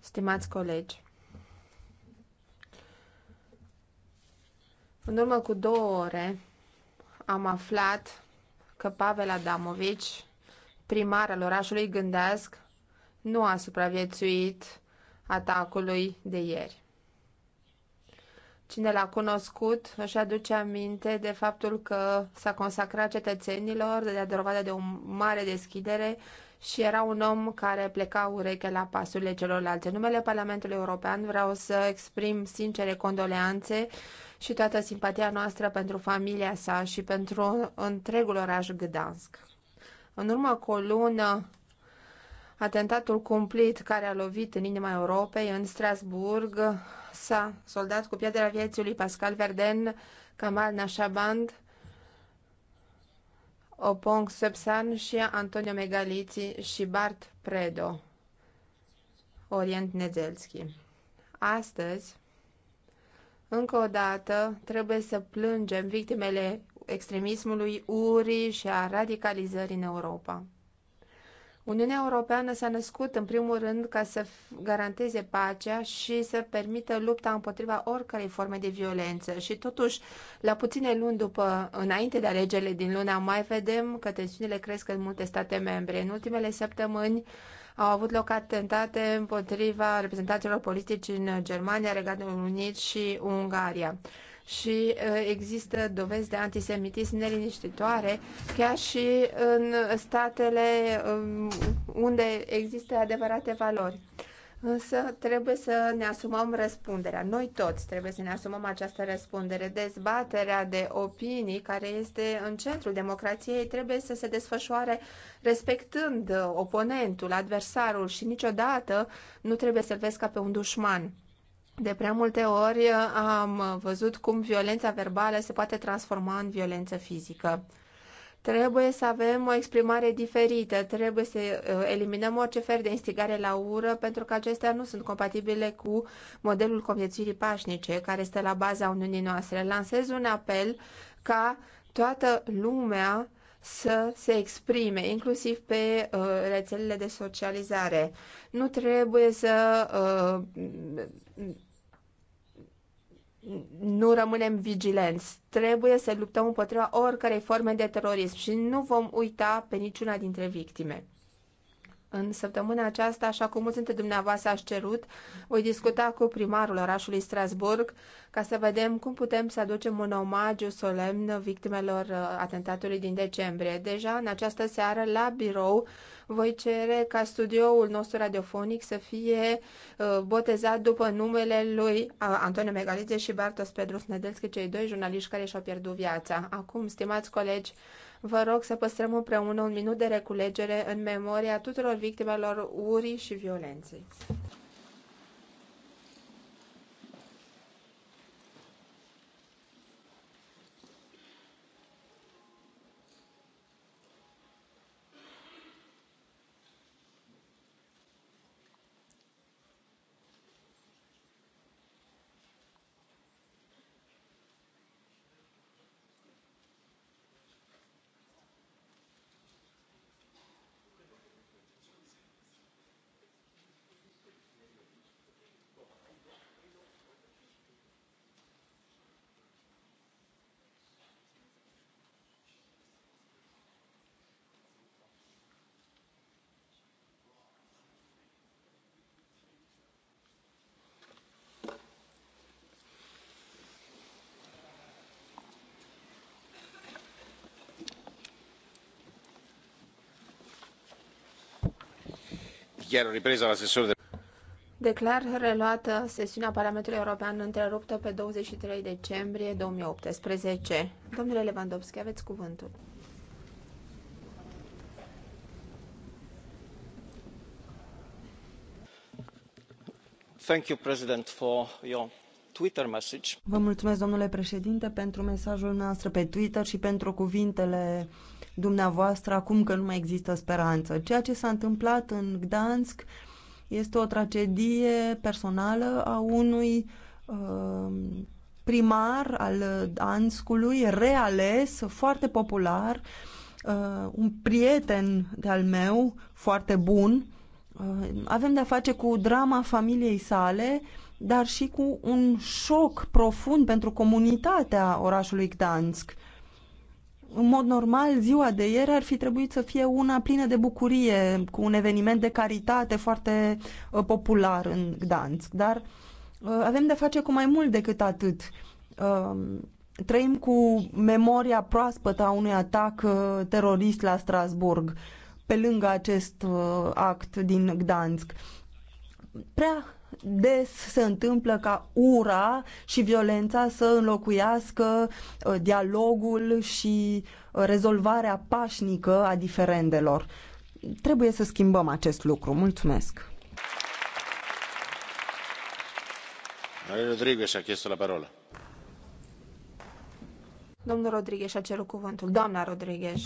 Stimați colegi. În urmă cu două ore am aflat că Pavel Adamovici, primar al orașului Gândeasc, nu a supraviețuit atacului de ieri. Cine l-a cunoscut își aduce aminte de faptul că s-a consacrat cetățenilor, de a dovadă de o mare deschidere și era un om care pleca ureche la pasurile celorlalte. numele Parlamentului European vreau să exprim sincere condoleanțe și toată simpatia noastră pentru familia sa și pentru întregul oraș Gdansk. În urmă cu o lună, Atentatul cumplit care a lovit în inima Europei, în Strasburg, s-a soldat cu piatra vieții lui Pascal Verden, Kamal Nashaband, Opong Sepsan și Antonio Megaliți și Bart Predo, Orient Nedelski. Astăzi, încă o dată, trebuie să plângem victimele extremismului, urii și a radicalizării în Europa. Uniunea Europeană s-a născut în primul rând ca să garanteze pacea și să permită lupta împotriva oricărei forme de violență și totuși, la puține luni după, înainte de alegerile din luna mai, vedem că tensiunile cresc în multe state membre. În ultimele săptămâni au avut loc atentate împotriva reprezentanților politici în Germania, Regatul Unit și Ungaria și există dovezi de antisemitism neliniștitoare, chiar și în statele um, unde există adevărate valori. Însă trebuie să ne asumăm răspunderea. Noi toți trebuie să ne asumăm această răspundere. Dezbaterea de opinii care este în centrul democrației trebuie să se desfășoare respectând oponentul, adversarul și niciodată nu trebuie să-l vezi ca pe un dușman. De prea multe ori uh, am văzut cum violența verbală se poate transforma în violență fizică. Trebuie să avem o exprimare diferită, trebuie să uh, eliminăm orice fel de instigare la ură, pentru că acestea nu sunt compatibile cu modelul conviețuirii pașnice care stă la baza Uniunii noastre. Lansez un apel ca toată lumea să se exprime, inclusiv pe uh, rețelele de socializare. Nu trebuie să uh, nu rămânem vigilenți. Trebuie să luptăm împotriva oricărei forme de terorism și nu vom uita pe niciuna dintre victime. În săptămâna aceasta, așa cum mulți dintre dumneavoastră ați cerut, voi discuta cu primarul orașului Strasburg ca să vedem cum putem să aducem un omagiu solemn victimelor uh, atentatului din decembrie. Deja în această seară, la birou, voi cere ca studioul nostru radiofonic să fie uh, botezat după numele lui uh, Antonio Megalize și Bartos Pedros Nedelski, cei doi jurnaliști care și-au pierdut viața. Acum, stimați colegi, Vă rog să păstrăm împreună un minut de reculegere în memoria tuturor victimelor urii și violenței. Declar reluată sesiunea Parlamentului European întreruptă pe 23 decembrie 2018. Domnule Lewandowski, aveți cuvântul. Thank you, President, for your Twitter message. Vă mulțumesc, domnule președinte, pentru mesajul noastră pe Twitter și pentru cuvintele dumneavoastră acum că nu mai există speranță. Ceea ce s-a întâmplat în Gdansk este o tragedie personală a unui uh, primar al Danskului, reales, foarte popular, uh, un prieten de-al meu foarte bun. Uh, avem de-a face cu drama familiei sale uh, dar și cu un șoc profund pentru comunitatea orașului Gdansk. În mod normal, ziua de ieri ar fi trebuit să fie una plină de bucurie, cu un eveniment de caritate foarte uh, popular în Gdansk, dar uh, avem de face cu mai mult decât atât. Um, trăim cu memoria proaspătă a unui atac uh, terorist la Strasburg, pe lângă acest act din Gdansk. Prea des se întâmplă ca ura și violența să înlocuiască uh, dialogul și uh, rezolvarea pașnică a diferendelor. Trebuie să schimbăm acest lucru. Mulțumesc. Mario Rodriguez a chiesto la parola. Domnul Rodriguez a cerut cuvântul. Doamna Rodriguez.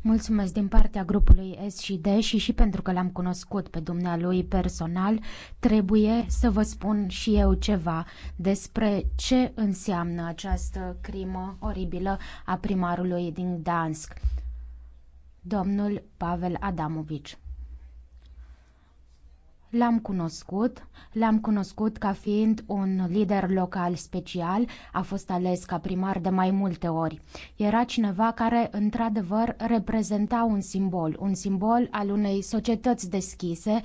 Mulțumesc din partea grupului S și D și și pentru că l-am cunoscut pe dumnealui personal, trebuie să vă spun și eu ceva despre ce înseamnă această crimă oribilă a primarului din Dansk, domnul Pavel Adamovici. L-am cunoscut, l-am cunoscut ca fiind un lider local special, a fost ales ca primar de mai multe ori. Era cineva care, într-adevăr, reprezenta un simbol, un simbol al unei societăți deschise,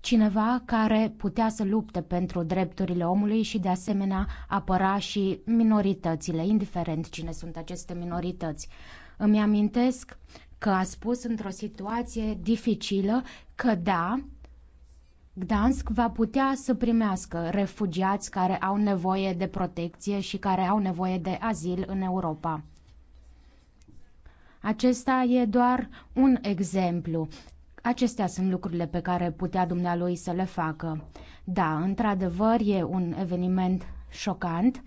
cineva care putea să lupte pentru drepturile omului și, de asemenea, apăra și minoritățile, indiferent cine sunt aceste minorități. Îmi amintesc că a spus într-o situație dificilă că da, Gdansk va putea să primească refugiați care au nevoie de protecție și care au nevoie de azil în Europa. Acesta e doar un exemplu. Acestea sunt lucrurile pe care putea dumnealui să le facă. Da, într-adevăr, e un eveniment șocant,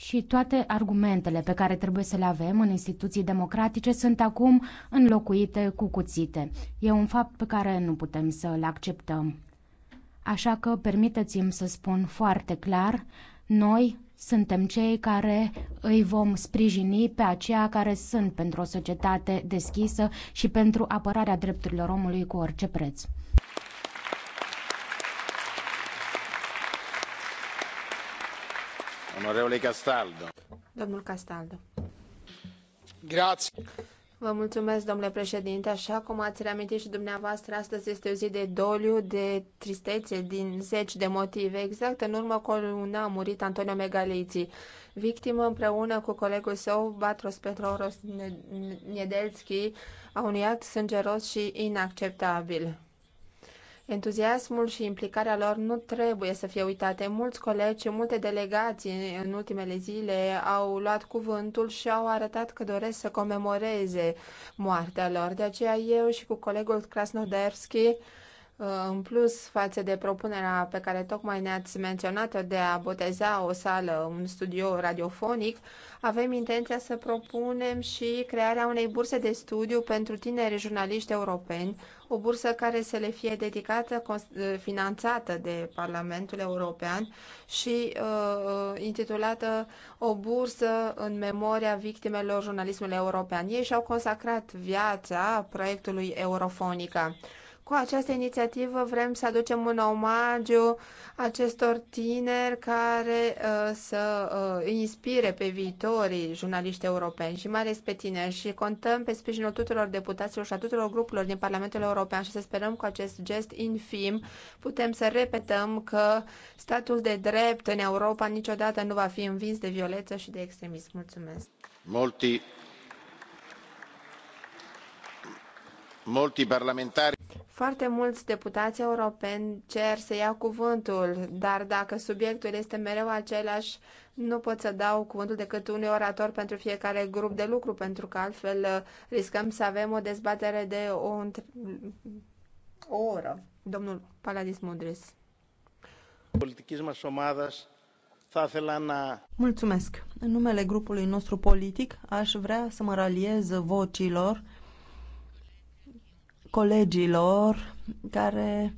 și toate argumentele pe care trebuie să le avem în instituții democratice sunt acum înlocuite cu cuțite. E un fapt pe care nu putem să-l acceptăm. Așa că permiteți-mi să spun foarte clar, noi suntem cei care îi vom sprijini pe aceia care sunt pentru o societate deschisă și pentru apărarea drepturilor omului cu orice preț. Castaldo. Domnul Castaldo. Vă mulțumesc, domnule președinte. Așa cum ați reamintit și dumneavoastră, astăzi este o zi de doliu, de tristețe, din zeci de motive. Exact în urmă cu o lună a murit Antonio Megalizzi, victimă împreună cu colegul său, Batros Petroros a unui act sângeros și inacceptabil. Entuziasmul și implicarea lor nu trebuie să fie uitate. Mulți colegi și multe delegații în ultimele zile au luat cuvântul și au arătat că doresc să comemoreze moartea lor. De aceea eu și cu colegul Krasnodevski uh, în plus față de propunerea pe care tocmai ne-ați menționat-o de a boteza o sală, un studio radiofonic, avem intenția să propunem și crearea unei burse de studiu pentru tineri jurnaliști europeni o bursă care să le fie dedicată, eh, finanțată de Parlamentul European și uh, intitulată O bursă în memoria victimelor jurnalismului european. Ei și-au consacrat viața proiectului Eurofonica. Cu această inițiativă vrem să aducem un omagiu acestor tineri care uh, să uh, inspire pe viitorii jurnaliști europeni și mai ales pe tineri și contăm pe sprijinul tuturor deputaților și a tuturor grupurilor din Parlamentul European și să sperăm cu acest gest infim putem să repetăm că statul de drept în Europa niciodată nu va fi învins de violență și de extremism. Mulțumesc! Multi... molti parlamentari foarte mulți deputați europeni cer să ia cuvântul, dar dacă subiectul este mereu același, nu pot să dau cuvântul decât unui orator pentru fiecare grup de lucru, pentru că altfel uh, riscăm să avem o dezbatere de o, o oră. Domnul Paladis somadas. Mulțumesc. În numele grupului nostru politic aș vrea să mă raliez vocilor colegilor care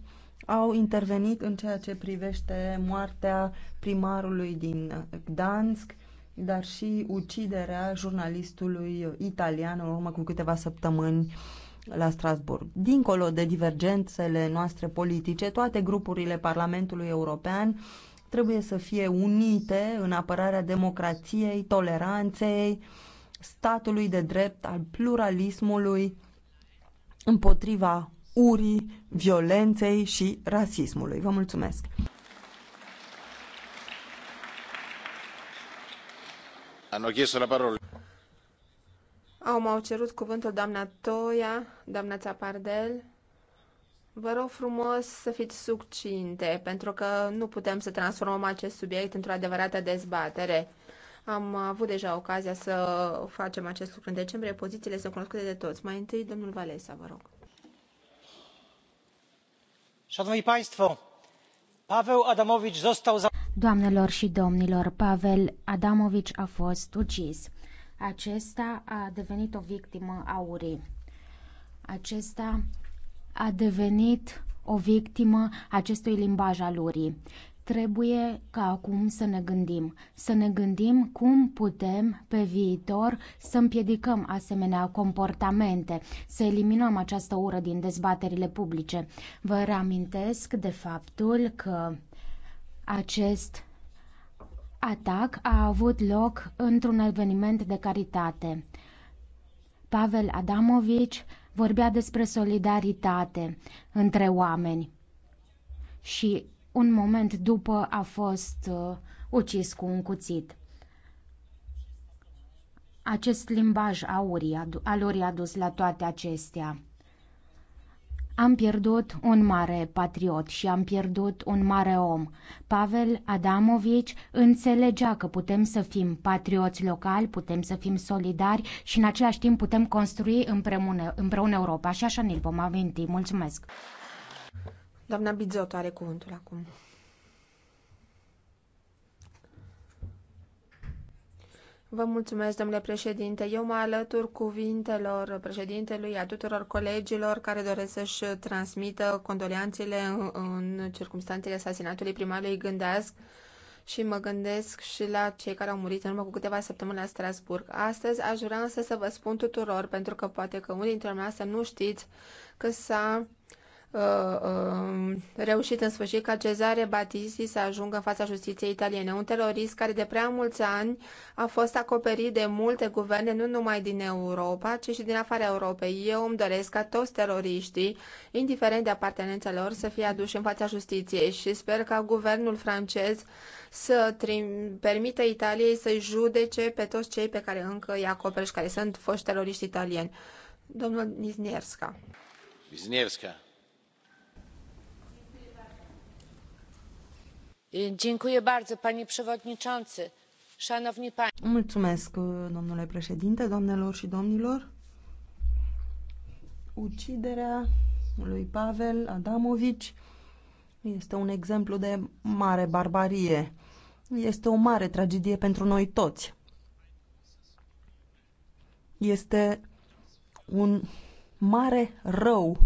au intervenit în ceea ce privește moartea primarului din Gdansk, dar și uciderea jurnalistului italian în urmă cu câteva săptămâni la Strasburg. Dincolo de divergențele noastre politice, toate grupurile Parlamentului European trebuie să fie unite în apărarea democrației, toleranței, statului de drept, al pluralismului împotriva urii, violenței și rasismului. Vă mulțumesc! Au m-au cerut cuvântul doamna Toia, doamna Țapardel. Vă rog frumos să fiți succinte, pentru că nu putem să transformăm acest subiect într-o adevărată dezbatere. Am avut deja ocazia să facem acest lucru în decembrie. Pozițiile sunt cunoscute de toți. Mai întâi, domnul Valesa, vă rog. Szanowni Państwo, Pavel Adamowicz został za... Doamnelor și domnilor, Pavel Adamovici a fost ucis. Acesta a devenit o victimă a urii. Acesta a devenit o victimă acestui limbaj al urii. Trebuie ca acum să ne gândim, să ne gândim cum putem pe viitor să împiedicăm asemenea comportamente, să eliminăm această ură din dezbaterile publice. Vă reamintesc de faptul că acest atac a avut loc într-un eveniment de caritate. Pavel Adamovici vorbea despre solidaritate între oameni și un moment după a fost uh, ucis cu un cuțit. Acest limbaj aurii al lor i-a dus la toate acestea. Am pierdut un mare patriot și am pierdut un mare om. Pavel Adamovici înțelegea că putem să fim patrioți locali, putem să fim solidari și în același timp putem construi împreună, împreună Europa și așa ne-l vom aminti. Mulțumesc! Doamna Bizotto are cuvântul acum. Vă mulțumesc, domnule președinte. Eu mă alătur cuvintelor președintelui, a tuturor colegilor care doresc să-și transmită condoleanțele în, circumstanțele asasinatului primarului Gândeasc și mă gândesc și la cei care au murit în urmă cu câteva săptămâni la Strasburg. Astăzi aș vrea însă să vă spun tuturor, pentru că poate că unii dintre noastre nu știți, că s-a Uh, uh, reușit în sfârșit ca Cezare Batisti să ajungă în fața justiției italiene, un terorist care de prea mulți ani a fost acoperit de multe guverne, nu numai din Europa, ci și din afara Europei. Eu îmi doresc ca toți teroriștii, indiferent de apartenența lor, să fie aduși în fața justiției și sper ca guvernul francez să permită Italiei să-i judece pe toți cei pe care încă îi acoperă și care sunt foști teroriști italieni. Domnul Nizniersca. Nizniersca Mulțumesc, domnule președinte, doamnelor și domnilor. Uciderea lui Pavel Adamovici este un exemplu de mare barbarie. Este o mare tragedie pentru noi toți. Este un mare rău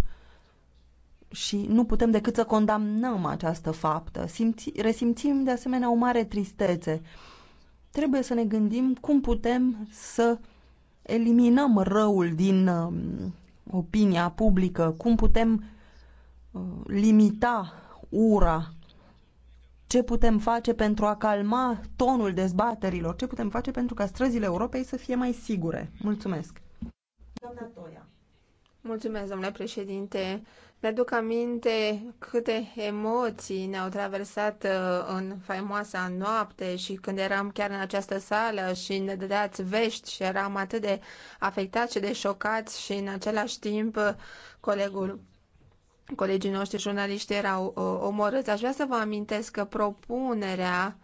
și nu putem decât să condamnăm această faptă. Simți, resimțim de asemenea o mare tristețe. Trebuie să ne gândim cum putem să eliminăm răul din uh, opinia publică, cum putem uh, limita ura, ce putem face pentru a calma tonul dezbaterilor, ce putem face pentru ca străzile Europei să fie mai sigure. Mulțumesc! Doamna Toia. Mulțumesc, domnule președinte. Mi-aduc aminte câte emoții ne-au traversat uh, în faimoasa noapte și când eram chiar în această sală și ne dădeați vești și eram atât de afectați și de șocați și în același timp uh, colegul colegii noștri jurnaliști erau uh, omorâți. Aș vrea să vă amintesc că propunerea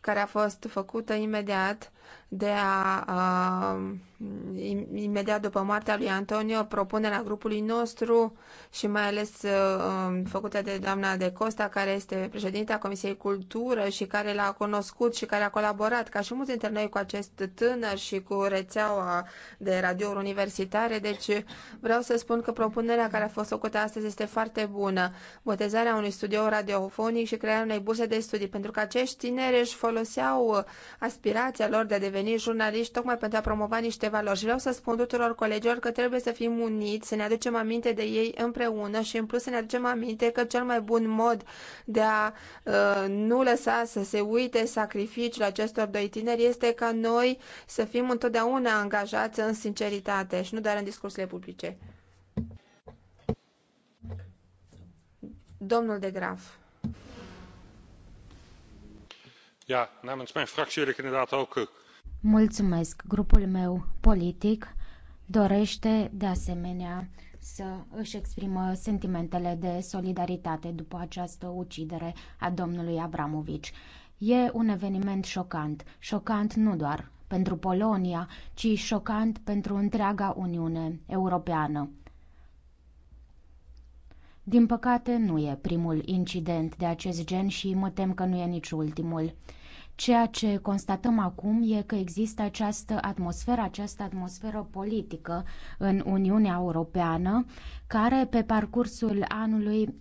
care a fost făcută imediat de a, a imediat după moartea lui Antonio, propunerea grupului nostru și mai ales uh, um, făcută de doamna De Costa, care este președinta Comisiei Cultură și care l-a cunoscut și care a colaborat ca și mulți dintre noi cu acest tânăr și cu rețeaua de radiouri universitare. Deci vreau să spun că propunerea care a fost făcută astăzi este foarte bună. Botezarea unui studio radiofonic și crearea unei burse de studii, pentru că acești tineri își foloseau aspirația lor de a deveni jurnaliști tocmai pentru a promova niște câteva lor și vreau să spun tuturor colegilor că trebuie să fim uniți, să ne aducem aminte de ei împreună și în plus să ne aducem aminte că cel mai bun mod de a uh, nu lăsa să se uite sacrificiul acestor doi tineri este ca noi să fim întotdeauna angajați în sinceritate și nu doar în discursurile publice. Domnul de Graf. Ja, namens mijn fractie wil ik inderdaad ook eh, Mulțumesc. Grupul meu politic dorește de asemenea să își exprimă sentimentele de solidaritate după această ucidere a domnului Abramovici. E un eveniment șocant, șocant nu doar pentru Polonia, ci șocant pentru întreaga Uniune Europeană. Din păcate, nu e primul incident de acest gen și mă tem că nu e nici ultimul. Ceea ce constatăm acum e că există această atmosferă, această atmosferă politică în Uniunea Europeană, care pe parcursul anului,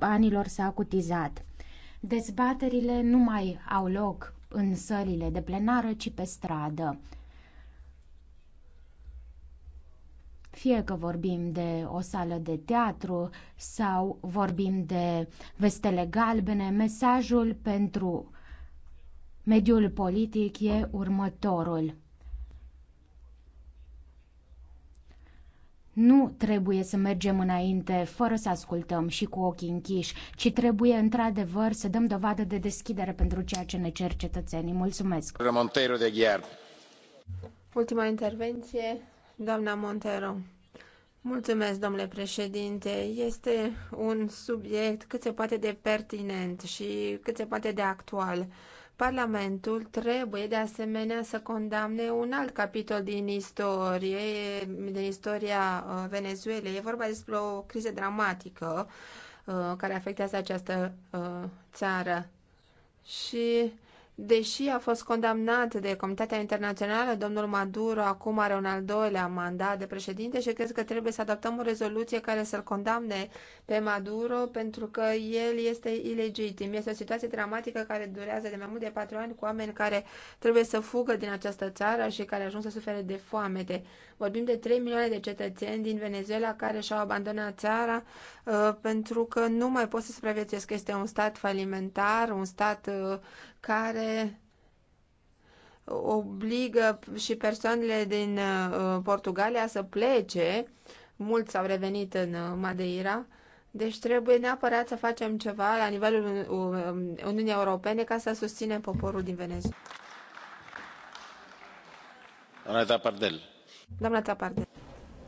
anilor s-a acutizat. Dezbaterile nu mai au loc în sălile de plenară, ci pe stradă. Fie că vorbim de o sală de teatru sau vorbim de vestele galbene, mesajul pentru Mediul politic e următorul. Nu trebuie să mergem înainte fără să ascultăm și cu ochii închiși, ci trebuie într-adevăr să dăm dovadă de deschidere pentru ceea ce ne cer cetățenii. Mulțumesc! Montero de Ghiar. Ultima intervenție, doamna Montero. Mulțumesc, domnule președinte. Este un subiect cât se poate de pertinent și cât se poate de actual. Parlamentul trebuie de asemenea să condamne un alt capitol din istorie, din istoria uh, Venezuelei. E vorba despre o criză dramatică uh, care afectează această uh, țară. Și Deși a fost condamnat de Comunitatea Internațională, domnul Maduro acum are un al doilea mandat de președinte și cred că trebuie să adoptăm o rezoluție care să-l condamne pe Maduro pentru că el este ilegitim. Este o situație dramatică care durează de mai mult de patru ani cu oameni care trebuie să fugă din această țară și care ajung să sufere de foamete. Vorbim de 3 milioane de cetățeni din Venezuela care și-au abandonat țara uh, pentru că nu mai pot să supraviețuiesc. Este un stat falimentar, un stat uh, care obligă și persoanele din uh, Portugalia să plece. Mulți au revenit în uh, Madeira. Deci trebuie neapărat să facem ceva la nivelul uh, Uniunii Europene ca să susținem poporul din Venezuela. Doamna Tapardel. Doamna Tapardel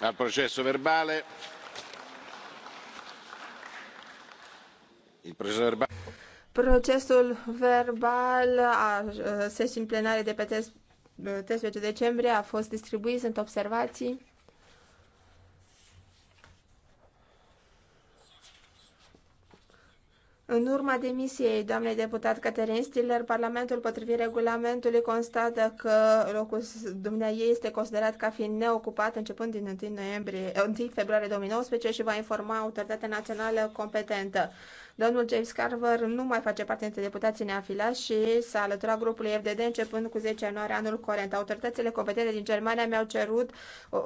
al processo verbale. procesul verbal a sesiunii plenare de pe treisprezece decembrie a fost distribuit sunt observații? În urma demisiei doamnei deputat Caterin Stiller, Parlamentul, potrivit regulamentului, constată că locul dumneai este considerat ca fiind neocupat începând din 1, noiembrie, 1 februarie 2019 și va informa autoritatea națională competentă. Domnul James Carver nu mai face parte dintre deputații neafilați și s-a alăturat grupului FDD începând cu 10 ianuarie anul curent. Autoritățile competente din Germania mi-au cerut,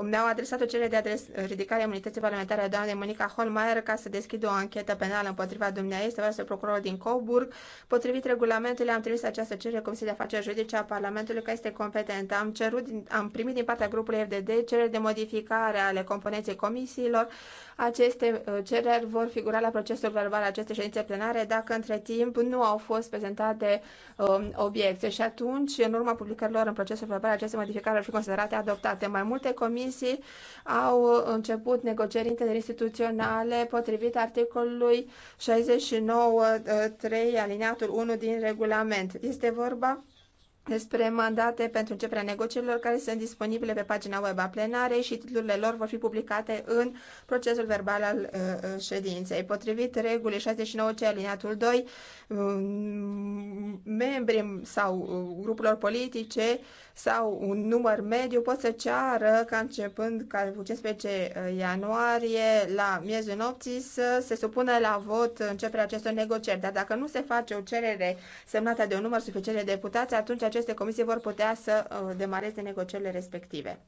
mi-au adresat o cerere de adres, ridicare a imunității parlamentare a doamnei Monica Holmeier ca să deschidă o anchetă penală împotriva dumneavoastră, este să procuror din Coburg. Potrivit regulamentului, am trimis această cerere Comisiei de Afaceri Juridice a Parlamentului, că este competentă. Am, cerut, am primit din partea grupului FDD cereri de modificare ale componenței comisiilor, aceste uh, cereri vor figura la procesul verbal acestei ședințe plenare dacă între timp nu au fost prezentate um, obiecte și atunci, în urma publicărilor în procesul verbal, aceste modificări vor fi considerate adoptate. Mai multe comisii au început negocieri interinstituționale potrivit articolului 69.3 aliniatul 1 din regulament. Este vorba despre mandate pentru începerea negocierilor care sunt disponibile pe pagina web a plenarei și titlurile lor vor fi publicate în procesul verbal al uh, uh ședinței. Potrivit regulii 69 C aliniatul 2, um, membrii sau uh, grupurilor politice sau un număr mediu pot să ceară ca începând ca 15 uh, ianuarie la miezul nopții să se supună la vot începerea acestor negocieri. Dar dacă nu se face o cerere semnată de un număr suficient de deputați, atunci aceste comisii vor putea să uh, demareze negocierile respective.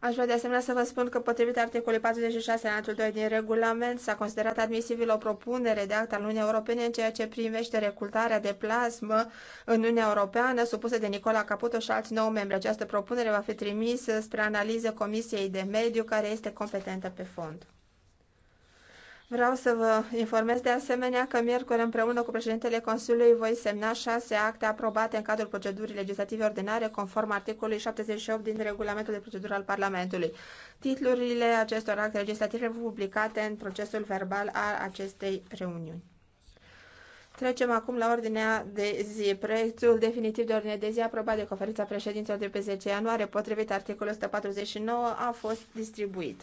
Aș vrea de asemenea să vă spun că, potrivit articolului 46 anul 2 din regulament, s-a considerat admisibil o propunere de act al Uniunii Europene în ceea ce privește recultarea de plasmă în Uniunea Europeană, supusă de Nicola Caputo și alți nou membri. Această propunere va fi trimisă spre analiză Comisiei de Mediu, care este competentă pe fond. Vreau să vă informez de asemenea că miercuri împreună cu președintele Consiliului voi semna șase acte aprobate în cadrul procedurii legislative ordinare conform articolului 78 din regulamentul de procedură al Parlamentului. Titlurile acestor acte legislative vor publicate în procesul verbal al acestei reuniuni. Trecem acum la ordinea de zi. Proiectul definitiv de ordine de zi aprobat de conferința președinților de pe 10 ianuarie, potrivit articolul 149, a fost distribuit.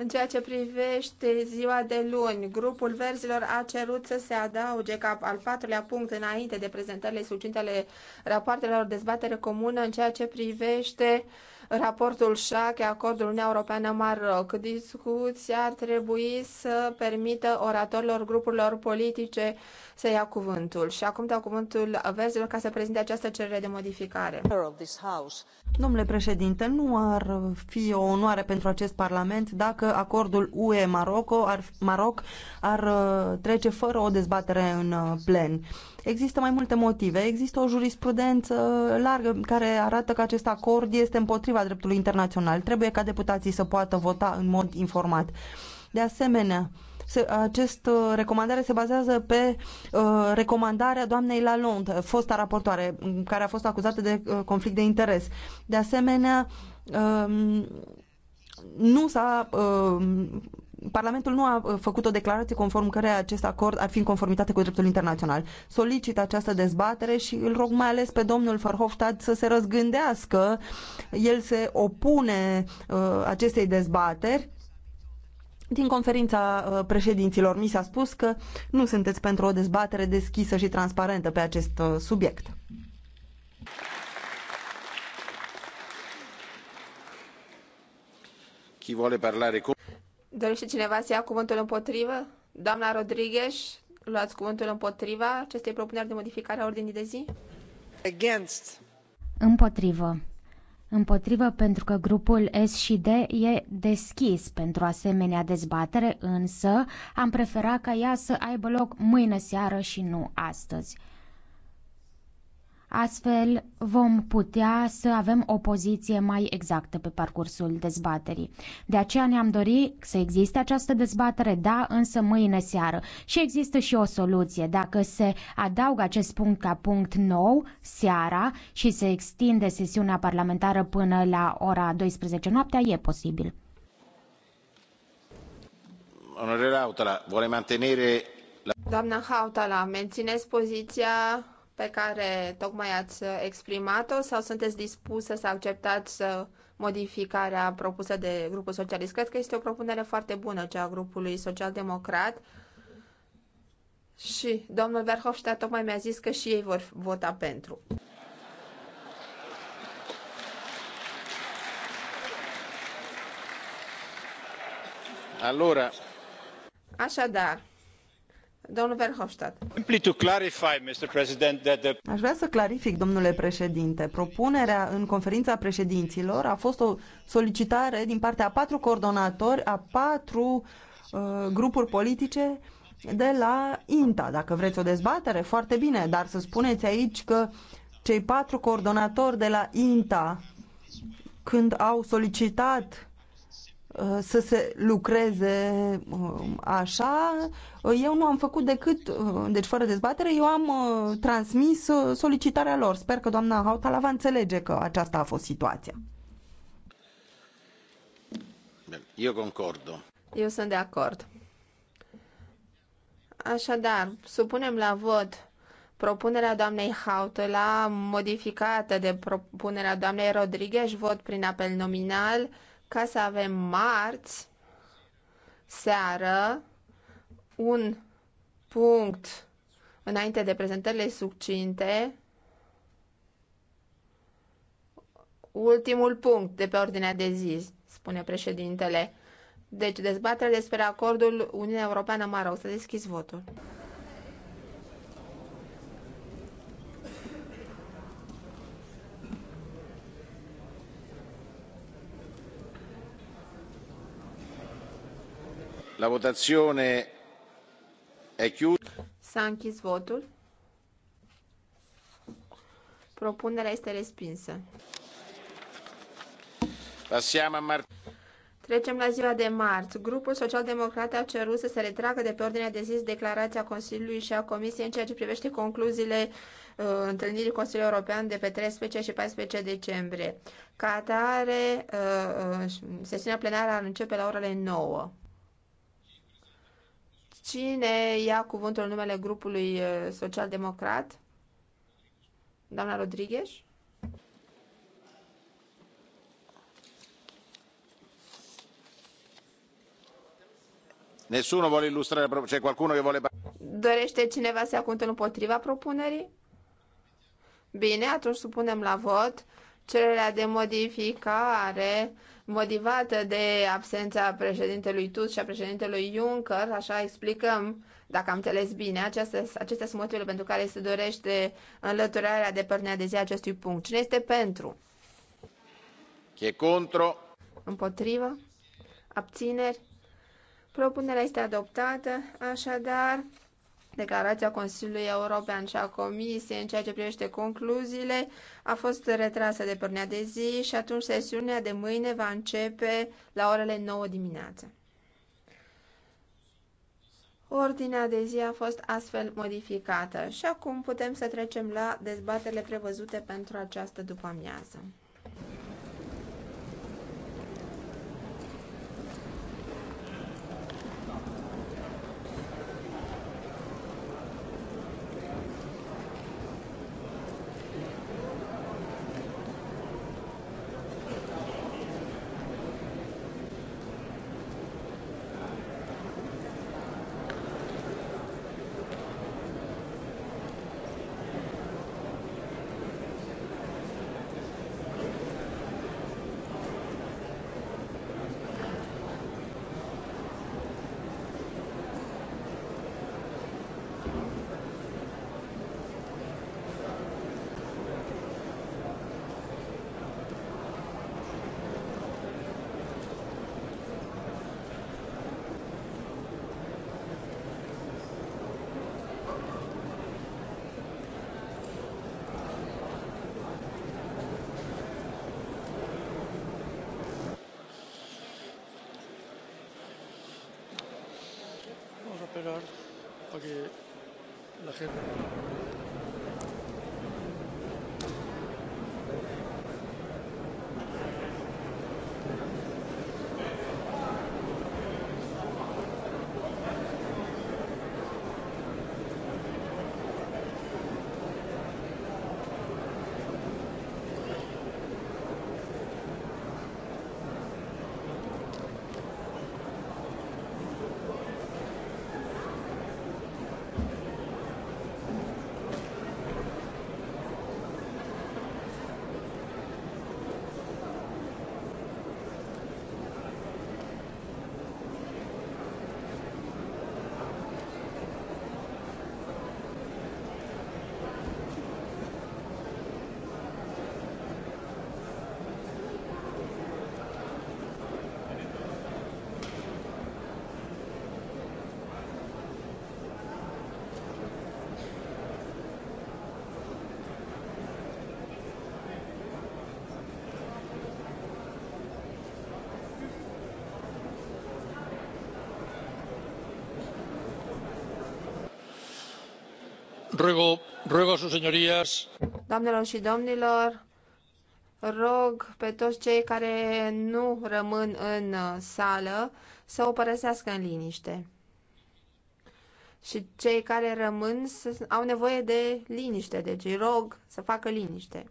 În ceea ce privește ziua de luni, grupul verzilor a cerut să se adauge ca al patrulea punct înainte de prezentările succinte ale rapoartelor dezbatere comună în ceea ce privește uh, raportul Șache, acordul Uniunea Europeană-Maroc. Discuția ar trebui să permită oratorilor grupurilor politice să ia cuvântul. Și acum dau cuvântul verzilor ca să prezinte această cerere de modificare. Domnule președinte, nu ar fi o onoare pentru acest parlament dacă acordul UE-Maroc ar, Maroc ar uh, trece fără o dezbatere în uh, plen Există mai multe motive. Există o jurisprudență largă care arată că acest acord este împotriva dreptului internațional. Trebuie ca deputații să poată vota în mod informat. De asemenea, această uh, recomandare se bazează pe uh, recomandarea doamnei Lalonde, fosta raportoare, care a fost acuzată de uh, conflict de interes. De asemenea, uh, nu s-a uh, Parlamentul nu a uh, făcut o declarație conform căreia acest acord ar fi în conformitate cu dreptul internațional. Solicit această dezbatere și îl rog mai ales pe domnul Farhoftad, să se răzgândească. El se opune uh, acestei dezbateri. Din conferința uh, președinților mi s-a spus că nu sunteți pentru o dezbatere deschisă și transparentă pe acest uh, subiect. Chi vuole parlare con... Dorește cineva să ia cuvântul împotrivă? Doamna Rodriguez, luați cuvântul împotriva acestei propuneri de modificare a ordinii de zi? Against. Împotrivă. Împotrivă pentru că grupul S și D e deschis pentru asemenea dezbatere, însă am preferat ca ea să aibă loc mâine seară și nu astăzi. Astfel vom putea să avem o poziție mai exactă pe parcursul dezbaterii. De aceea ne-am dorit să existe această dezbatere, da, însă mâine seară. Și există și o soluție. Dacă se adaugă acest punct ca punct nou, seara, și se extinde sesiunea parlamentară până la ora 12 noaptea, e posibil. Onorele Hautala, vor mantenere... La... Doamna Hautala, mențineți poziția pe care tocmai ați exprimat-o sau sunteți dispusă să acceptați uh, modificarea propusă de grupul socialist? Cred că este o propunere foarte bună cea a grupului social-democrat și domnul Verhofstadt tocmai mi-a zis că și ei vor vota pentru. Allora. Așadar, Domnul Verhofstadt. Aș vrea să clarific, domnule președinte. Propunerea în conferința președinților a fost o solicitare din partea a patru coordonatori, a patru uh, grupuri politice de la INTA. Dacă vreți o dezbatere, foarte bine, dar să spuneți aici că cei patru coordonatori de la INTA, când au solicitat Uh, să se lucreze um, așa. Uh, eu nu am făcut decât, uh, deci fără dezbatere, eu am transmis solicitarea lor. Sper că doamna Hautala va înțelege că aceasta a fost situația. Eu concordo. Eu sunt de acord. Așadar, supunem la vot propunerea doamnei Hautala modificată de propunerea doamnei Rodriguez, vot prin apel nominal, ca să avem marți seară un punct înainte de prezentările succinte ultimul punct de pe ordinea de zi, spune președintele. Deci dezbaterea despre acordul Uniunea Europeană Maroc. Să deschis votul. La votazione è chiusa. închis votul. Propunerea este respinsă. Passiamo a Mart- Trecem la ziua de marți. Grupul Social-Democrat a cerut să se retragă de pe ordinea de zi declarația Consiliului și a Comisiei în ceea ce privește concluziile uh, întâlnirii Consiliului European de pe 13 și 14 decembrie. Ca atare, uh, uh, sesiunea plenară ar începe la orele 9. Cine ia cuvântul în numele grupului uh, social-democrat? Doamna Rodriguez? Nessuno vuole illustrare, c'è qualcuno che vuole Dorește cineva să ia cuvântul împotriva propunerii? Bine, atunci supunem la vot cererea de modificare motivată de absența președintelui Tus și a președintelui Juncker, așa explicăm, dacă am înțeles bine, acestea, acestea sunt motivele pentru care se dorește înlăturarea de părnea de zi acestui punct. Cine este pentru? Che contro. Împotrivă? Abțineri? Propunerea este adoptată, așadar Declarația Consiliului European și a Comisiei în ceea ce privește concluziile a fost retrasă de pârnea de zi și atunci sesiunea de mâine va începe la orele 9 dimineața. Ordinea de zi a fost astfel modificată și acum putem să trecem la dezbaterile prevăzute pentru această după-amiază. Doamnelor și domnilor, rog pe toți cei care nu rămân în uh, sală să o părăsească în liniște. Și cei care rămân au nevoie de liniște, deci rog să facă liniște.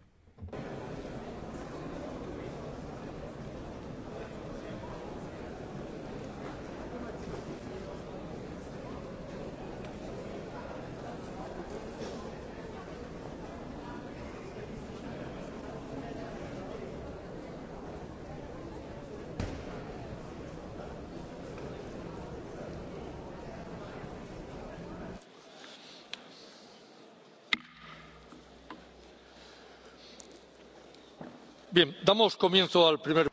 Bine, damos comienzo al primer...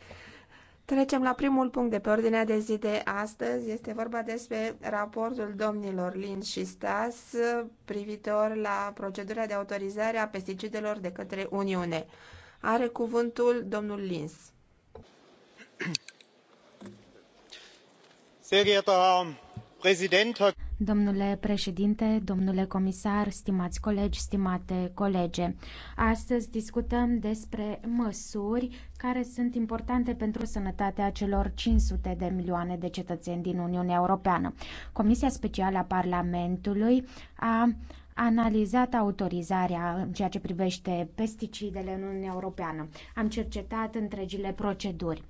Trecem la primul punct de pe ordinea de zi de astăzi. Este vorba despre raportul domnilor Lin și Stas privitor la procedura de autorizare a pesticidelor de către Uniune. Are cuvântul domnul Lins. Sehr geehrter Domnule președinte, domnule comisar, stimați colegi, stimate colege, astăzi discutăm despre măsuri care sunt importante pentru sănătatea celor 500 de milioane de cetățeni din Uniunea Europeană. Comisia Specială a Parlamentului a analizat autorizarea în ceea ce privește pesticidele în Uniunea Europeană. Am cercetat întregile proceduri.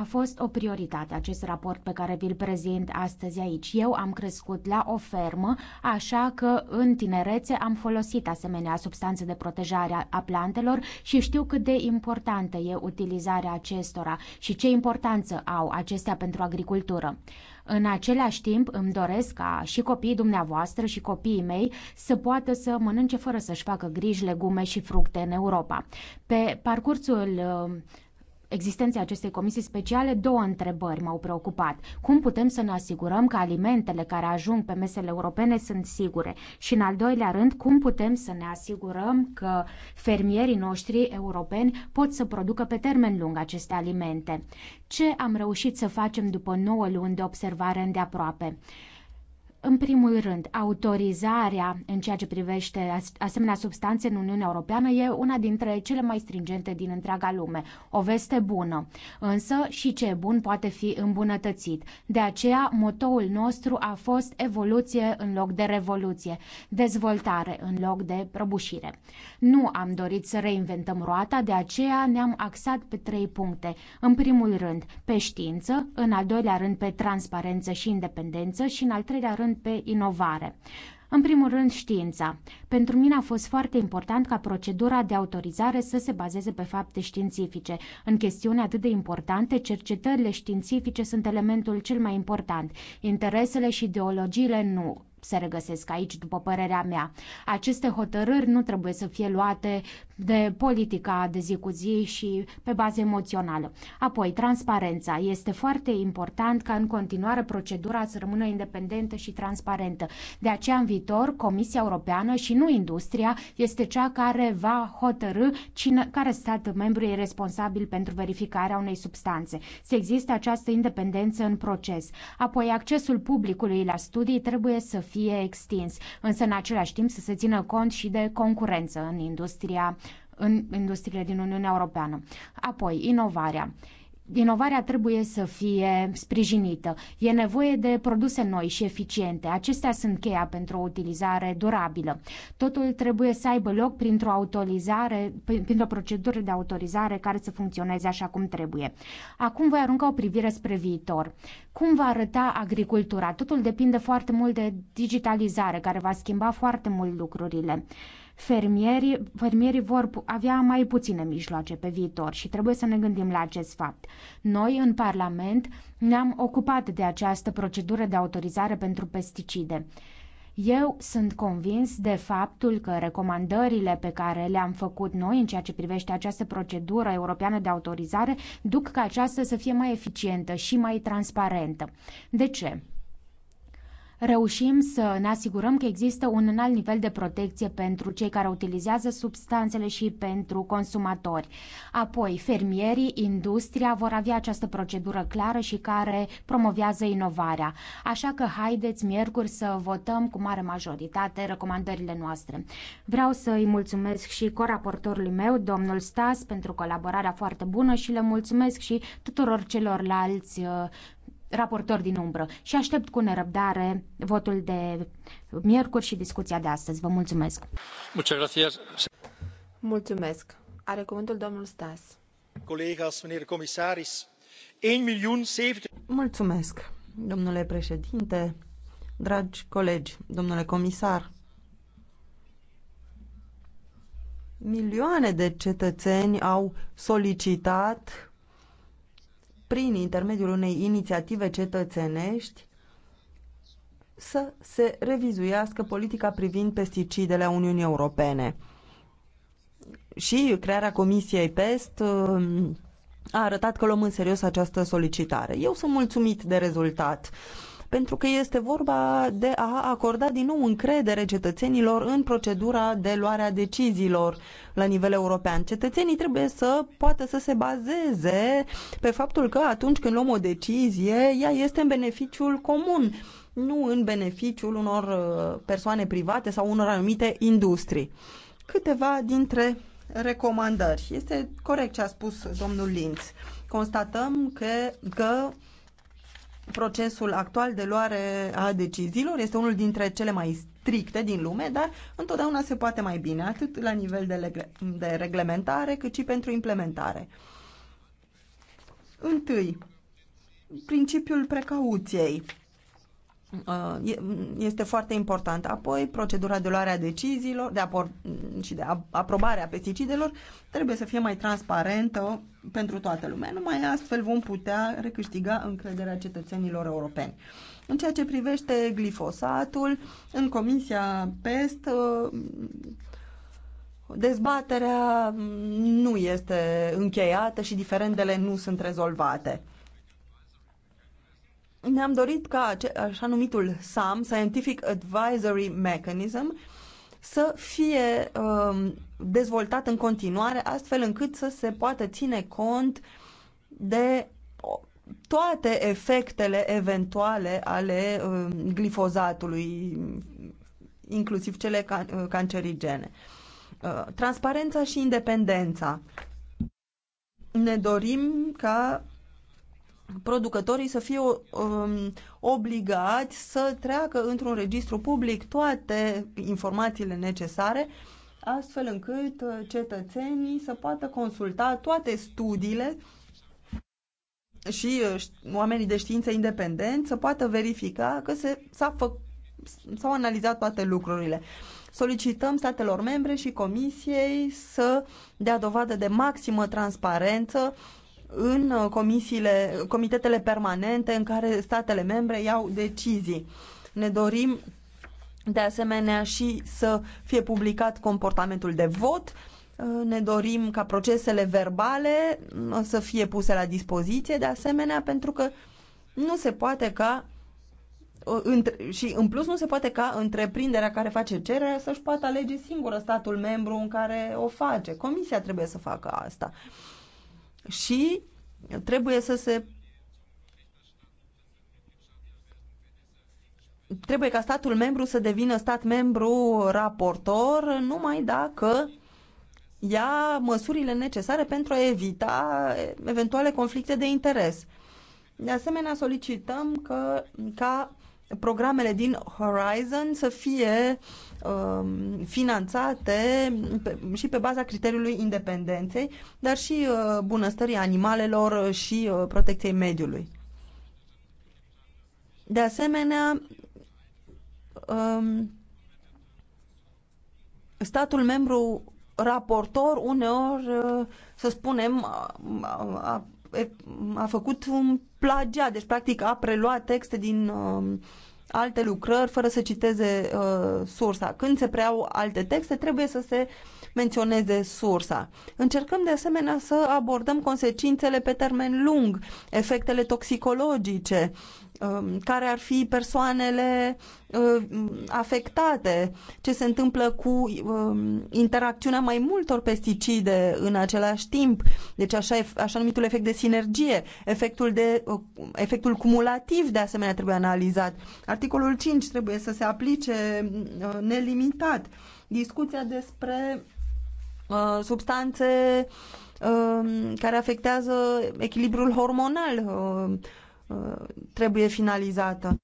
a fost o prioritate acest raport pe care vi-l prezint astăzi aici. Eu am crescut la o fermă, așa că în tinerețe am folosit asemenea substanțe de protejare a plantelor și știu cât de importantă e utilizarea acestora și ce importanță au acestea pentru agricultură. În același timp îmi doresc ca și copiii dumneavoastră și copiii mei să poată să mănânce fără să-și facă griji legume și fructe în Europa. Pe parcursul uh, existenței acestei comisii speciale, două întrebări m-au preocupat. Cum putem să ne asigurăm că alimentele care ajung pe mesele europene sunt sigure? Și în al doilea rând, cum putem să ne asigurăm că fermierii noștri europeni pot să producă pe termen lung aceste alimente? Ce am reușit să facem după 9 luni de observare îndeaproape? În primul rând, autorizarea în ceea ce privește asemenea substanțe în Uniunea Europeană e una dintre cele mai stringente din întreaga lume. O veste bună, însă și ce e bun poate fi îmbunătățit. De aceea, motoul nostru a fost evoluție în loc de revoluție, dezvoltare în loc de prăbușire. Nu am dorit să reinventăm roata, de aceea ne-am axat pe trei puncte. În primul rând, pe știință, în al doilea rând, pe transparență și independență și în al treilea rând, pe inovare. În primul rând, știința. Pentru mine a fost foarte important ca procedura de autorizare să se bazeze pe fapte științifice. În chestiuni atât de importante, cercetările științifice sunt elementul cel mai important. Interesele și ideologiile nu se regăsesc aici, după părerea mea. Aceste hotărâri nu trebuie să fie luate de politica de zi cu zi și pe bază emoțională. Apoi, transparența. Este foarte important ca în continuare procedura să rămână independentă și transparentă. De aceea, în viitor, Comisia Europeană și nu industria este cea care va hotărâ cine, care stat membru e responsabil pentru verificarea unei substanțe. Să existe această independență în proces. Apoi, accesul publicului la studii trebuie să fie fie extins, însă în același timp să se țină cont și de concurență în industria în industriile din Uniunea Europeană. Apoi, inovarea inovarea trebuie să fie sprijinită. E nevoie de produse noi și eficiente. Acestea sunt cheia pentru o utilizare durabilă. Totul trebuie să aibă loc printr-o autorizare, printr-o procedură de autorizare care să funcționeze așa cum trebuie. Acum voi arunca o privire spre viitor. Cum va arăta agricultura? Totul depinde foarte mult de digitalizare, care va schimba foarte mult lucrurile fermierii, fermierii vor avea mai puține mijloace pe viitor și trebuie să ne gândim la acest fapt. Noi, în Parlament, ne-am ocupat de această procedură de autorizare pentru pesticide. Eu sunt convins de faptul că recomandările pe care le-am făcut noi în ceea ce privește această procedură europeană de autorizare duc ca aceasta să fie mai eficientă și mai transparentă. De ce? reușim să ne asigurăm că există un înalt nivel de protecție pentru cei care utilizează substanțele și pentru consumatori. Apoi, fermierii, industria vor avea această procedură clară și care promovează inovarea. Așa că haideți miercuri să votăm cu mare majoritate recomandările noastre. Vreau să îi mulțumesc și coraportorului meu, domnul Stas, pentru colaborarea foarte bună și le mulțumesc și tuturor celorlalți uh, raportor din umbră și aștept cu nerăbdare votul de miercuri și discuția de astăzi. Vă mulțumesc! Mulțumesc! Are cuvântul domnul Stas. Colegas, domnule comisaris, 1.070... Mulțumesc, domnule președinte, dragi colegi, domnule comisar. Milioane de cetățeni au solicitat prin intermediul unei inițiative cetățenești, să se revizuiască politica privind pesticidele a Uniunii Europene. Și crearea Comisiei PEST uh, a arătat că luăm în serios această solicitare. Eu sunt mulțumit de rezultat pentru că este vorba de a acorda din nou încredere cetățenilor în procedura de luare a deciziilor la nivel european. Cetățenii trebuie să poată să se bazeze pe faptul că atunci când luăm o decizie, ea este în beneficiul comun, nu în beneficiul unor uh, persoane private sau unor anumite industrii. Câteva dintre recomandări. Este corect ce a spus domnul Linz. Constatăm că, că procesul actual de luare a deciziilor este unul dintre cele mai stricte din lume, dar întotdeauna se poate mai bine, atât la nivel de, de reglementare, cât și pentru implementare. Întâi, principiul precauției. Uh, este foarte important. Apoi, procedura de luare a deciziilor de apor- și de aprobare a pesticidelor trebuie să fie mai transparentă pentru toată lumea. Numai astfel vom putea recâștiga încrederea cetățenilor europeni. În ceea ce privește glifosatul, în Comisia PEST uh, dezbaterea nu este încheiată și diferendele nu sunt rezolvate ne-am dorit ca așa numitul SAM, Scientific Advisory Mechanism, să fie um, dezvoltat în continuare, astfel încât să se poată ține cont de toate efectele eventuale ale um, glifozatului, inclusiv cele can uh, cancerigene. Uh, transparența și independența. Ne dorim ca producătorii să fie um, obligați să treacă într-un registru public toate informațiile necesare, astfel încât uh, cetățenii să poată consulta toate studiile și uh, oamenii de știință independenți să poată verifica că se, s-a fă, s-au analizat toate lucrurile. Solicităm statelor membre și comisiei să dea dovadă de maximă transparență în uh, comisiile, comitetele permanente în care statele membre iau decizii. Ne dorim de asemenea și să fie publicat comportamentul de vot. Uh, ne dorim ca procesele verbale uh, să fie puse la dispoziție de asemenea pentru că nu se poate ca și în plus nu se poate ca întreprinderea care face cererea să-și poată alege singură statul membru în care o face. Comisia trebuie să facă asta și trebuie să se trebuie ca statul membru să devină stat membru raportor numai dacă ia măsurile necesare pentru a evita eventuale conflicte de interes. De asemenea, solicităm că, ca programele din Horizon să fie um, finanțate pe, și pe baza criteriului independenței, dar și uh, bunăstării animalelor și uh, protecției mediului. De asemenea, um, statul membru raportor uneori, uh, să spunem, a, a, a făcut un plagiat, deci practic a preluat texte din uh, alte lucrări fără să citeze uh, sursa. Când se preiau alte texte, trebuie să se menționeze sursa. Încercăm de asemenea să abordăm consecințele pe termen lung, efectele toxicologice, Um, care ar fi persoanele uh, afectate, ce se întâmplă cu um, interacțiunea mai multor pesticide în același timp, deci așa, așa numitul efect de sinergie, efectul, de, uh, efectul cumulativ de asemenea trebuie analizat. Articolul 5 trebuie să se aplice uh, nelimitat. Discuția despre substanțe um, care afectează echilibrul hormonal Uh, trebuie finalizată.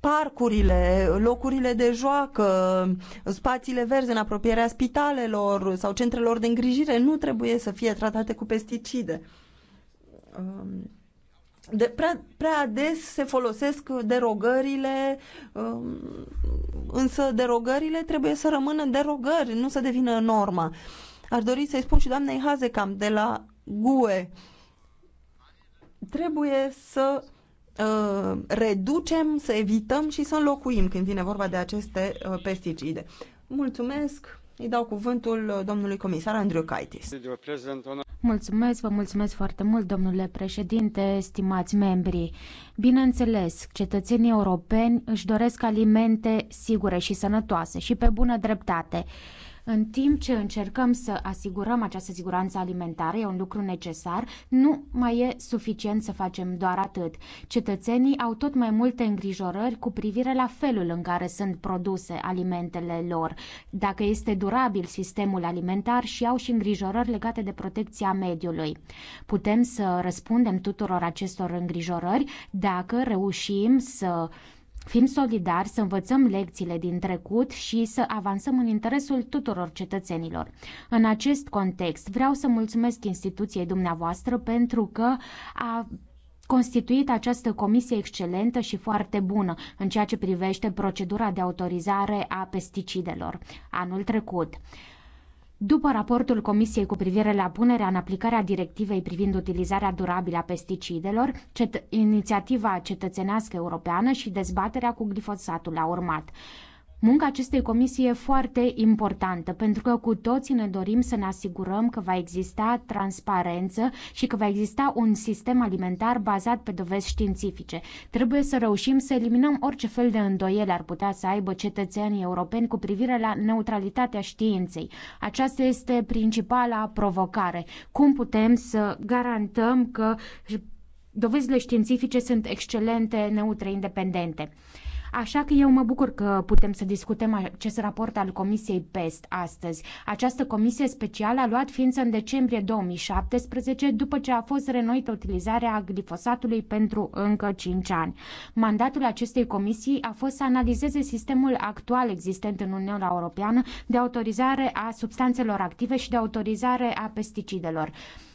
Parcurile, locurile de joacă, spațiile verzi în apropierea spitalelor sau centrelor de îngrijire nu trebuie să fie tratate cu pesticide. Um, de, prea, prea des se folosesc derogările, um, însă derogările trebuie să rămână derogări, nu să devină norma. Aș dori să-i spun și doamnei Hazecam de la GUE. Trebuie să uh, reducem, să evităm și să înlocuim când vine vorba de aceste uh, pesticide. Mulțumesc! Îi dau cuvântul uh, domnului comisar Andrew Kaitis. Mulțumesc, vă mulțumesc foarte mult, domnule președinte, stimați membri. Bineînțeles, cetățenii europeni își doresc alimente sigure și sănătoase și pe bună dreptate. În timp ce încercăm să asigurăm această siguranță alimentară, e un lucru necesar, nu mai e suficient să facem doar atât. Cetățenii au tot mai multe îngrijorări cu privire la felul în care sunt produse alimentele lor, dacă este durabil sistemul alimentar și au și îngrijorări legate de protecția mediului. Putem să răspundem tuturor acestor îngrijorări dacă reușim să Fim solidari, să învățăm lecțiile din trecut și să avansăm în interesul tuturor cetățenilor. În acest context, vreau să mulțumesc instituției dumneavoastră pentru că a constituit această comisie excelentă și foarte bună în ceea ce privește procedura de autorizare a pesticidelor anul trecut. După raportul Comisiei cu privire la punerea în aplicare a directivei privind utilizarea durabilă a pesticidelor, cet- inițiativa cetățenească europeană și dezbaterea cu glifosatul a urmat. Munca acestei comisii e foarte importantă pentru că cu toții ne dorim să ne asigurăm că va exista transparență și că va exista un sistem alimentar bazat pe dovezi științifice. Trebuie să reușim să eliminăm orice fel de îndoiele ar putea să aibă cetățenii europeni cu privire la neutralitatea științei. Aceasta este principala provocare. Cum putem să garantăm că dovezile științifice sunt excelente, neutre, independente? Așa că eu mă bucur că putem să discutăm acest raport al Comisiei PEST astăzi. Această comisie specială a luat ființă în decembrie 2017, după ce a fost renoită utilizarea glifosatului pentru încă 5 ani. Mandatul acestei comisii a fost să analizeze sistemul actual existent în Uniunea Europeană de autorizare a substanțelor active și de autorizare a pesticidelor.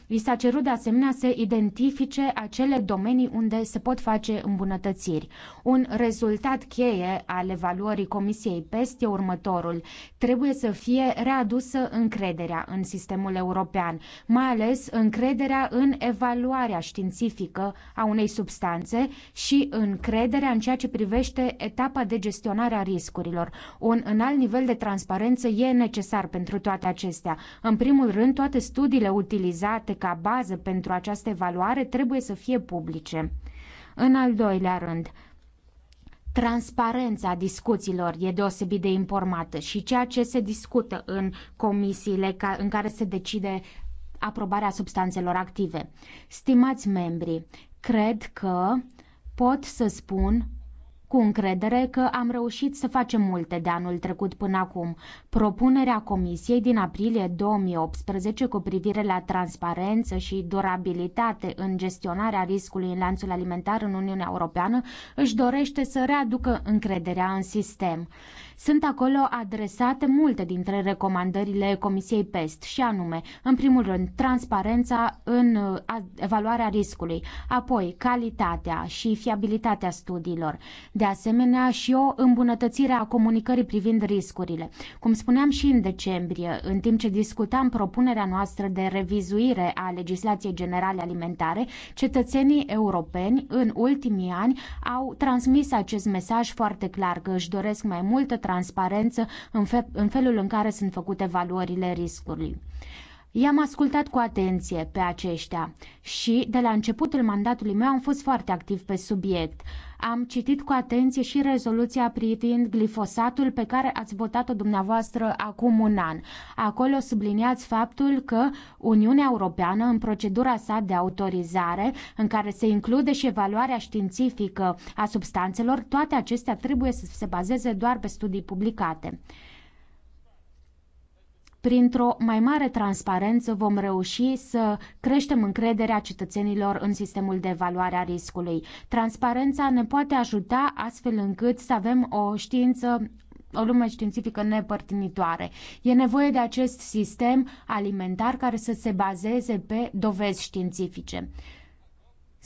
Li s-a cerut de asemenea să identifice acele domenii unde se pot face îmbunătățiri. Un rezultat cheie al evaluării Comisiei PEST e următorul. Trebuie să fie readusă încrederea în sistemul european, mai ales încrederea în evaluarea științifică a unei substanțe și încrederea în ceea ce privește etapa de gestionare a riscurilor. Un înalt nivel de transparență e necesar pentru toate acestea. În primul rând, toate studiile utilizate ca bază pentru această evaluare trebuie să fie publice. În al doilea rând, transparența discuțiilor e deosebit de informată și ceea ce se discută în comisiile ca, în care se decide aprobarea substanțelor active. Stimați membri, cred că pot să spun cu încredere că am reușit să facem multe de anul trecut până acum. Propunerea Comisiei din aprilie 2018 cu privire la transparență și durabilitate în gestionarea riscului în lanțul alimentar în Uniunea Europeană își dorește să readucă încrederea în sistem. Sunt acolo adresate multe dintre recomandările Comisiei PEST și anume, în primul rând, transparența în uh, evaluarea riscului, apoi calitatea și fiabilitatea studiilor, de asemenea și o îmbunătățire a comunicării privind riscurile. Cum spuneam și în decembrie, în timp ce discutam propunerea noastră de revizuire a legislației generale alimentare, cetățenii europeni în ultimii ani au transmis acest mesaj foarte clar că își doresc mai multă transparență în, fe- în felul în care sunt făcute valorile riscului. I-am ascultat cu atenție pe aceștia și de la începutul mandatului meu am fost foarte activ pe subiect. Am citit cu atenție și rezoluția privind glifosatul pe care ați votat-o dumneavoastră acum un an. Acolo subliniați faptul că Uniunea Europeană, în procedura sa de autorizare, în care se include și evaluarea științifică a substanțelor, toate acestea trebuie să se bazeze doar pe studii publicate. Printr-o mai mare transparență vom reuși să creștem încrederea cetățenilor în sistemul de evaluare a riscului. Transparența ne poate ajuta astfel încât să avem o știință o lume științifică nepărtinitoare. E nevoie de acest sistem alimentar care să se bazeze pe dovezi științifice.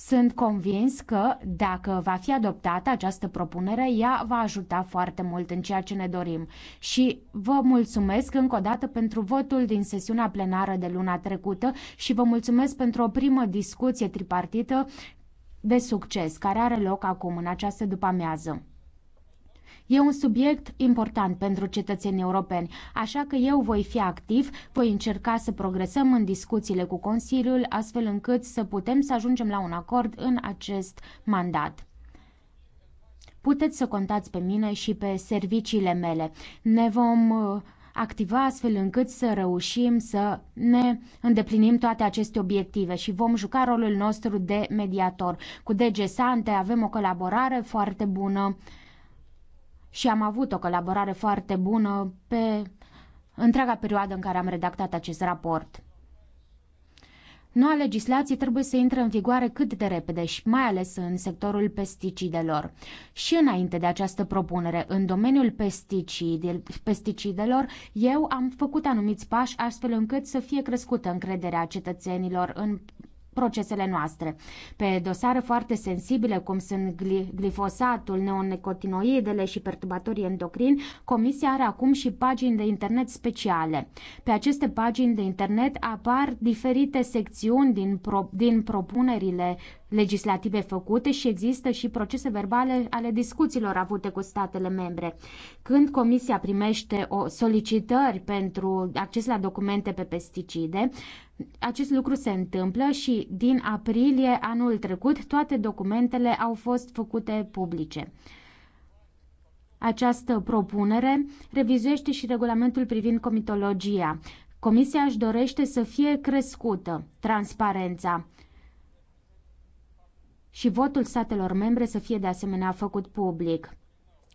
Sunt convins că, dacă va fi adoptată această propunere, ea va ajuta foarte mult în ceea ce ne dorim. Și vă mulțumesc încă o dată pentru votul din sesiunea plenară de luna trecută și vă mulțumesc pentru o primă discuție tripartită de succes care are loc acum în această după-amiază. E un subiect important pentru cetățenii europeni, așa că eu voi fi activ, voi încerca să progresăm în discuțiile cu Consiliul, astfel încât să putem să ajungem la un acord în acest mandat. Puteți să contați pe mine și pe serviciile mele. Ne vom uh, activa astfel încât să reușim să ne îndeplinim toate aceste obiective și vom juca rolul nostru de mediator. Cu DG Sante avem o colaborare foarte bună și am avut o colaborare foarte bună pe întreaga perioadă în care am redactat acest raport. Noua legislație trebuie să intre în vigoare cât de repede și mai ales în sectorul pesticidelor. Și înainte de această propunere, în domeniul pesticidelor, eu am făcut anumiți pași astfel încât să fie crescută încrederea cetățenilor în procesele noastre. Pe dosare foarte sensibile, cum sunt glifosatul, neonicotinoidele și perturbatorii endocrini, Comisia are acum și pagini de internet speciale. Pe aceste pagini de internet apar diferite secțiuni din, pro- din propunerile legislative făcute și există și procese verbale ale discuțiilor avute cu statele membre. Când Comisia primește o solicitări pentru acces la documente pe pesticide, acest lucru se întâmplă și din aprilie anul trecut toate documentele au fost făcute publice. Această propunere revizuiește și regulamentul privind comitologia. Comisia își dorește să fie crescută transparența și votul statelor membre să fie de asemenea făcut public.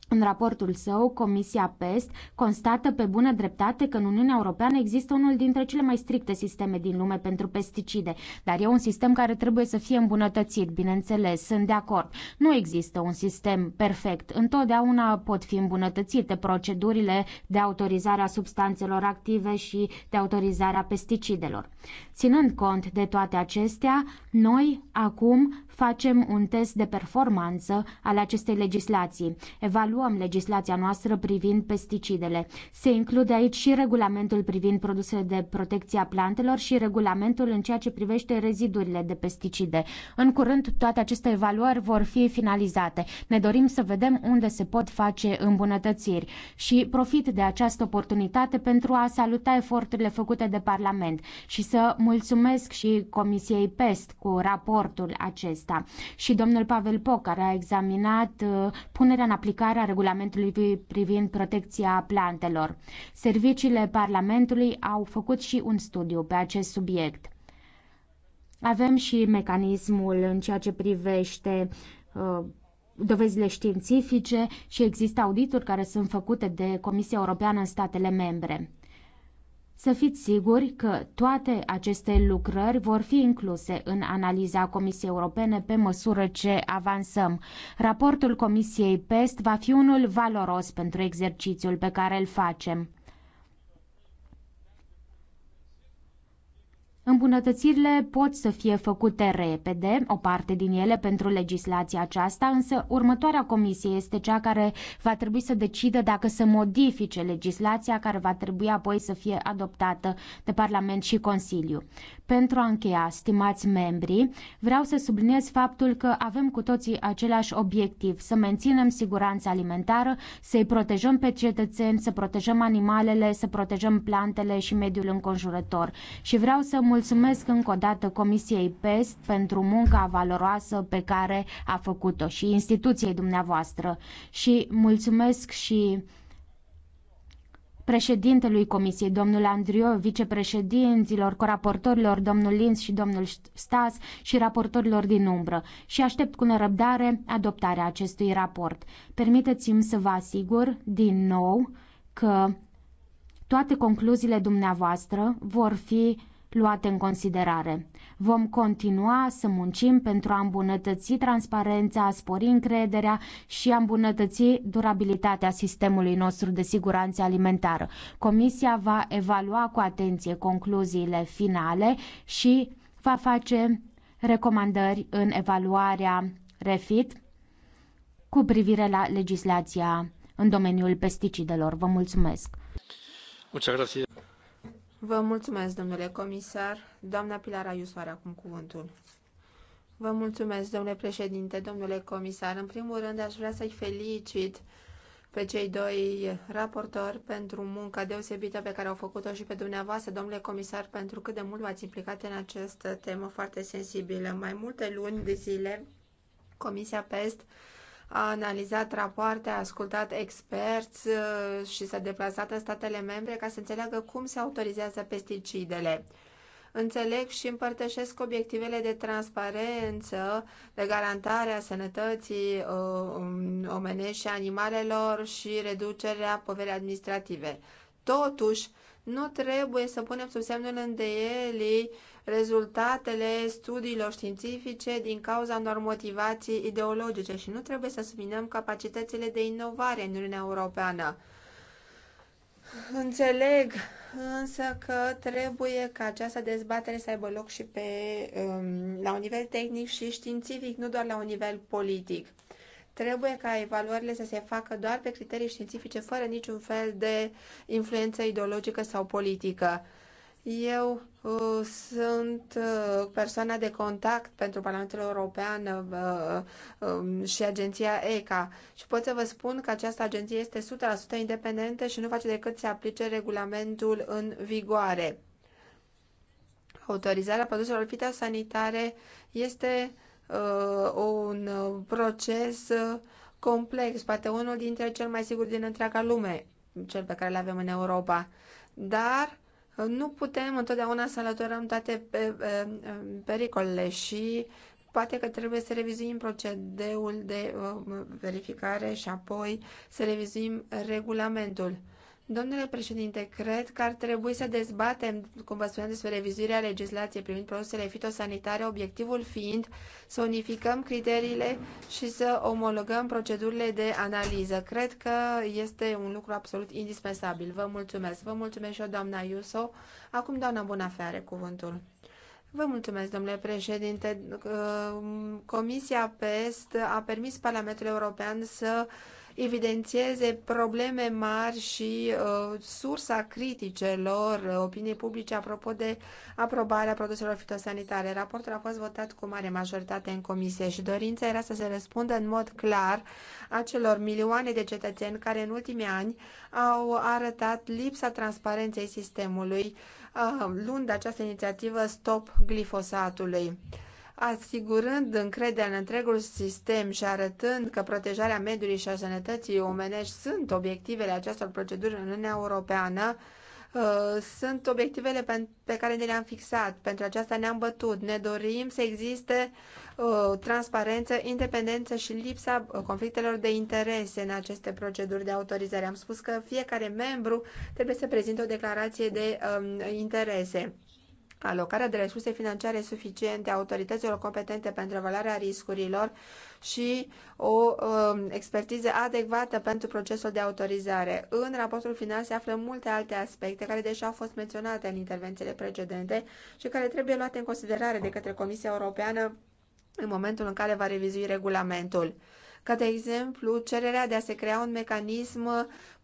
În raportul său, Comisia PEST constată pe bună dreptate că în Uniunea Europeană există unul dintre cele mai stricte sisteme din lume pentru pesticide, dar e un sistem care trebuie să fie îmbunătățit, bineînțeles, sunt de acord. Nu există un sistem perfect, întotdeauna pot fi îmbunătățite procedurile de autorizare a substanțelor active și de autorizare a pesticidelor. Ținând cont de toate acestea, noi acum facem un test de performanță al acestei legislații. Evaluăm legislația noastră privind pesticidele. Se include aici și regulamentul privind produsele de protecție a plantelor și regulamentul în ceea ce privește rezidurile de pesticide. În curând, toate aceste evaluări vor fi finalizate. Ne dorim să vedem unde se pot face îmbunătățiri și profit de această oportunitate pentru a saluta eforturile făcute de Parlament și să mulțumesc și Comisiei PEST cu raportul acesta acesta. Și domnul Pavel Poc, care a examinat uh, punerea în aplicare a regulamentului privind protecția plantelor. Serviciile Parlamentului au făcut și un studiu pe acest subiect. Avem și mecanismul în ceea ce privește uh, dovezile științifice și există audituri care sunt făcute de Comisia Europeană în statele membre. Să fiți siguri că toate aceste lucrări vor fi incluse în analiza Comisiei Europene pe măsură ce avansăm. Raportul Comisiei PEST va fi unul valoros pentru exercițiul pe care îl facem. Îmbunătățirile pot să fie făcute repede, o parte din ele pentru legislația aceasta, însă următoarea comisie este cea care va trebui să decidă dacă să modifice legislația care va trebui apoi să fie adoptată de Parlament și Consiliu. Pentru a încheia, stimați membri, vreau să subliniez faptul că avem cu toții același obiectiv, să menținem siguranța alimentară, să-i protejăm pe cetățeni, să protejăm animalele, să protejăm plantele și mediul înconjurător. Și vreau să mulțumesc încă o dată Comisiei PEST pentru munca valoroasă pe care a făcut-o și instituției dumneavoastră și mulțumesc și președintelui Comisiei, domnul Andriu, vicepreședinților, coraportorilor, domnul Linz și domnul Stas și raportorilor din umbră și aștept cu nerăbdare adoptarea acestui raport. Permiteți-mi să vă asigur din nou că toate concluziile dumneavoastră vor fi luate în considerare. Vom continua să muncim pentru a îmbunătăți transparența, a spori încrederea și a îmbunătăți durabilitatea sistemului nostru de siguranță alimentară. Comisia va evalua cu atenție concluziile finale și va face recomandări în evaluarea REFIT cu privire la legislația în domeniul pesticidelor. Vă mulțumesc! Mulțumesc. Vă mulțumesc, domnule comisar. Doamna Pilar Ayuso are acum cuvântul. Vă mulțumesc, domnule președinte, domnule comisar. În primul rând, aș vrea să-i felicit pe cei doi raportori pentru munca deosebită pe care au făcut-o și pe dumneavoastră, domnule comisar, pentru cât de mult v-ați implicat în această temă foarte sensibilă. Mai multe luni de zile, Comisia PEST a analizat rapoarte, a ascultat experți uh, și s-a deplasat în statele membre ca să înțeleagă cum se autorizează pesticidele. Înțeleg și împărtășesc obiectivele de transparență, de garantare a sănătății uh, um, omenești și animalelor și reducerea poverii administrative. Totuși, nu trebuie să punem sub semnul îndeielii uh, rezultatele studiilor științifice din cauza unor motivații ideologice și nu trebuie să subminăm capacitățile de inovare în Uniunea Europeană. Înțeleg însă că trebuie ca această dezbatere să aibă loc și pe, um, la un nivel tehnic și științific, nu doar la un nivel politic. Trebuie ca evaluările să se facă doar pe criterii științifice, fără niciun fel de influență ideologică sau politică. Eu uh, sunt uh, persoana de contact pentru Parlamentul European uh, um, și agenția ECA și pot să vă spun că această agenție este 100% independentă și nu face decât să aplice regulamentul în vigoare. Autorizarea produselor fitosanitare este un proces complex, poate unul dintre cel mai sigur din întreaga lume, cel pe care îl avem în Europa. Dar nu putem întotdeauna să alăturăm toate pericolele și poate că trebuie să revizuim procedeul de uh, verificare și apoi să revizuim regulamentul. Domnule președinte, cred că ar trebui să dezbatem, cum vă spuneam, despre revizuirea legislației privind produsele fitosanitare, obiectivul fiind să unificăm criteriile și să omologăm procedurile de analiză. Cred că este un lucru absolut indispensabil. Vă mulțumesc. Vă mulțumesc și eu, doamna Iuso. Acum, doamna Bunafé are cuvântul. Vă mulțumesc, domnule președinte. Um, Comisia PEST a permis Parlamentului European să evidențieze probleme mari și uh, sursa criticelor uh, opiniei publice apropo de aprobarea produselor fitosanitare. Raportul a fost votat cu mare majoritate în comisie și dorința era să se răspundă în mod clar acelor milioane de cetățeni care în ultimii ani au arătat lipsa transparenței sistemului, uh, luând această inițiativă Stop Glifosatului asigurând încrederea în întregul sistem și arătând că protejarea mediului și a sănătății omenești sunt obiectivele acestor proceduri în Uniunea Europeană, uh, sunt obiectivele pe care ne le-am fixat, pentru aceasta ne-am bătut. Ne dorim să existe uh, transparență, independență și lipsa uh, conflictelor de interese în aceste proceduri de autorizare. Am spus că fiecare membru trebuie să prezinte o declarație de um, interese alocarea de resurse financiare suficiente autorităților competente pentru evaluarea riscurilor și o um, expertiză adecvată pentru procesul de autorizare. În raportul final se află multe alte aspecte care deja au fost menționate în intervențiile precedente și care trebuie luate în considerare de către Comisia Europeană în momentul în care va revizui regulamentul ca de exemplu cererea de a se crea un mecanism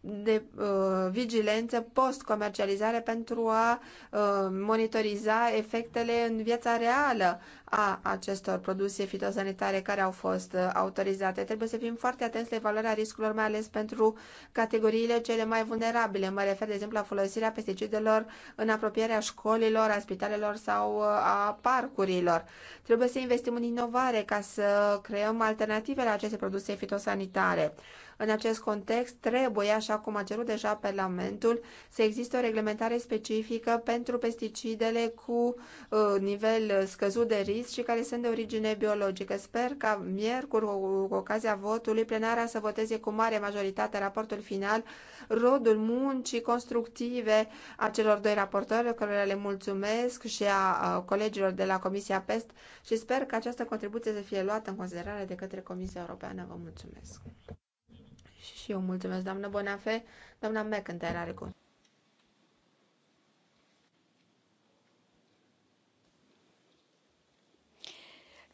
de uh, vigilență post-comercializare pentru a uh, monitoriza efectele în viața reală a acestor produse fitosanitare care au fost uh, autorizate. Trebuie să fim foarte atenți la evaluarea riscurilor, mai ales pentru categoriile cele mai vulnerabile. Mă refer, de exemplu, la folosirea pesticidelor în apropierea școlilor, a spitalelor sau uh, a parcurilor. Trebuie să investim în inovare ca să creăm alternative la aceste produse fitosanitare în acest context, trebuie, așa cum a cerut deja Parlamentul, să existe o reglementare specifică pentru pesticidele cu uh, nivel scăzut de risc și care sunt de origine biologică. Sper ca miercuri, cu ocazia votului, plenarea să voteze cu mare majoritate raportul final, rodul muncii constructive a celor doi raportori, cărora le mulțumesc și a colegilor de la Comisia PEST și sper că această contribuție să fie luată în considerare de către Comisia Europeană. Vă mulțumesc! Și eu mulțumesc, doamnă Bonafe. Doamna McIntyre are cuvânt.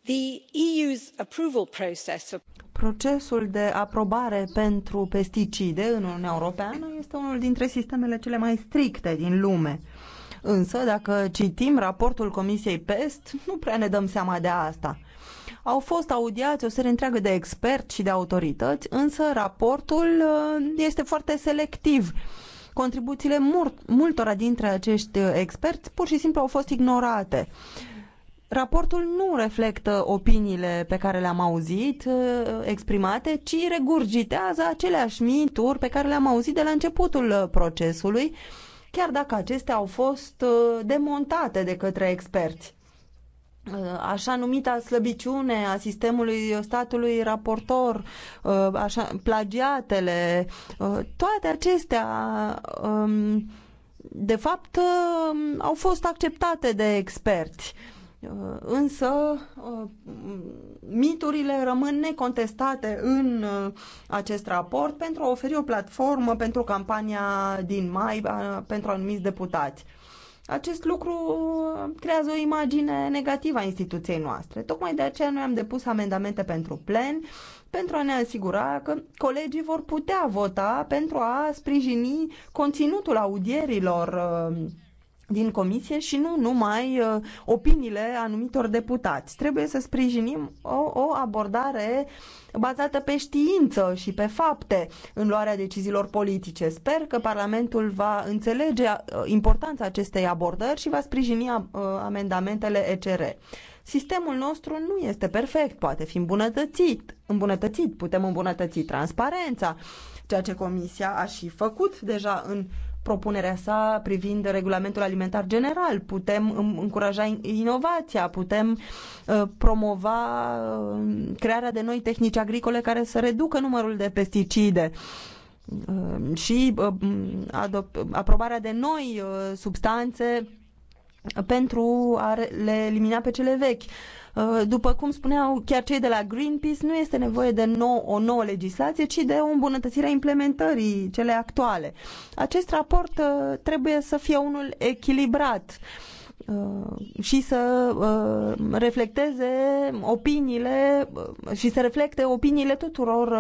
The EU's approval process of Procesul de aprobare pentru pesticide în Uniunea Europeană este unul dintre sistemele cele mai stricte din lume. Însă, dacă citim raportul Comisiei PEST, nu prea ne dăm seama de asta. Au fost audiați o serie întreagă de experți și de autorități, însă raportul uh, este foarte selectiv. Contribuțiile multora dintre acești uh, experți pur și simplu au fost ignorate. Raportul nu reflectă opiniile pe care le-am auzit uh, exprimate, ci regurgitează aceleași mituri pe care le-am auzit de la începutul procesului, chiar dacă acestea au fost demontate de către experți. Uh, așa numita slăbiciune a sistemului statului raportor, uh, așa, plagiatele, uh, toate acestea um, de fapt um, au fost acceptate de experți. Însă miturile rămân necontestate în acest raport pentru a oferi o platformă pentru campania din mai pentru anumiți deputați acest lucru uh, creează o imagine negativă a instituției noastre. Tocmai de aceea noi am depus amendamente pentru plen, pentru a ne asigura că colegii vor putea vota pentru a sprijini conținutul audierilor uh, din comisie și nu numai uh, opiniile anumitor deputați. Trebuie să sprijinim o, o abordare uh, bazată pe știință și pe fapte în luarea deciziilor politice. Sper că Parlamentul va înțelege uh, importanța acestei abordări și va sprijini uh, amendamentele ECR. Sistemul nostru nu este perfect, poate fi îmbunătățit, îmbunătățit, putem îmbunătăți transparența, ceea ce Comisia a și făcut deja în propunerea sa privind regulamentul alimentar general, putem încuraja inovația, putem uh, promova uh, crearea de noi tehnici agricole care să reducă numărul de pesticide uh, și aprobarea de noi substanțe pentru a le elimina pe cele vechi. Uh, după cum spuneau chiar cei de la Greenpeace, nu este nevoie de nou, o nouă legislație, ci de o îmbunătățire a implementării cele actuale. Acest raport uh, trebuie să fie unul echilibrat uh, și să reflecteze opiniile și să reflecte opiniile tuturor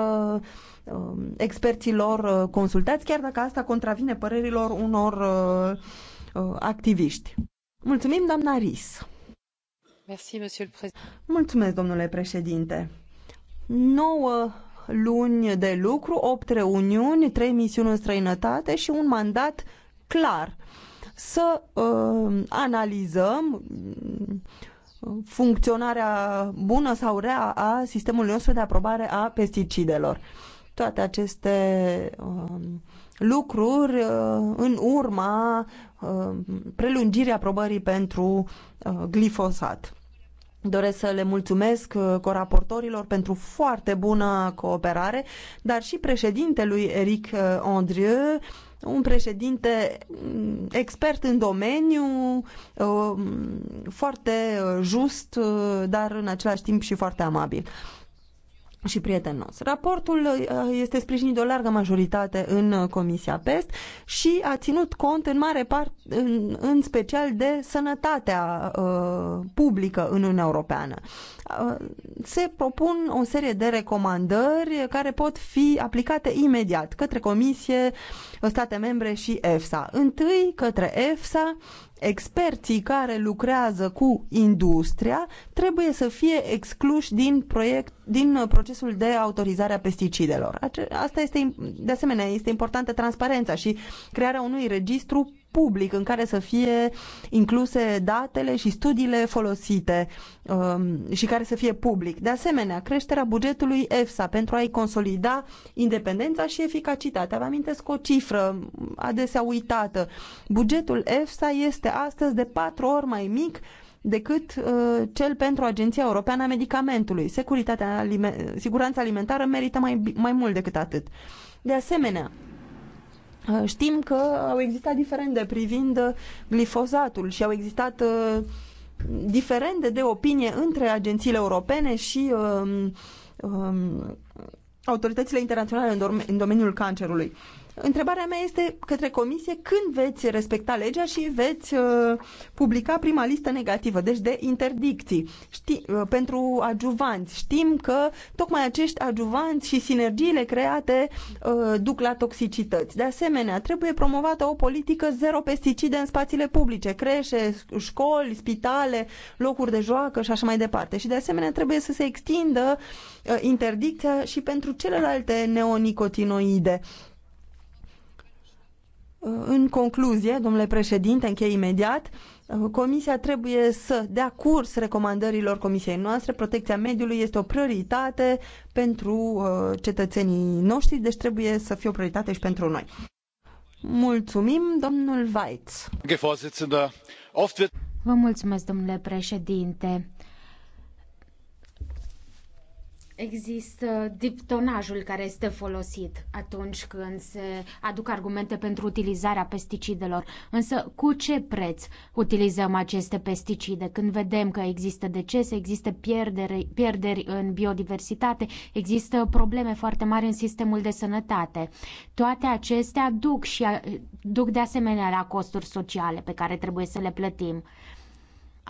experților consultați, chiar dacă asta contravine părerilor unor activiști. Mulțumim, doamna Ris. Mulțumesc, domnule președinte. Nouă luni de lucru, opt reuniuni, trei misiuni în străinătate și un mandat clar. Să uh, analizăm mm, funcționarea bună sau rea a sistemului nostru de aprobare a pesticidelor. Toate aceste uh, lucruri uh, în urma uh, prelungirii aprobării pentru uh, glifosat. Doresc să le mulțumesc uh, coraportorilor pentru foarte bună cooperare, dar și președintelui Eric uh, Andrieu, un președinte mm, expert în domeniu, uh, foarte just, dar în același timp și foarte amabil și prietenos. Raportul uh, este sprijinit de o largă majoritate în uh, Comisia PEST și a ținut cont în mare parte, în, în special, de sănătatea uh, publică în Uniunea Europeană. Uh, se propun o serie de recomandări care pot fi aplicate imediat către Comisie, state membre și EFSA. Întâi către EFSA experții care lucrează cu industria trebuie să fie excluși din, proiect, din procesul de autorizare a pesticidelor. Asta este, de asemenea, este importantă transparența și crearea unui registru public în care să fie incluse datele și studiile folosite um, și care să fie public. De asemenea, creșterea bugetului EFSA pentru a-i consolida independența și eficacitatea. Vă amintesc o cifră adesea uitată. Bugetul EFSA este astăzi de patru ori mai mic decât uh, cel pentru Agenția Europeană a Medicamentului. Securitatea alime- siguranța alimentară merită mai, mai mult decât atât. De asemenea, Uh, știm că au existat diferende privind uh, glifozatul și au existat uh, diferende de opinie între agențiile europene și um, um, autoritățile internaționale în, dom în domeniul cancerului. Întrebarea mea este către comisie când veți respecta legea și veți uh, publica prima listă negativă, deci de interdicții Ști, uh, pentru adjuvanți. Știm că tocmai acești adjuvanți și sinergiile create uh, duc la toxicități. De asemenea, trebuie promovată o politică zero pesticide în spațiile publice, creșe, școli, spitale, locuri de joacă și așa mai departe. Și de asemenea trebuie să se extindă uh, interdicția și pentru celelalte neonicotinoide Uh, în concluzie, domnule președinte, închei imediat, uh, Comisia trebuie să dea curs recomandărilor Comisiei noastre. Protecția mediului este o prioritate pentru uh, cetățenii noștri, deci trebuie să fie o prioritate și pentru noi. Mulțumim, domnul Weitz. Vă mulțumesc, domnule președinte. Există diptonajul care este folosit atunci când se aduc argumente pentru utilizarea pesticidelor. Însă, cu ce preț utilizăm aceste pesticide? Când vedem că există decese, există pierdere, pierderi în biodiversitate, există probleme foarte mari în sistemul de sănătate. Toate acestea duc, și, duc de asemenea la costuri sociale pe care trebuie să le plătim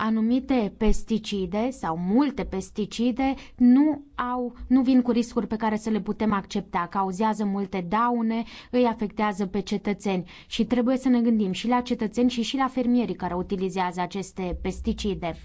anumite pesticide sau multe pesticide nu au, nu vin cu riscuri pe care să le putem accepta, cauzează multe daune, îi afectează pe cetățeni și trebuie să ne gândim și la cetățeni și și la fermierii care utilizează aceste pesticide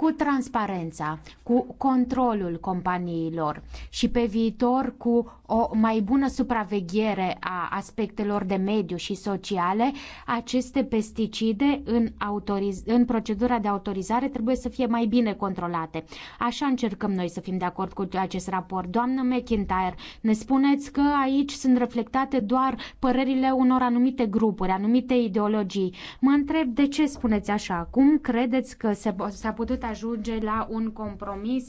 cu transparența, cu controlul companiilor și pe viitor cu o mai bună supraveghere a aspectelor de mediu și sociale, aceste pesticide în, autoriz- în procedura de autorizare trebuie să fie mai bine controlate. Așa încercăm noi să fim de acord cu acest raport. Doamnă McIntyre, ne spuneți că aici sunt reflectate doar părerile unor anumite grupuri, anumite ideologii. Mă întreb de ce spuneți așa. Cum credeți că s-a putut ajunge la un compromis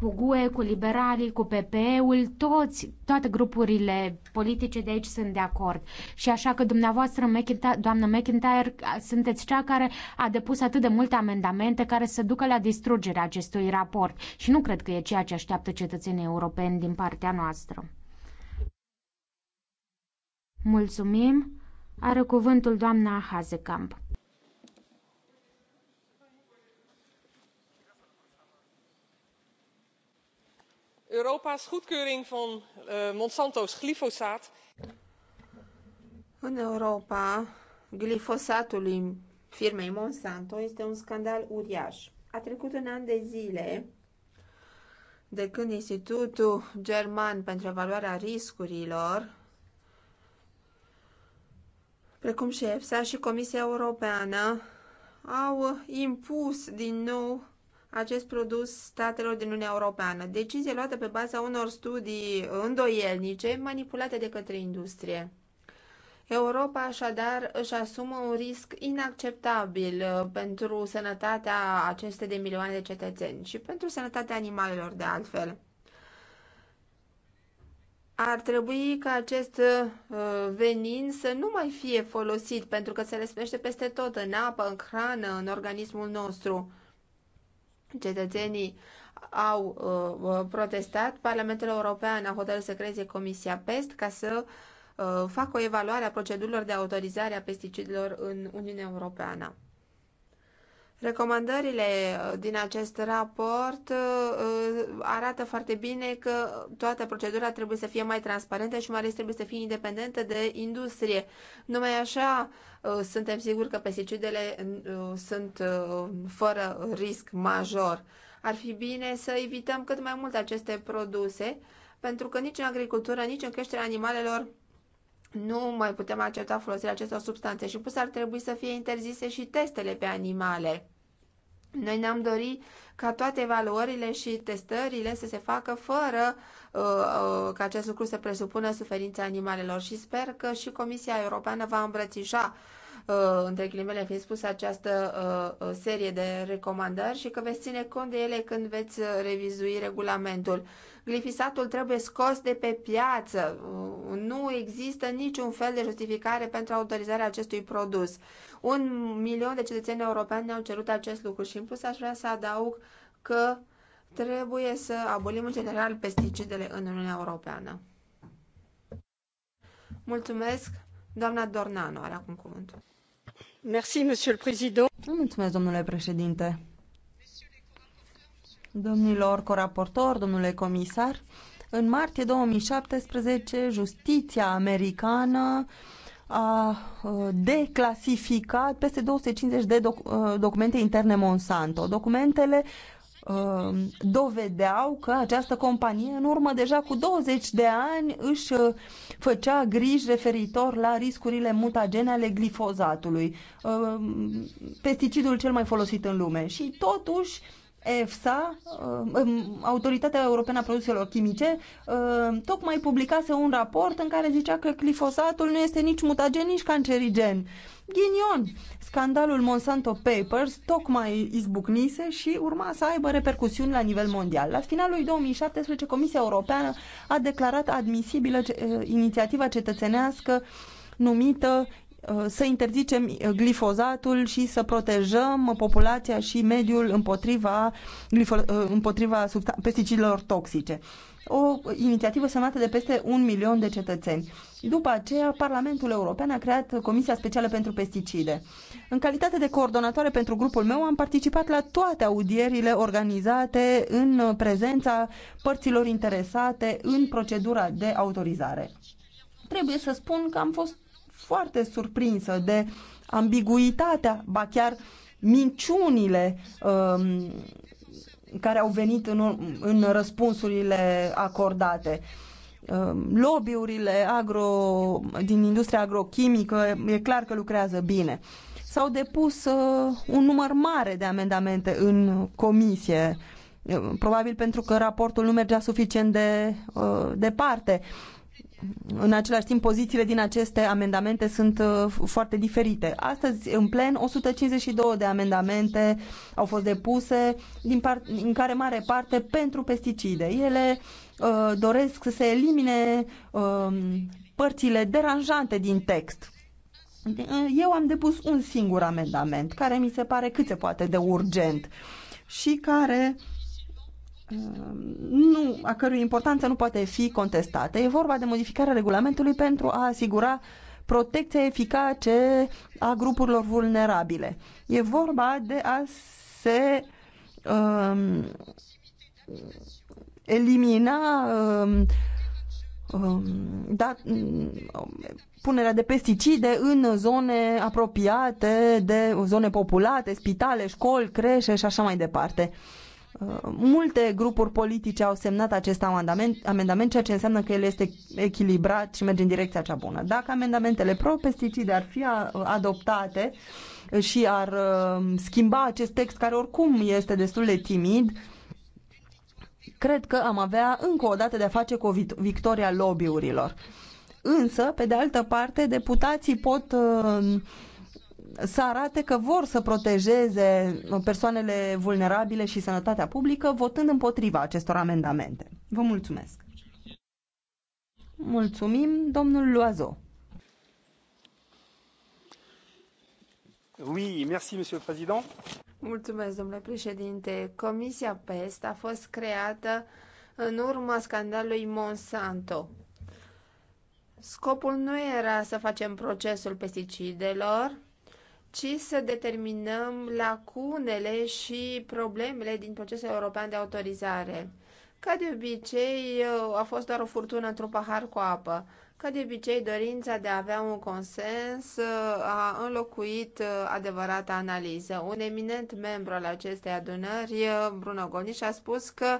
cu GUE, cu liberalii, cu PPE-ul, toți, toate grupurile politice de aici sunt de acord. Și așa că dumneavoastră, McIntyre, doamnă McIntyre, sunteți cea care a depus atât de multe amendamente care să ducă la distrugerea acestui raport. Și nu cred că e ceea ce așteaptă cetățenii europeni din partea noastră. Mulțumim. Are cuvântul doamna Hazekamp. europa's goedkeuring van eh, monsanto's glyfosaat. în europa glifosatul firmei Monsanto este un scandal uriaș. A trecut un an de zile de când Institutul German pentru Evaluarea Riscurilor, precum și EFSA și Comisia Europeană, au impus din nou acest produs statelor din Uniunea Europeană. Decizie luată pe baza unor studii îndoielnice manipulate de către industrie. Europa așadar își asumă un risc inacceptabil uh, pentru sănătatea acestei de milioane de cetățeni și pentru sănătatea animalelor de altfel. Ar trebui ca acest uh, venin să nu mai fie folosit pentru că se răspândește peste tot în apă, în hrană, în organismul nostru cetățenii au uh, uh, protestat, Parlamentul European a hotărât să creeze Comisia PEST ca să uh, facă o evaluare a procedurilor de autorizare a pesticidelor în Uniunea Europeană. Recomandările uh, din acest raport uh, uh, arată foarte bine că toată procedura trebuie să fie mai transparentă și mai ales trebuie să fie independentă de industrie. Numai așa suntem siguri că pesticidele sunt fără risc major. Ar fi bine să evităm cât mai mult aceste produse, pentru că nici în agricultură, nici în creșterea animalelor nu mai putem accepta folosirea acestor substanțe și pus ar trebui să fie interzise și testele pe animale. Noi ne-am dorit ca toate evaluările și testările să se facă fără uh, uh, ca acest lucru să presupună suferința animalelor și sper că și Comisia Europeană va îmbrățișa uh, între ghilimele fiind spus această uh, uh serie de recomandări și că veți ține cont de ele când veți uh, revizui regulamentul glifisatul trebuie scos de pe piață. Nu există niciun fel de justificare pentru autorizarea acestui produs. Un milion de cetățeni europeni ne-au cerut acest lucru și în plus aș vrea să adaug că trebuie să abolim în general pesticidele în Uniunea Europeană. Mulțumesc. Doamna Dornano are acum cuvântul. Merci, Mulțumesc, domnule președinte domnilor coraportori, domnule comisar. În martie 2017, justiția americană a uh, declasificat peste 250 de doc- uh, documente interne Monsanto. Documentele uh, dovedeau că această companie în urmă deja cu 20 de ani își făcea griji referitor la riscurile mutagene ale glifozatului, pesticidul cel mai folosit în lume. Și totuși EFSA, uh, um, Autoritatea Europeană a Produselor Chimice, uh, tocmai publicase un raport în care zicea că glifosatul nu este nici mutagen, nici cancerigen. Ghinion! Scandalul Monsanto Papers tocmai izbucnise și urma să aibă repercusiuni la nivel mondial. La finalul 2017, Comisia Europeană a declarat admisibilă uh, inițiativa cetățenească numită Uh, să interzicem uh, glifozatul și să protejăm populația și mediul împotriva, uh, împotriva pesticidelor toxice. O inițiativă semnată de peste un milion de cetățeni. După aceea, Parlamentul European a creat Comisia Specială pentru Pesticide. În calitate de coordonatoare pentru grupul meu, am participat la toate audierile organizate în prezența părților interesate în procedura de autorizare trebuie să spun că am fost foarte surprinsă de ambiguitatea, ba chiar minciunile um, care au venit în, în răspunsurile acordate. Um, Lobbyurile agro, din industria agrochimică e clar că lucrează bine. S-au depus uh, un număr mare de amendamente în comisie, uh, probabil pentru că raportul nu mergea suficient de uh, departe. Uh, în același timp, pozițiile din aceste amendamente sunt uh, foarte diferite. Astăzi, în plen, 152 de amendamente au fost depuse, din, part, din care mare parte pentru pesticide. Ele uh, doresc să se elimine uh, părțile deranjante din text. Uh, eu am depus un singur amendament, care mi se pare cât se poate de urgent și care nu, a cărui importanță nu poate fi contestată. E vorba de modificarea regulamentului pentru a asigura protecția eficace a grupurilor vulnerabile. E vorba de a se um, elimina um, da, punerea de pesticide în zone apropiate de zone populate, spitale, școli, creșe și așa mai departe multe grupuri politice au semnat acest amendament, amendament, ceea ce înseamnă că el este echilibrat și merge în direcția cea bună. Dacă amendamentele pro-pesticide ar fi adoptate și ar uh, schimba acest text, care oricum este destul de timid, cred că am avea încă o dată de a face cu o victoria lobbyurilor. Însă, pe de altă parte, deputații pot uh, să arate că vor să protejeze persoanele vulnerabile și sănătatea publică, votând împotriva acestor amendamente. Vă mulțumesc! Mulțumim, domnul Loazo. Oui, merci, monsieur le président. Mulțumesc, domnule președinte. Comisia PEST a fost creată în urma scandalului Monsanto. Scopul nu era să facem procesul pesticidelor, ci să determinăm lacunele și problemele din procesul european de autorizare. Ca de obicei, uh, a fost doar o furtună într-un pahar cu apă. Ca de obicei, dorința de a avea un consens uh, a înlocuit uh, adevărata analiză. Un eminent membru al acestei adunări, Bruno Goniș, a spus că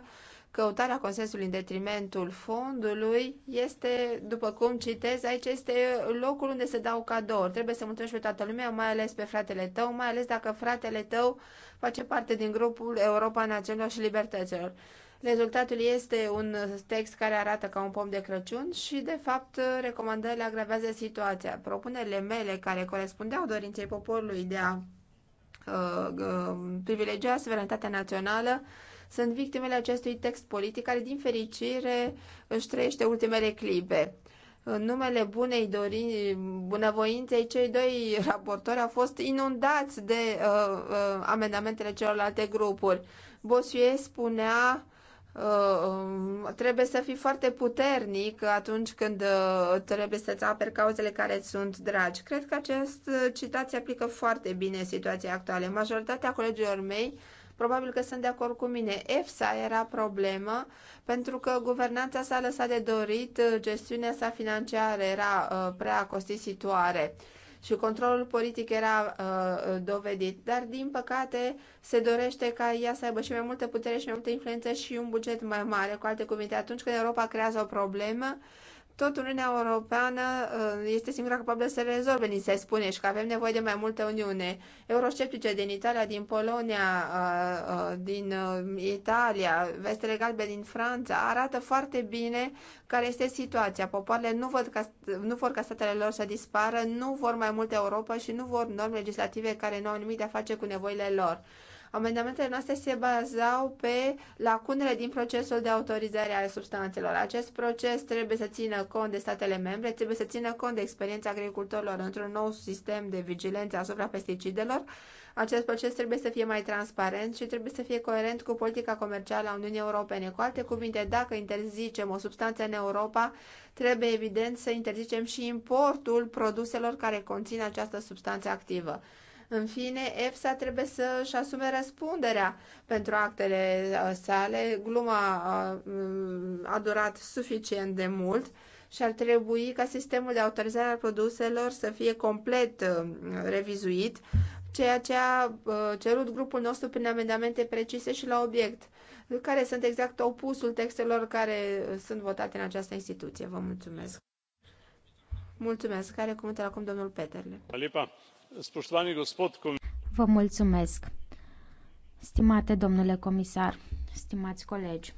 căutarea consensului în detrimentul fondului este, după cum citez, aici este locul unde se dau cadouri. Trebuie să mulțumesc pe toată lumea, mai ales pe fratele tău, mai ales dacă fratele tău face parte din grupul Europa Națională și Libertăților. Rezultatul este un text care arată ca un pom de Crăciun și, de fapt, recomandările agravează situația. Propunerile mele, care corespundeau dorinței poporului de a uh, uh, privilegia suverenitatea națională, uh, sunt victimele acestui text politic care, din fericire, își trăiește ultimele clipe. În numele bunei dorini, bunăvoinței, cei doi raportori au fost inundați de uh, uh, amendamentele celorlalte grupuri. Bosuie spunea Uh, um, trebuie să fii foarte puternic atunci când uh, trebuie să-ți aperi cauzele care îți sunt dragi. Cred că acest citat se aplică foarte bine situației actuale. Majoritatea colegilor mei Probabil că sunt de acord cu mine. EFSA era problemă pentru că guvernanța s-a lăsat de dorit, gestiunea sa financiară era uh, prea costisitoare și controlul politic era uh, dovedit, dar din păcate se dorește ca ea să aibă și mai multă putere și mai multă influență și un buget mai mare. Cu alte cuvinte, atunci când Europa creează o problemă, tot Uniunea Europeană uh, este singura capabilă să rezolve, ni se spune, și că avem nevoie de mai multă Uniune. Eurosceptice din Italia, din Polonia, uh, uh, din Italia, vestele galbe din Franța, arată foarte bine care este situația. Popoarele nu, văd ca, nu vor ca statele lor să dispară, nu vor mai multă Europa și nu vor norme legislative care nu au nimic de a face cu nevoile lor. Amendamentele noastre se bazau pe lacunele din procesul de autorizare ale substanțelor. Acest proces trebuie să țină cont de statele membre, trebuie să țină cont de experiența agricultorilor într-un nou sistem de vigilență asupra pesticidelor. Acest proces trebuie să fie mai transparent și trebuie să fie coerent cu politica comercială a Uniunii Europene. Cu alte cuvinte, dacă interzicem o substanță în Europa, trebuie evident să interzicem și importul produselor care conțin această substanță activă. În fine, EFSA trebuie să și asume răspunderea pentru actele uh, sale. Gluma uh, a durat suficient de mult și ar trebui ca sistemul de autorizare a produselor să fie complet uh, revizuit, ceea ce a cerut grupul nostru prin amendamente precise și la obiect, care sunt exact opusul textelor care sunt votate în această instituție. Vă mulțumesc! Mulțumesc. Care cuvântul acum domnul Peterle? Vă mulțumesc. Stimate domnule comisar, stimați colegi.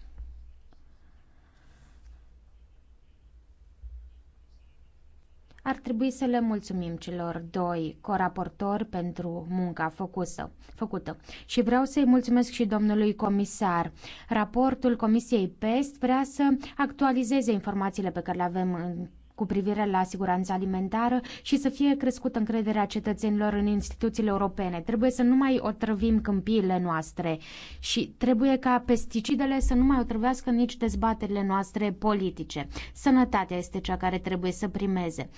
ar trebui să le mulțumim celor doi coraportori pentru munca făcută, făcută. Și vreau să-i mulțumesc și domnului comisar. Raportul Comisiei PEST vrea să actualizeze informațiile pe care le avem în cu privire la siguranța alimentară și să fie crescută încrederea cetățenilor în instituțiile europene. Trebuie să nu mai otrăvim câmpiile noastre și trebuie ca pesticidele să nu mai otrăvească nici dezbaterile noastre politice. Sănătatea este cea care trebuie să primeze.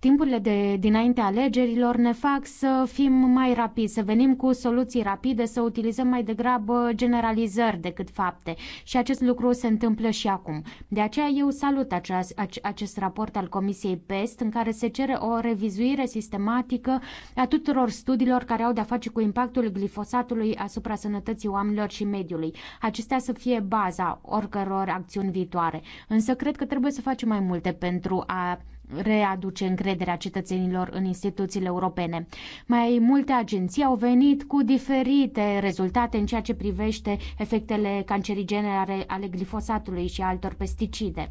Timpurile de dinainte alegerilor ne fac să fim mai rapizi, să venim cu soluții rapide, să utilizăm mai degrabă generalizări decât fapte. Și acest lucru se întâmplă și acum. De aceea eu salut acest, acest raport al Comisiei PEST în care se cere o revizuire sistematică a tuturor studiilor care au de-a face cu impactul glifosatului asupra sănătății oamenilor și mediului. Acestea să fie baza oricăror acțiuni viitoare. Însă cred că trebuie să facem mai multe pentru a readuce încrederea cetățenilor în instituțiile europene. Mai multe agenții au venit cu diferite rezultate în ceea ce privește efectele cancerigene ale, glifosatului și altor pesticide.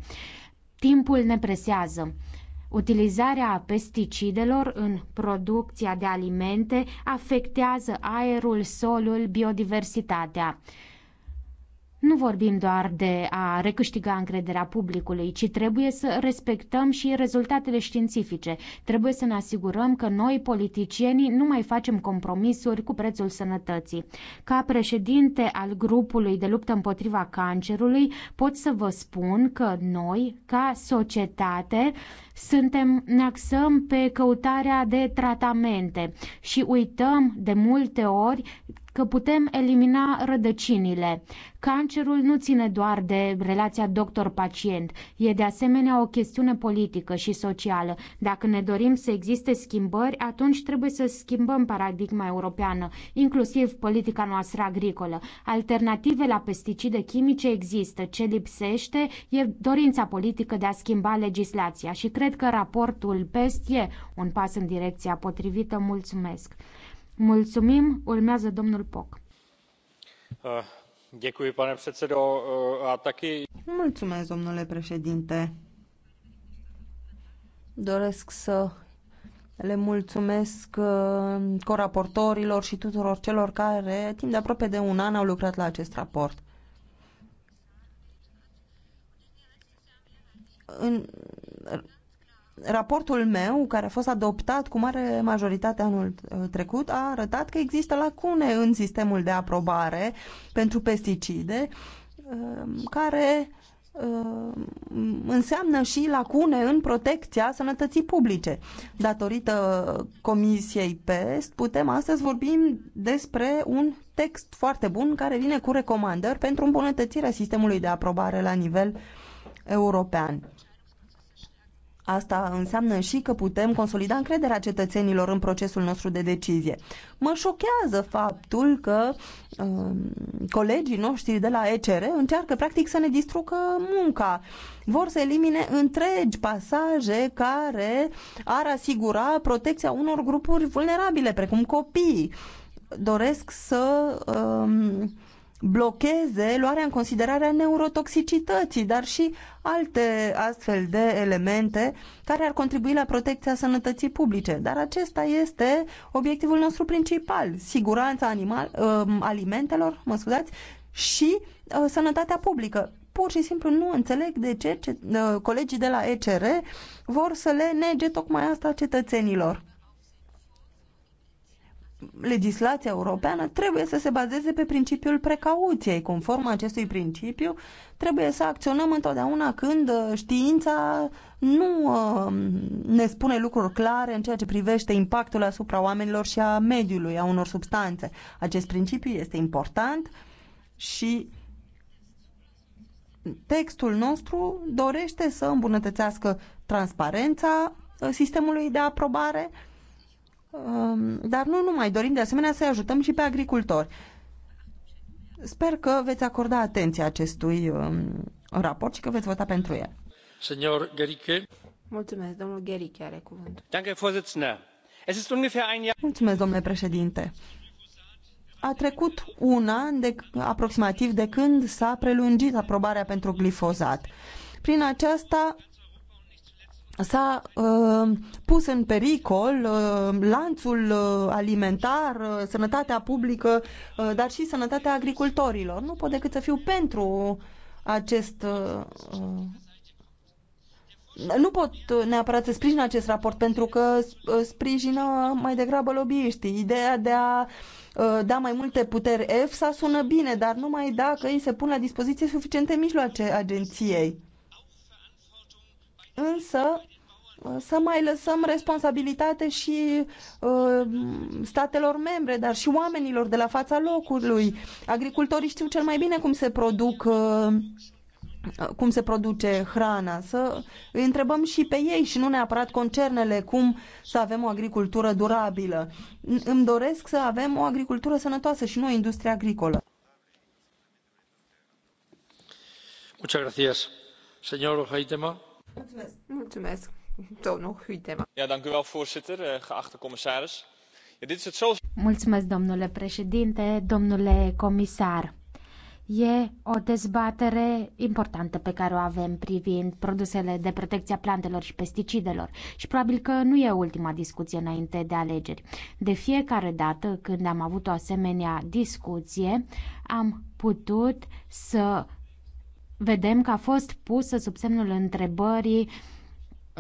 Timpul ne presează. Utilizarea pesticidelor în producția de alimente afectează aerul, solul, biodiversitatea. Nu vorbim doar de a recâștiga încrederea publicului, ci trebuie să respectăm și rezultatele științifice. Trebuie să ne asigurăm că noi, politicienii, nu mai facem compromisuri cu prețul sănătății. Ca președinte al grupului de luptă împotriva cancerului, pot să vă spun că noi, ca societate, suntem, ne axăm pe căutarea de tratamente și uităm de multe ori că putem elimina rădăcinile. Cancerul nu ține doar de relația doctor-pacient, e de asemenea o chestiune politică și socială. Dacă ne dorim să existe schimbări, atunci trebuie să schimbăm paradigma europeană, inclusiv politica noastră agricolă. Alternative la pesticide chimice există. Ce lipsește e dorința politică de a schimba legislația și cred că raportul PEST e un pas în direcția potrivită. Mulțumesc! Mulțumim, urmează domnul Poc. Ah, děkuji, pane předsedo, ah, a taky... Mulțumesc, domnule președinte. Doresc să le mulțumesc ah, coraportorilor și tuturor celor care, timp de aproape de un an, au lucrat la acest raport. În, raportul meu, care a fost adoptat cu mare majoritate anul uh, trecut, a arătat că există lacune în sistemul de aprobare pentru pesticide, um, care um, înseamnă și lacune în protecția sănătății publice. Datorită Comisiei PEST, putem astăzi vorbim despre un text foarte bun care vine cu recomandări pentru îmbunătățirea sistemului de aprobare la nivel european Asta înseamnă și că putem consolida încrederea cetățenilor în procesul nostru de decizie. Mă șochează faptul că uh, colegii noștri de la ECR încearcă practic să ne distrugă munca. Vor să elimine întregi pasaje care ar asigura protecția unor grupuri vulnerabile, precum copiii. Doresc să... Uh, blocheze luarea în considerare a neurotoxicității, dar și alte astfel de elemente care ar contribui la protecția sănătății publice. Dar acesta este obiectivul nostru principal, siguranța animal, uh, alimentelor, mă scuzați, și uh, sănătatea publică. Pur și simplu nu înțeleg de ce, ce uh, colegii de la ECR vor să le nege tocmai asta cetățenilor legislația europeană trebuie să se bazeze pe principiul precauției. Conform acestui principiu, trebuie să acționăm întotdeauna când uh, știința nu uh, ne spune lucruri clare în ceea ce privește impactul asupra oamenilor și a mediului, a unor substanțe. Acest principiu este important și textul nostru dorește să îmbunătățească transparența uh, sistemului de aprobare Um, dar nu numai, dorim de asemenea să-i ajutăm și pe agricultori. Sper că veți acorda atenție acestui um, raport și că veți vota pentru el. Senor Gerike. Mulțumesc, domnul Gerike are cuvântul. Danke, Es ist ungefähr ein Jahr... Mulțumesc, domnule președinte. A trecut un an de, aproximativ de când s-a prelungit aprobarea pentru glifozat. Prin aceasta s-a uh, pus în pericol uh, lanțul uh, alimentar, uh, sănătatea publică, uh, dar și sănătatea agricultorilor. Nu pot decât să fiu pentru acest. Uh, uh nu pot neapărat să sprijin acest raport pentru că uh, sprijină mai degrabă lobbyiștii. Ideea de a uh, da mai multe puteri EFSA sună bine, dar numai dacă îi se pun la dispoziție suficiente mijloace agenției însă să mai lăsăm responsabilitate și uh, statelor membre, dar și oamenilor de la fața locului. Agricultorii știu cel mai bine cum se produc uh, cum se produce hrana, să îi întrebăm și pe ei și nu neapărat concernele cum să avem o agricultură durabilă. Îmi doresc să avem o agricultură sănătoasă și nu o industrie agricolă. Muchas gracias, señor Haitema. Mulțumesc. Domnul Huitema. Ja, dank u wel, voorzitter, eh, geachte commissaris. Ja, dit is het zo... Mulțumesc, domnule președinte, domnule comisar. E o dezbatere importantă pe care o avem privind produsele de protecție a plantelor și pesticidelor și probabil că nu e ultima discuție înainte de alegeri. De fiecare dată când am avut o asemenea discuție, am putut să vedem că a fost pusă sub semnul întrebării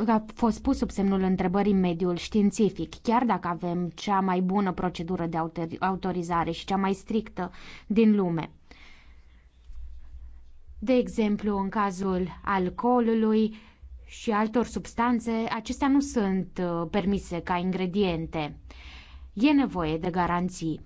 a fost pus sub semnul întrebării mediul științific, chiar dacă avem cea mai bună procedură de autorizare și cea mai strictă din lume. De exemplu, în cazul alcoolului și altor substanțe, acestea nu sunt uh, permise ca ingrediente. E nevoie de garanții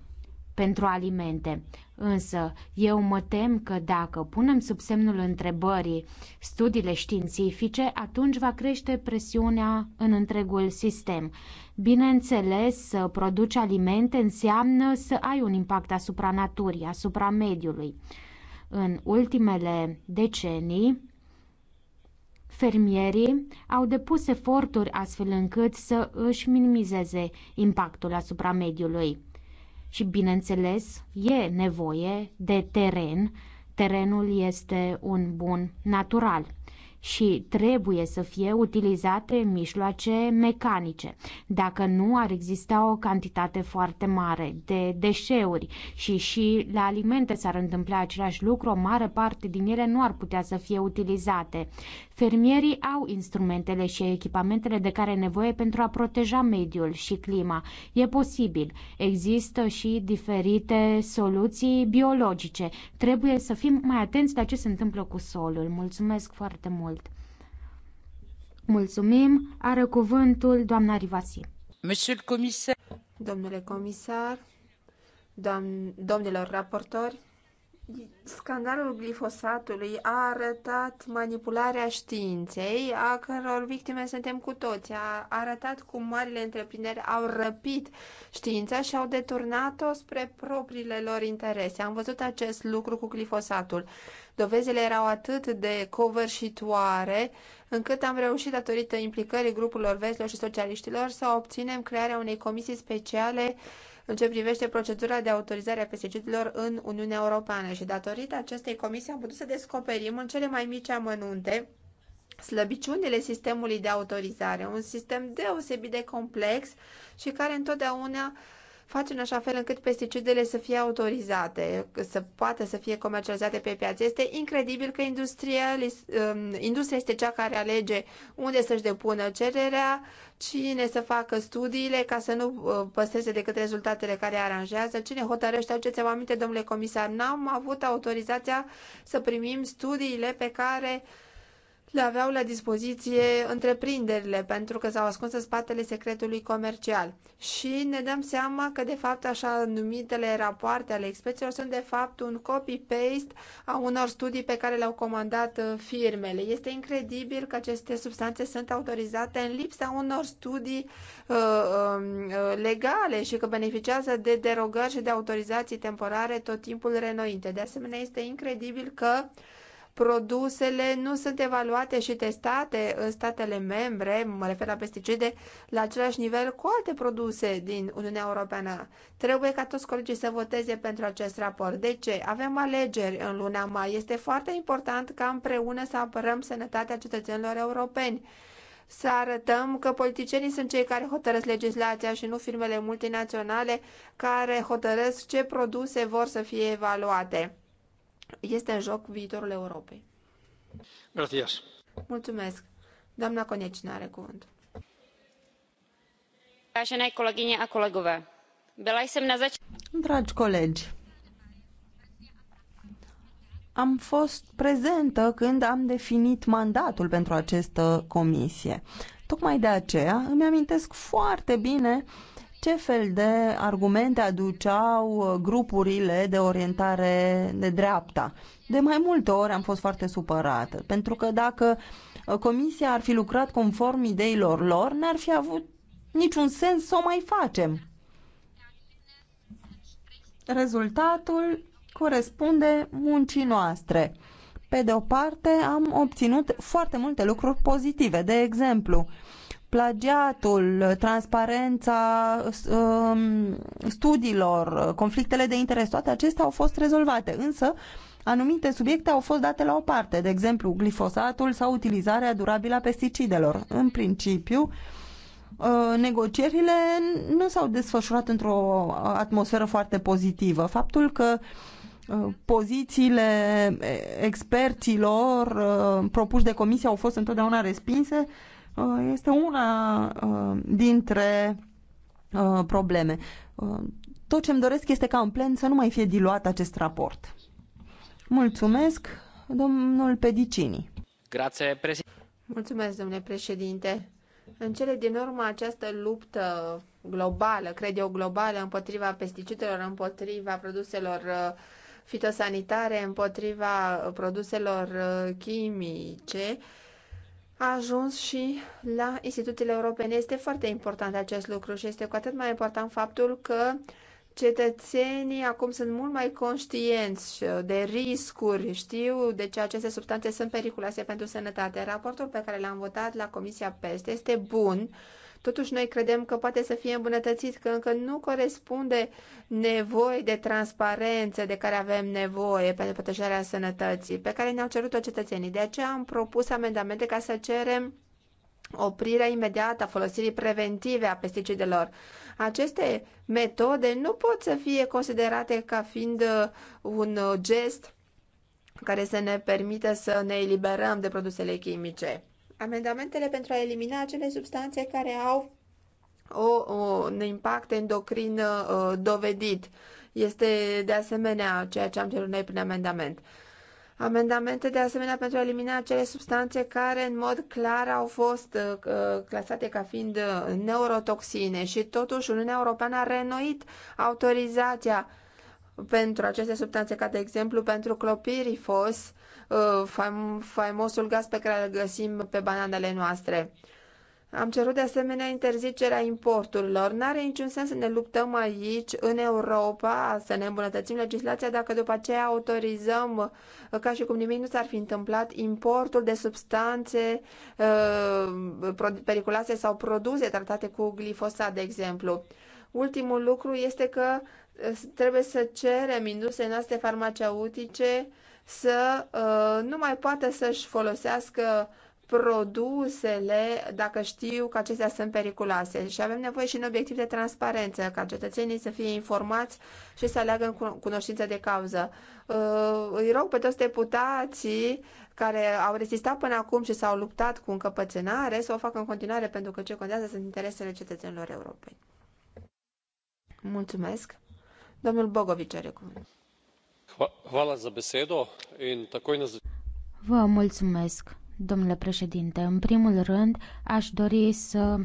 pentru alimente. Însă, eu mă tem că dacă punem sub semnul întrebării studiile științifice, atunci va crește presiunea în întregul sistem. Bineînțeles, să produci alimente înseamnă să ai un impact asupra naturii, asupra mediului. În ultimele decenii, Fermierii au depus eforturi astfel încât să își minimizeze impactul asupra mediului și, bineînțeles, e nevoie de teren. Terenul este un bun natural și trebuie să fie utilizate mijloace mecanice. Dacă nu, ar exista o cantitate foarte mare de deșeuri și și la alimente s-ar întâmpla același lucru, o mare parte din ele nu ar putea să fie utilizate. Fermierii au instrumentele și echipamentele de care nevoie pentru a proteja mediul și clima. E posibil. Există și diferite soluții biologice. Trebuie să fim mai atenți la ce se întâmplă cu solul. Mulțumesc foarte mult! Mulțumim. Are cuvântul doamna Rivasi. Monsieur le Commissaire. Domnule comisar, doam, domnilor raportori, Scandalul glifosatului a arătat manipularea științei, a căror victime suntem cu toți. A arătat cum marile întreprinderi au răpit știința și au deturnat-o spre propriile lor interese. Am văzut acest lucru cu glifosatul. Dovezile erau atât de covârșitoare încât am reușit, datorită implicării grupurilor vestilor și socialiștilor, să obținem crearea unei comisii speciale în ce privește procedura de autorizare a pesticidelor în Uniunea Europeană și datorită acestei comisii am putut să descoperim în cele mai mici amănunte slăbiciunile sistemului de autorizare, un sistem deosebit de complex și care întotdeauna uh, face în așa fel încât pesticidele să fie autorizate, să poată să fie comercializate pe piață. Este incredibil că industria, um, industria este cea care alege unde să-și depună cererea, cine să facă studiile ca să nu uh, păstreze decât rezultatele care aranjează, cine hotărăște. Aduceți-vă aminte, domnule comisar, n-am avut autorizația să primim studiile pe care le aveau la dispoziție întreprinderile pentru că s-au ascuns în spatele secretului comercial. Și ne dăm seama că, de fapt, așa numitele rapoarte ale experților sunt, de fapt, un copy-paste a unor studii pe care le-au comandat uh, firmele. Este incredibil că aceste substanțe sunt autorizate în lipsa unor studii uh, um, uh, legale și că beneficiază de derogări și de autorizații temporare tot timpul renoite. De asemenea, este incredibil că uh, produsele nu sunt evaluate și testate în statele membre, mă refer la pesticide, la același nivel cu alte produse din Uniunea Europeană. Trebuie ca toți colegii să voteze pentru acest raport. De ce? Avem alegeri în luna mai. Este foarte important ca împreună să apărăm sănătatea cetățenilor europeni să arătăm că politicienii sunt cei care hotărăsc legislația și nu firmele multinaționale care hotărăsc ce produse vor să fie evaluate este în joc viitorul Europei. Gracias. Mulțumesc. Doamna Conecina are cuvânt. Vážené kolegyně a kolegové, byla jsem na zač... Dragi colegi, am fost prezentă când am definit mandatul pentru această comisie. Tocmai de aceea îmi amintesc foarte bine uh, ce fel de argumente aduceau grupurile de orientare de dreapta. De mai multe ori am fost foarte supărată, pentru că dacă uh, comisia ar fi lucrat conform ideilor lor, n-ar fi avut niciun sens să o mai facem. Rezultatul corespunde muncii noastre. Pe de o parte, am obținut foarte multe lucruri pozitive. De exemplu, uh, plagiatul, transparența um, studiilor, conflictele de interes, toate acestea au fost rezolvate, însă anumite subiecte au fost date la o parte, de exemplu glifosatul sau utilizarea durabilă a pesticidelor. În principiu, uh, negocierile nu s-au desfășurat într-o atmosferă foarte pozitivă. Faptul că uh, pozițiile experților uh, propuși de comisie au fost întotdeauna respinse Uh, este una uh, dintre uh, probleme. Tot ce îmi doresc este ca în plen să nu mai fie diluat acest raport. Mulțumesc, domnul Pedicini. Grație, Mulțumesc, domnule președinte. În cele din urmă, această luptă globală, cred eu globală, împotriva pesticidelor, împotriva produselor fitosanitare, împotriva produselor chimice, a ajuns și la instituțiile europene. Este foarte important acest lucru și este cu atât mai important faptul că cetățenii acum sunt mult mai conștienți de riscuri, știu de ce aceste substanțe sunt periculoase pentru sănătate. Raportul pe care l-am votat la Comisia PEST este bun Totuși, noi credem că poate să fie îmbunătățit, că încă nu corespunde nevoii de transparență de care avem nevoie pentru protejarea sănătății, pe care ne-au cerut-o cetățenii. De aceea am propus amendamente ca să cerem oprirea imediată a folosirii preventive a pesticidelor. Aceste metode nu pot să fie considerate ca fiind uh, un uh, gest care să ne permită să ne eliberăm de produsele chimice. Amendamentele pentru a elimina acele substanțe care au o, o, un impact endocrin uh, dovedit. Este de asemenea ceea ce am cerut noi prin amendament. Amendamente de asemenea pentru a elimina acele substanțe care în mod clar au fost uh, uh clasate ca fiind uh, neurotoxine și totuși Uniunea Europeană a renoit autorizația pentru aceste substanțe, ca de exemplu pentru clopirifos, Uh, faimosul gaz pe care îl găsim pe bananele noastre. Am cerut de asemenea interzicerea importurilor. N-are niciun sens să ne luptăm aici, în Europa, să ne îmbunătățim legislația dacă după aceea autorizăm, ca și cum nimic nu s-ar fi întâmplat, importul de substanțe uh, periculoase sau produse tratate cu glifosat, de exemplu. Ultimul lucru este că uh, trebuie să cerem industriei noastre farmaceutice să uh, nu mai poată să-și folosească produsele dacă știu că acestea sunt periculoase. Și avem nevoie și în obiectiv de transparență, ca cetățenii să fie informați și să aleagă în cunoștință de cauză. Uh, îi rog pe toți deputații care au rezistat până acum și s-au luptat cu încăpățânare să o facă în continuare, pentru că ce contează sunt interesele cetățenilor europeni. Mulțumesc. Domnul Bogovici are cuvântul. Vă mulțumesc, domnule președinte. În primul rând, aș dori să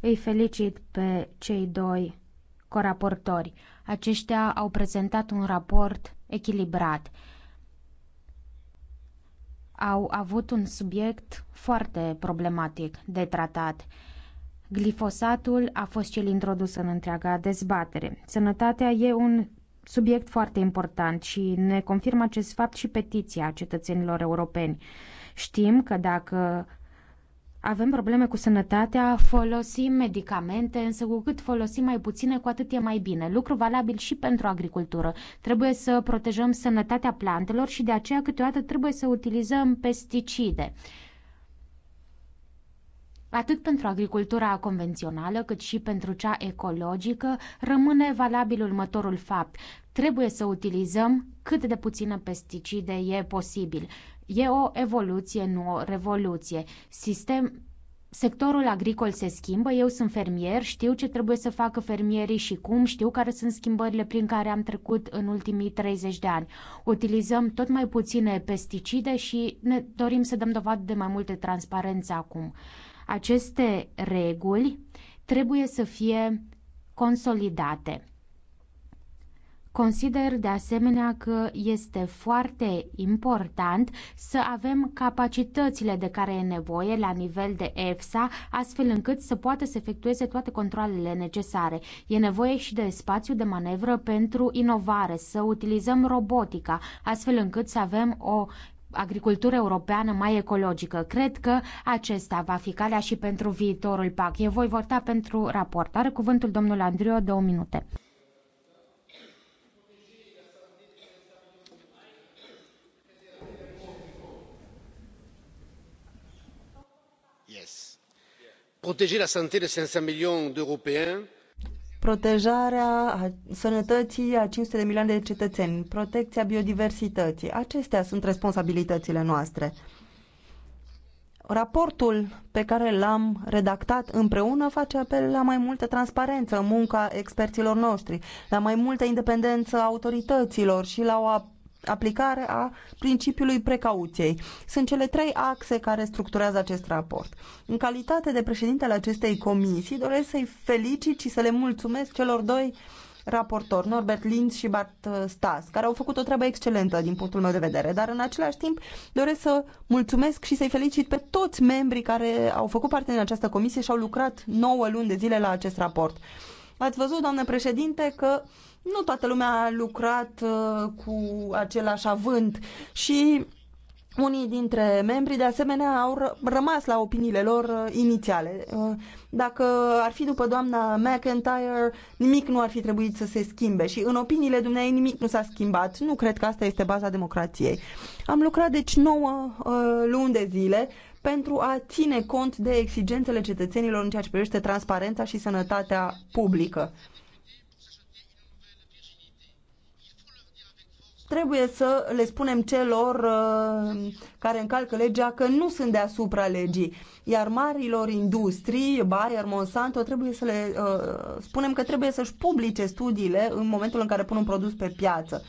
îi felicit pe cei doi coraportori. Aceștia au prezentat un raport echilibrat. Au avut un subiect foarte problematic de tratat. Glifosatul a fost cel introdus în întreaga dezbatere. Sănătatea e un subiect foarte important și ne confirmă acest fapt și petiția cetățenilor europeni. Știm că dacă avem probleme cu sănătatea, folosim medicamente, însă cu cât folosim mai puține, cu atât e mai bine. Lucru valabil și pentru agricultură. Trebuie să protejăm sănătatea plantelor și de aceea câteodată trebuie să utilizăm pesticide atât pentru agricultura convențională cât și pentru cea ecologică, rămâne valabil următorul fapt. Trebuie să utilizăm cât de puțină pesticide e posibil. E o evoluție, nu o revoluție. Sistem, Sectorul agricol se schimbă, eu sunt fermier, știu ce trebuie să facă fermierii și cum, știu care sunt schimbările prin care am trecut în ultimii 30 de ani. Utilizăm tot mai puține pesticide și ne dorim să dăm dovadă de mai multe transparență acum. Aceste reguli trebuie să fie consolidate. Consider de asemenea că este foarte important să avem capacitățile de care e nevoie la nivel de EFSA, astfel încât să poată să efectueze toate controlele necesare. E nevoie și de spațiu de manevră pentru inovare, să utilizăm robotica, astfel încât să avem o agricultură europeană mai ecologică. Cred că acesta va fi calea și pentru viitorul PAC. Eu voi vota pentru raport. Are cuvântul domnul Andriu, două minute. Protéger la santé de 500 millions d'Européens protejarea sănătății a 500 de milioane de cetățeni, protecția biodiversității. Acestea sunt responsabilitățile noastre. Raportul pe care l-am redactat împreună face apel la mai multă transparență în munca experților noștri, la mai multă independență autorităților și la o aplicare a principiului precauției. Sunt cele trei axe care structurează acest raport. În calitate de al acestei comisii, doresc să-i felicit și să le mulțumesc celor doi raportori, Norbert Linz și Bart Stas, care au făcut o treabă excelentă din punctul meu de vedere, dar în același timp doresc să mulțumesc și să-i felicit pe toți membrii care au făcut parte din această comisie și au lucrat 9 luni de zile la acest raport. Ați văzut, doamnă președinte, că nu toată lumea a lucrat uh, cu același avânt și unii dintre membrii, de asemenea, au rămas la opiniile lor uh, inițiale. Uh, dacă ar fi după doamna McIntyre, nimic nu ar fi trebuit să se schimbe și în opiniile dumneai nimic nu s-a schimbat. Nu cred că asta este baza democrației. Am lucrat, deci, 9 luni de zile pentru a ține cont de exigențele cetățenilor în ceea ce privește transparența și sănătatea publică. trebuie să le spunem celor uh, care încalcă legea că nu sunt deasupra legii. Iar marilor industrii, Bayer, Monsanto, trebuie să le uh, spunem că trebuie să-și publice studiile în momentul în care pun un produs pe piață.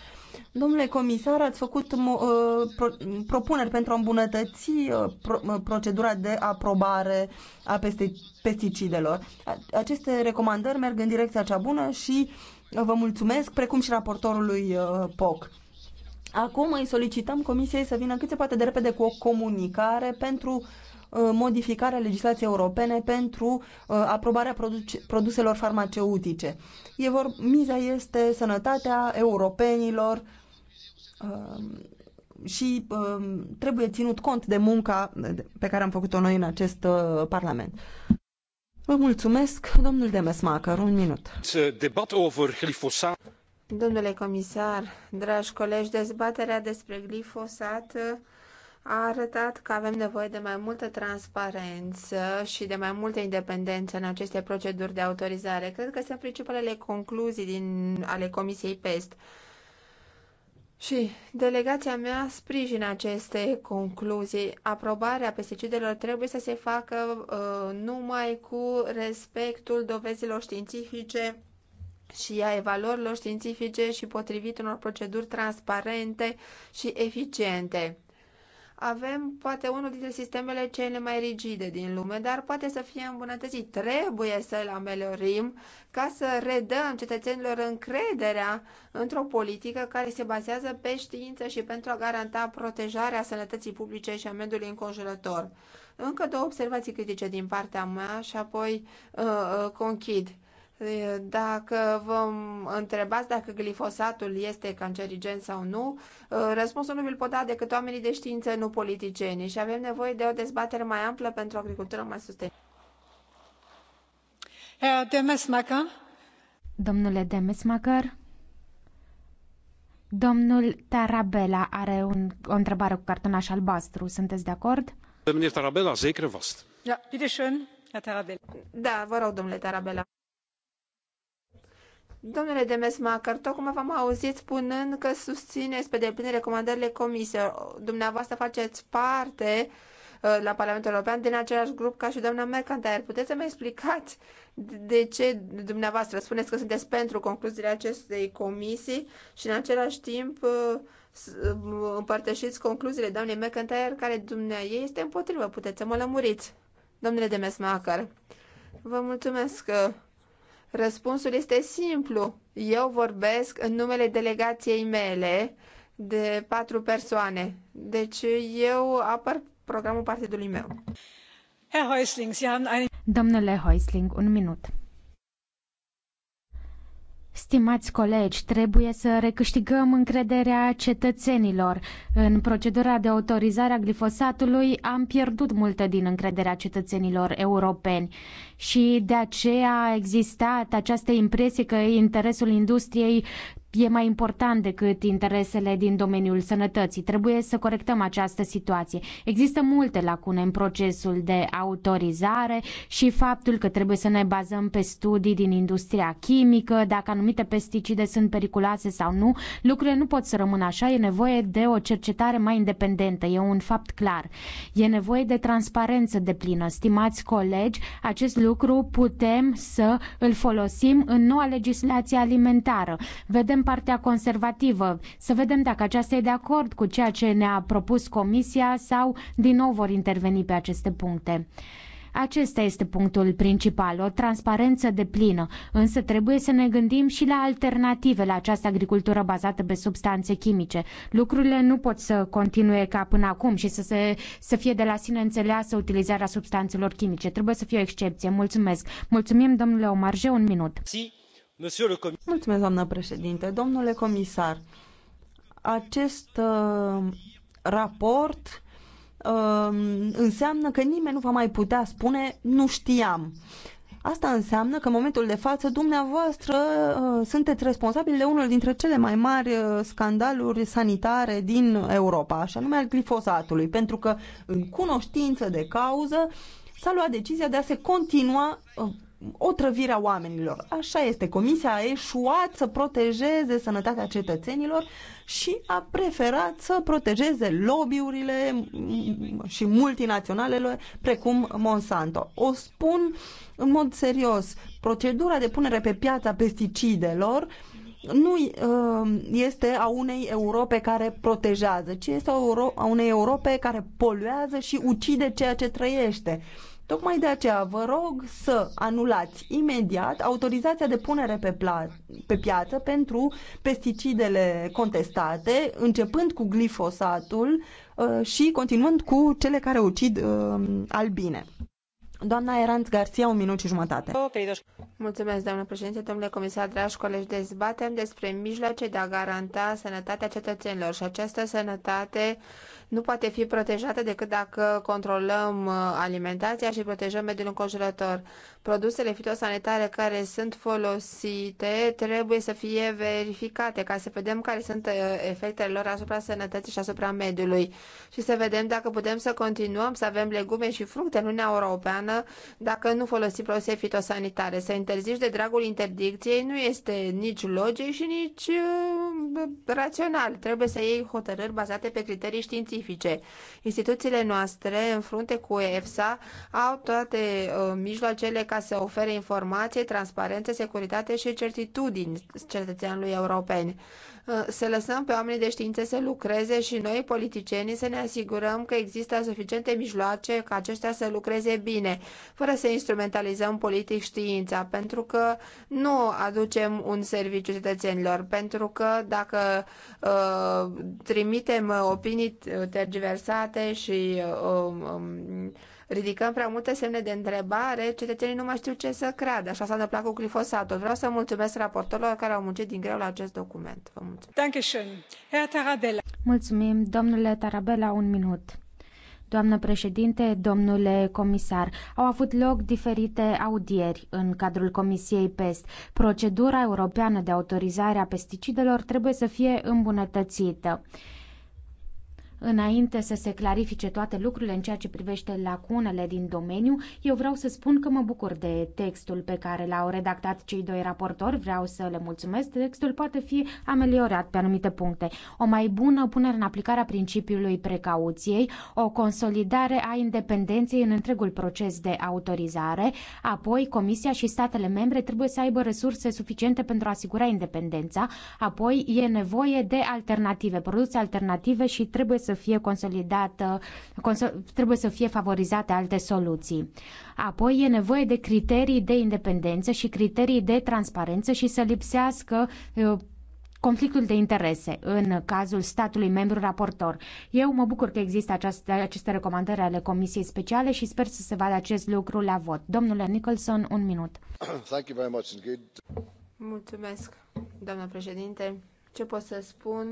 Domnule comisar, ați făcut uh, pro, propuneri pentru a îmbunătăți uh, pro, uh, procedura de aprobare a peste, pesticidelor. Aceste recomandări merg în direcția cea bună și uh, vă mulțumesc, precum și raportorului uh, POC. Acum îi solicităm Comisiei să vină cât se poate de repede cu o comunicare pentru uh, modificarea legislației europene pentru uh, aprobarea produselor farmaceutice. E vor, miza este sănătatea europenilor uh, și trebuie ținut cont de munca pe care am făcut-o noi în acest Parlament. Vă mulțumesc, domnul Demesmacher, un minut. over glifosat. Domnule comisar, dragi colegi, dezbaterea despre glifosat a arătat că avem nevoie de mai multă transparență și de mai multă independență în aceste proceduri de autorizare. Cred că sunt principalele concluzii din, ale Comisiei PEST. Și delegația mea sprijină aceste concluzii. Aprobarea pesticidelor trebuie să se facă uh, numai cu respectul dovezilor științifice și a evaluărilor științifice și potrivit unor proceduri transparente și eficiente. Avem poate unul dintre sistemele cele mai rigide din lume, dar poate să fie îmbunătățit. Trebuie să-l ameliorim ca să redăm cetățenilor încrederea într-o politică care se bazează pe știință și pentru a garanta protejarea sănătății publice și a mediului înconjurător. Încă două observații critice din partea mea și apoi uh, uh, conchid. Uh, dacă vă întrebați dacă glifosatul este cancerigen sau nu, răspunsul nu vi-l pot da decât oamenii de știință, nu politicienii. Și avem nevoie de o dezbatere mai amplă pentru o agricultură mai sustenabilă. Domnule Demesmacher, domnul Tarabella are un, o întrebare cu cartonaș albastru. Sunteți de acord? Domnule Tarabella, zeker vast. Tarabella. Da, vă rog, domnule Tarabella. Domnule Demesmacher, tocmai v-am auzit spunând că susțineți pe deplin recomandările comisiei. Dumneavoastră faceți parte uh, la Parlamentul European din același grup ca și doamna Mercantair. Puteți să-mi explicați de ce dumneavoastră spuneți că sunteți pentru concluziile acestei comisii și în același timp uh, uh, împărtășiți concluziile doamnei Mercantair care dumneavoastră este împotrivă. Puteți să mă lămuriți, domnule Demesmacher. Vă mulțumesc Răspunsul este simplu. Eu vorbesc în numele delegației mele de patru persoane. Deci eu apăr programul partidului meu. Herr Häusling, Sie haben eine... Domnule Häusling, un minut. Stimați colegi, trebuie să recâștigăm încrederea cetățenilor. În procedura de autorizare a glifosatului am pierdut multă din încrederea cetățenilor europeni și de aceea a existat această impresie că interesul industriei e mai important decât interesele din domeniul sănătății. Trebuie să corectăm această situație. Există multe lacune în procesul de autorizare și faptul că trebuie să ne bazăm pe studii din industria chimică, dacă anumite pesticide sunt periculoase sau nu, lucrurile nu pot să rămână așa, e nevoie de o cercetare mai independentă, e un fapt clar. E nevoie de transparență de plină. Stimați colegi, acest lucru putem să îl folosim în noua legislație alimentară. Vedem partea conservativă, să vedem dacă aceasta e de acord cu ceea ce ne-a propus Comisia sau din nou vor interveni pe aceste puncte. Acesta este punctul principal, o transparență de plină, însă trebuie să ne gândim și la alternative la această agricultură bazată pe substanțe chimice. Lucrurile nu pot să continue ca până acum și să, se, să fie de la sine înțeleasă utilizarea substanțelor chimice. Trebuie să fie o excepție. Mulțumesc. Mulțumim, domnule Omarje, un minut. Si. Mulțumesc, doamnă președinte. Domnule comisar, acest uh, raport uh, înseamnă că nimeni nu va mai putea spune nu știam. Asta înseamnă că în momentul de față dumneavoastră uh, sunteți responsabili de unul dintre cele mai mari uh, scandaluri sanitare din Europa, și anume al glifosatului, pentru că în cunoștință de cauză s-a luat decizia de a se continua uh, otrăvirea oamenilor. Așa este. Comisia a eșuat să protejeze sănătatea cetățenilor și a preferat să protejeze lobbyurile și multinaționalele precum Monsanto. O spun în mod serios. Procedura de punere pe piața pesticidelor nu uh, este a unei Europe care protejează, ci este a unei Europe care poluează și ucide ceea ce trăiește. Tocmai de aceea vă rog să anulați imediat autorizația de punere pe, pe piață pentru pesticidele contestate, începând cu glifosatul uh, și continuând cu cele care ucid uh, albine. Doamna Eranț Garcia, un minut și jumătate. Mulțumesc, doamnă președinte, domnule comisar, dragi colegi, dezbatem despre mijloace de a garanta sănătatea cetățenilor și această sănătate nu poate fi protejată decât dacă controlăm uh, alimentația și protejăm mediul înconjurător produsele fitosanitare care sunt folosite trebuie să fie verificate ca să vedem care sunt uh, efectele lor asupra sănătății și asupra mediului și să vedem dacă putem să continuăm să avem legume și fructe în Uniunea Europeană dacă nu folosim produse fitosanitare. Să interzici de dragul interdicției nu este nici logic și nici uh, rațional. Trebuie să iei hotărâri bazate pe criterii științifice. Instituțiile noastre, în frunte cu EFSA, au toate uh, mijloacele ca să ofere informație, transparență, securitate și certitudini cetățeanului europeni. Uh, să lăsăm pe oamenii de știință să lucreze și noi, politicienii, să ne asigurăm că există suficiente mijloace ca aceștia să lucreze bine, fără să instrumentalizăm politic știința, pentru că nu aducem un serviciu cetățenilor, pentru că dacă uh, trimitem opinii uh, tergiversate și uh, um, um ridicăm prea multe semne de întrebare, cetățenii nu mai știu ce să creadă. Așa s-a întâmplat cu glifosatul. Vreau să mulțumesc raportorilor care au muncit din greu la acest document. Vă mulțumesc. Mulțumim, domnule Tarabella, un minut. Doamnă președinte, domnule comisar, au avut loc diferite audieri în cadrul Comisiei PEST. Procedura europeană de autorizare a pesticidelor trebuie să fie îmbunătățită. Înainte să se clarifice toate lucrurile în ceea ce privește lacunele din domeniu, eu vreau să spun că mă bucur de textul pe care l-au redactat cei doi raportori. Vreau să le mulțumesc. Textul poate fi ameliorat pe anumite puncte. O mai bună punere în aplicare a principiului precauției, o consolidare a independenței în întregul proces de autorizare, apoi Comisia și statele membre trebuie să aibă resurse suficiente pentru a asigura independența, apoi e nevoie de alternative, produse alternative și trebuie să să fie consolidată, trebuie să fie favorizate alte soluții. Apoi e nevoie de criterii de independență și criterii de transparență și să lipsească conflictul de interese în cazul statului membru raportor. Eu mă bucur că există această, aceste recomandări ale Comisiei Speciale și sper să se vadă acest lucru la vot. Domnule Nicholson, un minut. Thank you very much. Mulțumesc, doamnă președinte. Ce pot să spun?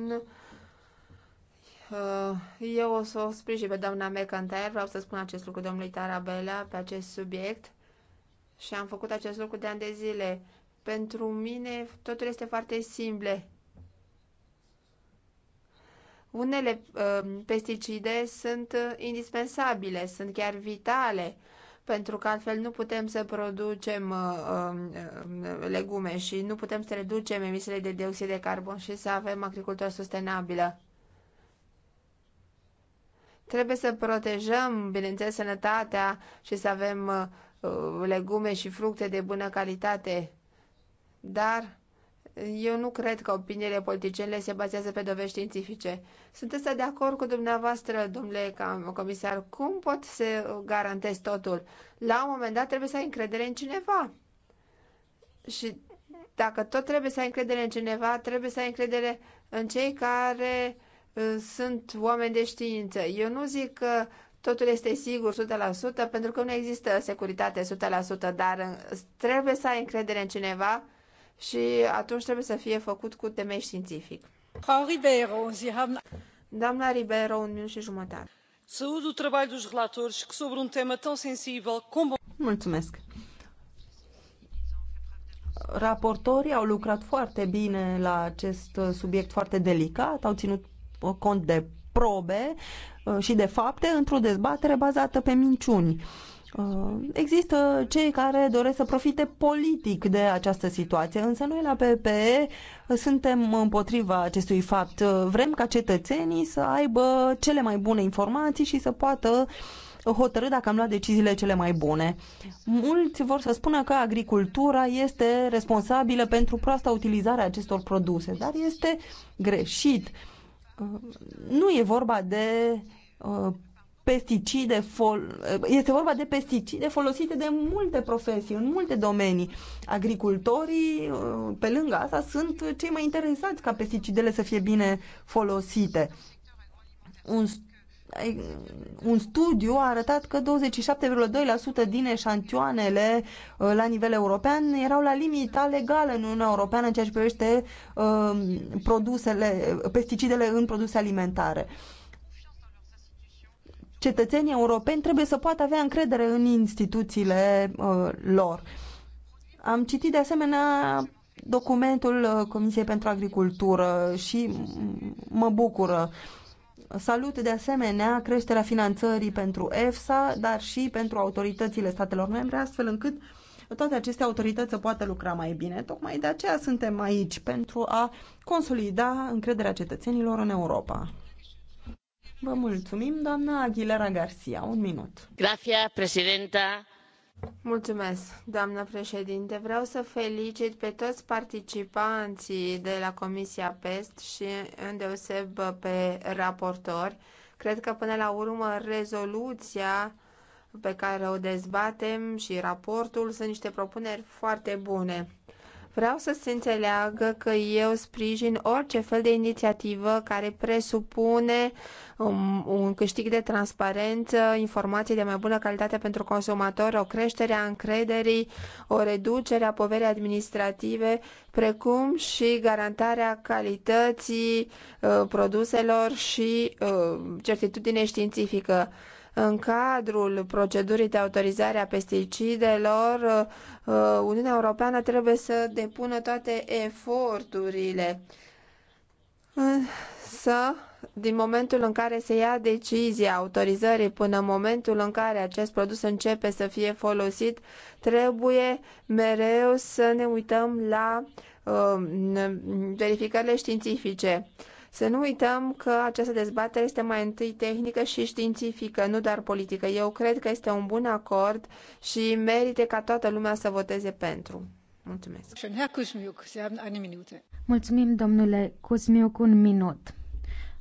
Uh, eu o să o sprijin pe doamna McIntyre, vreau să spun acest lucru domnului Tarabella pe acest subiect și am făcut acest lucru de ani de zile. Pentru mine totul este foarte simple. Unele uh, pesticide sunt uh, indispensabile, sunt chiar vitale, pentru că altfel nu putem să producem uh, um, uh, legume și nu putem să reducem emisiile de dioxid de carbon și să avem agricultură sustenabilă. Trebuie să protejăm, bineînțeles, sănătatea și să avem uh, legume și fructe de bună calitate. Dar eu nu cred că opiniile politicienilor se bazează pe dovești științifice. Sunteți de acord cu dumneavoastră, domnule comisar? Cum pot să garantez totul? La un moment dat trebuie să ai încredere în cineva. Și dacă tot trebuie să ai încredere în cineva, trebuie să ai încredere în cei care sunt oameni de știință. Eu nu zic că totul este sigur 100% pentru că nu există securitate 100%, dar uh, trebuie să ai încredere în cineva și atunci trebuie să fie făcut cu temei științific. Frau Ribeiro, Sie haben... Doamna Ribeiro, un minut și jumătate. Saúdo o trabalho dos relatores que sobre um tema tão sensível como... Mulțumesc. Raportorii au lucrat foarte bine la acest uh, subiect foarte delicat, au ținut cont de probe uh, și de fapte într-o dezbatere bazată pe minciuni. Uh, există cei care doresc să profite politic de această situație, însă noi la PPE suntem împotriva acestui fapt. Vrem ca cetățenii să aibă cele mai bune informații și să poată hotărâ dacă am luat deciziile cele mai bune. Mulți vor să spună că agricultura este responsabilă pentru proasta utilizare a acestor produse, dar este greșit. Uh, Uh, nu e vorba de uh, pesticide, uh, este vorba de pesticide folosite de multe profesii, în multe domenii. Agricultorii, pe lângă asta, sunt cei mai interesați ca pesticidele să fie bine folosite. Un un studiu a arătat că 27,2% din eșantioanele uh, la nivel european erau la limita legală în Uniunea Europeană în ceea ce privește uh, produsele, pesticidele în produse alimentare. Cetățenii europeni trebuie să poată avea încredere în instituțiile uh, lor. Am citit de asemenea documentul Comisiei pentru Agricultură și mă bucură uh, Salut de asemenea creșterea finanțării pentru EFSA, dar și pentru autoritățile statelor membre, astfel încât toate aceste autorități să poată lucra mai bine. Tocmai de aceea suntem aici, pentru a consolida încrederea cetățenilor în Europa. Vă mulțumim, doamna Aguilera Garcia. Un minut. Grazie, presidenta. Mulțumesc, doamnă președinte. Vreau să felicit pe toți participanții de la Comisia PEST și îndeoseb pe raportori. Cred că până la urmă rezoluția pe care o dezbatem și raportul sunt niște propuneri foarte bune. Vreau să se înțeleagă că eu sprijin orice fel de inițiativă care presupune um, un câștig de transparență, informații de mai bună calitate pentru consumatori, o creștere a încrederii, o reducere a poverii administrative, precum și garantarea calității uh, produselor și uh, certitudine științifică. În cadrul procedurii de autorizare a pesticidelor, uh, Uniunea Europeană trebuie să depună toate eforturile. Însă, din momentul în care se ia decizia autorizării până în momentul în care acest produs începe să fie folosit, trebuie mereu să ne uităm la uh, verificările științifice. Uh, să nu uităm că această dezbatere este mai întâi tehnică și științifică, nu doar politică. Eu cred că este un bun acord și merită ca toată lumea să voteze pentru. Mulțumesc. Mulțumim, domnule Cusmiuc, un minut.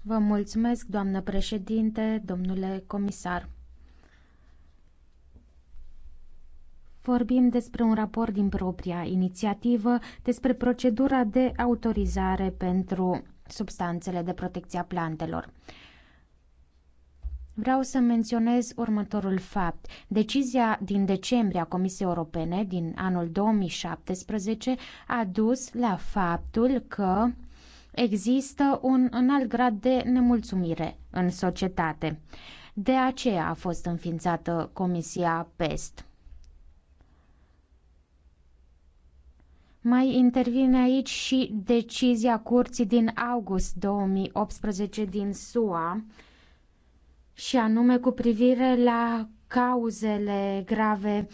Vă mulțumesc, doamnă președinte, domnule comisar. Vorbim despre un raport din propria inițiativă, despre procedura de autorizare pentru substanțele de protecție a plantelor. Vreau să menționez următorul fapt. Decizia din decembrie a Comisiei Europene din anul 2017 a dus la faptul că există un înalt grad de nemulțumire în societate. De aceea a fost înființată Comisia PEST. Mai intervine aici și decizia curții din august 2018 din SUA, și anume cu privire la cauzele grave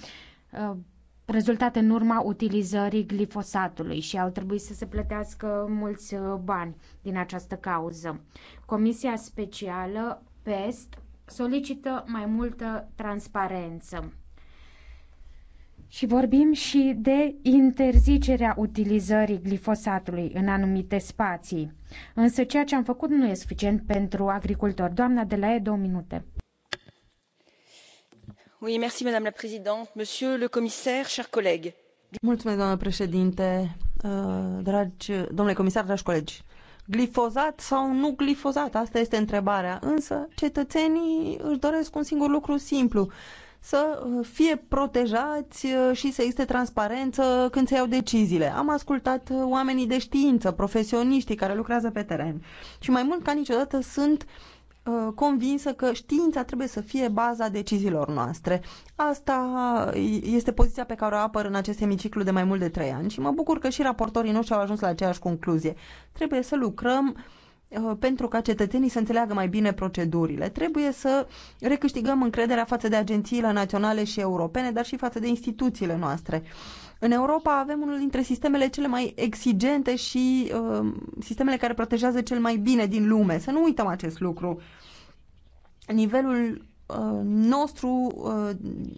uh, rezultate în urma utilizării glifosatului și au trebuit să se plătească mulți uh, bani din această cauză. Comisia specială PEST solicită mai multă transparență. Și vorbim și de interzicerea utilizării glifosatului în anumite spații. Însă ceea ce am făcut nu e suficient pentru agricultori. Doamna de la E, două minute. Oui, merci, madame la présidente, monsieur le commissaire, chers collègues. Mulțumesc, doamnă președinte, uh, dragi, domnule comisar, dragi colegi. Glifozat sau nu glifozat? Asta este întrebarea. Însă cetățenii își doresc un singur lucru simplu să uh, fie protejați uh, și să existe transparență când se iau deciziile. Am ascultat uh, oamenii de știință, profesioniștii care lucrează pe teren și mai mult ca niciodată sunt convinsă că știința trebuie să fie baza deciziilor noastre. Asta este poziția pe care o apăr în acest emiciclu de mai mult de trei ani și mă bucur că și raportorii noștri au ajuns la aceeași concluzie. Trebuie să lucrăm uh, Uh, pentru ca cetățenii să înțeleagă mai bine procedurile. Trebuie să recâștigăm încrederea față de agențiile naționale și europene, dar și față de instituțiile noastre. În Europa avem unul dintre sistemele cele mai exigente și uh, sistemele care protejează cel mai bine din lume. Să nu uităm acest lucru. Nivelul uh, nostru uh,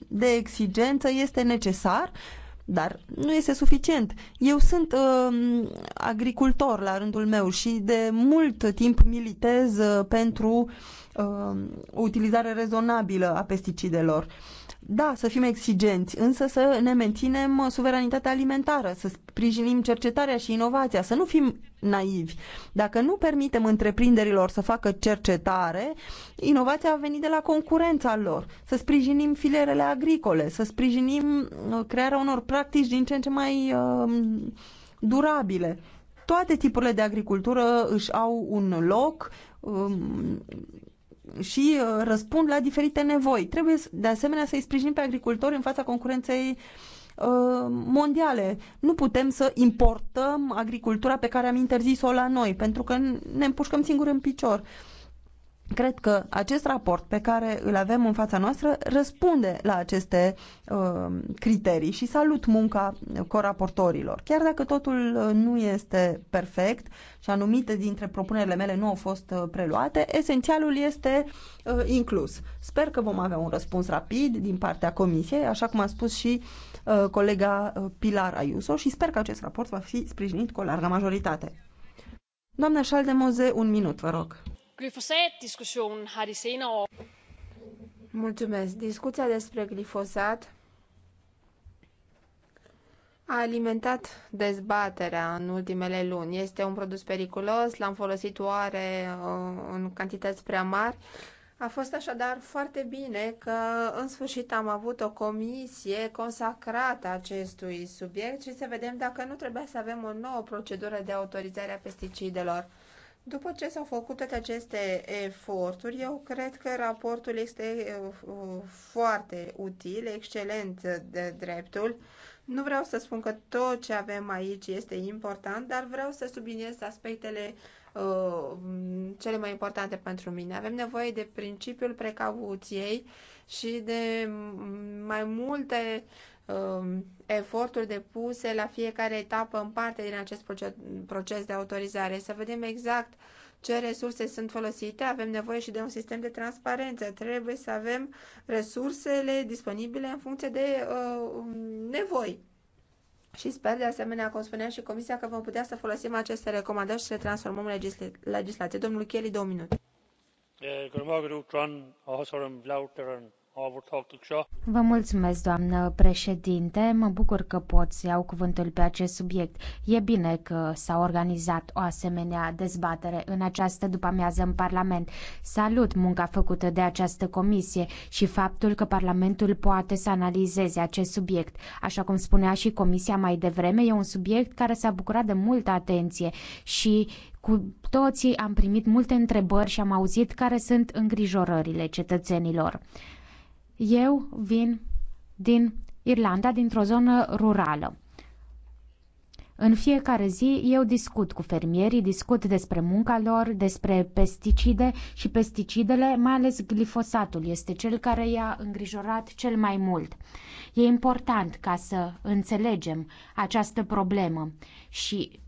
de exigență este necesar, dar nu este suficient. Eu sunt uh, agricultor la rândul meu și de mult timp militez uh, pentru uh, o um, utilizare rezonabilă a pesticidelor. Da, să fim exigenți, însă să ne menținem suveranitatea alimentară, să sprijinim cercetarea și inovația, să nu fim naivi. Dacă nu permitem întreprinderilor să facă cercetare, inovația a venit de la concurența lor. Să sprijinim filierele agricole, să sprijinim uh, crearea unor practici din ce în ce mai uh, durabile. Toate tipurile de agricultură își au un loc. Uh, și uh, răspund la diferite nevoi. Trebuie de asemenea să-i sprijinim pe agricultori în fața concurenței uh, mondiale. Nu putem să importăm agricultura pe care am interzis-o la noi, pentru că ne împușcăm singuri în picior. Uh, Cred că acest raport pe care îl avem în fața noastră răspunde la aceste uh, criterii și salut munca coraportorilor. Chiar dacă totul uh, nu este perfect și anumite dintre propunerile mele nu au fost uh, preluate, esențialul este uh, inclus. Sper că vom avea un răspuns rapid din partea Comisiei, așa cum a spus și uh, colega uh, Pilar Ayuso și sper că acest raport va fi sprijinit cu o largă majoritate. Doamna Șaldemoze, un minut, vă rog glyfosat-diskussionen har de senere år... Mulțumesc. Discuția despre glifosat a alimentat dezbaterea în ultimele luni. Este un produs periculos, l-am folosit oare uh, în cantități prea mari. A fost așadar foarte bine că în sfârșit am avut o comisie consacrată acestui subiect și să vedem dacă nu trebuia să avem o nouă procedură de autorizare a pesticidelor. După ce s-au făcut toate aceste eforturi, eu cred că raportul este uh, uh, foarte util, excelent de dreptul. Nu vreau să spun că tot ce avem aici este important, dar vreau să subliniez aspectele uh, cele mai importante pentru mine. Avem nevoie de principiul precauției și de mai multe uh, Um, eforturi depuse la fiecare etapă în parte din acest proces de autorizare, să vedem exact ce resurse sunt folosite, avem nevoie și de un sistem de transparență, trebuie să avem resursele disponibile în funcție de uh, nevoi. Și sper de asemenea, cum spunea și Comisia, că vom putea să folosim aceste recomandări și să le transformăm în legisla legislație. Domnul Kelly, două minute. Eh, Vă mulțumesc, doamnă președinte. Mă bucur că pot să iau cuvântul pe acest subiect. E bine că s-a organizat o asemenea dezbatere în această după-amiază în Parlament. Salut munca făcută de această comisie și faptul că Parlamentul poate să analizeze acest subiect. Așa cum spunea și comisia mai devreme, e un subiect care s-a bucurat de multă atenție și cu toții am primit multe întrebări și am auzit care sunt îngrijorările cetățenilor. Eu vin din Irlanda, dintr-o zonă rurală. În fiecare zi eu discut cu fermierii, discut despre munca lor, despre pesticide și pesticidele, mai ales glifosatul este cel care i-a îngrijorat cel mai mult. E important ca să înțelegem această problemă și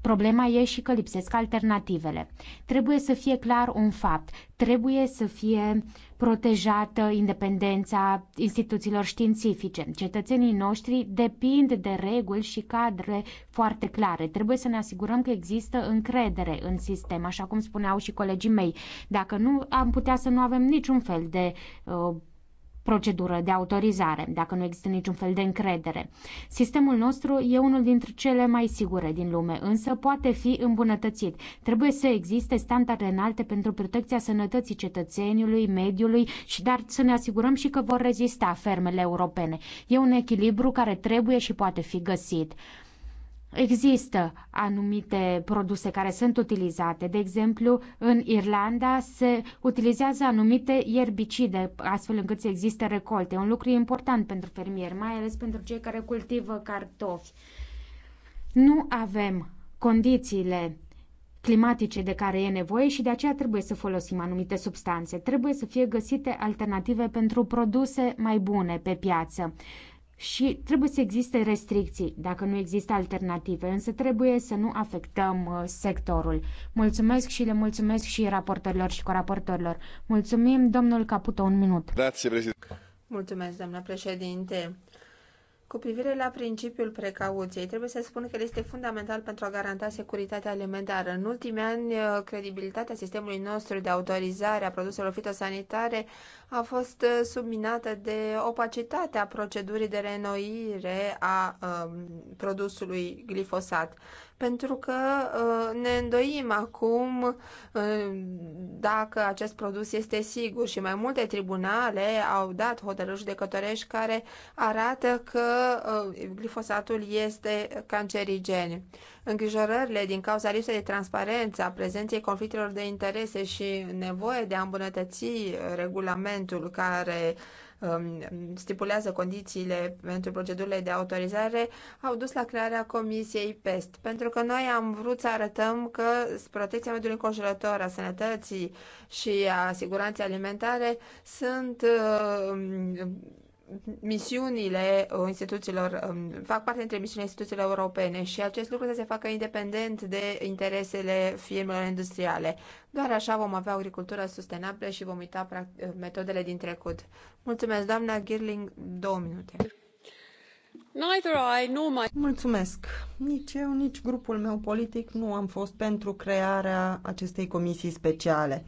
Problema e și că lipsesc alternativele. Trebuie să fie clar un fapt, trebuie să fie protejată independența instituțiilor științifice. Cetățenii noștri depind de reguli și cadre foarte clare. Trebuie să ne asigurăm că există încredere în sistem, așa cum spuneau și colegii mei. Dacă nu, am putea să nu avem niciun fel de uh, procedură de autorizare, dacă nu există niciun fel de încredere. Sistemul nostru e unul dintre cele mai sigure din lume, însă poate fi îmbunătățit. Trebuie să existe standarde înalte pentru protecția sănătății cetățenului, mediului și dar să ne asigurăm și că vor rezista fermele europene. E un echilibru care trebuie și poate fi găsit. Există anumite produse care sunt utilizate. De exemplu, în Irlanda se utilizează anumite ierbicide, astfel încât să existe recolte. Un lucru important pentru fermieri, mai ales pentru cei care cultivă cartofi. Nu avem condițiile climatice de care e nevoie și de aceea trebuie să folosim anumite substanțe. Trebuie să fie găsite alternative pentru produse mai bune pe piață și trebuie să existe restricții dacă nu există alternative, însă trebuie să nu afectăm uh, sectorul. Mulțumesc și le mulțumesc și raportorilor și coraportorilor. Mulțumim, domnul Caputo, un minut. Grazie, președinte. Mulțumesc, doamna președinte. Cu privire la principiul precauției, trebuie să spun că este fundamental pentru a garanta securitatea alimentară. În ultimii ani, uh, credibilitatea sistemului nostru de autorizare a produselor fitosanitare a fost uh, subminată de opacitatea procedurii de reînnoire a um, produsului glifosat. Pentru că uh, ne îndoim acum uh, dacă acest produs este sigur și mai multe tribunale au dat hotărâri judecătorești care arată că uh, glifosatul este cancerigen. Îngrijorările din cauza lipsei de transparență a prezenței conflictelor de interese și nevoie de a îmbunătăți regulamentul care um, stipulează condițiile pentru procedurile de autorizare, au dus la crearea Comisiei PEST. Pentru că noi am vrut să arătăm că protecția mediului înconjurător, a sănătății și a siguranței alimentare sunt uh, misiunile uh, instituțiilor, um, fac parte dintre misiunile instituțiilor europene și acest lucru să se facă independent de interesele firmelor industriale. Doar așa vom avea o agricultură sustenabilă și vom uita metodele din trecut. Mulțumesc, doamna Girling, două minute. Neither I nor my... Mulțumesc. Nici eu, nici grupul meu politic nu am fost pentru crearea acestei comisii speciale.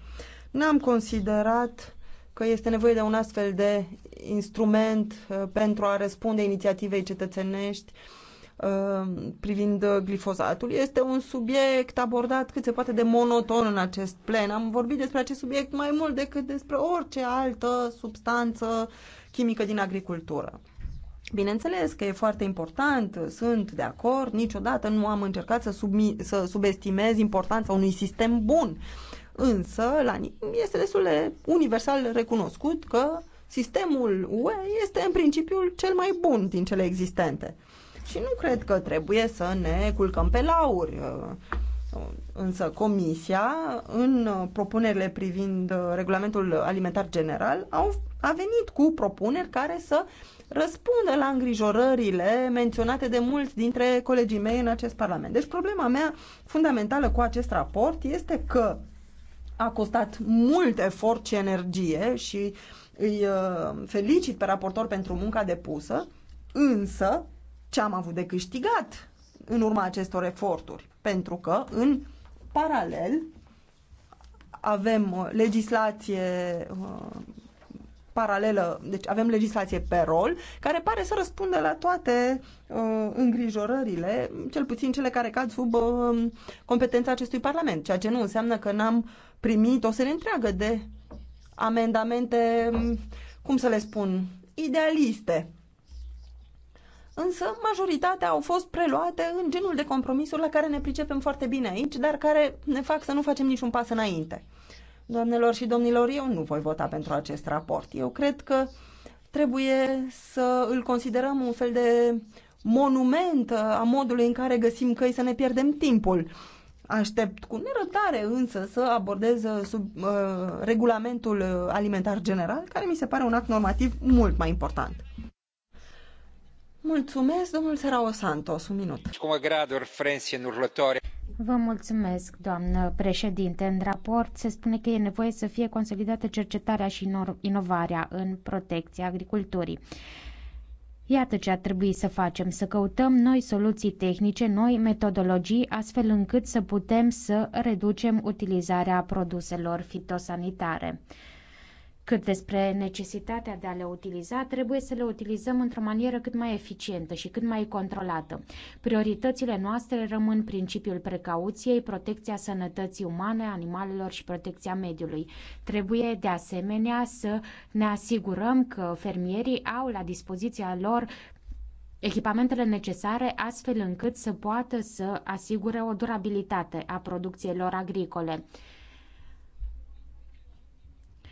N-am considerat că este nevoie de un astfel de instrument uh, pentru a răspunde inițiativei cetățenești uh, privind glifosatul. Este un subiect abordat cât se poate de monoton în acest plen. Am vorbit despre acest subiect mai mult decât despre orice altă substanță chimică din agricultură. Bineînțeles că e foarte important, sunt de acord, niciodată nu am încercat să, submi- să subestimez importanța unui sistem bun. Uh, Însă, la, este destul de universal recunoscut că sistemul UE este în principiu cel mai bun din cele existente. Și nu cred că trebuie să ne culcăm pe lauri. Uh, însă Comisia, în uh, propunerile privind uh, regulamentul alimentar general, au, a venit cu propuneri care să răspundă la îngrijorările menționate de mulți dintre colegii mei în acest Parlament. Deci problema mea fundamentală cu acest raport este că a costat mult efort și energie și îi uh, felicit pe raportor pentru munca depusă, însă ce am avut de câștigat în urma acestor eforturi? Pentru că, în paralel, avem legislație uh, paralelă, deci avem legislație pe rol, care pare să răspundă la toate uh, îngrijorările, cel puțin cele care cad sub uh, competența acestui Parlament, ceea ce nu înseamnă că n-am primit o serie întreagă de amendamente, mm, cum să le spun, idealiste. Însă majoritatea au fost preluate în genul de compromisuri la care ne pricepem foarte bine aici, dar care ne fac să nu facem niciun pas înainte. Doamnelor și domnilor, eu nu voi vota pentru acest raport. Eu cred că trebuie să îl considerăm un fel de monument a modului în care găsim căi să ne pierdem timpul. Aștept cu nerăbdare însă să abordez uh, sub uh, regulamentul uh, alimentar general, care mi se pare un act normativ mult mai important. Mulțumesc, domnul Serao Santos, un minut. Cum graduri în următoare? Vă mulțumesc, doamnă președinte. În raport se spune că e nevoie să fie consolidată cercetarea și inovarea în protecția agriculturii. Iată ce ar trebui să facem, să căutăm noi soluții tehnice, noi metodologii, astfel încât să putem să reducem utilizarea produselor fitosanitare. Cât despre necesitatea de a le utiliza, trebuie să le utilizăm într-o manieră cât mai eficientă și cât mai controlată. Prioritățile noastre rămân principiul precauției, protecția sănătății umane, animalelor și protecția mediului. Trebuie de asemenea să ne asigurăm că fermierii au la dispoziția lor echipamentele necesare astfel încât să poată să asigure o durabilitate a producției lor agricole.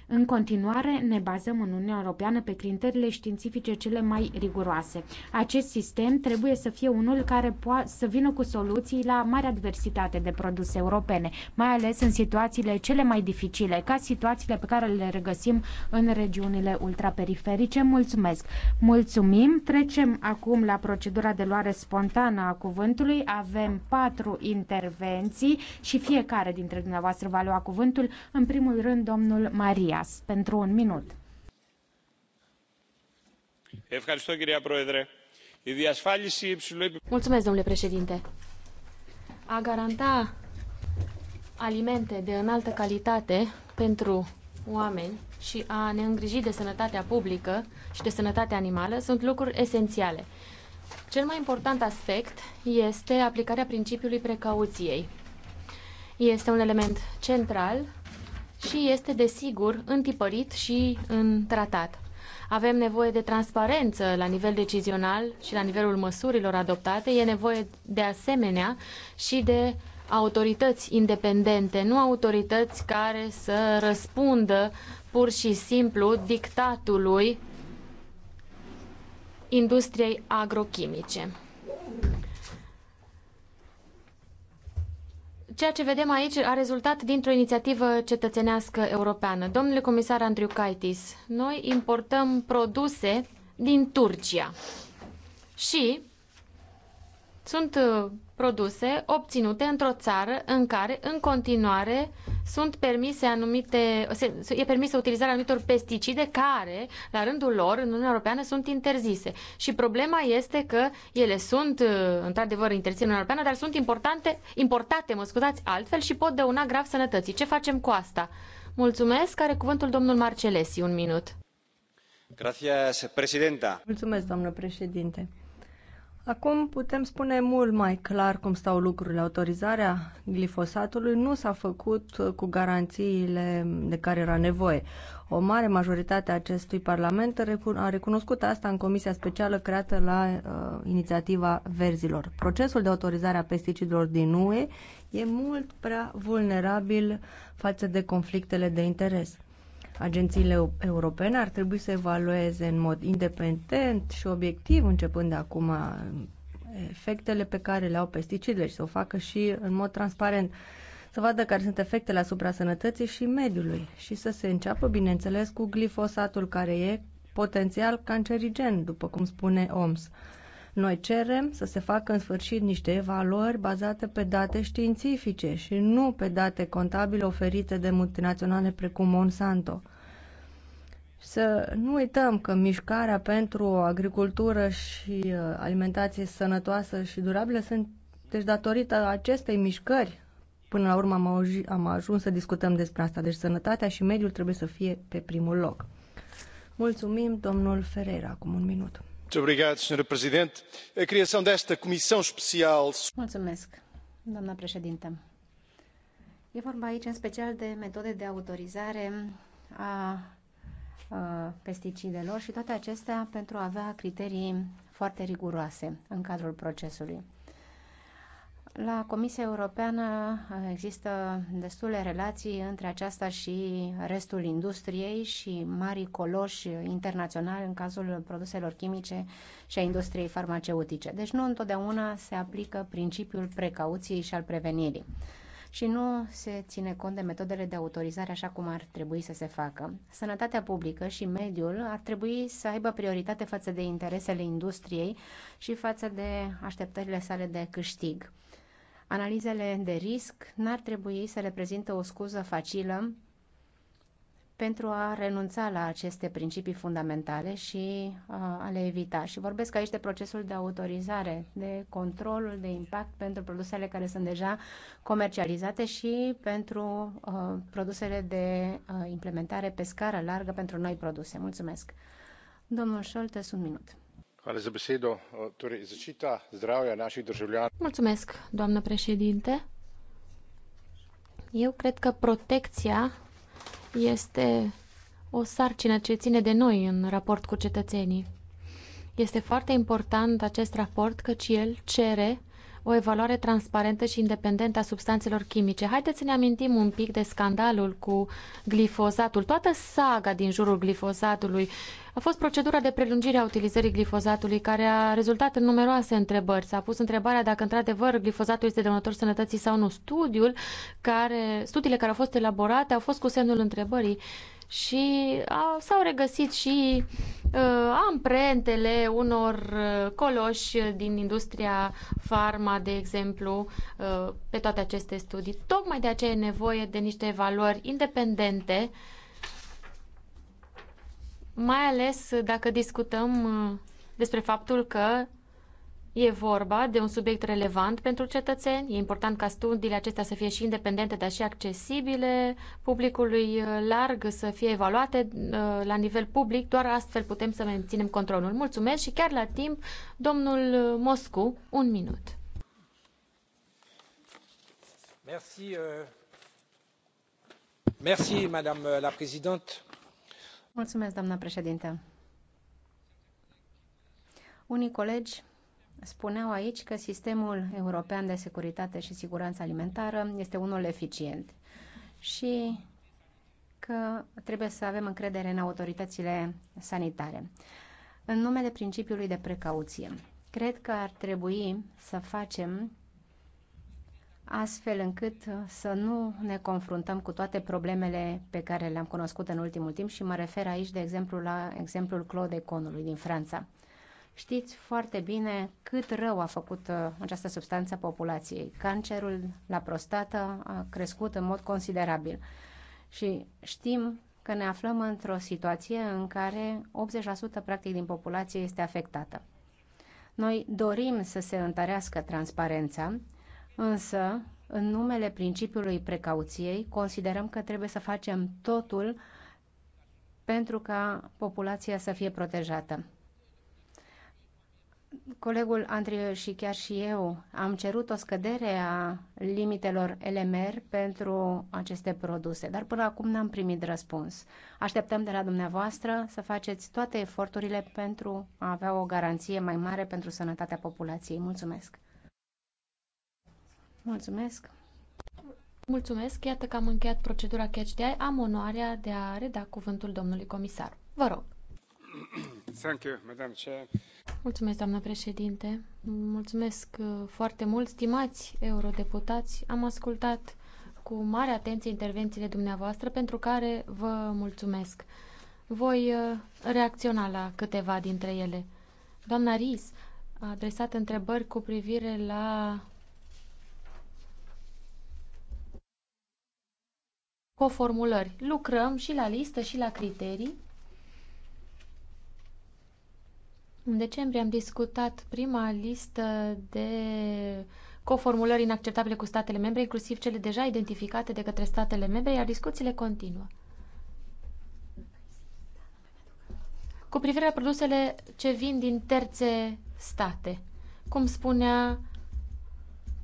În continuare, ne bazăm în Uniunea Europeană pe criteriile științifice cele mai riguroase. Acest sistem trebuie să fie unul care poate să vină cu soluții la marea diversitate de produse europene, mai ales în situațiile cele mai dificile, ca situațiile pe care le regăsim în regiunile ultraperiferice. Mulțumesc! Mulțumim! Trecem acum la procedura de luare spontană a cuvântului. Avem patru intervenții și fiecare dintre dumneavoastră va lua cuvântul. În primul rând, domnul Maria. Marias pentru un minut. Mulțumesc, domnule președinte. A garanta alimente de înaltă calitate pentru oameni și a ne îngriji de sănătatea publică și de sănătatea animală sunt lucruri esențiale. Cel mai important aspect este aplicarea principiului precauției. Este un element central și este, desigur, întipărit și în tratat. Avem nevoie de transparență la nivel decizional și la nivelul măsurilor adoptate. E nevoie, de asemenea, și de autorități independente, nu autorități care să răspundă pur și simplu dictatului industriei agrochimice. Ceea ce vedem aici a rezultat dintr-o inițiativă cetățenească europeană. Domnule comisar Andriu Kaitis, noi importăm produse din Turcia și sunt uh, produse obținute într-o țară în care în continuare sunt permise anumite, e permisă utilizarea anumitor pesticide care, la rândul lor, în Uniunea Europeană sunt interzise. Și problema este că ele sunt, uh, într-adevăr, interzise în Uniunea Europeană, dar sunt importante, importate, mă scuzați, altfel și pot dăuna grav sănătății. Ce facem cu asta? Mulțumesc. Are cuvântul domnul Marcelesi, un minut. Gracias, presidenta. Mulțumesc, doamnă președinte. Acum putem spune mult mai clar cum stau lucrurile. Autorizarea glifosatului nu s-a făcut cu garanțiile de care era nevoie. O mare majoritate a acestui parlament a recunoscut asta în comisia specială creată la uh, inițiativa verzilor. Procesul de autorizare a pesticidelor din UE e mult prea vulnerabil față de conflictele de interes. Agențiile europene ar trebui să evalueze în mod independent și obiectiv, începând de acum, efectele pe care le au pesticidele și să o facă și în mod transparent să vadă care sunt efectele asupra sănătății și mediului și să se înceapă, bineînțeles, cu glifosatul, care e potențial cancerigen, după cum spune OMS. Noi cerem să se facă în sfârșit niște evaluări bazate pe date științifice și nu pe date contabile oferite de multinaționale precum Monsanto. Să nu uităm că mișcarea pentru agricultură și uh, alimentație sănătoasă și durabilă sunt, deci datorită acestei mișcări, până la urmă am, auzi, am ajuns să discutăm despre asta. Deci sănătatea și mediul trebuie să fie pe primul loc. Mulțumim, domnul Ferreira, acum un minut. Mulțumesc, doamnă președintă. E vorba aici în special de metode de autorizare a pesticidelor și toate acestea pentru a avea criterii foarte riguroase în cadrul procesului. La Comisia Europeană uh, există destule relații între aceasta și restul industriei și mari coloși internaționali în cazul produselor chimice și a industriei farmaceutice. Deci nu întotdeauna se aplică principiul precauției și al prevenirii și nu se ține cont de metodele de autorizare așa cum ar trebui să se facă. Sănătatea publică și mediul ar trebui să aibă prioritate față de interesele industriei și față de așteptările sale de câștig. Analizele de risc n-ar trebui să reprezintă o scuză facilă pentru a renunța la aceste principii fundamentale și uh, a le evita. Și vorbesc aici de procesul de autorizare, de controlul de impact pentru produsele care sunt deja comercializate și pentru uh, produsele de uh, implementare pe scară largă pentru noi produse. Mulțumesc. Domnul Șolte, un minut. Mulțumesc, doamnă președinte. Eu cred că protecția este o sarcină ce ține de noi în raport cu cetățenii. Este foarte important acest raport căci el cere o evaluare transparentă și independentă a substanțelor chimice. Haideți să ne amintim un pic de scandalul cu glifozatul, toată saga din jurul glifozatului, a fost procedura de prelungire a utilizării glifozatului, care a rezultat în numeroase întrebări. S-a pus întrebarea dacă într-adevăr glifozatul este dăunător sănătății sau nu. Studiul care, studiile care au fost elaborate au fost cu semnul întrebării și s-au regăsit și uh, amprentele unor uh, coloși din industria farma, de exemplu, uh, pe toate aceste studii. Tocmai de aceea e nevoie de niște evaluări independente uh, mai ales dacă discutăm uh, despre faptul că e vorba de un subiect relevant pentru cetățeni. E important ca studiile acestea să fie și independente, dar și accesibile publicului uh, larg, să fie evaluate uh, la nivel public. Doar astfel putem să menținem controlul. Mulțumesc și chiar la timp, domnul Moscu, un minut. Merci, uh... Merci, Madame la Présidente. Mulțumesc, doamna președintă. Unii colegi spuneau aici că sistemul european de securitate și siguranță alimentară este unul eficient și că trebuie să avem încredere în autoritățile sanitare. În numele principiului de precauție, cred că ar trebui să facem astfel încât uh, să nu ne confruntăm cu toate problemele pe care le-am cunoscut în ultimul timp și mă refer aici, de exemplu, la exemplul Claude Conului din Franța. Știți foarte bine cât rău a făcut uh, această substanță populației. Cancerul la prostată a crescut în mod considerabil și știm că ne aflăm într-o situație în care 80% practic din populație este afectată. Noi dorim să se întărească transparența Însă, în numele principiului precauției, considerăm că trebuie să facem totul pentru ca populația să fie protejată. Colegul Andriu și chiar și eu am cerut o scădere a limitelor LMR pentru aceste produse, dar până acum n-am primit răspuns. Așteptăm de la dumneavoastră să faceți toate eforturile pentru a avea o garanție mai mare pentru sănătatea populației. Mulțumesc! Mulțumesc! Mulțumesc! Iată că am încheiat procedura catch de Am onoarea de a reda cuvântul domnului comisar. Vă rog! Thank you, Madam Chair. Mulțumesc, doamnă președinte. Mulțumesc uh, foarte mult, stimați eurodeputați. Am ascultat cu mare atenție intervențiile dumneavoastră, pentru care vă mulțumesc. Voi uh, reacționa la câteva dintre ele. Doamna Ris a adresat întrebări cu privire la cu formulări. Lucrăm și la listă și la criterii. În decembrie am discutat prima listă de coformulări inacceptabile cu statele membre, inclusiv cele deja identificate de către statele membre, iar discuțiile continuă. Cu privire la produsele ce vin din terțe state, cum spunea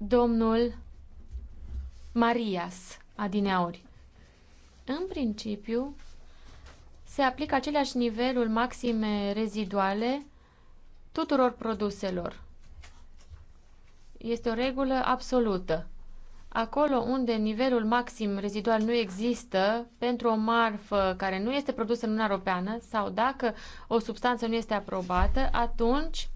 domnul Marias adineauri, în principiu, se aplică aceleași niveluri maxime reziduale tuturor produselor. Este o regulă absolută. Acolo unde nivelul maxim rezidual nu există pentru o marfă care nu este produsă în Uniunea Europeană sau dacă o substanță nu este aprobată, atunci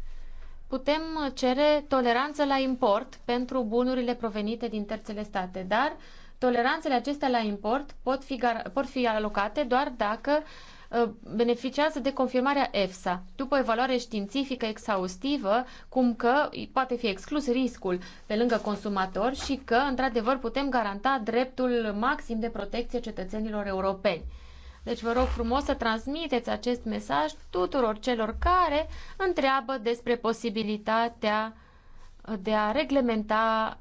putem cere toleranță la import pentru bunurile provenite din terțele state, dar uh, toleranțele acestea la import pot fi, pot fi alocate doar dacă uh, beneficiază de confirmarea EFSA, după evaluare științifică exhaustivă, cum că poate fi exclus riscul pe lângă consumator și că, într-adevăr, putem garanta dreptul maxim de protecție cetățenilor europeni. Deci vă rog frumos să transmiteți acest mesaj tuturor celor care întreabă despre posibilitatea de a reglementa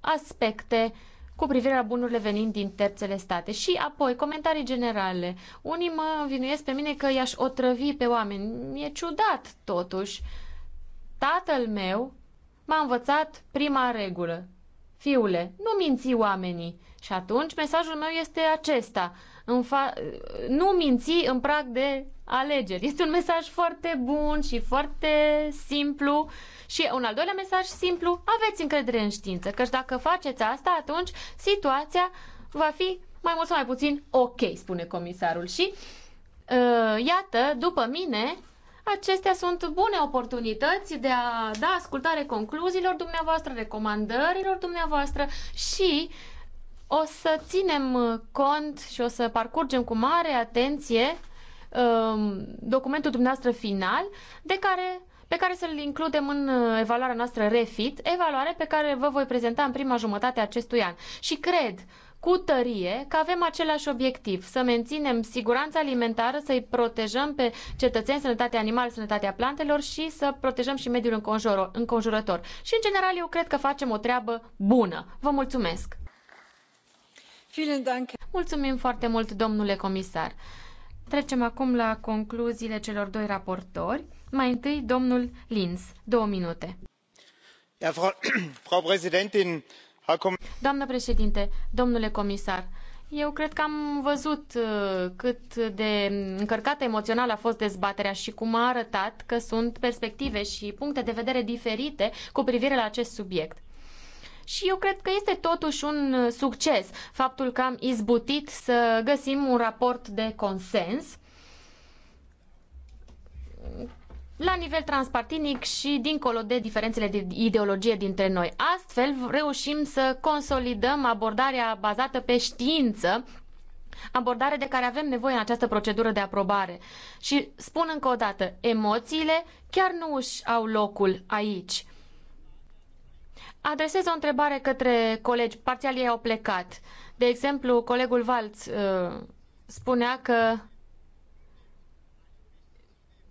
aspecte cu privire la bunurile venind din terțele state. Și apoi, comentarii generale. Unii mă vinuiesc pe mine că i-aș otrăvi pe oameni. E ciudat, totuși. Tatăl meu m-a învățat prima regulă. Fiule, nu minți oamenii. Și atunci mesajul meu este acesta în nu minți în prag de alegeri. Este un mesaj foarte bun și foarte simplu și un al doilea mesaj simplu, aveți încredere în știință, căci dacă faceți asta, atunci situația va fi mai mult sau mai puțin ok, spune comisarul. Și uh, iată, după mine, acestea sunt bune oportunități de a da ascultare concluziilor dumneavoastră, recomandărilor dumneavoastră și o să ținem uh, cont și o să parcurgem cu mare atenție um, documentul dumneavoastră final de care, pe care să-l includem în uh, evaluarea noastră REFIT, evaluare pe care vă voi prezenta în prima jumătate a acestui an. Și cred cu tărie că avem același obiectiv, să menținem siguranța alimentară, să-i protejăm pe cetățeni, sănătatea animală, sănătatea plantelor și să protejăm și mediul înconjurător. Și, în general, eu cred că facem o treabă bună. Vă mulțumesc! Mulțumim foarte mult, domnule comisar. Trecem acum la concluziile celor doi raportori. Mai întâi, domnul Linz. Două minute. Doamnă președinte, domnule comisar, eu cred că am văzut uh, cât de încărcată emoțional a fost dezbaterea și cum a arătat că sunt perspective și puncte de vedere diferite cu privire la acest subiect. Și eu cred că este totuși un uh, succes faptul că am izbutit să găsim un raport de consens la nivel transpartinic și dincolo de diferențele de ideologie dintre noi. Astfel reușim să consolidăm abordarea bazată pe știință abordare de care avem nevoie în această procedură de aprobare. Și spun încă o dată, emoțiile chiar nu își au locul aici adresez o întrebare către colegi. Parțial ei au plecat. De exemplu, colegul Valț uh, spunea că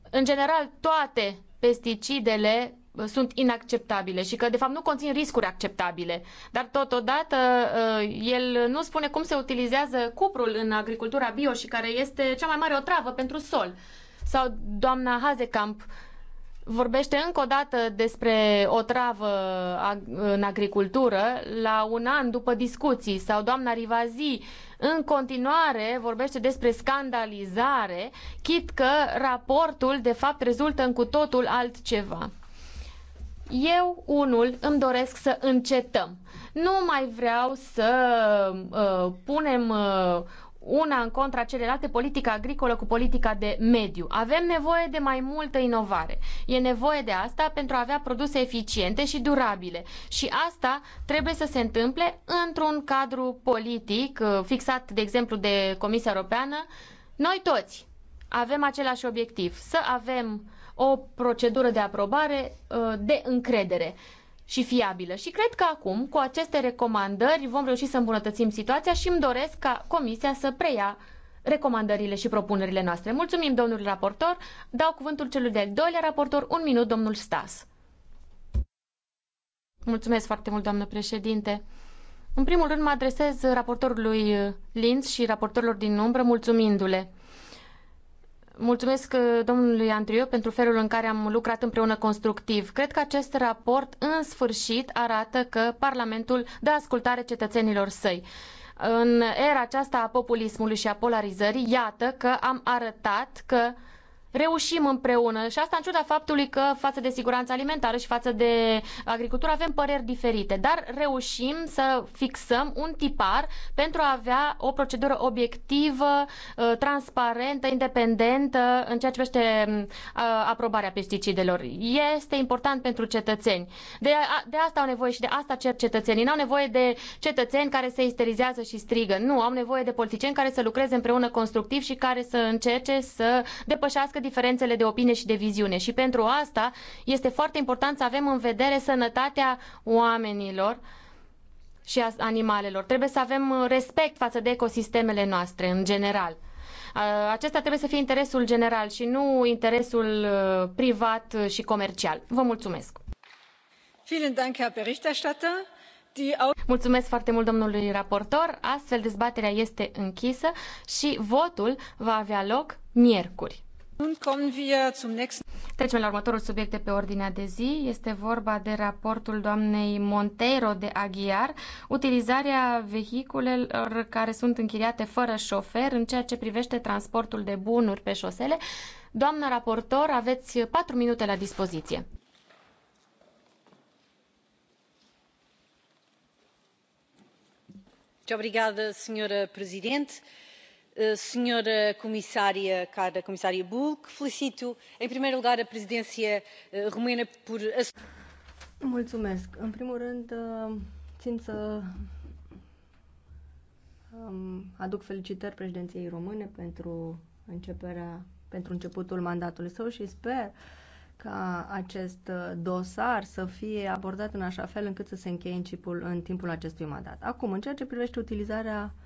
în general toate pesticidele uh, sunt inacceptabile și că de fapt nu conțin riscuri acceptabile. Dar totodată uh, el nu spune cum se utilizează cuprul în agricultura bio și care este cea mai mare otravă pentru sol. Sau doamna Hazekamp vorbește încă o dată despre o travă în agricultură la un an după discuții sau doamna Rivazi în continuare vorbește despre scandalizare, chit că raportul de fapt rezultă în cu totul altceva. Eu, unul, îmi doresc să încetăm. Nu mai vreau să uh, punem uh, una în contra celelalte, politica agricolă cu politica de mediu. Avem nevoie de mai multă inovare. E nevoie de asta pentru a avea produse eficiente și durabile. Și asta trebuie să se întâmple într-un cadru politic uh, fixat, de exemplu, de Comisia Europeană. Noi toți avem același obiectiv, să avem o procedură de aprobare uh, de încredere și fiabilă. Și cred că acum, cu aceste recomandări, vom reuși să îmbunătățim situația și îmi doresc ca Comisia să preia recomandările și propunerile noastre. Mulțumim, domnul raportor. Dau cuvântul celui de-al doilea raportor, un minut, domnul Stas. Mulțumesc foarte mult, doamnă președinte. În primul rând mă adresez raportorului Linz și raportorilor din umbră, mulțumindu-le. Mulțumesc uh, domnului Andriu pentru felul în care am lucrat împreună constructiv. Cred că acest raport în sfârșit arată că Parlamentul dă ascultare cetățenilor săi. În era aceasta a populismului și a polarizării, iată că am arătat că reușim împreună și asta în ciuda faptului că față de siguranța alimentară și față de agricultură avem păreri diferite, dar reușim să fixăm un tipar pentru a avea o procedură obiectivă, uh, transparentă, independentă în ceea ce privește uh, aprobarea pesticidelor. Este important pentru cetățeni. De, a, de asta au nevoie și de asta cer cetățenii. Nu au nevoie de cetățeni care se isterizează și strigă. Nu, au nevoie de politicieni care să lucreze împreună constructiv și care să încerce să depășească crească diferențele de opinie și de viziune. Și pentru asta este foarte important să avem în vedere sănătatea oamenilor și a animalelor. Trebuie să avem respect față de ecosistemele noastre în general. Acesta trebuie să fie interesul general și nu interesul uh, privat și comercial. Vă mulțumesc! Mulțumesc foarte mult domnului raportor. Astfel dezbaterea este închisă și votul va avea loc miercuri. Trecem la următorul subiect de pe ordinea de zi. Este vorba de raportul doamnei Monteiro de Aguiar, utilizarea vehiculelor care sunt închiriate fără șofer în ceea ce privește transportul de bunuri pe șosele. Doamna raportor, aveți patru minute la dispoziție. Obrigada, senhora Presidente. Eh, senhora comissária cara comissária bulc felicito în primul lugar președinția eh, română pentru. Mulțumesc. În primul rând, eh, țin să aduc felicitări președinției române pentru începerea, pentru începutul mandatului său și sper ca acest dosar să fie abordat în așa fel încât să se încheie în, cipul, în timpul acestui mandat. Acum, în ceea ce privește utilizarea uh,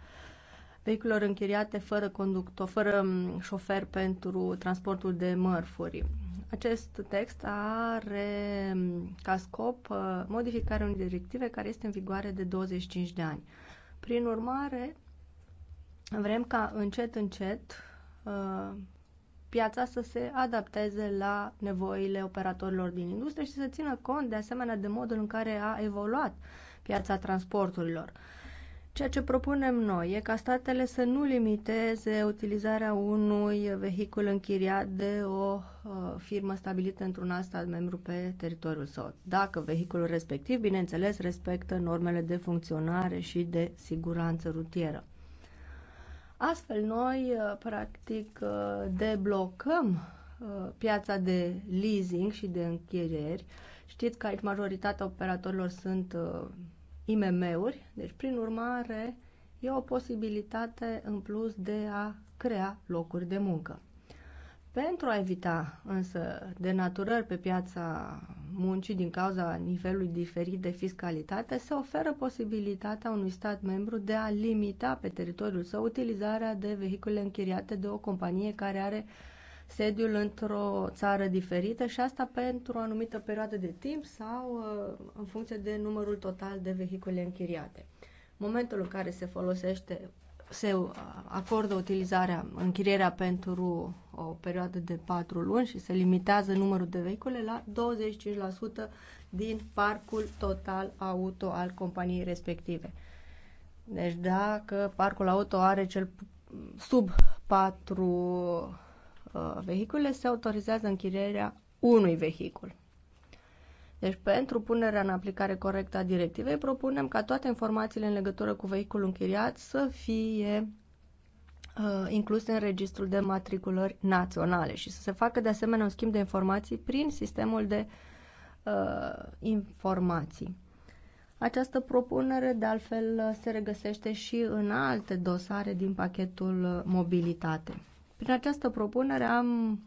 vehiculelor închiriate fără conductor, fără șofer pentru transportul de mărfuri. Acest text are ca scop uh, modificarea unei directive care este în vigoare de 25 de ani. Prin urmare, vrem ca încet, încet uh, piața să se adapteze la nevoile operatorilor din industrie și să țină cont de asemenea de modul în care a evoluat piața transporturilor. Ceea ce propunem noi e ca statele să nu limiteze utilizarea unui vehicul închiriat de o uh, firmă stabilită într-un alt stat membru pe teritoriul său, dacă vehiculul respectiv, bineînțeles, respectă normele de funcționare și de siguranță rutieră. Astfel, noi, uh, practic, uh, deblocăm piața de leasing și de închirieri. Știți că aici majoritatea operatorilor sunt IMM-uri, deci prin urmare e o posibilitate în plus de a crea locuri de muncă. Pentru a evita însă denaturări pe piața muncii din cauza nivelului diferit de fiscalitate, se oferă posibilitatea unui stat membru de a limita pe teritoriul său utilizarea de vehicule închiriate de o companie care are uh, sediul într-o țară diferită și asta pentru o anumită perioadă de timp sau uh, în funcție de numărul total de vehicule închiriate. momentul în care se folosește se uh, acordă utilizarea, închirierea pentru o perioadă de 4 luni și se limitează numărul de vehicule la 25% din parcul total auto al companiei respective. Deci dacă parcul auto are cel sub 4 Uh, vehicule, se autorizează închirierea unui vehicul. Deci, pentru punerea în aplicare corectă a directivei, propunem ca toate informațiile în legătură cu vehiculul închiriat să fie uh, incluse în registrul de matriculări naționale și să se facă de asemenea un schimb de informații prin sistemul de uh, informații. Această propunere, de altfel, se regăsește și în alte dosare din pachetul mobilitate. Prin această propunere am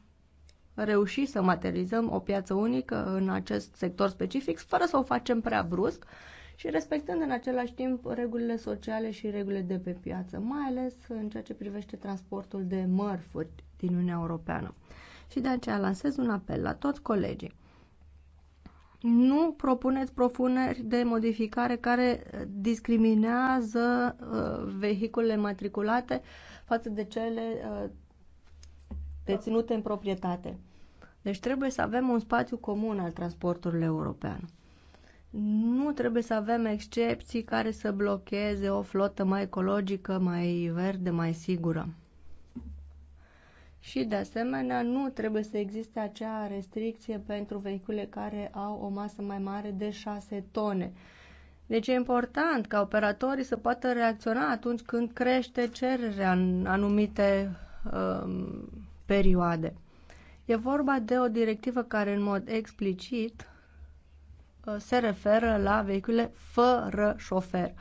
reușit să materializăm o piață unică în acest sector specific, fără să o facem prea brusc și respectând în același timp regulile sociale și regulile de pe piață, mai ales în ceea ce privește transportul de mărfuri din Uniunea Europeană. Și de aceea lansez un apel la toți colegii. Nu propuneți propuneri de modificare care discriminează uh, vehiculele matriculate față de cele uh, deținute în proprietate. Deci trebuie să avem un spațiu comun al transportului european. Nu trebuie să avem excepții care să blocheze o flotă mai ecologică, mai verde, mai sigură. Și, de asemenea, nu trebuie să existe acea restricție pentru vehicule care au o masă mai mare de 6 tone. Deci e important ca operatorii să poată reacționa atunci când crește cererea în anumite um, perioade. E vorba de o directivă care în mod explicit uh, se referă la vehicule fără șofer.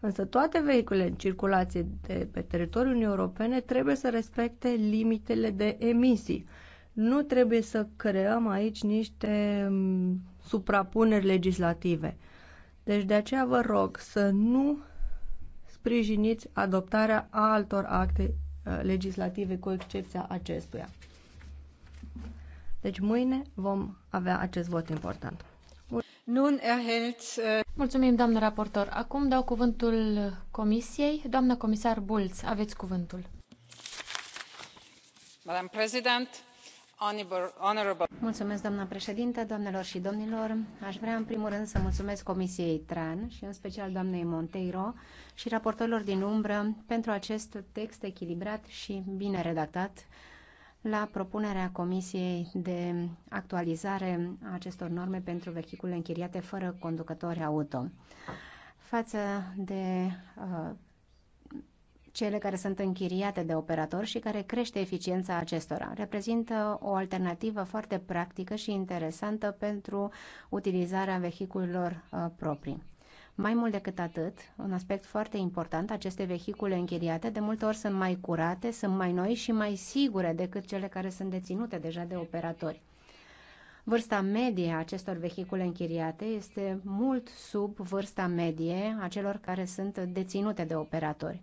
Însă toate vehiculele în circulație de pe teritoriul Uniunii Europene trebuie să respecte limitele de emisii. Nu trebuie să creăm aici niște mm, suprapuneri legislative. Deci de aceea vă rog să nu sprijiniți adoptarea altor acte Uh, legislative, cu excepția acestuia. Deci mâine vom avea acest vot important. Nun erhält, uh... Mulțumim, doamnă raportor. Acum dau cuvântul Comisiei. Doamna comisar Bulț, aveți cuvântul. Madam President, Mulțumesc, președintă, doamnelor și domnilor. Aș vrea, în primul rând, să mulțumesc Comisiei TRAN și, în special, doamnei Monteiro și raportorilor din umbră pentru acest text echilibrat și bine redactat la propunerea Comisiei de actualizare a acestor norme pentru vehicule închiriate fără conducători auto față de uh, cele care sunt închiriate de operatori și care crește eficiența acestora. Reprezintă o alternativă foarte practică și interesantă pentru utilizarea vehiculelor uh, proprii. Mai mult decât atât, un aspect foarte important, aceste vehicule închiriate de multe ori sunt mai curate, sunt mai noi și mai sigure decât cele care sunt deținute deja de operatori. Vârsta medie a acestor vehicule închiriate este mult sub vârsta medie a celor care sunt deținute de operatori.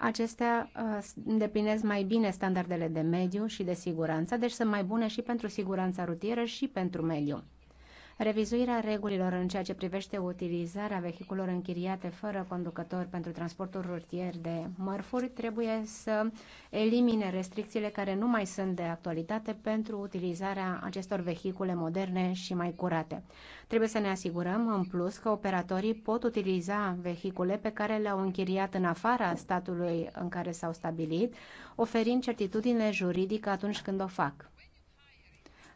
acestea uh, îndeplinesc mai bine standardele de mediu și de siguranță, deci sunt mai bune și pentru siguranța rutieră și pentru mediu. Revizuirea regulilor în ceea ce privește utilizarea vehiculor închiriate fără conducător pentru transportul rutier de mărfuri trebuie să elimine restricțiile care nu mai sunt de actualitate pentru utilizarea acestor vehicule moderne și mai curate. Trebuie să ne asigurăm, în plus, că operatorii pot utiliza vehicule pe care le-au închiriat în afara statului în care s-au stabilit, oferind certitudine juridică atunci când o fac.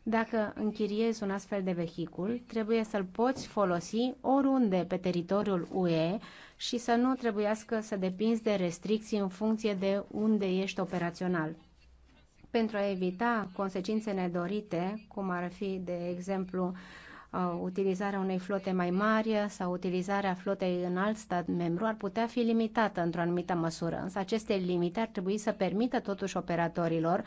Dacă închiriezi un astfel de vehicul, trebuie să-l poți folosi oriunde pe teritoriul UE și să nu trebuiască să depinzi de restricții în funcție de unde ești operațional. Pentru a evita consecințe nedorite, cum ar fi, de exemplu, uh, utilizarea unei flote mai mari sau utilizarea flotei în alt stat membru ar putea fi limitată într-o anumită măsură, însă aceste limite ar trebui să permită totuși operatorilor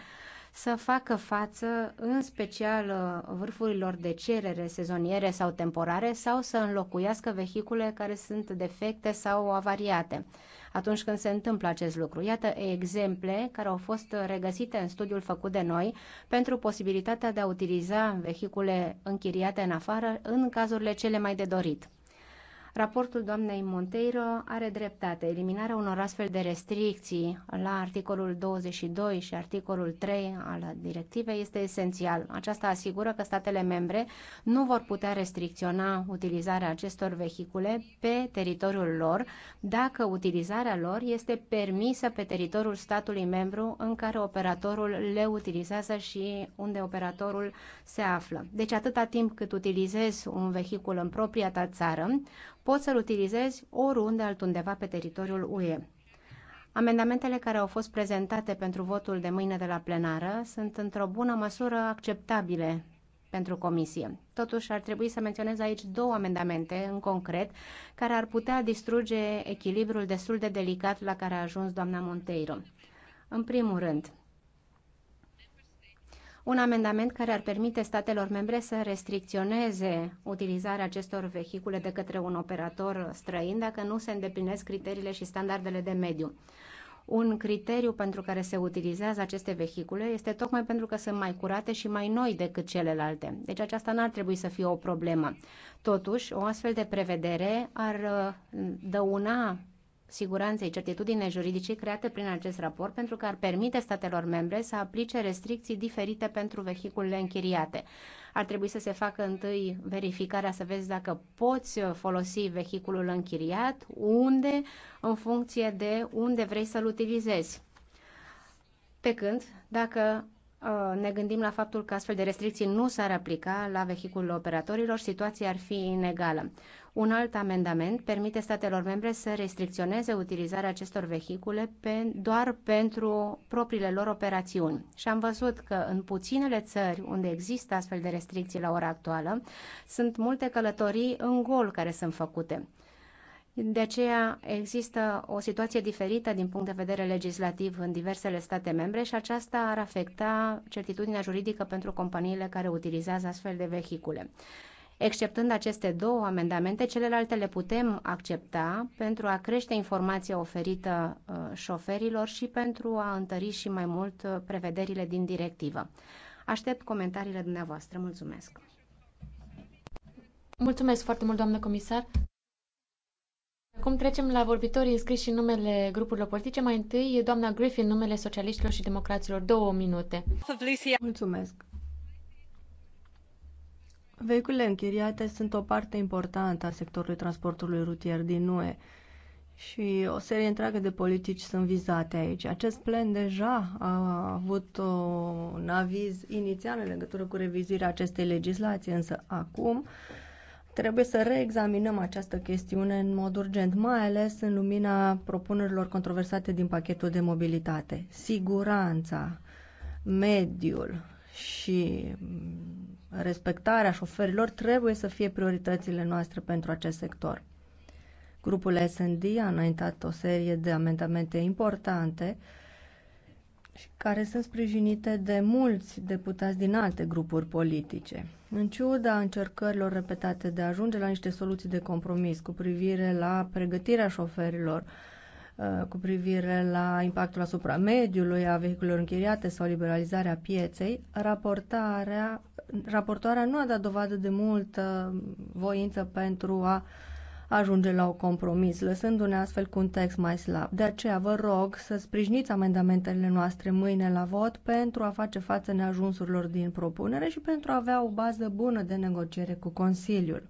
să facă față în special uh, vârfurilor de cerere sezoniere sau temporare sau să înlocuiască vehicule care sunt defecte sau avariate atunci când se întâmplă acest lucru. Iată exemple care au fost regăsite în studiul făcut de noi pentru posibilitatea de a utiliza vehicule închiriate în afară în cazurile cele mai de dorit. Raportul doamnei Monteiro are dreptate. Eliminarea unor astfel de restricții la articolul 22 și articolul 3 al directivei este esențial. Aceasta asigură că statele membre nu vor putea restricționa utilizarea acestor vehicule pe teritoriul lor dacă utilizarea lor este permisă pe teritoriul statului membru în care operatorul le utilizează și unde operatorul se află. Deci atâta timp cât utilizezi un vehicul în propria ta țară, poți să-l utilizezi oriunde altundeva pe teritoriul UE. Amendamentele care au fost prezentate pentru votul de mâine de la plenară sunt într-o bună măsură acceptabile pentru comisie. Totuși, ar trebui să menționez aici două amendamente în concret care ar putea distruge echilibrul destul de delicat la care a ajuns doamna Monteiro. În primul rând, un amendament care ar permite statelor membre să restricționeze utilizarea acestor vehicule de către un operator străin dacă nu se îndeplinesc criteriile și standardele de mediu. Un criteriu pentru care se utilizează aceste vehicule este tocmai pentru că sunt mai curate și mai noi decât celelalte. Deci aceasta n-ar trebui să fie o problemă. Totuși, o astfel de prevedere ar uh, dăuna siguranței certitudine juridice create prin acest raport pentru că ar permite statelor membre să aplice restricții diferite pentru vehiculele închiriate. Ar trebui să se facă întâi verificarea să vezi dacă poți folosi vehiculul închiriat, unde, în funcție de unde vrei să-l utilizezi. Pe când, dacă uh, ne gândim la faptul că astfel de restricții nu s-ar aplica la vehiculul operatorilor, situația ar fi inegală. Un alt amendament permite statelor membre să restricționeze utilizarea acestor vehicule pe, doar pentru propriile lor operațiuni. Și am văzut că în puținele țări unde există astfel de restricții la ora actuală, sunt multe călătorii în gol care sunt făcute. De aceea există o situație diferită din punct de vedere legislativ în diversele state membre și aceasta ar afecta certitudinea juridică pentru companiile care utilizează astfel de vehicule. Exceptând aceste două amendamente, celelalte le putem accepta pentru a crește informația oferită uh, șoferilor și pentru a întări și mai mult uh, prevederile din directivă. Aștept comentariile dumneavoastră. Mulțumesc! Mulțumesc foarte mult, doamnă comisar! Acum trecem la vorbitorii înscriși în numele grupurilor politice. Mai întâi, doamna Griffin, numele socialiștilor și democraților. Două minute. Mulțumesc. Vehiculele închiriate sunt o parte importantă a sectorului transportului rutier din UE și o serie întreagă de politici sunt vizate aici. Acest plan deja a avut o, un aviz inițial în legătură cu revizuirea acestei legislații, însă acum trebuie să reexaminăm această chestiune în mod urgent, mai ales în lumina propunerilor controversate din pachetul de mobilitate. Siguranța, mediul, și mm, respectarea șoferilor trebuie să fie prioritățile noastre pentru acest sector. Grupul S&D a înaintat o serie de amendamente importante și care sunt sprijinite de mulți deputați din alte grupuri politice. În ciuda încercărilor repetate de a ajunge la niște soluții de compromis cu privire la pregătirea șoferilor, Uh, cu privire la impactul asupra mediului, a vehiculelor închiriate sau liberalizarea pieței, raportarea, raportoarea nu a dat dovadă de multă voință pentru a ajunge la un compromis, lăsându-ne astfel cu un text mai slab. De aceea vă rog să sprijiniți amendamentele noastre mâine la vot pentru a face față neajunsurilor din propunere și pentru a avea o bază bună de negociere cu Consiliul.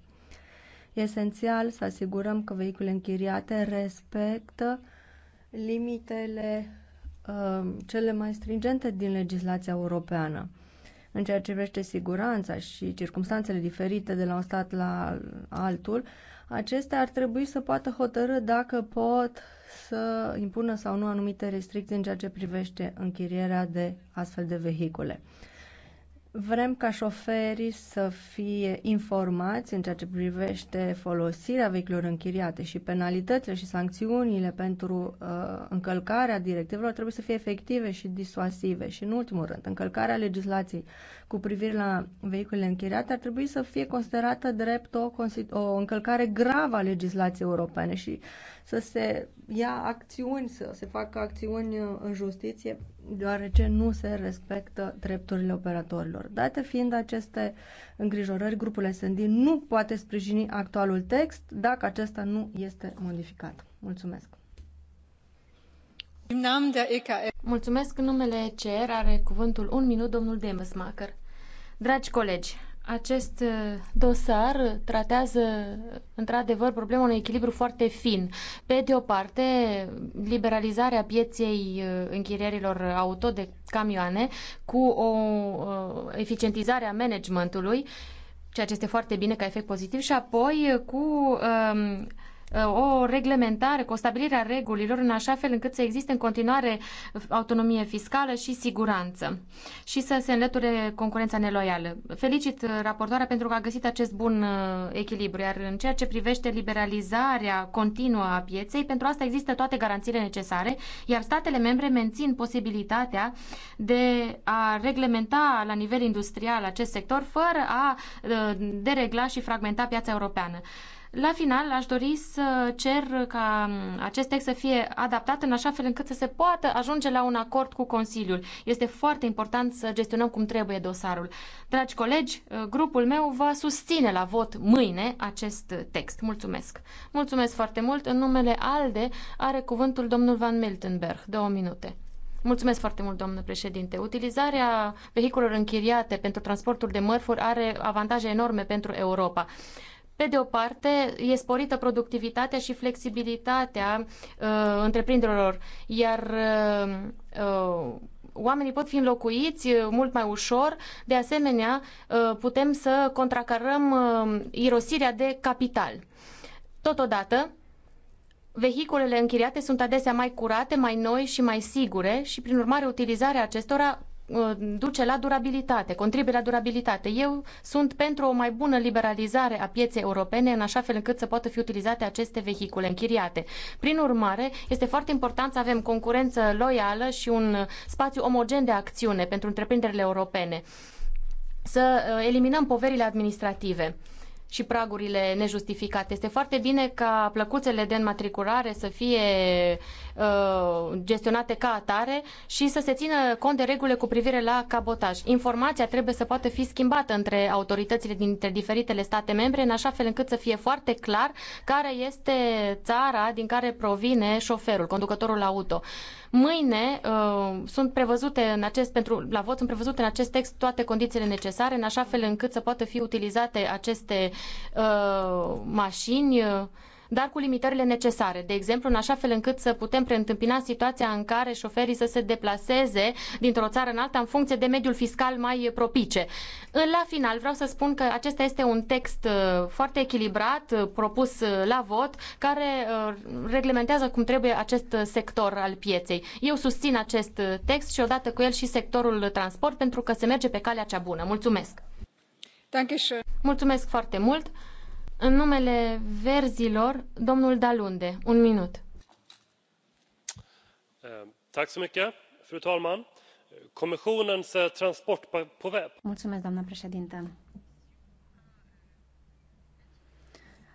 E esențial să asigurăm că vehiculele închiriate respectă limitele uh, cele mai stringente din legislația europeană în ceea ce privește siguranța și circumstanțele diferite de la un stat la altul, acestea ar trebui să poată hotărâ dacă pot să impună sau nu anumite restricții în ceea ce privește închirierea de astfel de vehicule. Vrem ca șoferii să fie informați în ceea ce privește folosirea vehiculelor închiriate și penalitățile și sancțiunile pentru uh, încălcarea directivelor trebuie să fie efective și disuasive. Și în ultimul rând, încălcarea legislației cu privire la vehiculele închiriate ar trebui să fie considerată drept o, o încălcare gravă a legislației europene și să se ia acțiuni, să se facă acțiuni în justiție deoarece nu se respectă drepturile operatorilor. Date fiind aceste îngrijorări, grupul SND nu poate sprijini actualul text dacă acesta nu este modificat. Mulțumesc! Mulțumesc în numele CR are cuvântul un minut domnul Demesmacher. Dragi colegi, acest uh, dosar tratează, într-adevăr, problema unui echilibru foarte fin. Pe de o parte, liberalizarea pieței uh, închirierilor auto de camioane cu o uh, eficientizare a managementului, ceea ce este foarte bine ca efect pozitiv, și apoi cu um, o reglementare, cu o stabilire a regulilor, în așa fel încât să existe în continuare autonomie fiscală și siguranță și să se înlăture concurența neloială. Felicit raportoarea pentru că a găsit acest bun uh, echilibru, iar în ceea ce privește liberalizarea continuă a pieței, pentru asta există toate garanțiile necesare, iar statele membre mențin posibilitatea de a reglementa la nivel industrial acest sector fără a uh, deregla și fragmenta piața europeană. La final, aș dori să cer ca acest text să fie adaptat în așa fel încât să se poată ajunge la un acord cu Consiliul. Este foarte important să gestionăm cum trebuie dosarul. Dragi colegi, uh, grupul meu va susține la vot mâine acest text. Mulțumesc! Mulțumesc foarte mult! În numele ALDE are cuvântul domnul Van Miltenberg. Două minute. Mulțumesc foarte mult, domnule președinte. Utilizarea vehiculelor închiriate pentru transportul de mărfuri are avantaje enorme pentru Europa. Pe de o parte, e sporită productivitatea și flexibilitatea uh, întreprinderilor, iar uh, uh oamenii pot fi înlocuiți uh, mult mai ușor. De asemenea, uh, putem să contracarăm uh, irosirea de capital. Totodată, vehiculele închiriate sunt adesea mai curate, mai noi și mai sigure și, prin urmare, utilizarea acestora Uh, duce la durabilitate, contribuie la durabilitate. Eu sunt pentru o mai bună liberalizare a pieței europene în așa fel încât să poată fi utilizate aceste vehicule închiriate. Prin urmare, este foarte important să avem concurență loială și un spațiu omogen de acțiune pentru întreprinderile europene. Să uh, eliminăm poverile administrative și pragurile nejustificate. Este foarte bine ca plăcuțele de înmatriculare să fie uh, gestionate ca atare și să se țină cont de regulile cu privire la cabotaj. Informația trebuie să poată fi schimbată între autoritățile dintre diferitele state membre, în așa fel încât să fie foarte clar care este țara din care provine șoferul, conducătorul auto. Uh, Mâine uh, sunt prevăzute în acest, pentru, la vot sunt prevăzute în acest text toate condițiile necesare, în așa fel încât să poată fi utilizate aceste uh, mașini. Uh, dar cu limitările necesare. De exemplu, în așa fel încât să putem preîntâmpina situația în care șoferii să se deplaseze dintr-o țară în alta în funcție de mediul fiscal mai propice. La final, vreau să spun că acesta este un text uh, foarte echilibrat, uh, propus uh, la vot, care reglementează cum trebuie acest sector al pieței. Eu susțin acest text și odată cu el și sectorul transport pentru că se merge pe calea cea bună. Mulțumesc! Mulțumesc foarte mult! În numele verzilor, domnul Dalunde, un minut. Eh, Mulțumesc, doamnă președintă.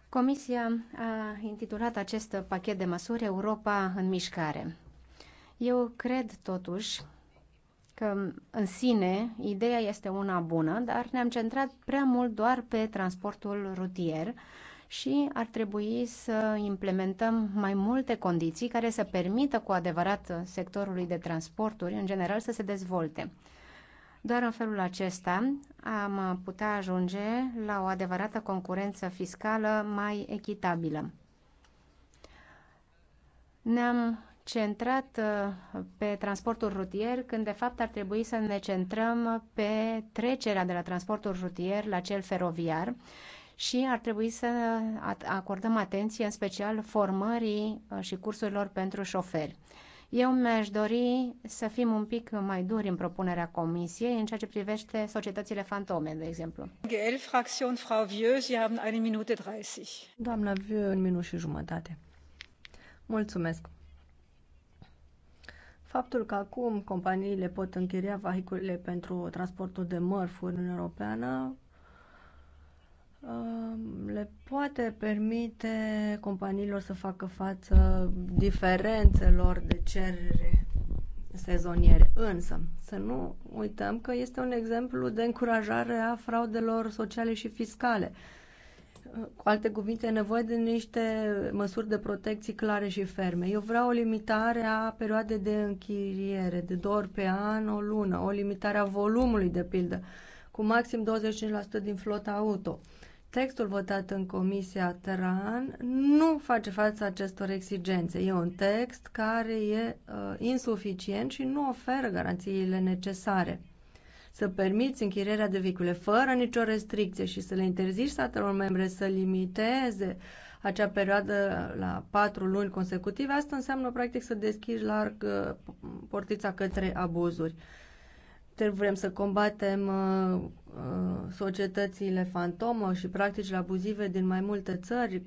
Comisia a intitulat acest pachet de măsuri Europa în mișcare. Eu cred totuși că în sine ideea este una bună, dar ne-am centrat prea mult doar pe transportul rutier și ar trebui să implementăm mai multe condiții care să permită cu adevărat sectorului de transporturi în general să se dezvolte. Doar în felul acesta am putea ajunge la o adevărată concurență fiscală mai echitabilă. Ne-am centrat uh, pe transportul rutier, când de fapt ar trebui să ne centrăm pe trecerea de la transportul rutier la cel feroviar și ar trebui să acordăm atenție în special formării uh, și cursurilor pentru șoferi. Eu mi-aș dori să fim un pic mai duri în propunerea comisiei în ceea ce privește societățile fantome, de exemplu. fracțion, Frau 30. Doamna Vieu, un minut și jumătate. Mulțumesc. Faptul că acum companiile pot închiria vehicule pentru transportul de mărfuri în Europeană um, le poate permite companiilor să facă față diferențelor de cerere sezoniere. Însă, să nu uităm că este un exemplu de încurajare a fraudelor sociale și fiscale cu alte cuvinte, e nevoie de niște măsuri de protecție clare și ferme. Eu vreau o limitare a perioadei de închiriere, de două ori pe an, o lună, o limitare a volumului, de pildă, cu maxim 25% din flota auto. Textul votat în Comisia Teran nu face față acestor exigențe. E un text care e uh, insuficient și nu oferă garanțiile necesare să permiți închirierea de vehicule fără nicio restricție și să le interziști statelor membre să limiteze acea perioadă la patru luni consecutive, asta înseamnă practic să deschizi larg uh, portița către abuzuri drept vrem să combatem uh, uh, societățile fantomă și practicile abuzive din mai multe țări.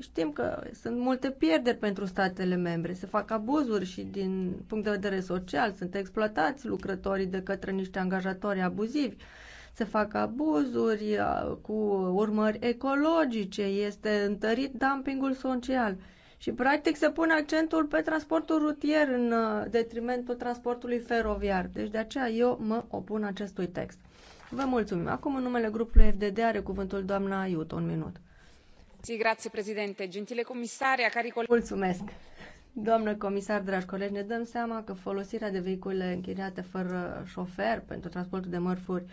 Știm că sunt multe pierderi pentru statele membre. Se fac abuzuri și din punct de vedere social sunt exploatați lucrătorii de către niște angajatori abuzivi. Se fac abuzuri uh, cu urmări ecologice, este întărit dumpingul social. Și, practic, se pune accentul pe transportul rutier în uh, detrimentul transportului feroviar. Deci, de aceea eu mă opun acestui text. Vă mulțumim. Acum, în numele grupului FDD, are cuvântul doamna Iut. Un minut. Grazie, președinte. Gentile comisare, cari colegi. Mulțumesc. Doamnă comisar, dragi colegi, ne dăm seama că folosirea de vehicule închiriate fără șofer pentru transportul de mărfuri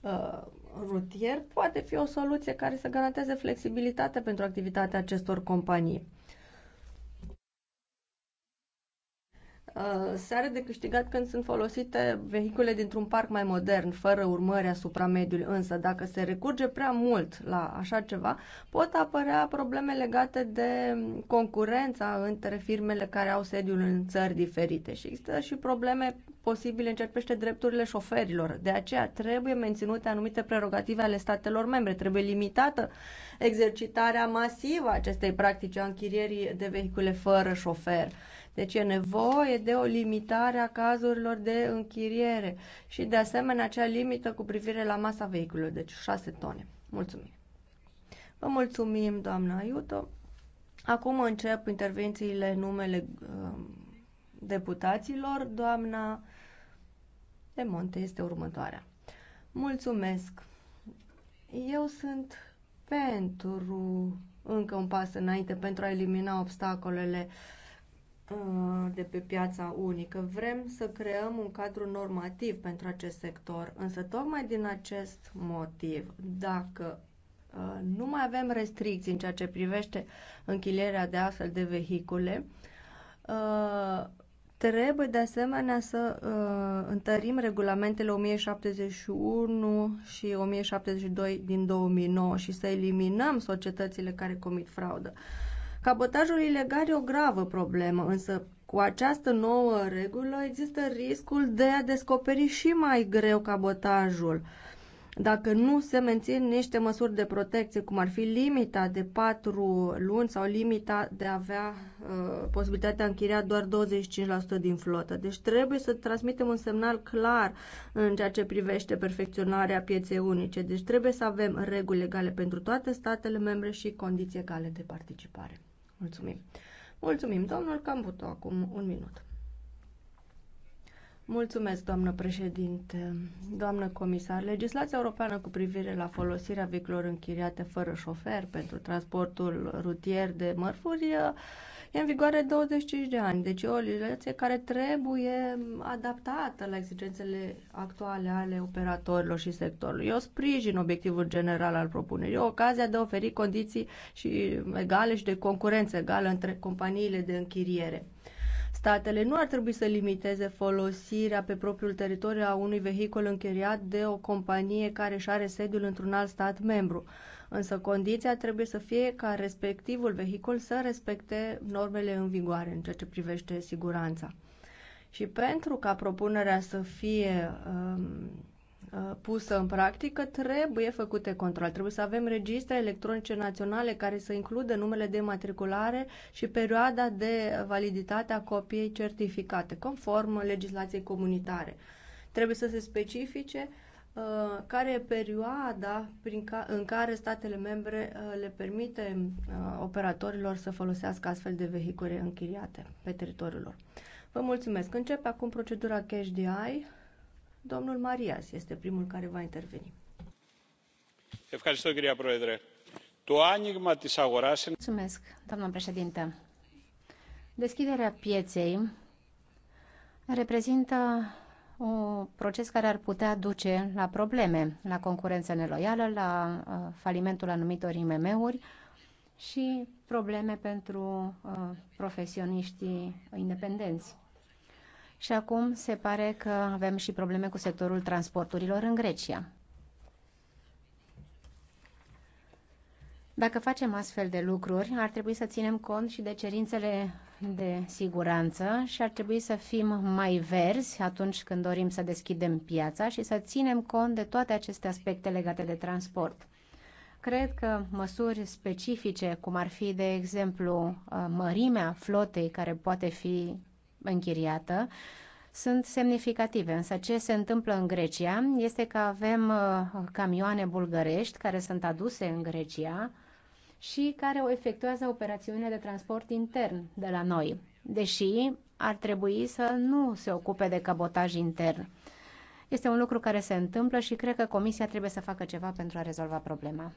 uh, rutier poate fi o soluție care să garanteze flexibilitatea pentru activitatea acestor companii. Uh, se are de câștigat când sunt folosite vehicule dintr-un parc mai modern, fără urmări asupra mediului. Însă, dacă se recurge prea mult la așa ceva, pot apărea probleme legate de concurența între firmele care au sediul în țări diferite și există și probleme posibile în ce privește drepturile șoferilor. De aceea trebuie menținute anumite prerogative ale statelor membre, trebuie limitată exercitarea masivă a acestei practici a închirierii de vehicule fără șofer deci e nevoie de o limitare a cazurilor de închiriere și de asemenea acea limită cu privire la masa vehiculului, deci 6 tone. Mulțumim! Vă mulțumim, doamna Iuto. Acum încep intervențiile în numele um, deputaților. Doamna de Monte este următoarea. Mulțumesc! Eu sunt pentru încă un pas înainte pentru a elimina obstacolele uh, Uh, de pe piața unică. Vrem să creăm un cadru normativ pentru acest sector, însă tocmai din acest motiv, dacă uh, nu mai avem restricții în ceea ce privește închilierea de astfel de vehicule, uh, Trebuie de asemenea să întărim regulamentele 1071 și 1072 din 2009 și să eliminăm societățile care comit fraudă. Cabotajul ilegal e o gravă problemă, însă cu această nouă regulă există riscul de a descoperi și mai greu cabotajul dacă nu se mențin niște măsuri de protecție, cum ar fi limita de 4 luni sau limita de a avea uh, posibilitatea de a închiria doar 25% din flotă. Deci trebuie să transmitem un semnal clar în ceea ce privește perfecționarea pieței unice. Deci trebuie să avem reguli legale pentru toate statele membre și condiții egale de participare. Mulțumim. Mulțumim, domnul Cambuto, acum un minut. Mulțumesc, doamnă președinte. Doamnă comisar, legislația europeană cu privire la folosirea vehiculor închiriate fără șofer pentru transportul rutier de mărfuri e în vigoare 25 de ani, deci e o legislație care trebuie adaptată la exigențele actuale ale operatorilor și sectorului. Eu sprijin obiectivul general al propunerii, ocazia de a oferi condiții și egale și de concurență egală între companiile de închiriere. Statele nu ar trebui să limiteze folosirea pe propriul teritoriu a unui vehicul închiriat de o companie care își are sediul într-un alt stat membru însă condiția trebuie să fie ca respectivul vehicul să respecte normele în vigoare în ceea ce privește siguranța. Și pentru ca propunerea să fie um, uh, pusă în practică, trebuie făcute control. Trebuie să avem registre electronice naționale care să includă numele de matriculare și perioada de validitate a copiei certificate, conform legislației comunitare. Trebuie să se specifice uh, Uh, care e perioada prin ca, în care statele membre uh, le permite uh, operatorilor să folosească astfel de vehicule închiriate pe teritoriul lor. Vă mulțumesc. Începe acum procedura Cash DI. Domnul Marias este primul care va interveni. Mulțumesc, doamnă președinte. Deschiderea pieței reprezintă un proces care ar putea duce la probleme, la concurență neloială, la uh, falimentul anumitor IMM-uri și probleme pentru uh, profesioniștii independenți. Și acum se pare că avem și probleme cu sectorul transporturilor în Grecia. Dacă facem astfel de lucruri, ar trebui să ținem cont și de cerințele de siguranță și ar trebui să fim mai verzi atunci când dorim să deschidem piața și să ținem cont de toate aceste aspecte legate de transport. Cred că măsuri specifice, cum ar fi, de exemplu, uh, mărimea flotei care poate fi închiriată, sunt semnificative. Însă ce se întâmplă în Grecia este că avem uh, camioane bulgărești care sunt aduse în Grecia, și care o efectuează operațiunea de transport intern de la noi, deși ar trebui să nu se ocupe de cabotaj intern. Este un lucru care se întâmplă și cred că Comisia trebuie să facă ceva pentru a rezolva problema.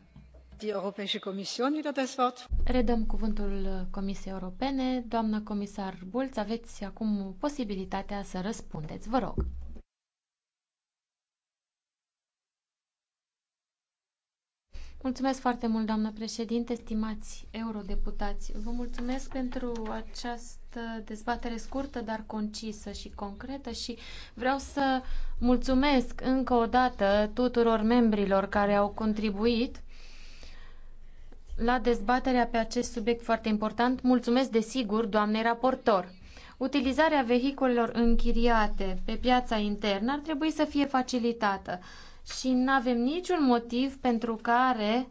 Redăm cuvântul Comisiei Europene. Doamnă comisar Bulț, aveți acum posibilitatea să răspundeți. Vă rog. Mulțumesc foarte mult, doamnă președinte, stimați eurodeputați. Vă mulțumesc pentru această dezbatere scurtă, dar concisă și concretă și vreau să mulțumesc încă o dată tuturor membrilor care au contribuit la dezbaterea pe acest subiect foarte important. Mulțumesc, desigur, doamnei raportor. Utilizarea vehiculelor închiriate pe piața internă ar trebui să fie facilitată și nu avem niciun motiv pentru care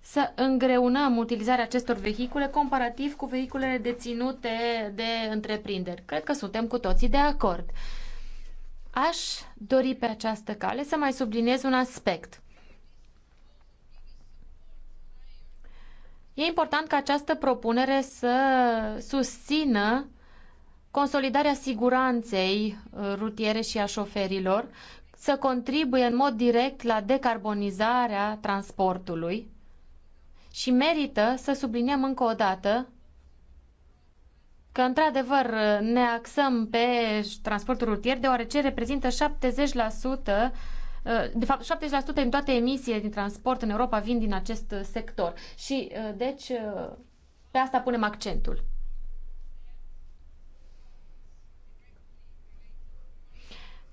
să îngreunăm utilizarea acestor vehicule comparativ cu vehiculele deținute de întreprinderi. Cred că suntem cu toții de acord. Aș dori pe această cale să mai subliniez un aspect. E important ca această propunere să susțină consolidarea siguranței uh, rutiere și a șoferilor, să contribuie în mod direct la decarbonizarea transportului și merită să subliniem încă o dată că, într-adevăr, ne axăm pe transportul rutier, deoarece reprezintă 70% eh, de fapt, 70% din toate emisiile din transport în Europa vin din acest sector. Și, eh, deci, eh, pe asta punem accentul.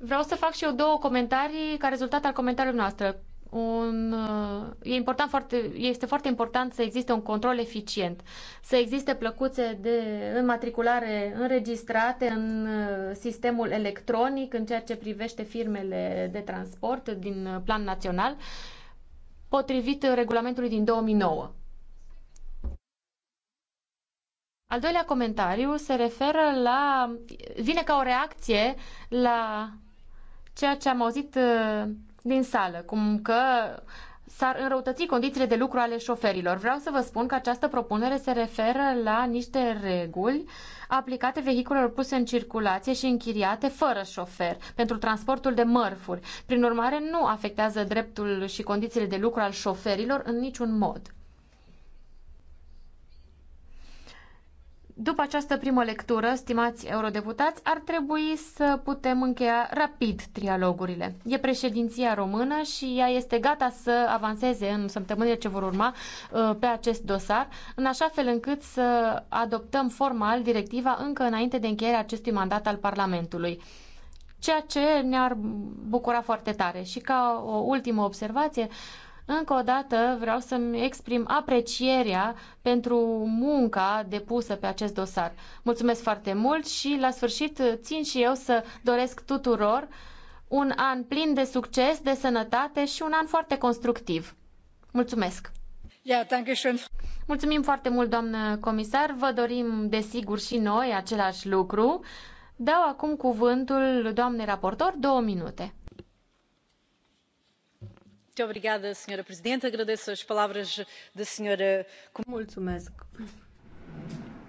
Vreau să fac și eu două comentarii ca rezultat al comentariului noastră. Un, uh, e important foarte, este foarte important să existe un control eficient, să existe plăcuțe de înmatriculare înregistrate în uh, sistemul electronic în ceea ce privește firmele de transport din uh, plan național, potrivit regulamentului din 2009. Al doilea comentariu se referă la. vine ca o reacție la ceea ce am auzit uh, din sală, cum că s-ar înrăutăți condițiile de lucru ale șoferilor. Vreau să vă spun că această propunere se referă la niște reguli aplicate vehiculelor puse în circulație și închiriate fără șofer pentru transportul de mărfuri. Prin urmare, nu afectează dreptul și condițiile de lucru al șoferilor în niciun mod. După această primă lectură, stimați eurodeputați, ar trebui să putem încheia rapid trialogurile. E președinția română și ea este gata să avanseze în săptămânile ce vor urma uh, pe acest dosar, în așa fel încât să adoptăm formal directiva încă înainte de încheierea acestui mandat al Parlamentului ceea ce ne-ar bucura foarte tare. Și ca o ultimă observație, încă o dată vreau să-mi exprim aprecierea pentru munca depusă pe acest dosar. Mulțumesc foarte mult și la sfârșit țin și eu să doresc tuturor un an plin de succes, de sănătate și un an foarte constructiv. Mulțumesc! Yeah, Mulțumim foarte mult, doamnă comisar. Vă dorim, desigur, și noi același lucru. Dau acum cuvântul doamnei raportor, două minute doamnă președintă agradez palavras da Mulțumesc,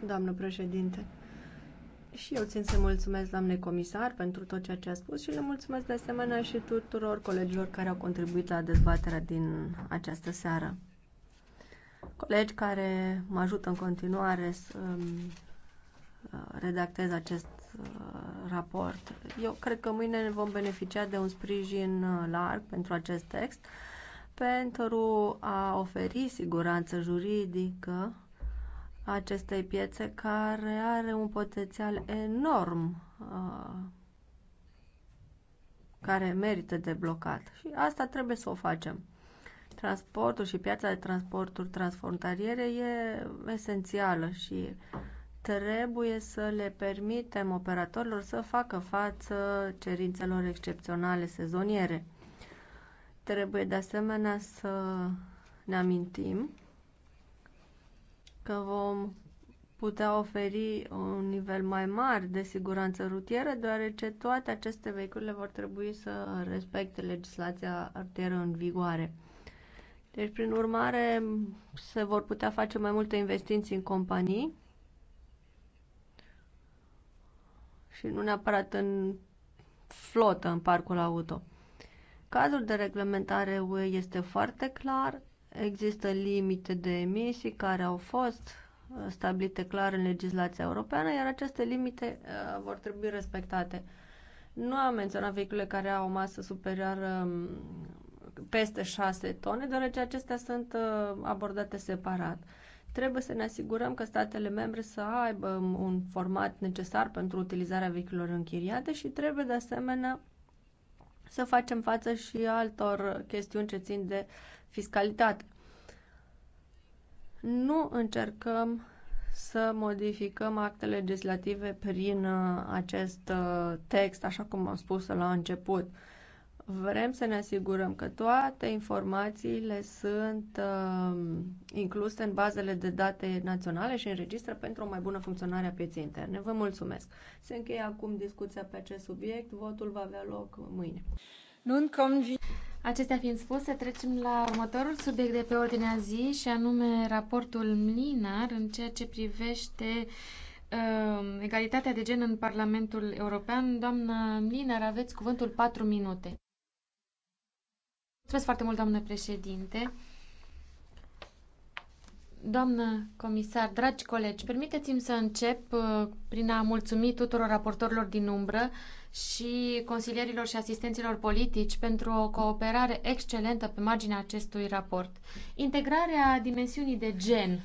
doamnă președinte. Și eu țin să mulțumesc doamnei comisar pentru tot ceea ce a spus și le mulțumesc de asemenea și tuturor colegilor care au contribuit la dezbaterea din această seară. Colegi care mă ajută în continuare să uh, redactez acest Uh, raport. Eu cred că mâine ne vom beneficia de un sprijin uh, larg pentru acest text, pentru a oferi siguranță juridică acestei piețe care are un potențial enorm uh, care merită blocat. Și asta trebuie să o facem. Transportul și piața de transporturi transfrontaliere e esențială și uh, trebuie să le permitem operatorilor să facă față cerințelor excepționale sezoniere. Trebuie de asemenea să ne amintim că vom putea oferi un nivel mai mare de siguranță rutieră, deoarece toate aceste vehicule vor trebui să respecte legislația rutieră în vigoare. Deci, prin urmare, se vor putea face mai multe investiții în companii și nu neapărat în flotă, în parcul auto. Cadrul de reglementare UE este foarte clar, există limite de emisii care au fost uh, stabilite clar în legislația europeană, iar aceste limite uh, vor trebui respectate. Nu am menționat vehicule care au o masă superioară um, peste 6 tone, deoarece acestea sunt uh, abordate separat. Trebuie să ne asigurăm că statele membre să aibă un format necesar pentru utilizarea vehiculelor închiriate și trebuie de asemenea să facem față și altor chestiuni ce țin de fiscalitate. Nu încercăm să modificăm actele legislative prin uh, acest uh, text, așa cum am spus la început. Vrem să ne asigurăm că toate informațiile sunt uh, incluse în bazele de date naționale și în pentru o mai bună funcționare a pieței interne. Vă mulțumesc. Se încheie acum discuția pe acest subiect. Votul va avea loc mâine. Acestea fiind spuse, trecem la următorul subiect de pe ordinea zi și anume raportul Mlinar în ceea ce privește uh, egalitatea de gen în Parlamentul European. Doamna Mlinar, aveți cuvântul 4 minute. Mulțumesc foarte mult, doamnă președinte. Doamnă comisar, dragi colegi, permiteți-mi să încep uh, prin a mulțumi tuturor raportorilor din umbră și consilierilor și asistenților politici pentru o cooperare excelentă pe marginea acestui raport. Integrarea dimensiunii de gen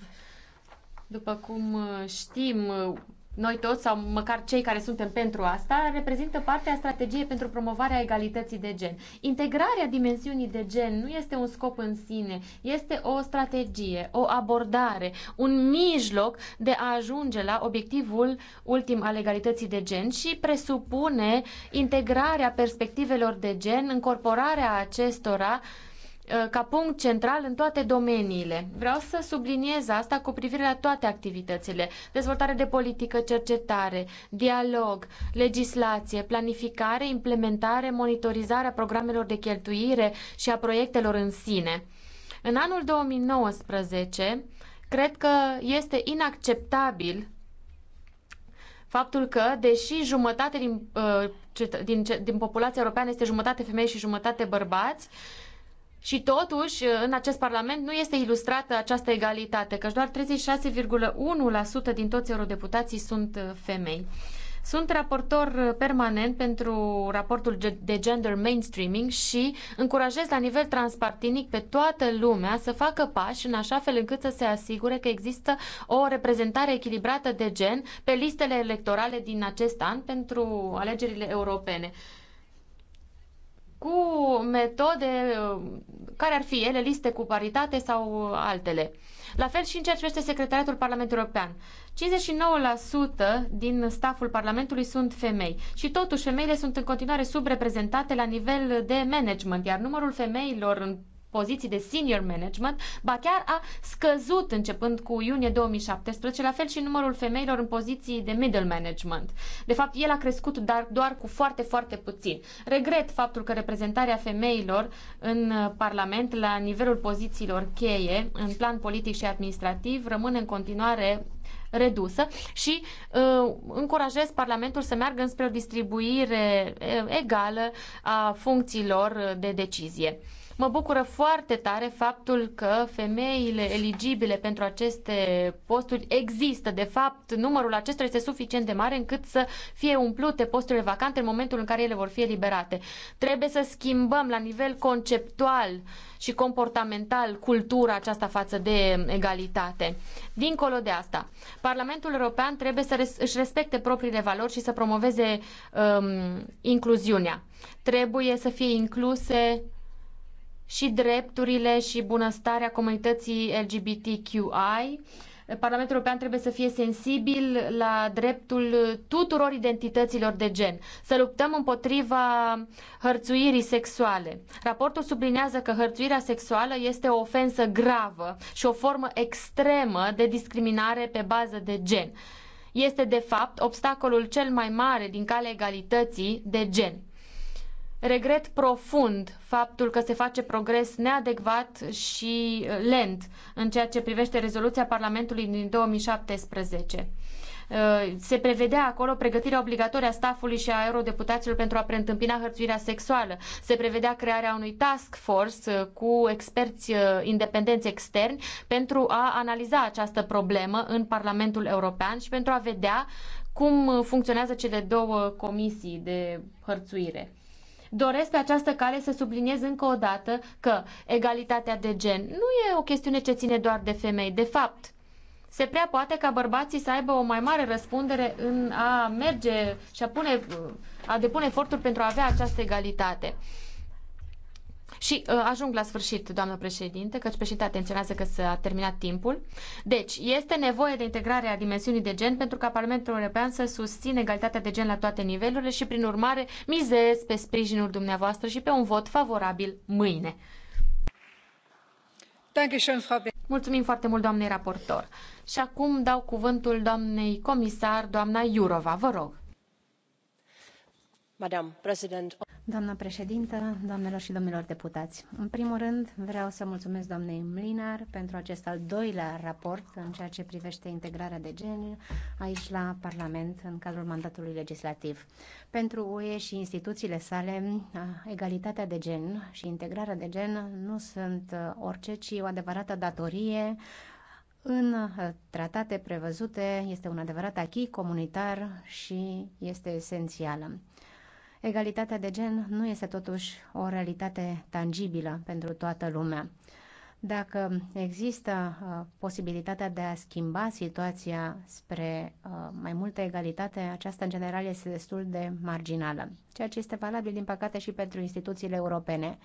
după cum uh, știm, uh, noi toți, sau măcar cei care suntem pentru asta, reprezintă partea strategiei pentru promovarea egalității de gen. Integrarea dimensiunii de gen nu este un scop în sine, este o strategie, o abordare, un mijloc de a ajunge la obiectivul ultim al egalității de gen și presupune integrarea perspectivelor de gen, încorporarea acestora uh, Uh, ca punct central în toate domeniile. Vreau să subliniez asta cu privire la toate activitățile. Dezvoltare de politică, cercetare, dialog, legislație, planificare, implementare, monitorizarea programelor de cheltuire și a proiectelor în sine. În anul 2019, cred că este inacceptabil faptul că, deși jumătate din, uh, din, din populația europeană este jumătate femei și jumătate bărbați, și totuși, în acest Parlament nu este ilustrată această egalitate, căci doar 36,1% din toți eurodeputații sunt uh, femei. Sunt raportor uh, permanent pentru raportul de gender mainstreaming și încurajez la nivel transpartinic pe toată lumea să facă pași în așa fel încât să se asigure că există o reprezentare echilibrată de gen pe listele electorale din acest an pentru alegerile europene cu metode uh, care ar fi ele, liste cu paritate sau uh, altele. La fel și în ceea ce privește Secretariatul Parlamentului European. 59% din staful Parlamentului sunt femei și totuși femeile sunt în continuare subreprezentate la nivel de management, iar numărul femeilor în poziții de senior management, ba chiar a scăzut începând cu iunie 2017, la fel și numărul femeilor în poziții de middle management. De fapt, el a crescut, dar doar cu foarte, foarte puțin. Regret faptul că reprezentarea femeilor în uh, Parlament, la nivelul pozițiilor cheie, în plan politic și administrativ, rămâne în continuare redusă și uh, încurajez Parlamentul să meargă înspre o distribuire uh, egală a funcțiilor uh, de decizie. Mă bucură foarte tare faptul că femeile eligibile pentru aceste posturi există. De fapt, numărul acestora este suficient de mare încât să fie umplute posturile vacante în momentul în care ele vor fi eliberate. Trebuie să schimbăm la nivel conceptual și comportamental cultura aceasta față de egalitate. Dincolo de asta, Parlamentul European trebuie să își respecte propriile valori și să promoveze um, incluziunea. Trebuie să fie incluse și drepturile și bunăstarea comunității LGBTQI. Parlamentul European trebuie să fie sensibil la dreptul tuturor identităților de gen, să luptăm împotriva hărțuirii sexuale. Raportul sublinează că hărțuirea sexuală este o ofensă gravă și o formă extremă de discriminare pe bază de gen. Este, de fapt, obstacolul cel mai mare din calea egalității de gen. Regret profund faptul că se face progres neadecvat și uh, lent în ceea ce privește rezoluția Parlamentului din 2017 uh, se prevedea acolo pregătirea obligatorie a stafului și a eurodeputaților pentru a preîntâmpina hărțuirea sexuală. Se prevedea crearea unui task force uh, cu experți independenți externi pentru a analiza această problemă în Parlamentul European și pentru a vedea cum funcționează cele două comisii de hărțuire. Doresc pe această cale să subliniez încă o dată că egalitatea de gen nu e o chestiune ce ține doar de femei. De fapt, se prea poate ca bărbații să aibă o mai mare răspundere în a merge și a, pune, a depune eforturi pentru a avea această egalitate. Și uh, ajung la sfârșit, doamnă președinte, căci președinte atenționează că s-a terminat timpul. Deci, este nevoie de integrarea dimensiunii de gen pentru ca Parlamentul European să susține egalitatea de gen la toate nivelurile și, prin urmare, mizez pe sprijinul dumneavoastră și pe un vot favorabil mâine. Mulțumim foarte mult, doamnei raportor. Și acum dau cuvântul doamnei comisar, doamna Iurova. Vă rog doamnă președintă doamnelor și domnilor deputați în primul rând vreau să mulțumesc doamnei mlinar pentru acest al doilea raport în ceea ce privește integrarea de gen aici la parlament în cadrul mandatului legislativ. pentru ue și instituțiile sale egalitatea de gen și integrarea de gen nu sunt orice ci o adevărată datorie în tratate prevăzute, este un adevărat achii comunitar și este esențială egalitatea de gen nu este totuși o realitate tangibilă pentru toată lumea. Dacă există uh, posibilitatea de a schimba situația spre uh, mai multă egalitate, aceasta în general este destul de marginală, ceea ce este valabil din păcate și pentru instituțiile europene.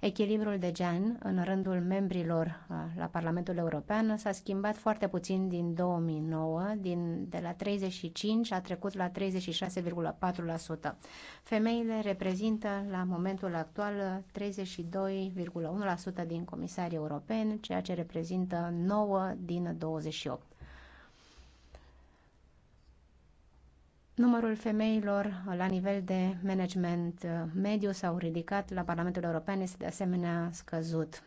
Echilibrul de gen în rândul membrilor uh, la Parlamentul European s-a schimbat foarte puțin din 2009, din, de la 35 a trecut la 36,4%. Femeile reprezintă la momentul actual 32,1% din comisarii europeni, ceea ce reprezintă 9 din 28. Numărul femeilor la nivel de management uh, mediu s-au ridicat, la Parlamentul European este de asemenea scăzut.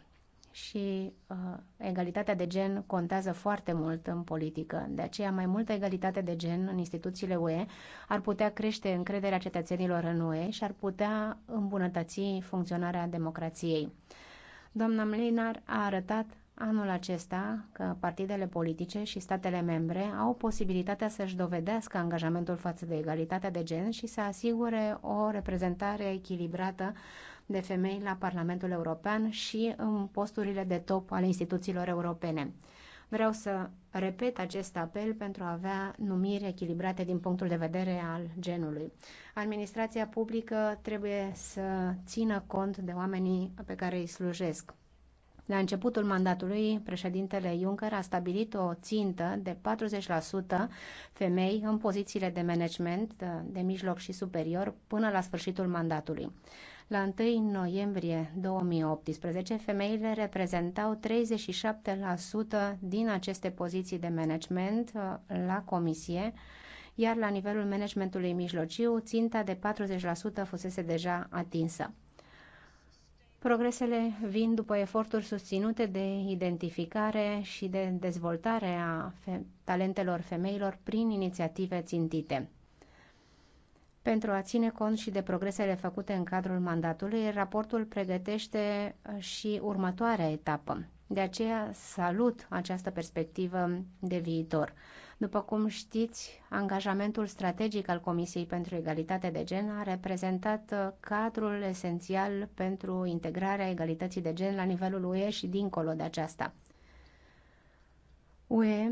Și uh, egalitatea de gen contează foarte mult în politică. De aceea, mai multă egalitate de gen în instituțiile UE ar putea crește încrederea cetățenilor în UE și ar putea îmbunătăți funcționarea democrației. Doamna Mlinar a arătat anul acesta că partidele politice și statele membre au posibilitatea să-și dovedească angajamentul față de egalitatea de gen și să asigure o reprezentare echilibrată de femei la Parlamentul European și în posturile de top ale instituțiilor europene. Vreau să repet acest apel pentru a avea numiri echilibrate din punctul de vedere al genului. Administrația publică trebuie să țină cont de oamenii pe care îi slujesc. La începutul mandatului, președintele Juncker a stabilit o țintă de 40% femei în pozițiile de management de mijloc și superior până la sfârșitul mandatului. La 1 noiembrie 2018, femeile reprezentau 37% din aceste poziții de management uh, la comisie, iar la nivelul managementului mijlociu, ținta de 40% fusese deja atinsă. Progresele vin după eforturi susținute de identificare și de dezvoltare a fe talentelor femeilor prin inițiative țintite. Pentru a ține cont și de progresele făcute în cadrul mandatului, raportul pregătește și următoarea etapă. De aceea salut această perspectivă de viitor. După cum știți, angajamentul strategic al Comisiei pentru Egalitate de Gen a reprezentat uh, cadrul esențial pentru integrarea egalității de gen la nivelul UE și dincolo de aceasta. UE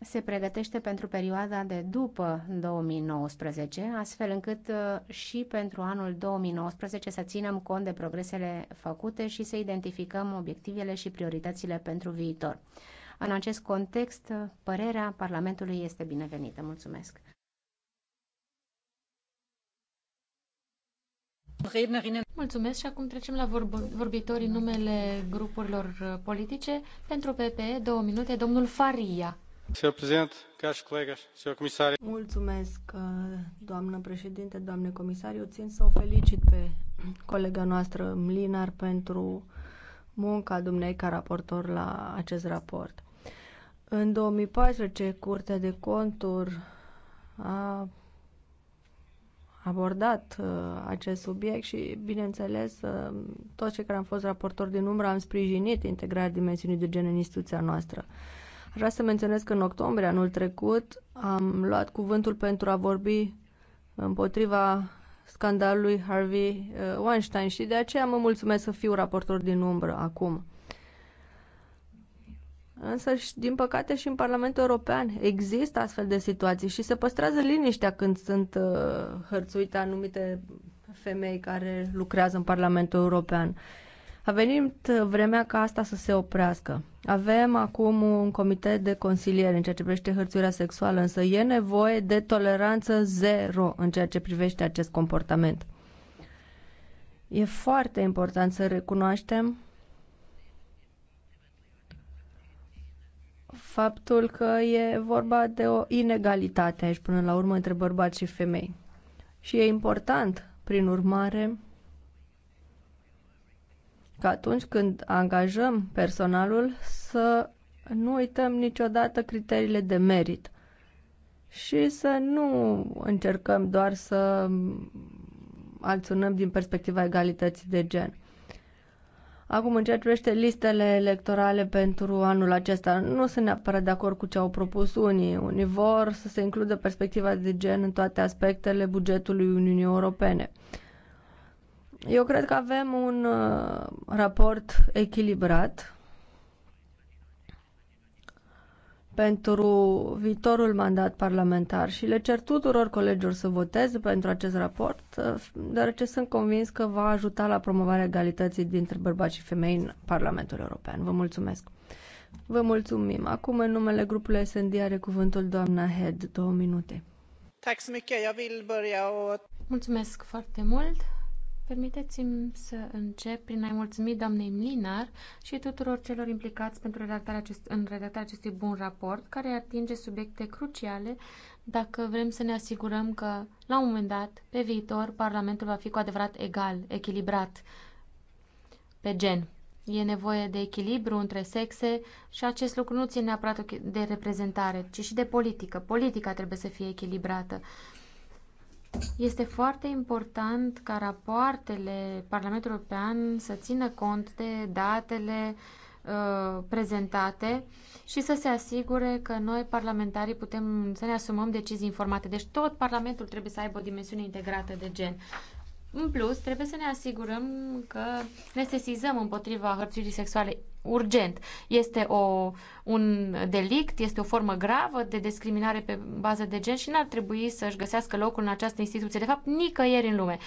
se pregătește pentru perioada de după 2019, astfel încât uh, și pentru anul 2019 să ținem cont de progresele făcute și să identificăm obiectivele și prioritățile pentru viitor. În acest context, părerea Parlamentului este binevenită. Mulțumesc! Mulțumesc și acum trecem la vorbitorii numele grupurilor uh, politice. Pentru PPE, două minute, domnul Faria. Mulțumesc, uh, doamnă președinte, doamne comisar. Eu țin să o felicit pe colega noastră, Mlinar, pentru munca dumnei ca raportor la acest raport. În 2014, Curtea de Conturi a abordat uh, acest subiect și, bineînțeles, uh, toți cei care am fost raportori din umbră am sprijinit integrarea dimensiunii de gen în instituția noastră. Aș vrea să menționez că în octombrie anul trecut am luat cuvântul pentru a vorbi împotriva scandalului Harvey uh, Weinstein și de aceea mă mulțumesc să fiu raportor din umbră acum. Însă, și, din păcate, și în Parlamentul European există astfel de situații și se păstrează liniștea când sunt uh, hărțuite anumite femei care lucrează în Parlamentul European. A venit vremea ca asta să se oprească. Avem acum un comitet de consiliere în ceea ce privește hărțuirea sexuală, însă e nevoie de toleranță zero în ceea ce privește acest comportament. E foarte important să recunoaștem faptul că e vorba de o inegalitate aici până la urmă între bărbați și femei. Și e important, prin urmare, că atunci când angajăm personalul să nu uităm niciodată criteriile de merit și să nu încercăm doar să acționăm din perspectiva egalității de gen. Acum, în ceea ce privește listele electorale pentru anul acesta, nu sunt neapărat de acord cu ce au propus unii. Unii vor să se includă perspectiva de gen în toate aspectele bugetului Uniunii Europene. Eu cred că avem un uh, raport echilibrat pentru viitorul mandat parlamentar și le cer tuturor colegilor să voteze pentru acest raport, deoarece sunt convins că va ajuta la promovarea egalității dintre bărbați și femei în Parlamentul European. Vă mulțumesc! Vă mulțumim! Acum, în numele grupului SND, are cuvântul doamna Head, două minute. Mulțumesc foarte mult! Permiteți-mi să încep prin a-i mulțumi doamnei Mlinar și tuturor celor implicați pentru redactarea acest, în redactarea acestui bun raport, care atinge subiecte cruciale dacă vrem să ne asigurăm că, la un moment dat, pe viitor, Parlamentul va fi cu adevărat egal, echilibrat pe gen. E nevoie de echilibru între sexe și acest lucru nu ține neapărat de reprezentare, ci și de politică. Politica trebuie să fie echilibrată. Este foarte important ca rapoartele Parlamentului European să țină cont de datele uh, prezentate și să se asigure că noi, parlamentarii, putem să ne asumăm decizii informate. Deci tot Parlamentul trebuie să aibă o dimensiune integrată de gen. În plus, trebuie să ne asigurăm că ne sesizăm împotriva hărțuirii sexuale urgent. Este o, un delict, este o formă gravă de discriminare pe bază de gen și n-ar trebui să-și găsească locul în această instituție, de fapt nicăieri în lume.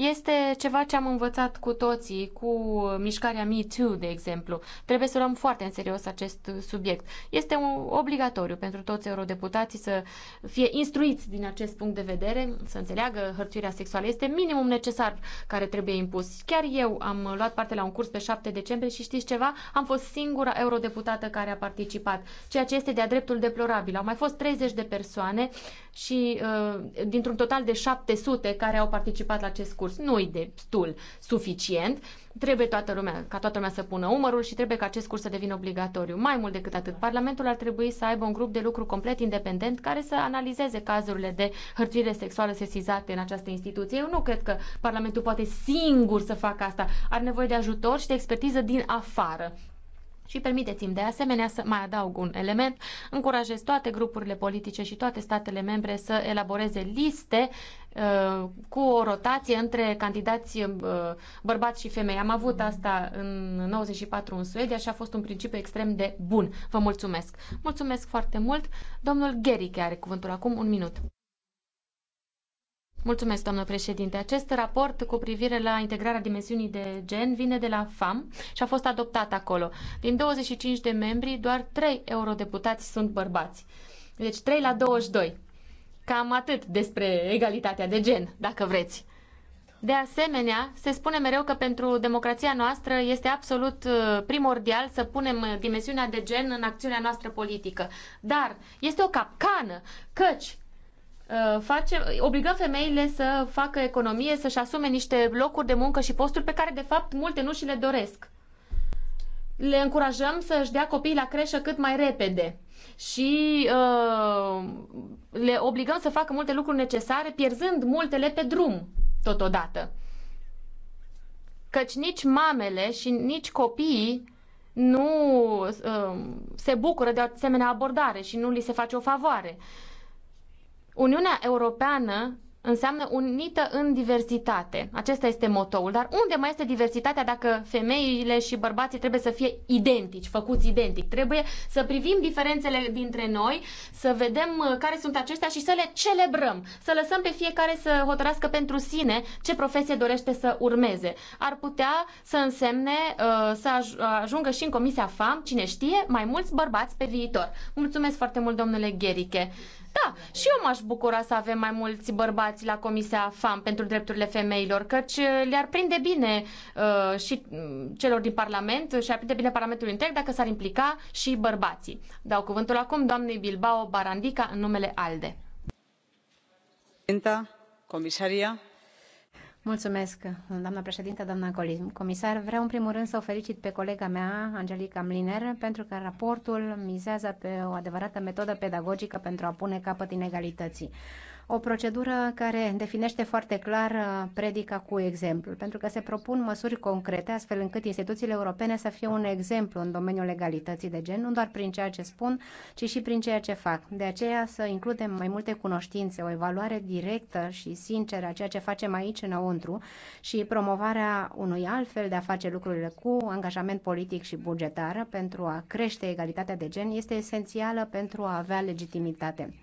Este ceva ce am învățat cu toții, cu mișcarea Me Too, de exemplu. Trebuie să luăm foarte în serios acest subiect. Este un obligatoriu pentru toți eurodeputații să fie instruiți din acest punct de vedere, să înțeleagă hărțuirea sexuală. Este minimum necesar care trebuie impus. Chiar eu am luat parte la un curs pe 7 decembrie și știți ceva? Am fost singura eurodeputată care a participat, ceea ce este de-a dreptul deplorabil. Au mai fost 30 de persoane și uh, dintr-un total de 700 care au participat la acest curs recurs. Nu-i destul suficient. Trebuie toată lumea, ca toată lumea să pună umărul și trebuie ca acest curs să devină obligatoriu. Mai mult decât atât, Parlamentul ar trebui să aibă un grup de lucru complet independent care să analizeze cazurile de hărțuire sexuală sesizate în această instituție. Eu nu cred că Parlamentul poate singur să facă asta. Are nevoie de ajutor și de expertiză din afară. Și permiteți-mi de asemenea să mai adaug un element. Încurajez toate grupurile politice și toate statele membre să elaboreze liste uh, cu o rotație între candidați uh, bărbați și femei. Am avut asta în 94 în Suedia și a fost un principiu extrem de bun. Vă mulțumesc! Mulțumesc foarte mult! Domnul care are cuvântul acum un minut. Mulțumesc, doamnă președinte. Acest raport cu privire la integrarea dimensiunii de gen vine de la FAM și a fost adoptat acolo. Din 25 de membri, doar 3 eurodeputați sunt bărbați. Deci 3 la 22. Cam atât despre egalitatea de gen, dacă vreți. De asemenea, se spune mereu că pentru democrația noastră este absolut uh, primordial să punem uh, dimensiunea de gen în acțiunea noastră politică. Dar este o capcană, căci Uh, facem, obligăm femeile să facă economie, să-și asume niște locuri de muncă și posturi pe care, de fapt, multe nu și le doresc. Le încurajăm să-și dea copiii la creșă cât mai repede și uh, le obligăm să facă multe lucruri necesare, pierzând multele pe drum, totodată. Căci nici mamele și nici copiii nu uh, se bucură de o asemenea abordare și nu li se face o favoare. Uh, Uniunea Europeană înseamnă unită în diversitate. Acesta este motoul. Dar unde mai este diversitatea dacă femeile și bărbații trebuie să fie identici, făcuți identic? Trebuie să privim diferențele dintre noi, să vedem uh, care sunt acestea și să le celebrăm. Să lăsăm pe fiecare să hotărască pentru sine ce profesie dorește să urmeze. Ar putea să însemne uh, să ajungă și în Comisia FAM, cine știe, mai mulți bărbați pe viitor. Mulțumesc foarte mult, domnule Gheriche. Da, și eu m-aș bucura să avem mai mulți bărbați la Comisia FAM pentru drepturile femeilor, căci uh, le-ar prinde bine uh, și mm, celor din Parlament și ar prinde bine Parlamentul întreg dacă s-ar implica și bărbații. Dau cuvântul acum doamnei Bilbao Barandica în numele ALDE. Comisaria, Mulțumesc, doamna președintă, doamna comisar. Vreau în primul rând să o felicit pe colega mea, Angelica Mliner, pentru că raportul mizează pe o adevărată metodă pedagogică pentru a pune capăt inegalității o procedură care definește foarte clar uh, predica cu exemplu, pentru că se propun măsuri concrete, astfel încât instituțiile europene să fie un exemplu în domeniul legalității de gen, nu doar prin ceea ce spun, ci și prin ceea ce fac. De aceea să includem mai multe cunoștințe, o evaluare directă și sinceră a ceea ce facem aici înăuntru și promovarea unui alt fel de a face lucrurile cu angajament politic și bugetar pentru a crește egalitatea de gen este esențială pentru a avea legitimitate.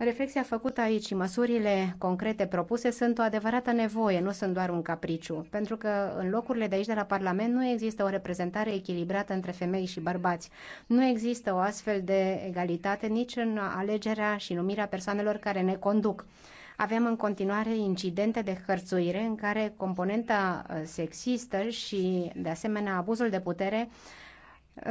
Reflexia făcută aici și măsurile concrete propuse sunt o adevărată nevoie, nu sunt doar un capriciu, pentru că în locurile de aici de la Parlament nu există o reprezentare echilibrată între femei și bărbați. Nu există o astfel de egalitate nici în alegerea și numirea persoanelor care ne conduc avem în continuare incidente de hărțuire în care componenta uh, sexistă și, de asemenea, abuzul de putere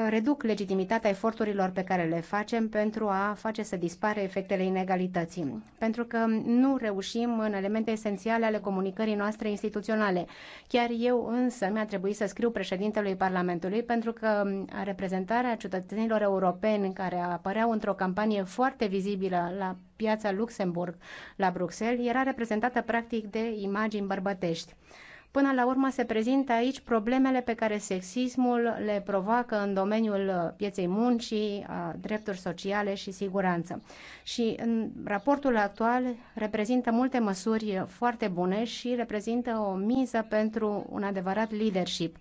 reduc legitimitatea eforturilor pe care le facem pentru a face să dispare efectele inegalității, pentru că nu reușim în elemente esențiale ale comunicării noastre instituționale. Chiar eu însă mi-a trebuit să scriu președintelui Parlamentului pentru că reprezentarea cetățenilor europeni care apăreau într-o campanie foarte vizibilă la piața Luxemburg la Bruxelles era reprezentată practic de imagini bărbătești. Până la urmă se prezintă aici problemele pe care sexismul le provoacă în domeniul uh, pieței muncii, a drepturi sociale și siguranță. Și în raportul actual reprezintă multe măsuri uh, foarte bune și reprezintă o miză pentru un adevărat leadership.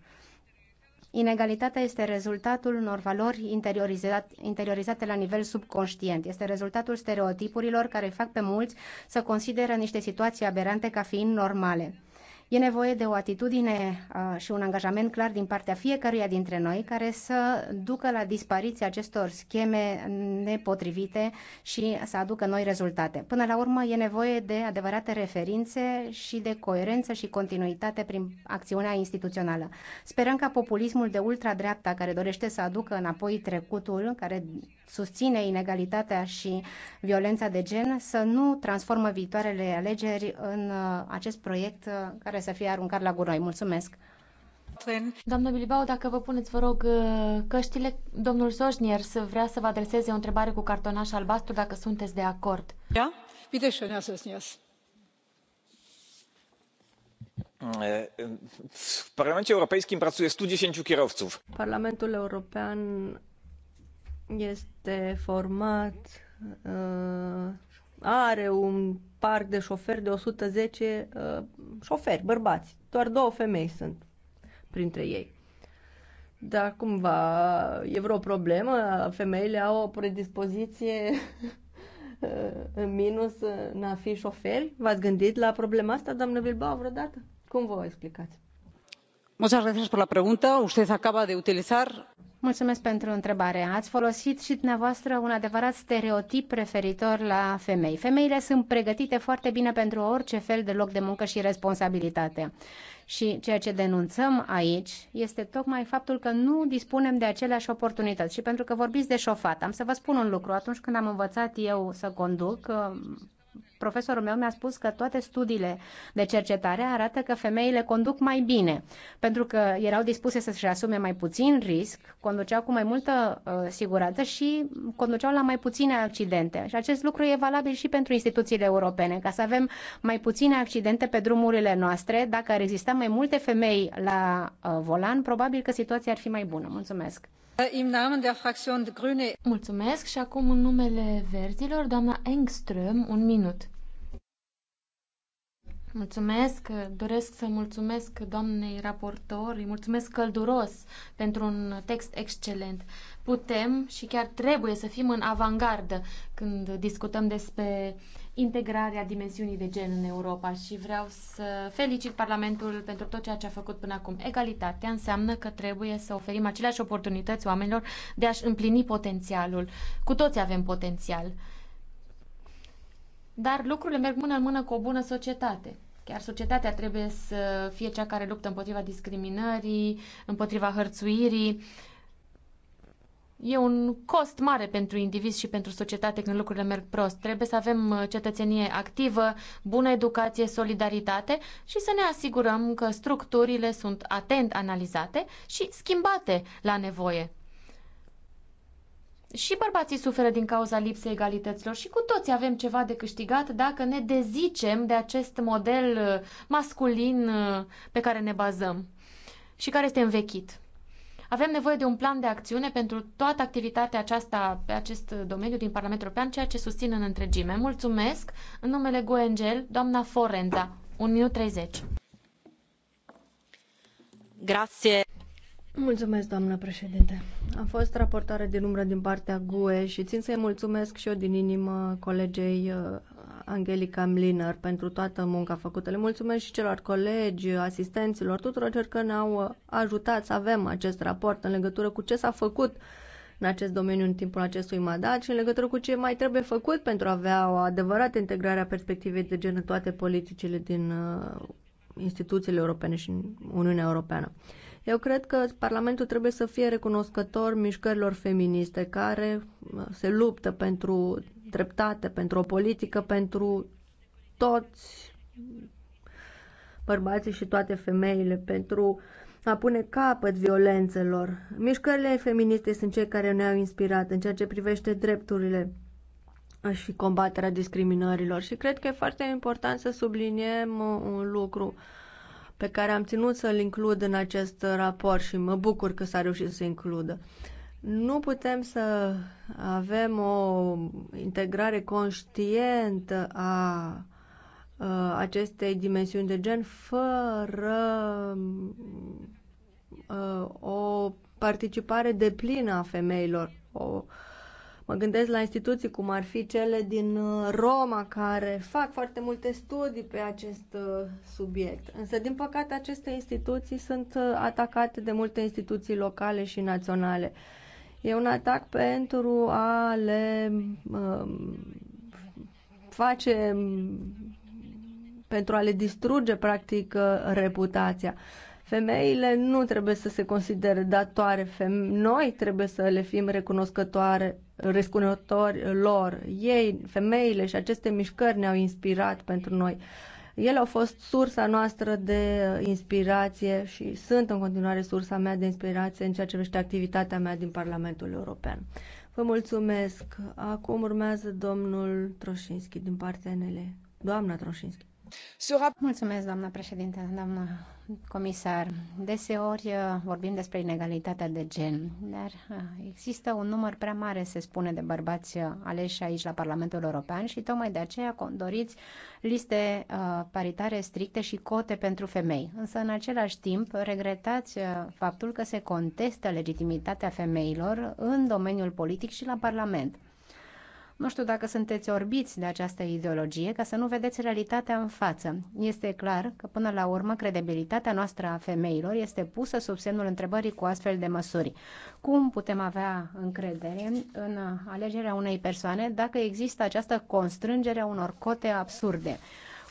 Inegalitatea este rezultatul unor valori interiorizat, interiorizate la nivel subconștient. Este rezultatul stereotipurilor care fac pe mulți să consideră niște situații aberante ca fiind normale. E nevoie de o atitudine și un angajament clar din partea fiecăruia dintre noi care să ducă la dispariția acestor scheme nepotrivite și să aducă noi rezultate. Până la urmă, e nevoie de adevărate referințe și de coerență și continuitate prin acțiunea instituțională. Sperăm ca populismul de ultradreapta care dorește să aducă înapoi trecutul, care susține inegalitatea și violența de gen, să nu transformă viitoarele alegeri în acest proiect care să fie aruncat la gunoi. Mulțumesc! Doamnă Bilbao, dacă vă puneți, vă rog, uh, căștile, domnul Soșnier să vrea să vă adreseze o întrebare cu cartonaș albastru, dacă sunteți de acord. Da? Bine, Sonia Soșnier. W Parlamencie Europejskim pracuje 110 kierowców. Parlamentul European este format uh, are un parc de șoferi de 110 uh, șoferi, bărbați. Doar două femei sunt printre ei. Dar cumva e vreo problemă? Femeile au o predispoziție uh, în minus în a fi șoferi? V-ați gândit la problema asta, doamnă Bilbao, vreodată? Cum vă o explicați? Muchas gracias por la pregunta. Usted acaba de utilizar Mulțumesc pentru întrebare. Ați folosit și dumneavoastră un adevărat stereotip referitor la femei. Femeile sunt pregătite foarte bine pentru orice fel de loc de muncă și responsabilitate. Și ceea ce denunțăm aici este tocmai faptul că nu dispunem de aceleași oportunități. Și pentru că vorbiți de șofat, am să vă spun un lucru. Atunci când am învățat eu să conduc, profesorul meu mi-a spus că toate studiile de cercetare arată că femeile conduc mai bine, pentru că erau dispuse să-și asume mai puțin risc, conduceau cu mai multă uh, siguranță și conduceau la mai puține accidente. Și acest lucru e valabil și pentru instituțiile europene, ca să avem mai puține accidente pe drumurile noastre. Dacă ar exista mai multe femei la uh, volan, probabil că situația ar fi mai bună. Mulțumesc! Äh, mulțumesc și acum în numele verzilor, doamna Engström, un minut. Mulțumesc, doresc să mulțumesc doamnei raportor, îi mulțumesc călduros pentru un text excelent. Putem și chiar trebuie să fim în avangardă când discutăm despre uh, integrarea dimensiunii de gen în Europa și vreau să felicit Parlamentul pentru tot ceea ce a făcut până acum. Egalitatea înseamnă că trebuie să oferim aceleași oportunități oamenilor de a-și împlini potențialul. Cu toți avem potențial. Dar lucrurile merg mână în mână cu o bună societate. Chiar societatea trebuie să fie cea care luptă împotriva discriminării, împotriva hărțuirii, E un cost mare pentru indivizi și pentru societate când lucrurile merg prost. Trebuie să avem uh, cetățenie activă, bună educație, solidaritate și să ne asigurăm că structurile sunt atent analizate și schimbate la nevoie. Și bărbații suferă din cauza lipsei egalităților și cu toți avem ceva de câștigat dacă ne dezicem de acest model uh, masculin uh, pe care ne bazăm și care este învechit. Avem nevoie de un plan de acțiune pentru toată activitatea aceasta pe acest domeniu din Parlamentul European, ceea ce susțin în întregime. Mulțumesc. În numele Goengel, doamna Forenza, 1 minut 30. Grazie. Mulțumesc, doamnă președinte. Am fost raportare din umbră din partea GUE și țin să-i mulțumesc și eu din inimă colegei uh, Angelica Mliner pentru toată munca făcută. Le mulțumesc și celor colegi, asistenților, tuturor celor care ne-au ajutat să avem acest raport în legătură cu ce s-a făcut în acest domeniu în timpul acestui mandat și în legătură cu ce mai trebuie făcut pentru a avea o adevărată integrare a perspectivei de gen în toate politicile din uh, instituțiile europene și în Uniunea Europeană. Eu cred că Parlamentul trebuie să fie recunoscător mișcărilor feministe care uh, se luptă pentru dreptate, pentru o politică pentru toți bărbații și toate femeile, pentru a pune capăt violențelor. Mișcările feministe sunt cei care ne-au inspirat în ceea ce privește drepturile și combaterea discriminărilor și cred că e foarte important să subliniem uh, un lucru pe care am ținut să-l includ în acest raport și mă bucur că s-a reușit să includă. Nu putem să avem o integrare conștientă a acestei dimensiuni de gen fără o participare deplină a femeilor. O, mă gândesc la instituții cum ar fi cele din Roma care fac foarte multe studii pe acest uh, subiect. Însă, din păcate, aceste instituții sunt uh, atacate de multe instituții locale și naționale. Uh, E un atac pentru a le uh, face, um, pentru a le distruge, practic, uh, reputația. Femeile nu trebuie să se considere datoare, noi trebuie să le fim recunoscătoare, recunoscători lor. Ei, femeile și aceste mișcări ne-au inspirat pentru noi. Ele au fost sursa noastră de inspirație și sunt în continuare sursa mea de inspirație în ceea ce privește activitatea mea din Parlamentul European. Vă mulțumesc. Acum urmează domnul Troșinski din partea NL. Doamna Troșinski. Mulțumesc, președinte, doamnă comisar. Deseori uh, vorbim despre inegalitatea de gen, dar uh, există un număr prea mare, se spune, de bărbați uh, aleși aici la Parlamentul European și tocmai de aceea doriți liste paritare stricte și cote pentru femei. Însă, în același timp, regretați faptul că se contestă legitimitatea femeilor în domeniul politic și la Parlament. Nu știu dacă sunteți orbiți de această ideologie ca să nu vedeți realitatea în față. Este clar că până la urmă credibilitatea noastră a femeilor este pusă sub semnul întrebării cu astfel de măsuri. Cum putem avea încredere în alegerea unei persoane dacă există această constrângere a unor cote absurde?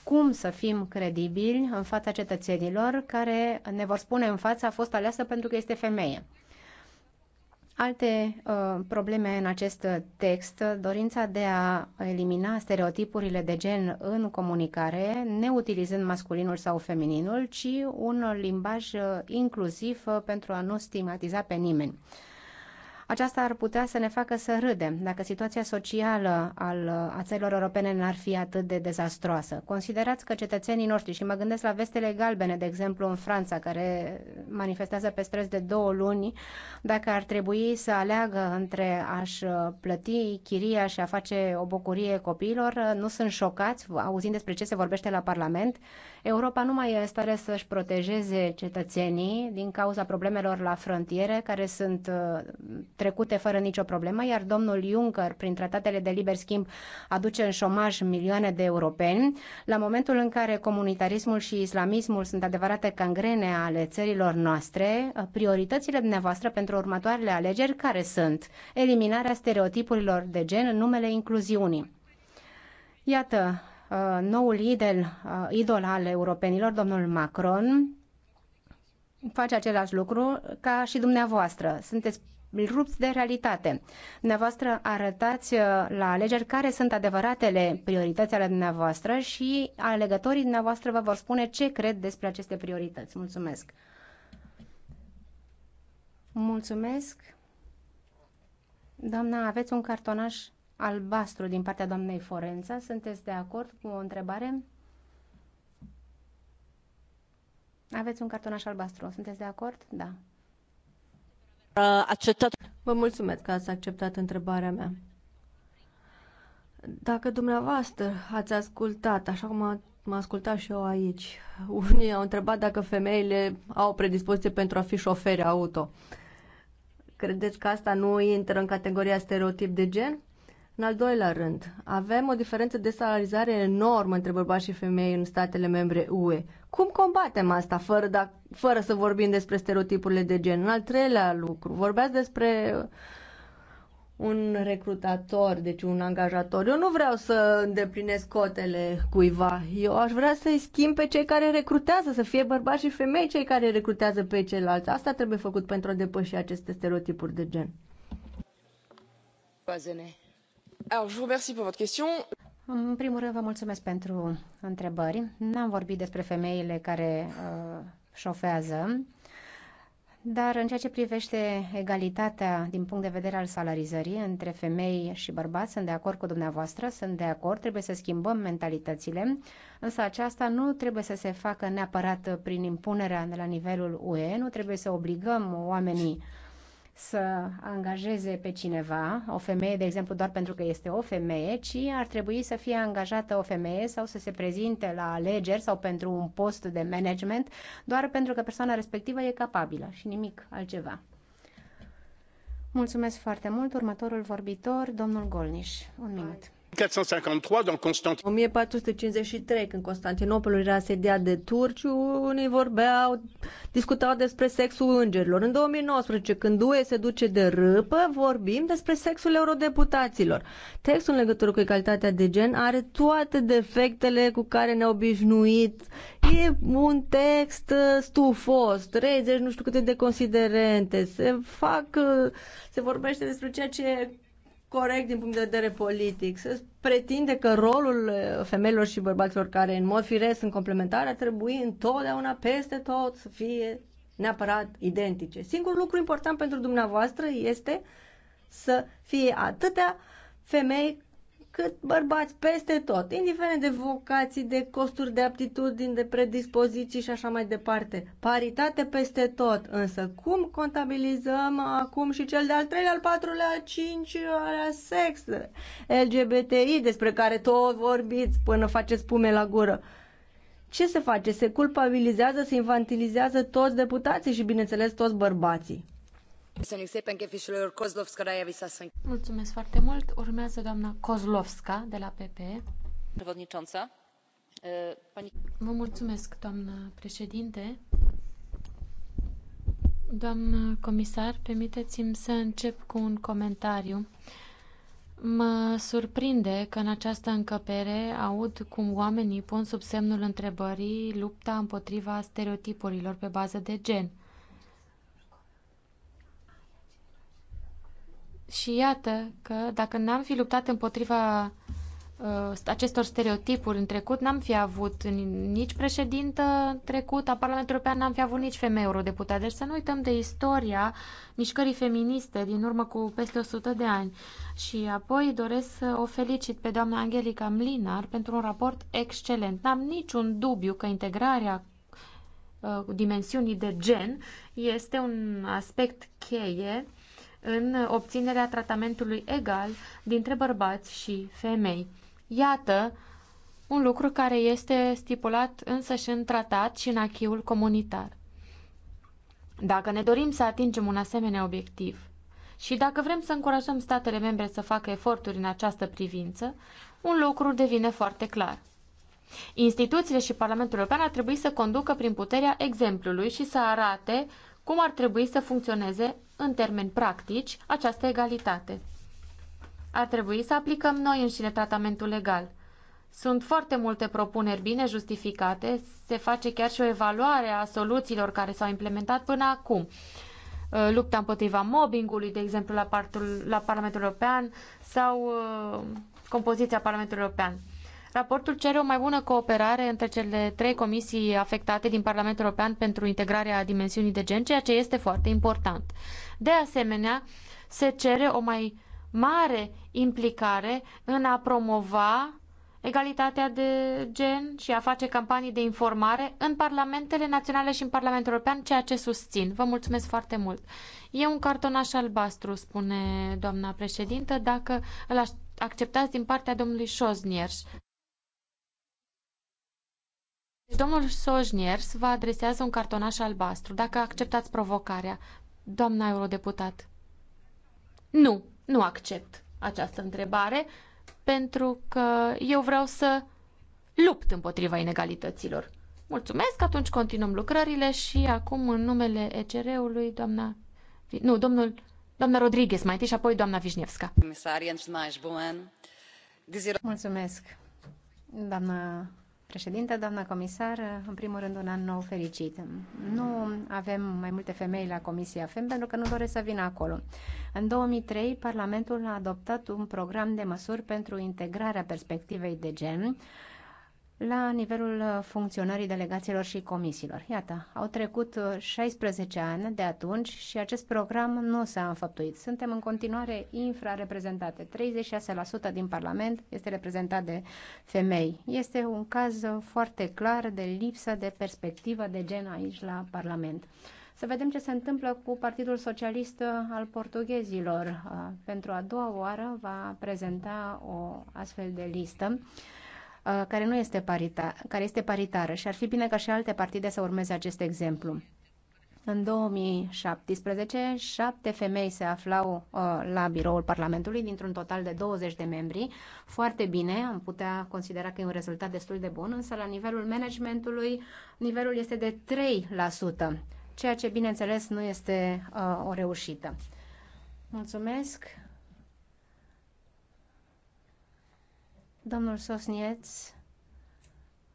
cum să fim credibili în fața cetățenilor care ne vor spune în fața a fost aleasă pentru că este femeie. Alte uh, probleme în acest text, dorința de a elimina stereotipurile de gen în comunicare, neutilizând masculinul sau femininul, ci un limbaj uh, inclusiv uh, pentru a nu stigmatiza pe nimeni. Aceasta ar putea să ne facă să râdem dacă situația socială al, a țărilor europene n-ar fi atât de dezastroasă. Considerați că cetățenii noștri, și mă gândesc la vestele galbene, de exemplu, în Franța, care manifestează pe străzi de două luni, dacă ar trebui să aleagă între a-și plăti chiria și a face o bucurie copiilor, nu sunt șocați auzind despre ce se vorbește la Parlament? Europa nu mai e în stare să-și protejeze cetățenii din cauza problemelor la frontiere, care sunt uh, trecute fără nicio problemă, iar domnul Juncker, prin tratatele de liber schimb, aduce în șomaj milioane de europeni. La momentul în care comunitarismul și islamismul sunt adevărate cangrene ale țărilor noastre, uh, prioritățile dumneavoastră pentru următoarele alegeri care sunt? Eliminarea stereotipurilor de gen în numele incluziunii. Iată, Uh, noul idol, uh, idol al europenilor, domnul Macron, face același lucru ca și dumneavoastră. Sunteți rupți de realitate. Dumneavoastră arătați uh, la alegeri care sunt adevăratele priorități ale dumneavoastră și alegătorii dumneavoastră vă vor spune ce cred despre aceste priorități. Mulțumesc! Mulțumesc! Doamna, aveți un cartonaș albastru din partea doamnei Forența. Sunteți de acord cu o întrebare? Aveți un cartonaș albastru. Sunteți de acord? Da. Uh, acceptat. Vă mulțumesc că ați acceptat întrebarea mea. Dacă dumneavoastră ați ascultat, așa cum m-a ascultat și eu aici, unii au întrebat dacă femeile au predispoziție pentru a fi șoferi auto. Credeți că asta nu intră în categoria stereotip de gen? În al doilea rând, avem o diferență de salarizare enormă între bărbați și femei în statele membre UE. Cum combatem asta fără, da, fără să vorbim despre stereotipurile de gen? În al treilea lucru, vorbeați despre un recrutator, deci un angajator. Eu nu vreau să îndeplinesc cotele cuiva. Eu aș vrea să-i schimb pe cei care recrutează, să fie bărbați și femei cei care recrutează pe ceilalți. Asta trebuie făcut pentru a depăși aceste stereotipuri de gen. Bazene. În primul rând, vă mulțumesc pentru întrebări. Nu am vorbit despre femeile care uh, șofează, dar în ceea ce privește egalitatea din punct de vedere al salarizării între femei și bărbați, sunt de acord cu dumneavoastră, sunt de acord, trebuie să schimbăm mentalitățile, însă aceasta nu trebuie să se facă neapărat prin impunerea de la nivelul UE, nu trebuie să obligăm oamenii uh, să angajeze pe cineva, o femeie, de exemplu, doar pentru că este o femeie, ci ar trebui să fie angajată o femeie sau să se prezinte la alegeri sau pentru un post de management, doar pentru că persoana respectivă e capabilă și nimic altceva. Mulțumesc foarte mult. Următorul vorbitor, domnul Golniș. Un minut. 1453, când Constantinopolul era asediat de turci, unii vorbeau, discutau despre sexul îngerilor. În 2019, când UE se duce de râpă, vorbim despre sexul eurodeputaților. Textul în legătură cu egalitatea de gen are toate defectele cu care ne-a obișnuit. E un text uh, stufos, 30 nu știu câte de considerente, se fac, uh, se vorbește despre ceea ce corect din punct de vedere politic. Să pretinde că rolul uh, femeilor și bărbaților care în mod firesc sunt complementare ar trebui întotdeauna peste tot să fie neapărat identice. Singurul lucru important pentru dumneavoastră este să fie atâtea femei cât bărbați peste tot, indiferent de vocații, de costuri, de aptitudini, de predispoziții și așa mai departe. Paritate peste tot, însă cum contabilizăm acum și cel de-al treilea, al patrulea, al cincilea sex, LGBTI, despre care tot vorbiți până faceți pume la gură. Ce se face? Se culpabilizează, se infantilizează toți deputații și, bineînțeles, toți bărbații. Mulțumesc foarte mult. Urmează de la PP. Uh, mulțumesc, doamnă președinte. Doamnă comisar, permiteți-mi să încep cu un comentariu. Mă surprinde că în această încăpere aud cum oamenii pun sub semnul întrebării lupta împotriva stereotipurilor pe bază de gen. Și iată că dacă n-am fi luptat împotriva uh, acestor stereotipuri în trecut, n-am fi avut nici președintă în trecut a Parlamentului European, n-am fi avut nici femei eurodeputate. Deci să nu uităm de istoria mișcării feministe din urmă cu peste 100 de ani. Și apoi doresc să o felicit pe doamna Angelica Mlinar pentru un raport excelent. N-am niciun dubiu că integrarea uh, dimensiunii de gen este un aspect cheie în obținerea tratamentului egal dintre bărbați și femei. Iată un lucru care este stipulat și în tratat și în achiul comunitar. Dacă ne dorim să atingem un asemenea obiectiv și dacă vrem să încurajăm statele membre să facă eforturi în această privință, un lucru devine foarte clar. Instituțiile și Parlamentul European ar trebui să conducă prin puterea exemplului și să arate cum ar trebui să funcționeze, în termeni practici, această egalitate. Ar trebui să aplicăm noi înșine tratamentul legal. Sunt foarte multe propuneri bine justificate, se face chiar și o evaluare a soluțiilor care s-au implementat până acum. Uh, lupta împotriva mobbingului, de exemplu, la, partul, la Parlamentul European sau uh, compoziția Parlamentului European. Raportul cere o mai bună cooperare între cele trei comisii afectate din Parlamentul European pentru integrarea dimensiunii de gen, ceea ce este foarte important. De asemenea, se cere o mai mare implicare în a promova egalitatea de gen și a face campanii de informare în parlamentele naționale și în Parlamentul European, ceea ce susțin. Vă mulțumesc foarte mult. E un cartonaș albastru, spune doamna președintă, dacă îl acceptați din partea domnului Șozniers. Deci domnul Sojniers vă adresează un cartonaș albastru. Dacă acceptați provocarea, doamna eurodeputat. Nu, nu accept această întrebare pentru că eu vreau să lupt împotriva inegalităților. Mulțumesc, atunci continuăm lucrările și acum în numele ECR-ului, doamna... Nu, domnul... Doamna Rodriguez, mai întâi și apoi doamna Vișnevska. Mulțumesc, doamna președinte, doamna comisar, în primul rând un an nou fericit. Nu avem mai multe femei la Comisia FEM pentru că nu doresc să vină acolo. În 2003, Parlamentul a adoptat un program de măsuri pentru integrarea perspectivei de gen la nivelul uh, funcționării delegațiilor și comisiilor. Iată, au trecut 16 uh, ani de atunci și acest program nu s-a înfăptuit. Suntem în continuare infrareprezentate. 36% din Parlament este reprezentat de femei. Este un caz uh, foarte clar de lipsă de perspectivă de gen aici la Parlament. Să vedem ce se întâmplă cu Partidul Socialist al Portughezilor. Pentru a doua oară va prezenta o astfel de listă Uh, care nu este parita, care este paritară și ar fi bine ca și alte partide să urmeze acest exemplu. În 2017, șapte femei se aflau uh, la biroul Parlamentului dintr-un total de 20 de membri. Foarte bine, am putea considera că e un rezultat destul de bun, însă la nivelul managementului nivelul este de 3%, ceea ce bineînțeles nu este uh, o reușită. Mulțumesc. Domnul Sosnieț,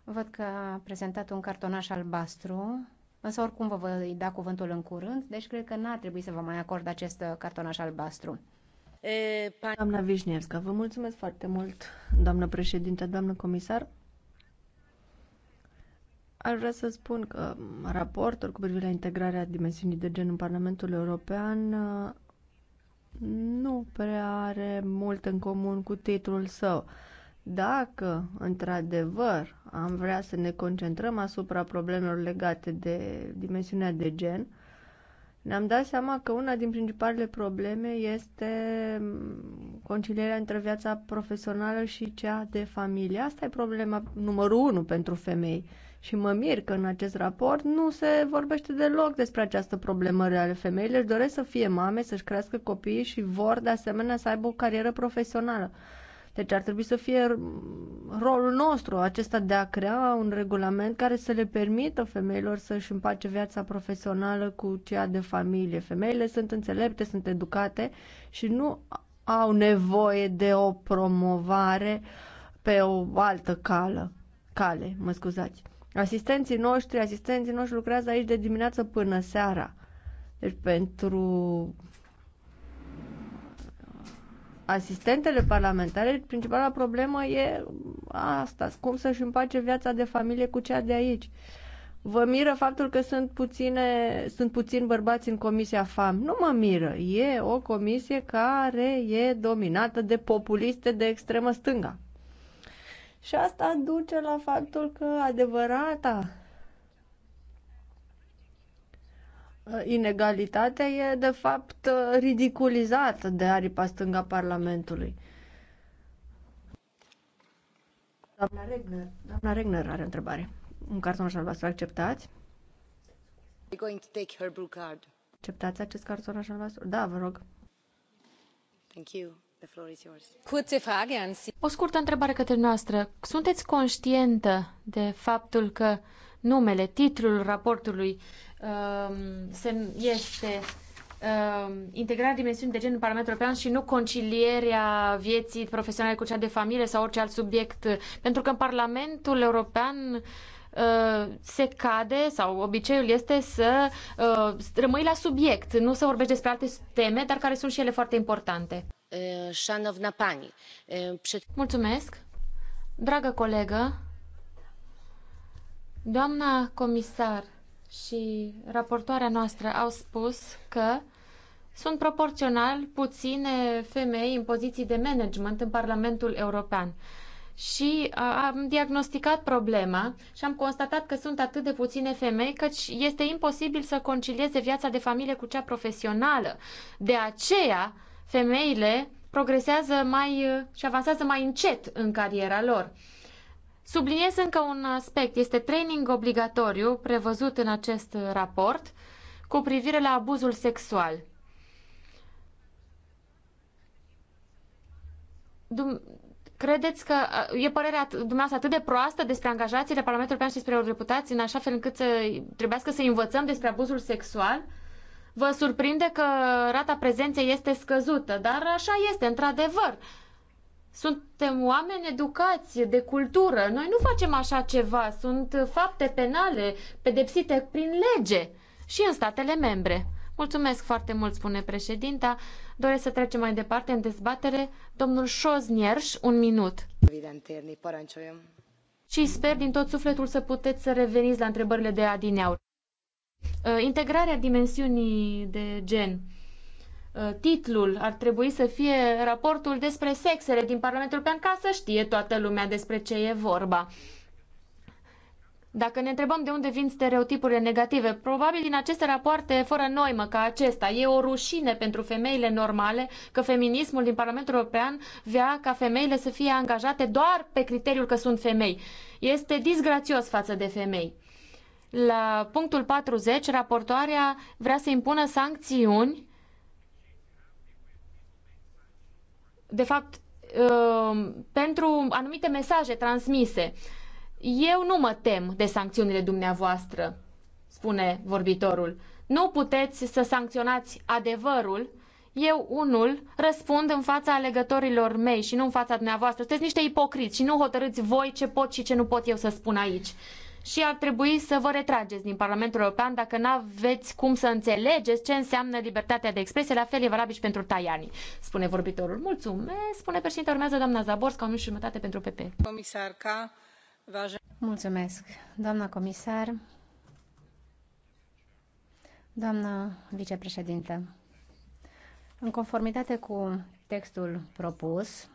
văd că a prezentat un cartonaș albastru, însă oricum vă voi da cuvântul în curând, deci cred că n-ar trebui să vă mai acord acest uh, cartonaș albastru. E, Doamna Vișnievska, vă mulțumesc foarte mult, doamnă președinte, doamnă comisar. Aș vrea să spun că raportul cu privire la integrarea dimensiunii de gen în Parlamentul European uh, nu prea are mult în comun cu titlul său. Dacă, într-adevăr, am vrea să ne concentrăm asupra problemelor legate de dimensiunea de gen, ne-am dat seama că una din principalele probleme este mm, concilierea între viața profesională și cea de familie. Asta e problema numărul unu pentru femei. Și mă mir că în acest raport nu se vorbește deloc despre această problemă reală. Femeile își doresc să fie mame, să-și crească copiii și vor de asemenea să aibă o carieră profesională. Deci ar trebui să fie rolul nostru acesta de a crea un regulament care să le permită femeilor să-și împace viața profesională cu cea de familie. Femeile sunt înțelepte, sunt educate și nu au nevoie de o promovare pe o altă cală, cale, mă scuzați. Asistenții noștri, asistenții noștri lucrează aici de dimineață până seara. Deci pentru asistentele parlamentare, principala problemă e asta, cum să-și împace viața de familie cu cea de aici. Vă miră faptul că sunt, puține, sunt puțin bărbați în Comisia FAM. Nu mă miră. E o comisie care e dominată de populiste de extremă stânga. Și asta duce la faptul că adevărata Uh, inegalitatea e de fapt uh, ridiculizată de aripa stânga Parlamentului. Doamna Regner, doamna Regner are o întrebare. Un așa albastru acceptați? We're going to take her blue card. Acceptați acest așa albastru? Da, vă rog. Thank you. The floor is yours. O scurtă întrebare către noastră. Sunteți conștientă de faptul că numele, titlul raportului Um, este um, integrarea dimensiunii de gen în Parlamentul European și nu concilierea vieții profesionale cu cea de familie sau orice alt subiect. Pentru că în Parlamentul European uh, se cade sau obiceiul este să uh, rămâi la subiect, nu să vorbești despre alte teme, dar care sunt și ele foarte importante. Șanovna Pani. Mulțumesc. Dragă colegă, doamna comisar, și raportoarea noastră au spus că sunt proporțional puține femei în poziții de management în Parlamentul European. Și am diagnosticat problema și am constatat că sunt atât de puține femei că este imposibil să concilieze viața de familie cu cea profesională. De aceea, femeile progresează mai și avansează mai încet în cariera lor. Subliniez încă un aspect. Este training obligatoriu prevăzut în acest raport cu privire la abuzul sexual. Dum- credeți că uh, e părerea dumneavoastră atât de proastă despre de Parlamentul European și despre reputații în așa fel încât să trebuiască să învățăm despre abuzul sexual? Vă surprinde că rata prezenței este scăzută, dar așa este, într-adevăr. Uh, suntem oameni educați, de cultură. Noi nu facem așa ceva. Sunt fapte penale pedepsite prin lege și în statele membre. Mulțumesc foarte mult, spune președinta. Doresc să trecem mai departe în dezbatere. Domnul Șoznierș, un minut. Și sper din tot sufletul să puteți să reveniți la întrebările de adineauri. Ă, integrarea dimensiunii de gen Uh, titlul ar trebui să fie raportul despre sexele din Parlamentul European ca să știe toată lumea despre ce e vorba. Dacă ne întrebăm de unde vin stereotipurile negative, probabil din aceste rapoarte fără noimă ca acesta. E o rușine pentru femeile normale că feminismul din Parlamentul European vrea ca femeile să fie angajate doar pe criteriul că sunt femei. Este disgrațios față de femei. La punctul 40, raportoarea vrea să impună sancțiuni de fapt, um, pentru anumite mesaje transmise. Eu nu mă tem de sancțiunile dumneavoastră, spune vorbitorul. Nu puteți să sancționați adevărul. Eu, unul, răspund în fața alegătorilor mei și nu în fața dumneavoastră. Sunteți niște ipocriți și nu hotărâți voi ce pot și ce nu pot eu să spun aici și ar trebui să vă retrageți din Parlamentul European dacă nu aveți cum să înțelegeți ce înseamnă libertatea de expresie. La fel e valabil și pentru Tajani, spune vorbitorul. Mulțumesc, spune președinte. Urmează doamna Zaborska, un minut și jumătate pentru PP. Comisar Ca, Mulțumesc, doamna comisar, doamna vicepreședintă. În conformitate cu textul propus,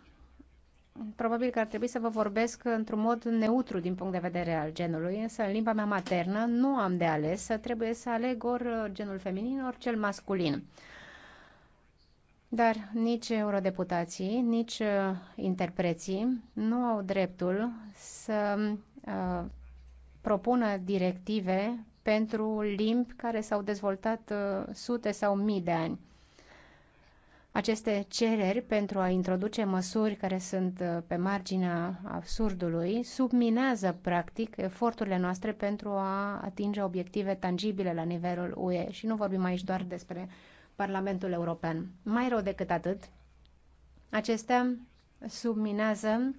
probabil că ar trebui să vă vorbesc într-un mod neutru din punct de vedere al genului, însă în limba mea maternă nu am de ales, trebuie să aleg ori genul feminin, ori cel masculin. Dar nici eurodeputații, nici uh, interpreții nu au dreptul să uh, propună directive pentru limbi care s-au dezvoltat uh, sute sau mii de ani. Aceste cereri pentru a introduce măsuri care sunt uh, pe marginea absurdului subminează, practic, eforturile noastre pentru a atinge obiective tangibile la nivelul UE și nu vorbim aici doar despre Parlamentul European. Mai rău decât atât, acestea subminează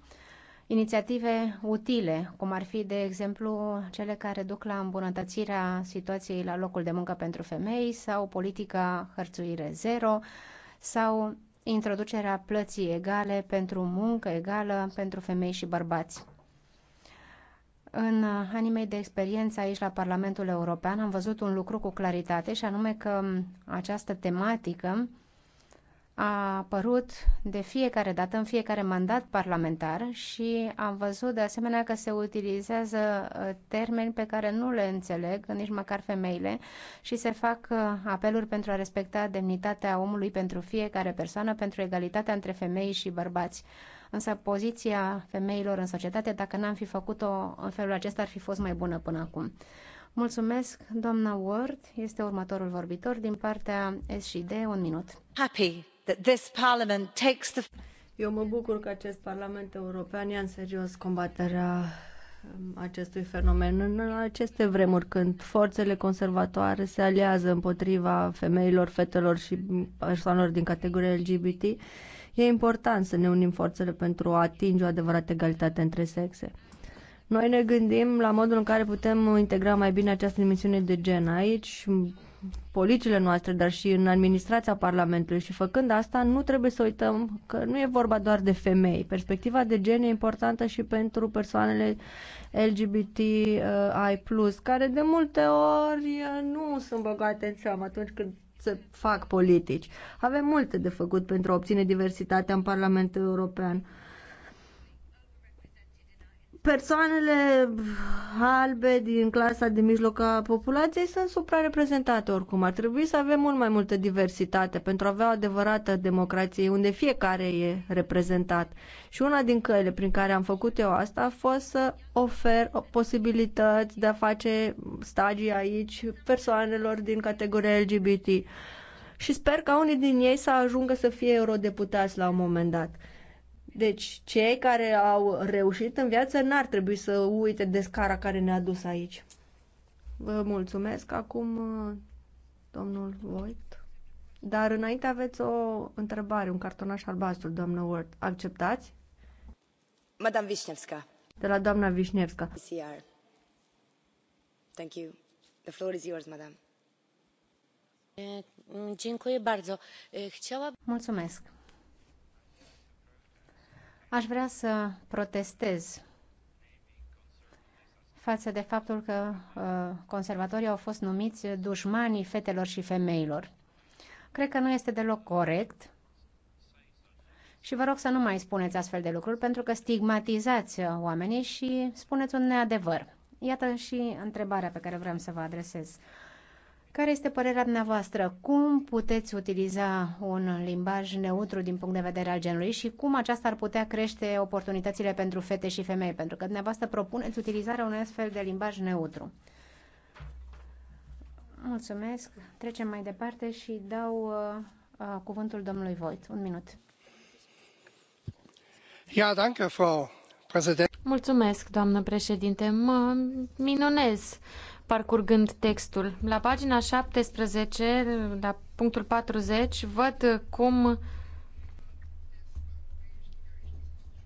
inițiative utile, cum ar fi, de exemplu, cele care duc la îmbunătățirea situației la locul de muncă pentru femei sau politica hărțuire zero, sau introducerea plății egale pentru muncă egală pentru femei și bărbați. În anii mei de experiență aici la Parlamentul European am văzut un lucru cu claritate și anume că această tematică a apărut de fiecare dată, în fiecare mandat parlamentar și am văzut de asemenea că se utilizează uh, termeni pe care nu le înțeleg, nici măcar femeile, și se fac uh, apeluri pentru a respecta demnitatea omului pentru fiecare persoană, pentru egalitatea între femei și bărbați. Însă poziția femeilor în societate, dacă n-am fi făcut-o în felul acesta, ar fi fost mai bună până acum. Mulțumesc, doamna Ward. Este următorul vorbitor din partea SD. Un minut. Happy eu mă bucur că acest Parlament European ia în serios combaterea um, acestui fenomen în aceste vremuri când forțele conservatoare se aliază împotriva femeilor, fetelor și persoanelor din categoria LGBT, e important să ne unim forțele pentru a atinge o adevărată egalitate între sexe. Noi ne gândim la modul în care putem integra mai bine această dimensiune de gen aici, politicile noastre, dar și în administrația Parlamentului și făcând asta, nu trebuie să uităm că nu e vorba doar de femei. Perspectiva de gen e importantă și pentru persoanele LGBTI+, care de multe ori eh, nu sunt băgate în seamă atunci când să fac politici. Avem multe de făcut pentru a obține diversitatea în Parlamentul European Persoanele albe din clasa de mijloc a populației sunt suprareprezentate oricum. Ar trebui să avem mult mai multă diversitate pentru a avea o adevărată democrație unde fiecare e reprezentat. Și una din căile prin care am făcut eu asta a fost să ofer posibilități de a face stagii aici persoanelor din categoria LGBT. Și sper ca unii din ei să ajungă să fie eurodeputați la un moment dat. Deci, cei care au reușit în viață n-ar trebui să uite de scara care ne-a dus aici. Vă mulțumesc. Acum, domnul Voigt. Dar înainte aveți o întrebare, un cartonaș albastru, doamnă Ward. Acceptați? Madame Vișnevska. De la doamna Vișnevska. CR. Thank you. The floor is yours, madame. Mulțumesc. Aș vrea să protestez față de faptul că uh, conservatorii au fost numiți dușmanii fetelor și femeilor. Cred că nu este deloc corect și vă rog să nu mai spuneți astfel de lucruri pentru că stigmatizați oamenii și spuneți un neadevăr. Iată și întrebarea pe care vreau să vă adresez. Care este părerea dumneavoastră? Cum puteți utiliza un limbaj neutru din punct de vedere al genului și cum aceasta ar putea crește oportunitățile pentru fete și femei? Pentru că dumneavoastră propuneți utilizarea unui astfel de limbaj neutru. Mulțumesc. Trecem mai departe și dau uh, uh, cuvântul domnului Voit. Un minut. Ja, danke, Frau Mulțumesc, doamnă președinte. Mă minunez parcurgând textul. La pagina 17, la punctul 40, văd cum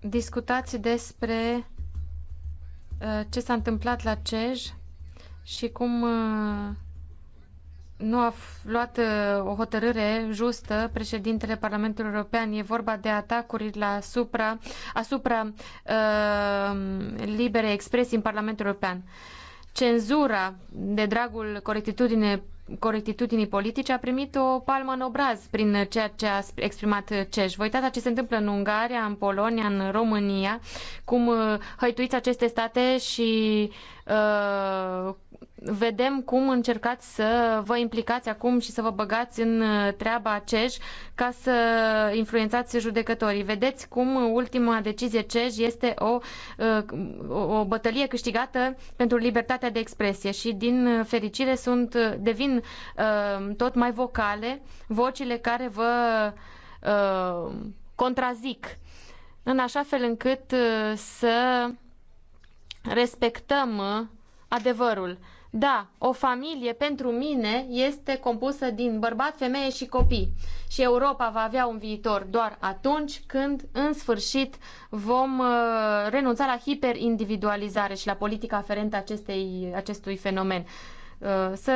discutați despre uh, ce s-a întâmplat la CEJ și cum uh, nu a luat uh, o hotărâre justă președintele Parlamentului European. E vorba de atacuri la supra, asupra uh, liberei expresii în Parlamentul European. Uh, Cenzura, de dragul corectitudine, corectitudinii politice, a primit o palmă în obraz prin ceea ce a exprimat Ceș. Vă uitați ce se întâmplă în Ungaria, în Polonia, în România, cum uh, hăituiți aceste state și uh, vedem cum încercați să vă implicați acum și să vă băgați în uh, treaba CEJ ca să influențați judecătorii. Vedeți cum ultima decizie CEJ este o, uh, o bătălie câștigată pentru libertatea de expresie și din fericire sunt, uh, devin tot mai vocale vocile care vă contrazic în așa fel încât să respectăm adevărul. Da, o familie pentru mine este compusă din bărbat, femeie și copii. Și Europa va avea un viitor doar atunci când, în sfârșit, vom uh, renunța la hiperindividualizare și la politica aferentă acestei, acestui fenomen uh, să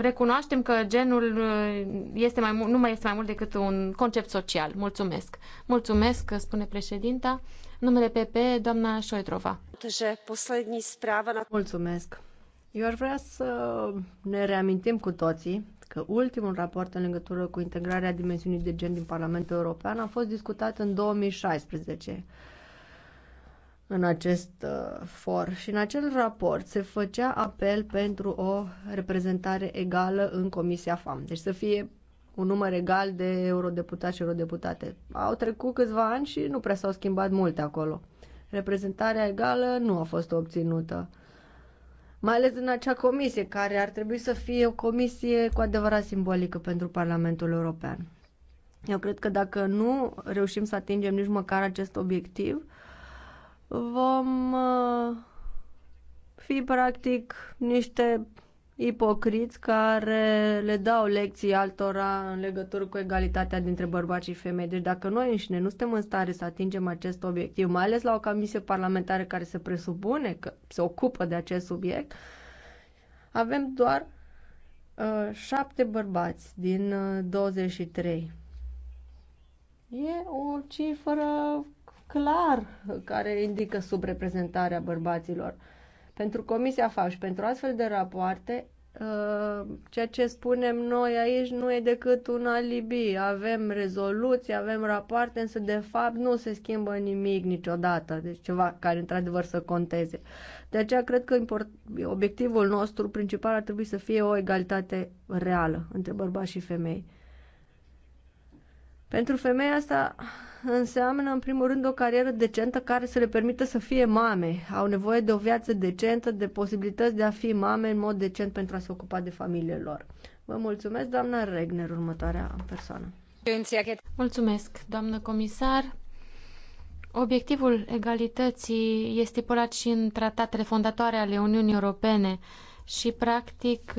recunoaștem că genul uh, este mai, nu mai este mai mult decât un concept social. Mulțumesc. Mulțumesc, spune președinta. Numele PP, doamna Șoitrova. Mulțumesc. Eu aș vrea să ne reamintim cu toții că ultimul raport în legătură cu integrarea dimensiunii de gen din Parlamentul European a fost discutat în 2016 în acest uh, for și în acel raport se făcea apel pentru o reprezentare egală în Comisia FAM. Deci să fie un număr egal de eurodeputați și eurodeputate. Au trecut câțiva ani și nu prea s-au schimbat multe acolo. Reprezentarea egală nu a fost obținută. Mai ales în acea comisie, care ar trebui să fie o comisie cu adevărat simbolică pentru Parlamentul European. Eu cred că dacă nu reușim să atingem nici măcar acest obiectiv, vom uh, fi practic niște ipocriți care le dau lecții altora în legătură cu egalitatea dintre bărbați și femei. Deci dacă noi înșine nu suntem în stare să atingem acest obiectiv, mai ales la o comisie parlamentară care se presupune că se ocupă de acest subiect, avem doar uh, șapte bărbați din uh, 23. E o cifră clar care indică subreprezentarea bărbaților. Uh, pentru Comisia FAO și pentru astfel de rapoarte, uh, ceea ce spunem noi aici nu e decât un alibi. Avem rezoluții, avem rapoarte, însă de fapt nu se schimbă nimic niciodată. Deci ceva care într-adevăr să conteze. De aceea cred că obiectivul nostru principal ar trebui să fie o egalitate reală între bărbați și femei. Pentru femeia asta înseamnă, în primul rând, o carieră decentă care să le permită să fie mame. Au nevoie de o viață decentă, de posibilități de a fi mame în mod decent pentru a se ocupa de familiile lor. Vă mulțumesc, doamna Regner, următoarea persoană. Mulțumesc, doamnă comisar. Obiectivul egalității este stipulat și în tratatele fondatoare ale Uniunii Europene și, practic,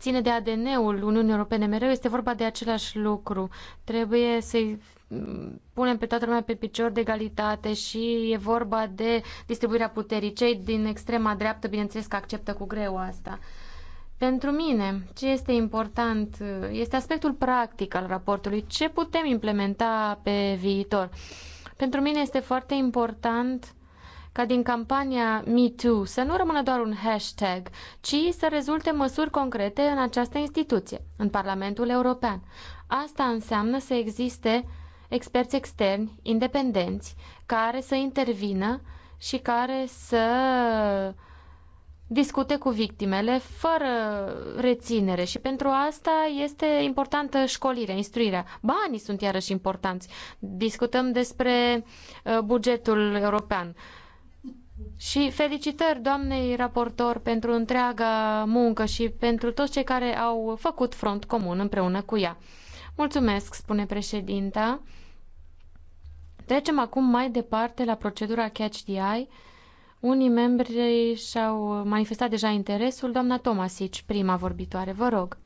ține de ADN-ul Uniunii Europene. Mereu este vorba de același lucru. Trebuie să-i mm, punem pe toată lumea pe picior de egalitate și e vorba de distribuirea puterii. Cei din extrema dreaptă, bineînțeles că acceptă cu greu asta. Pentru mine, ce este important este aspectul practic al raportului. Ce putem implementa pe viitor? Pentru mine este foarte important ca din campania MeToo să nu rămână doar un hashtag, ci să rezulte măsuri concrete în această instituție, în Parlamentul European. Asta înseamnă să existe experți externi, independenți, care să intervină și care să discute cu victimele fără reținere și pentru asta este importantă școlirea, instruirea. Banii sunt iarăși importanți. Discutăm despre uh, bugetul european. Și felicitări doamnei raportor pentru întreaga muncă și pentru toți cei care au făcut front comun împreună cu ea. Mulțumesc, spune președinta. Trecem acum mai departe la procedura Catch the Eye. Unii membri și-au manifestat deja interesul. Doamna Tomasic, prima vorbitoare, vă rog.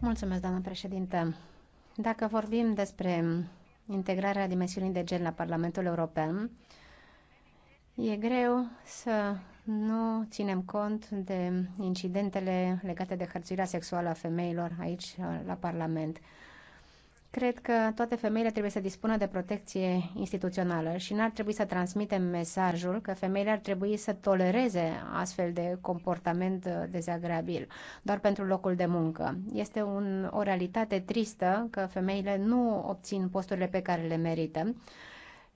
Mulțumesc, doamna președinte. Dacă vorbim despre integrarea dimensiunii de gen la Parlamentul European, e greu să nu ținem cont de incidentele legate de hărțuirea sexuală a femeilor aici la Parlament. Cred că toate femeile trebuie să dispună de protecție instituțională și n-ar trebui să transmitem mesajul că femeile ar trebui să tolereze astfel de comportament dezagreabil doar pentru locul de muncă. Este un, o realitate tristă că femeile nu obțin posturile pe care le merită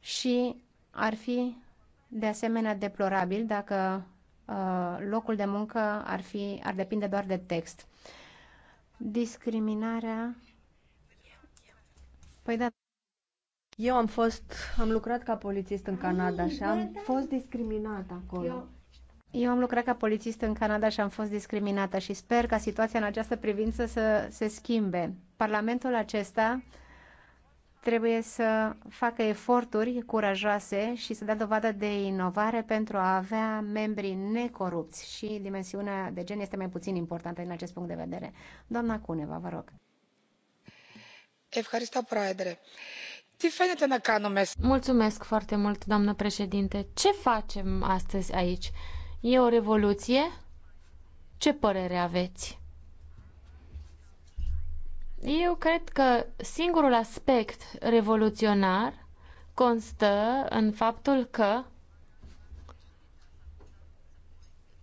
și ar fi de asemenea deplorabil dacă uh, locul de muncă ar, fi, ar depinde doar de text. Discriminarea Păi da, eu am fost, am lucrat ca polițist în Canada și am fost discriminată acolo. Eu... Eu am lucrat ca polițist în Canada și am fost discriminată și sper ca situația în această privință să se schimbe. Parlamentul acesta trebuie să facă eforturi curajoase și să dea dovadă de inovare pentru a avea membri necorupți și dimensiunea de gen este mai puțin importantă din acest punct de vedere. Doamna Cuneva, vă rog. Mulțumesc foarte mult, doamnă președinte. Ce facem astăzi aici? E o revoluție? Ce părere aveți? Eu cred că singurul aspect revoluționar constă în faptul că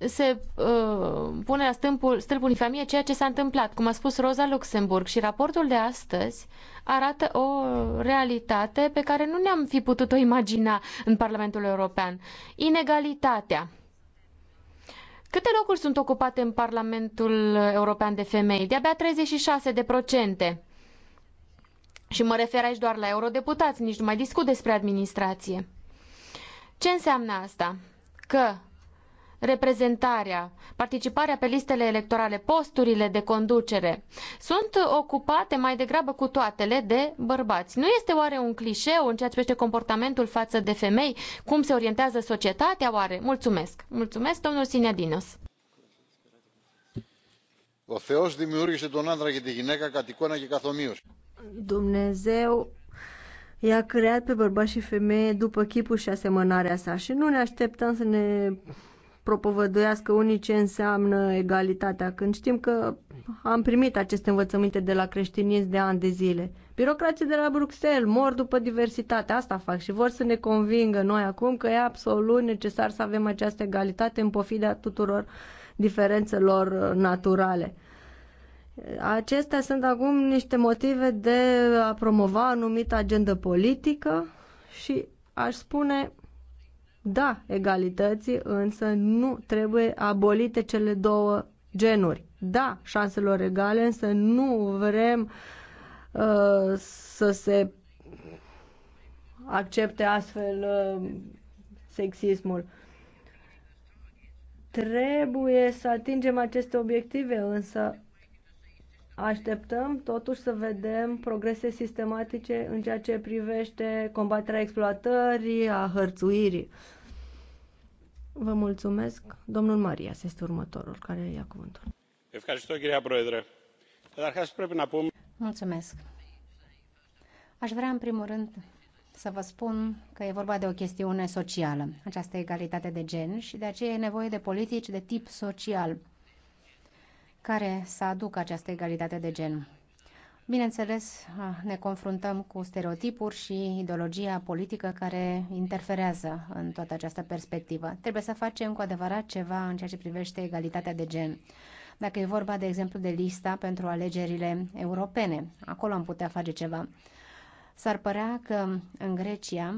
se uh, pune la stâmpul, stâlpul infamie ceea ce s-a întâmplat, cum a spus Rosa Luxemburg. Și raportul de astăzi arată o realitate pe care nu ne-am fi putut-o imagina în Parlamentul European. Inegalitatea. Câte locuri sunt ocupate în Parlamentul European de femei? De-abia 36 de procente. Și mă refer aici doar la eurodeputați, nici nu mai discut despre administrație. Ce înseamnă asta? Că reprezentarea, participarea pe listele electorale, posturile de conducere, sunt ocupate mai degrabă cu toatele de bărbați. Nu este oare un clișeu în ceea ce privește comportamentul față de femei? Cum se orientează societatea oare? Mulțumesc! Mulțumesc, domnul Siniadinos! Ο Θεός δημιούργησε τον άντρα και τη γυναίκα κατ' εικόνα και Dumnezeu i-a creat pe bărbați și femeie după chipul și asemănarea sa și nu ne așteptăm să ne propovăduiască unii ce înseamnă egalitatea, când știm că am primit aceste învățăminte de la creștinism de ani de zile. Birocrații de la Bruxelles mor după diversitate, asta fac și vor să ne convingă noi acum că e absolut necesar să avem această egalitate în pofida tuturor diferențelor uh, naturale. Acestea sunt acum niște motive de a promova anumită agendă politică și aș spune da egalității, însă nu trebuie abolite cele două genuri. Da șanselor egale, însă nu vrem uh, să se accepte astfel uh, sexismul. Trebuie să atingem aceste obiective, însă Așteptăm totuși să vedem progrese sistematice în ceea ce privește combaterea exploatării, a hărțuirii. Vă mulțumesc. Domnul Marias este următorul care ia cuvântul. Mulțumesc. Aș vrea în primul rând să vă spun că e vorba de o chestiune socială, această egalitate de gen și de aceea e nevoie de politici de tip social care să aducă această egalitate de gen. Bineînțeles, ne confruntăm cu stereotipuri și ideologia politică care interferează în toată această perspectivă. Trebuie să facem cu adevărat ceva în ceea ce privește egalitatea de gen. Dacă e vorba, de exemplu, de lista pentru alegerile europene, acolo am putea face ceva. S-ar părea că în Grecia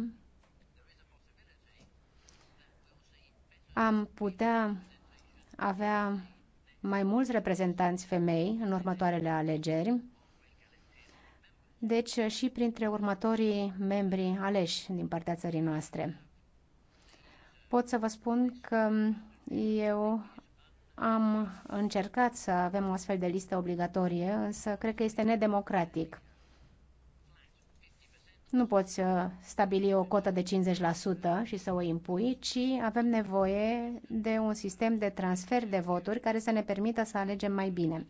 am putea avea mai mulți reprezentanți femei în următoarele alegeri, deci și printre următorii membri aleși din partea țării noastre. Pot să vă spun că eu am încercat să avem o astfel de listă obligatorie, însă cred că este nedemocratic nu poți uh, stabili o cotă de 50% și să o impui, ci avem nevoie de un sistem de transfer de voturi care să ne permită să alegem mai bine.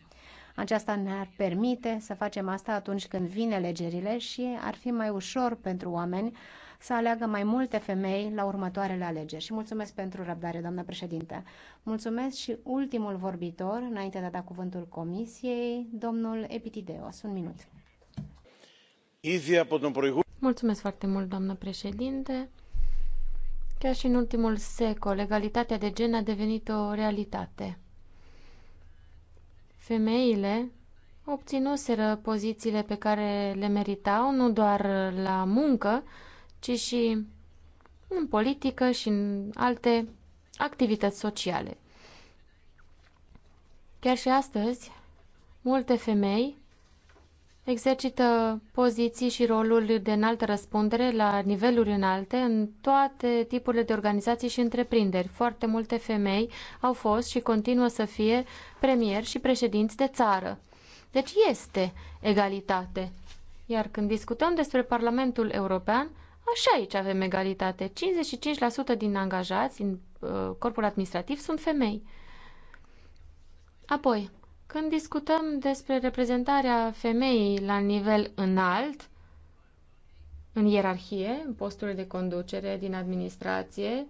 Aceasta ne-ar permite să facem asta atunci când vin alegerile și ar fi mai ușor pentru oameni să aleagă mai multe femei la următoarele alegeri. Și mulțumesc pentru răbdare, doamnă președinte. Mulțumesc și ultimul vorbitor, înainte de a da cuvântul comisiei, domnul Epitideos. Un minut. Izia, Mulțumesc foarte mult, doamnă președinte. Chiar și în ultimul secol, egalitatea de gen a devenit o realitate. Femeile obținuseră pozițiile pe care le meritau, nu doar la muncă, ci și în politică și în alte activități sociale. Chiar și astăzi, multe femei exercită poziții și roluri de înaltă răspundere la niveluri înalte în toate tipurile de organizații și întreprinderi. Foarte multe femei au fost și continuă să fie premier și președinți de țară. Deci este egalitate. Iar când discutăm despre Parlamentul European, așa aici avem egalitate. 55% din angajați în uh, corpul administrativ sunt femei. Apoi, când discutăm despre reprezentarea femeii la nivel înalt, în ierarhie, în posturile de conducere din administrație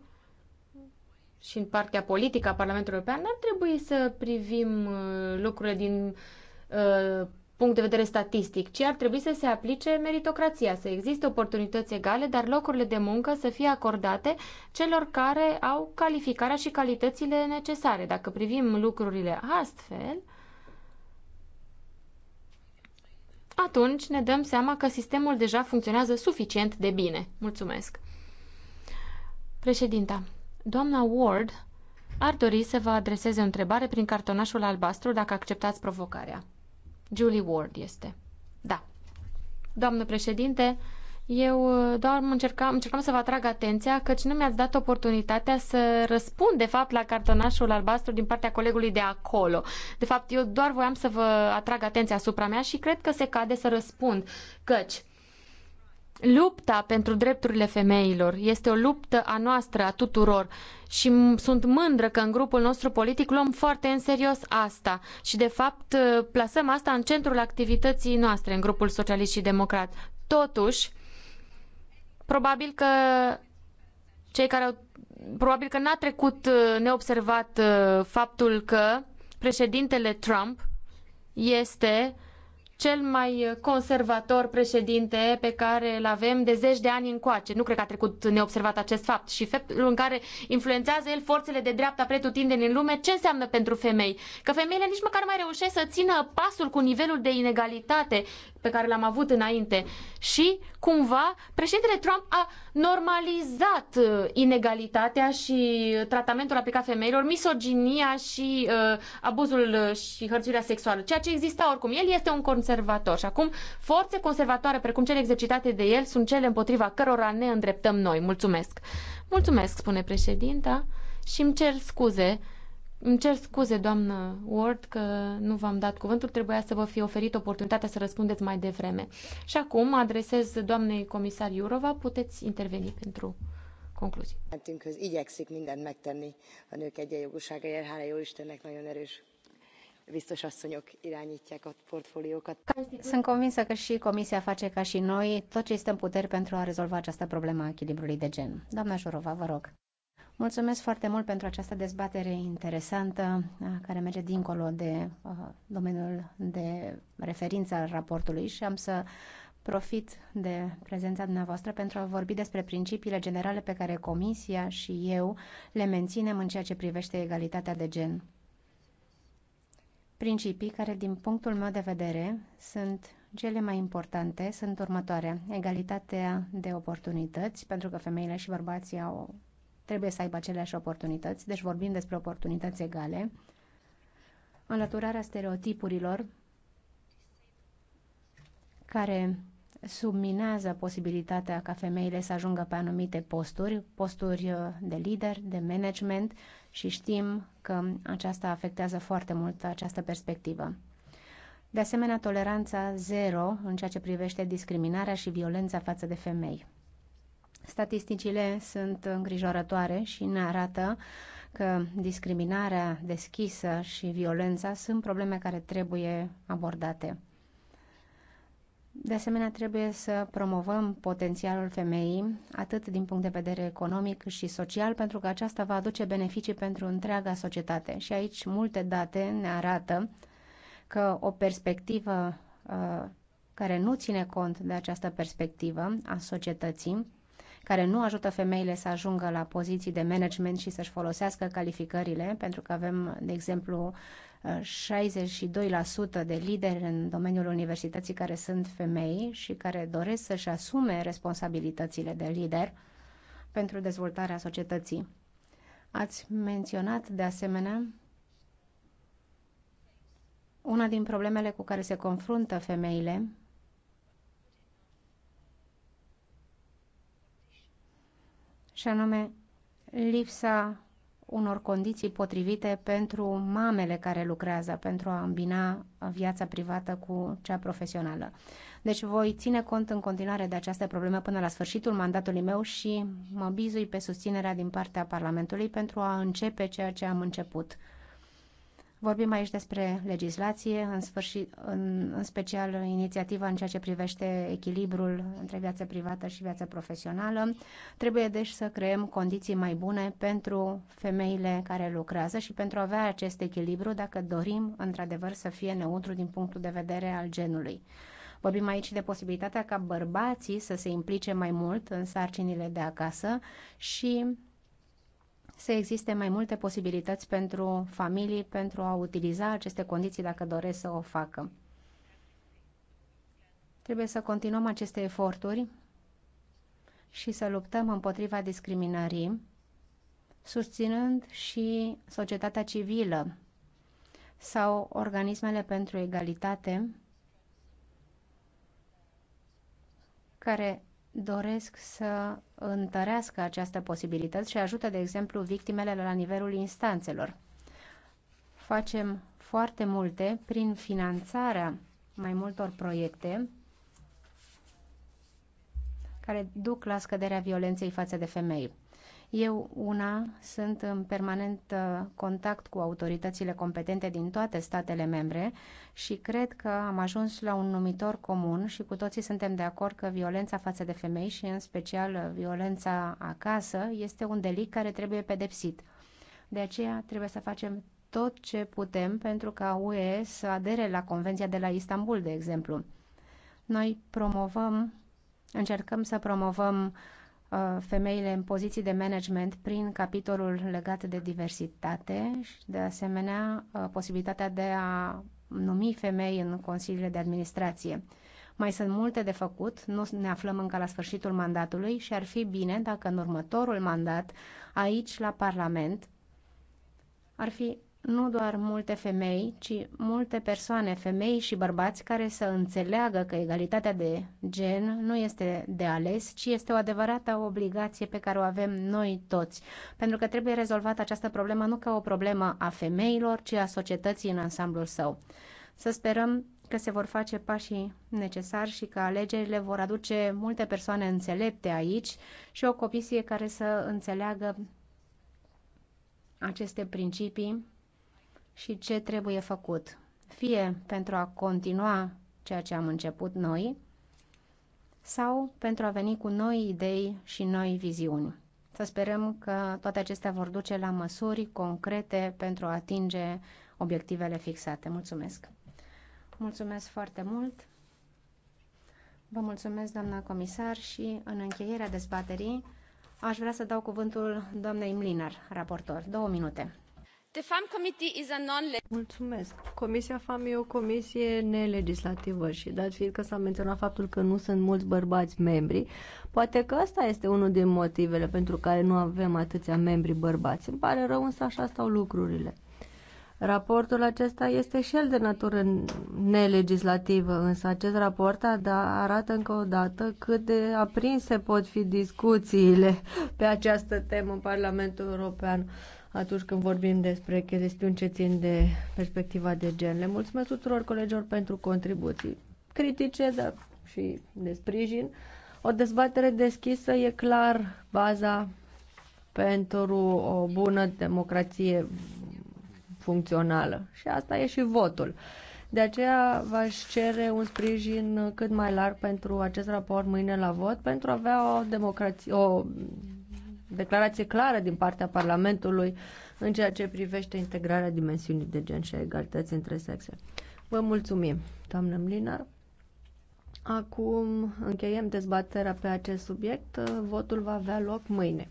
și în partea politică a Parlamentului European, n-ar trebui să privim uh, lucrurile din uh, punct de vedere statistic, ci ar trebui să se aplice meritocrația, să existe oportunități egale, dar locurile de muncă să fie acordate celor care au calificarea și calitățile necesare. Dacă privim lucrurile astfel, uh, atunci ne dăm seama că sistemul deja funcționează suficient de bine. Mulțumesc! Președinta, doamna Ward ar dori să vă adreseze o întrebare prin cartonașul albastru dacă acceptați provocarea. Julie Ward este. Da. Doamnă președinte, eu uh, doar încercam, încercam să vă atrag atenția căci nu mi-ați dat oportunitatea să răspund, de fapt, la cartonașul albastru din partea colegului de acolo. De fapt, eu doar voiam să vă atrag atenția asupra mea și cred că se cade să răspund, căci lupta pentru drepturile femeilor este o luptă a noastră, a tuturor și sunt mândră că în grupul nostru politic luăm foarte în serios asta și de fapt uh, plasăm asta în centrul activității noastre în grupul socialist și democrat. Totuși, Probabil că cei care au, probabil că n-a trecut uh, neobservat uh, faptul că președintele Trump este cel mai conservator președinte pe care îl avem de zeci de ani încoace. Nu cred că a trecut neobservat acest fapt și faptul în care influențează el forțele de dreapta pretutindeni în lume, ce înseamnă pentru femei? Că femeile nici măcar mai reușesc să țină pasul cu nivelul de inegalitate pe care l-am avut înainte și cumva președintele Trump a normalizat uh, inegalitatea și uh, tratamentul aplicat femeilor, misoginia și uh, abuzul uh, și hărțuirea sexuală, ceea ce exista oricum. El este un conservator și acum forțe conservatoare precum cele exercitate de el sunt cele împotriva cărora ne îndreptăm noi. Mulțumesc! Mulțumesc, spune președinta și îmi cer scuze îmi cer scuze, doamnă Ward, că nu v-am dat cuvântul. Trebuia să vă fi oferit oportunitatea să răspundeți mai devreme. Și acum adresez doamnei comisar Iurova. Puteți interveni pentru concluzii. igyekszik mindent megtenni a nők egyenjogúságáért. Hála jó Istennek, nagyon erős biztos asszonyok irányítják a portfóliókat. Sunt convinsă că și Comisia face ca și noi tot ce este în puteri pentru a rezolva această problemă a echilibrului de gen. Doamna Jurova, vă rog. Mulțumesc foarte mult pentru această dezbatere interesantă uh, care merge dincolo de uh, domeniul de referință al raportului și am să profit de prezența dumneavoastră pentru a vorbi despre principiile generale pe care Comisia și eu le menținem în ceea ce privește egalitatea de gen. Principii care, din punctul meu de vedere, sunt cele mai importante sunt următoarea. Egalitatea de oportunități, pentru că femeile și bărbații au trebuie să aibă aceleași oportunități, deci vorbim despre oportunități egale, înlăturarea stereotipurilor care subminează posibilitatea ca femeile să ajungă pe anumite posturi, posturi uh, de lider, de management și știm că aceasta afectează foarte mult această perspectivă. De asemenea, toleranța zero în ceea ce privește discriminarea și violența față de femei. Statisticile sunt îngrijorătoare și ne arată că discriminarea deschisă și violența sunt probleme care trebuie abordate. De asemenea, trebuie să promovăm potențialul femeii, atât din punct de vedere economic cât și social, pentru că aceasta va aduce beneficii pentru întreaga societate. Și aici multe date ne arată că o perspectivă uh, care nu ține cont de această perspectivă a societății care nu ajută femeile să ajungă la poziții de management și să-și folosească calificările, pentru că avem, de exemplu, 62% de lideri în domeniul universității care sunt femei și care doresc să-și asume responsabilitățile de lider pentru dezvoltarea societății. Ați menționat, de asemenea, una din problemele cu care se confruntă femeile și anume lipsa unor condiții potrivite pentru mamele care lucrează, pentru a îmbina viața privată cu cea profesională. Deci voi ține cont în continuare de această problemă până la sfârșitul mandatului meu și mă bizui pe susținerea din partea Parlamentului pentru a începe ceea ce am început Vorbim aici despre legislație, în, sfârșit, în, în special inițiativa în ceea ce privește echilibrul între viața privată și viața profesională. Trebuie deci să creăm condiții mai bune pentru femeile care lucrează și pentru a avea acest echilibru dacă dorim într-adevăr să fie neutru din punctul de vedere al genului. Vorbim aici de posibilitatea ca bărbații să se implice mai mult în sarcinile de acasă și să existe mai multe posibilități pentru familii pentru a utiliza aceste condiții dacă doresc să o facă. Trebuie să continuăm aceste eforturi și să luptăm împotriva discriminării, susținând și societatea civilă sau organismele pentru egalitate care doresc să întărească această posibilități și ajută, de exemplu, victimele la nivelul instanțelor. Facem foarte multe prin finanțarea mai multor proiecte care duc la scăderea violenței față de femei. Eu, una, sunt în permanent uh, contact cu autoritățile competente din toate statele membre și cred că am ajuns la un numitor comun și cu toții suntem de acord că violența față de femei și în special violența acasă este un delic care trebuie pedepsit. De aceea trebuie să facem tot ce putem pentru ca UE să adere la Convenția de la Istanbul, de exemplu. Noi promovăm, încercăm să promovăm uh, Uh, femeile în poziții de management prin capitolul legat de diversitate și, de asemenea, uh, posibilitatea de a numi femei în consiliile de administrație. Mai sunt multe de făcut, nu ne aflăm încă la sfârșitul mandatului și ar fi bine dacă în următorul mandat, aici la Parlament, ar fi nu doar multe femei, ci multe persoane, femei și bărbați, care să înțeleagă că egalitatea de gen nu este de ales, ci este o adevărată obligație pe care o avem noi toți. Pentru că trebuie rezolvată această problemă nu ca o problemă a femeilor, ci a societății în ansamblul său. Să sperăm că se vor face pașii necesari și că alegerile vor aduce multe persoane înțelepte aici și o comisie care să înțeleagă aceste principii și ce trebuie făcut, fie pentru a continua ceea ce am început noi, sau pentru a veni cu noi idei și noi viziuni. Să sperăm că toate acestea vor duce la măsuri concrete pentru a atinge obiectivele fixate. Mulțumesc! Mulțumesc foarte mult! Vă mulțumesc, doamna comisar, și în încheierea dezbaterii aș vrea să dau cuvântul doamnei Mlinar, raportor. Două minute. Mulțumesc. Comisia FAM e o comisie nelegislativă și dat fiind că s-a menționat faptul că nu sunt mulți bărbați membri, poate că asta este unul din motivele pentru care nu avem atâția membri bărbați. Îmi pare rău, însă așa stau lucrurile. Raportul acesta este și el de natură nelegislativă, însă acest raport da, arată încă o dată cât de aprinse pot fi discuțiile pe această temă în Parlamentul European atunci când vorbim despre chestiuni ce țin de perspectiva de gen. Le mulțumesc tuturor colegilor pentru contribuții critice, dar și de sprijin. O dezbatere deschisă e clar baza pentru o bună democrație funcțională. Și asta e și votul. De aceea v-aș cere un sprijin cât mai larg pentru acest raport mâine la vot, pentru a avea o, democrație, o declarație clară din partea Parlamentului în ceea ce privește integrarea dimensiunii de gen și a egalității între sexe. Vă mulțumim, doamnă Mlinar. Acum încheiem dezbaterea pe acest subiect. Votul va avea loc mâine.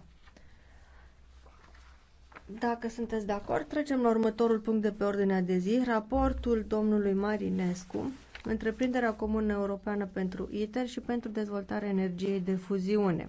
Dacă sunteți de acord, trecem la următorul punct de pe ordinea de zi, raportul domnului Marinescu, întreprinderea comună europeană pentru ITER și pentru dezvoltarea energiei de fuziune.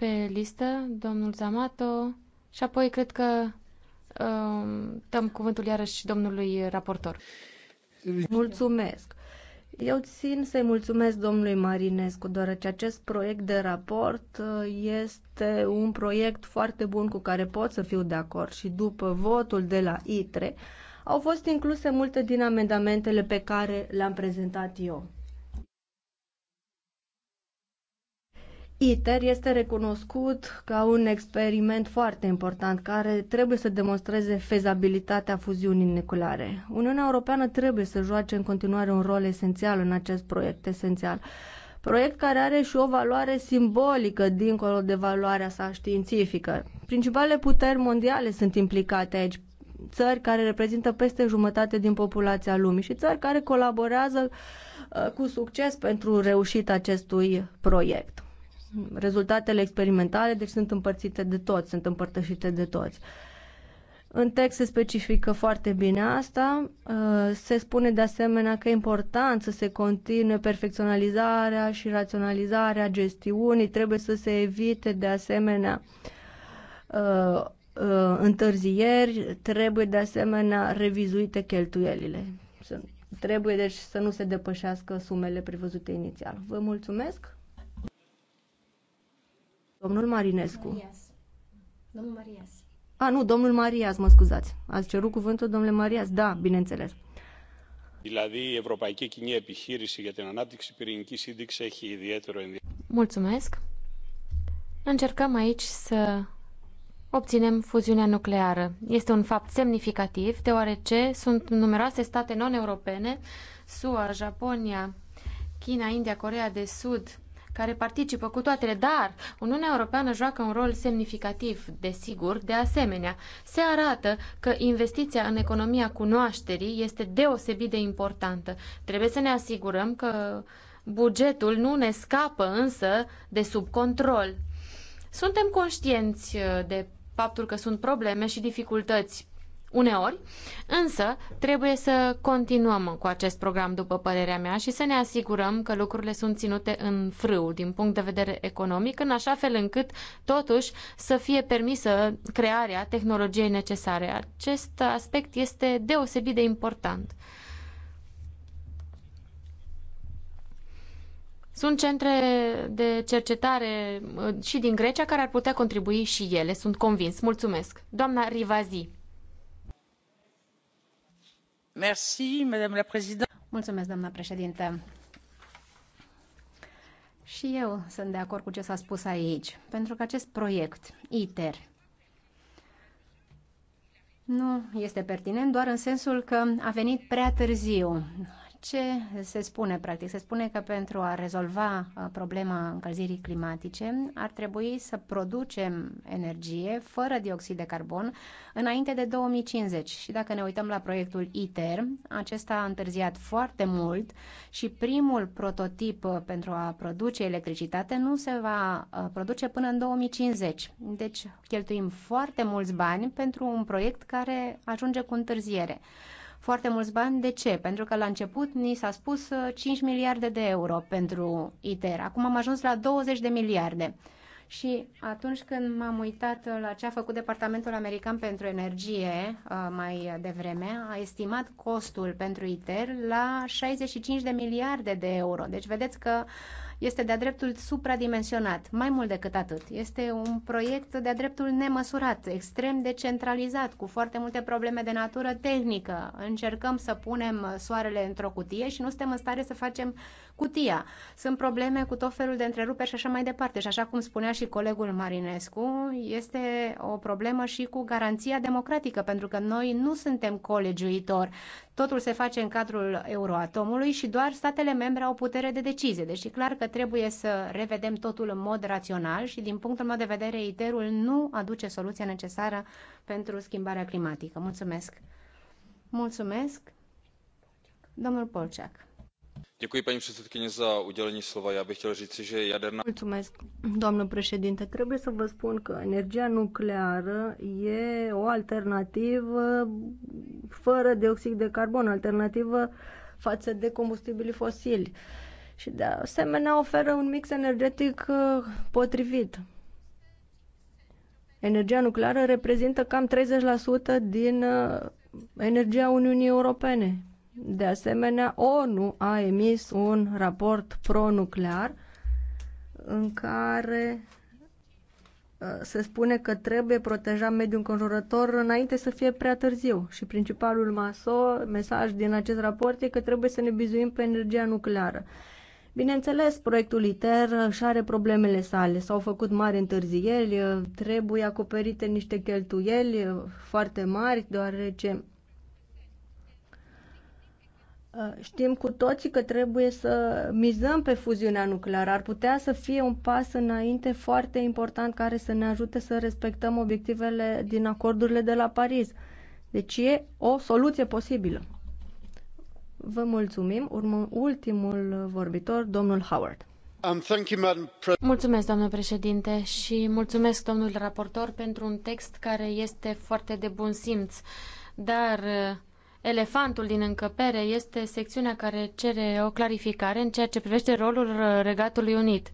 pe listă, domnul Zamato, și apoi cred că um, dăm cuvântul iarăși domnului raportor. Mulțumesc! Eu țin să-i mulțumesc domnului Marinescu, deoarece acest proiect de raport uh, este un proiect foarte bun cu care pot să fiu de acord și după votul de la ITRE au fost incluse multe din amendamentele pe care le-am prezentat eu. ITER este recunoscut ca un experiment foarte important care trebuie să demonstreze fezabilitatea fuziunii nucleare. Uniunea Europeană trebuie să joace în continuare un rol esențial în acest proiect esențial. Proiect care are și o valoare simbolică dincolo de valoarea sa științifică. Principalele puteri mondiale sunt implicate aici, țări care reprezintă peste jumătate din populația lumii și țări care colaborează uh, cu succes pentru reușita acestui proiect rezultatele experimentale, deci sunt împărțite de toți, sunt împărtășite de toți. În text se specifică foarte bine asta. Uh, se spune de asemenea că e important să se continue perfecționalizarea și raționalizarea gestiunii. Trebuie să se evite de asemenea uh, uh, întârzieri, trebuie de asemenea revizuite cheltuielile. Trebuie deci să nu se depășească sumele prevăzute inițial. Vă mulțumesc! Domnul Marinescu. Domnul Marias. A, nu, domnul Marias, mă scuzați. Ați cerut cuvântul, domnule Marias? Da, bineînțeles. Δηλαδή η Ευρωπαϊκή Κοινή Επιχείρηση για την Ανάπτυξη Πυρηνικής Σύνδεξης έχει ιδιαίτερο ενδιαφέρον. Mulțumesc. Încercăm aici să obținem fuziunea nucleară. Este un fapt semnificativ, deoarece sunt numeroase state non-europene, SUA, Japonia, China, India, Corea de Sud, care participă cu toate, dar Uniunea Europeană joacă un rol semnificativ, desigur, de asemenea. Se arată că investiția în economia cunoașterii este deosebit de importantă. Trebuie să ne asigurăm că bugetul nu ne scapă însă de sub control. Suntem conștienți uh, de faptul că sunt probleme și dificultăți uneori, însă trebuie să continuăm cu acest program, după părerea mea, și să ne asigurăm că lucrurile sunt ținute în frâu din punct de vedere economic, în așa fel încât, totuși, să fie permisă crearea tehnologiei necesare. Acest aspect este deosebit de important. Sunt centre de cercetare uh, și din Grecia care ar putea contribui și ele, sunt convins. Mulțumesc. Doamna Rivazi. Mulțumesc, președintă. Și eu sunt de acord cu ce s-a spus aici, pentru că acest proiect, ITER, nu este pertinent doar în sensul că a venit prea târziu ce se spune practic? Se spune că pentru a rezolva uh, problema încălzirii climatice ar trebui să producem energie fără dioxid de carbon înainte de 2050. Și dacă ne uităm la proiectul ITER, acesta a întârziat foarte mult și primul prototip uh, pentru a produce electricitate nu se va uh, produce până în 2050. Deci cheltuim foarte mulți bani pentru un proiect care ajunge cu întârziere foarte mulți bani. De ce? Pentru că la început ni s-a spus 5 uh, miliarde de euro pentru ITER. Acum am ajuns la 20 de miliarde. Și atunci când m-am uitat uh, la ce a făcut Departamentul American pentru Energie uh, mai devreme, a estimat costul pentru ITER la 65 de miliarde de euro. Deci vedeți că uh, este de-a dreptul supradimensionat. Mai mult decât atât, este un proiect de-a dreptul nemăsurat, extrem de centralizat, cu foarte multe probleme de natură tehnică. Încercăm să punem soarele într-o cutie și nu suntem în stare să facem cutia. Sunt probleme cu tot felul de întreruperi și așa mai departe. Și așa cum spunea și colegul Marinescu, este o problemă și cu garanția democratică, pentru că noi nu suntem colegiuitori. Totul se face în cadrul euroatomului și doar statele membre au putere de decizie. Deci e clar că trebuie să revedem totul în mod rațional și din punctul meu de vedere ITER-ul nu aduce soluția necesară pentru schimbarea climatică. Mulțumesc! Mulțumesc! Domnul Polceac paní předsedající doamnă președintă trebuie să vă spun că energia nucleară e o alternativă fără dioxid de carbon, alternativă față de combustibilii fosili și de asemenea oferă un mix energetic uh, potrivit. Energia nucleară reprezintă cam 30% din uh, energia Uniunii Europene de asemenea, ONU a emis un raport pronuclear în care uh, se spune că trebuie proteja mediul înconjurător înainte să fie prea târziu. Și principalul maso, mesaj din acest raport e că trebuie să ne bizuim pe energia nucleară. Bineînțeles, proiectul ITER și are problemele sale. S-au făcut mari întârzieri, trebuie acoperite niște cheltuieli foarte mari, deoarece Uh, știm cu toții că trebuie să mizăm pe fuziunea nucleară. Ar putea să fie un pas înainte foarte important care să ne ajute să respectăm obiectivele din acordurile de la Paris. Deci e o soluție posibilă. Vă mulțumim. Urmă ultimul vorbitor, domnul Howard. Um, mulțumesc, doamnă președinte, și mulțumesc, domnul raportor, pentru un text care este foarte de bun simț, dar uh, elefantul din încăpere este secțiunea care cere o clarificare în ceea ce privește rolul Regatului Unit.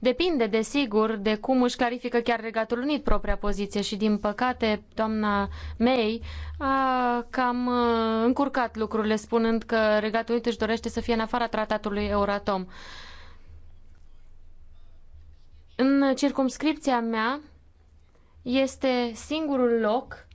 Depinde, desigur, de cum își clarifică chiar Regatul Unit propria poziție și, din păcate, doamna May a cam uh, încurcat lucrurile spunând că Regatul Unit își dorește să fie în afara tratatului Euratom. În circumscripția mea este singurul loc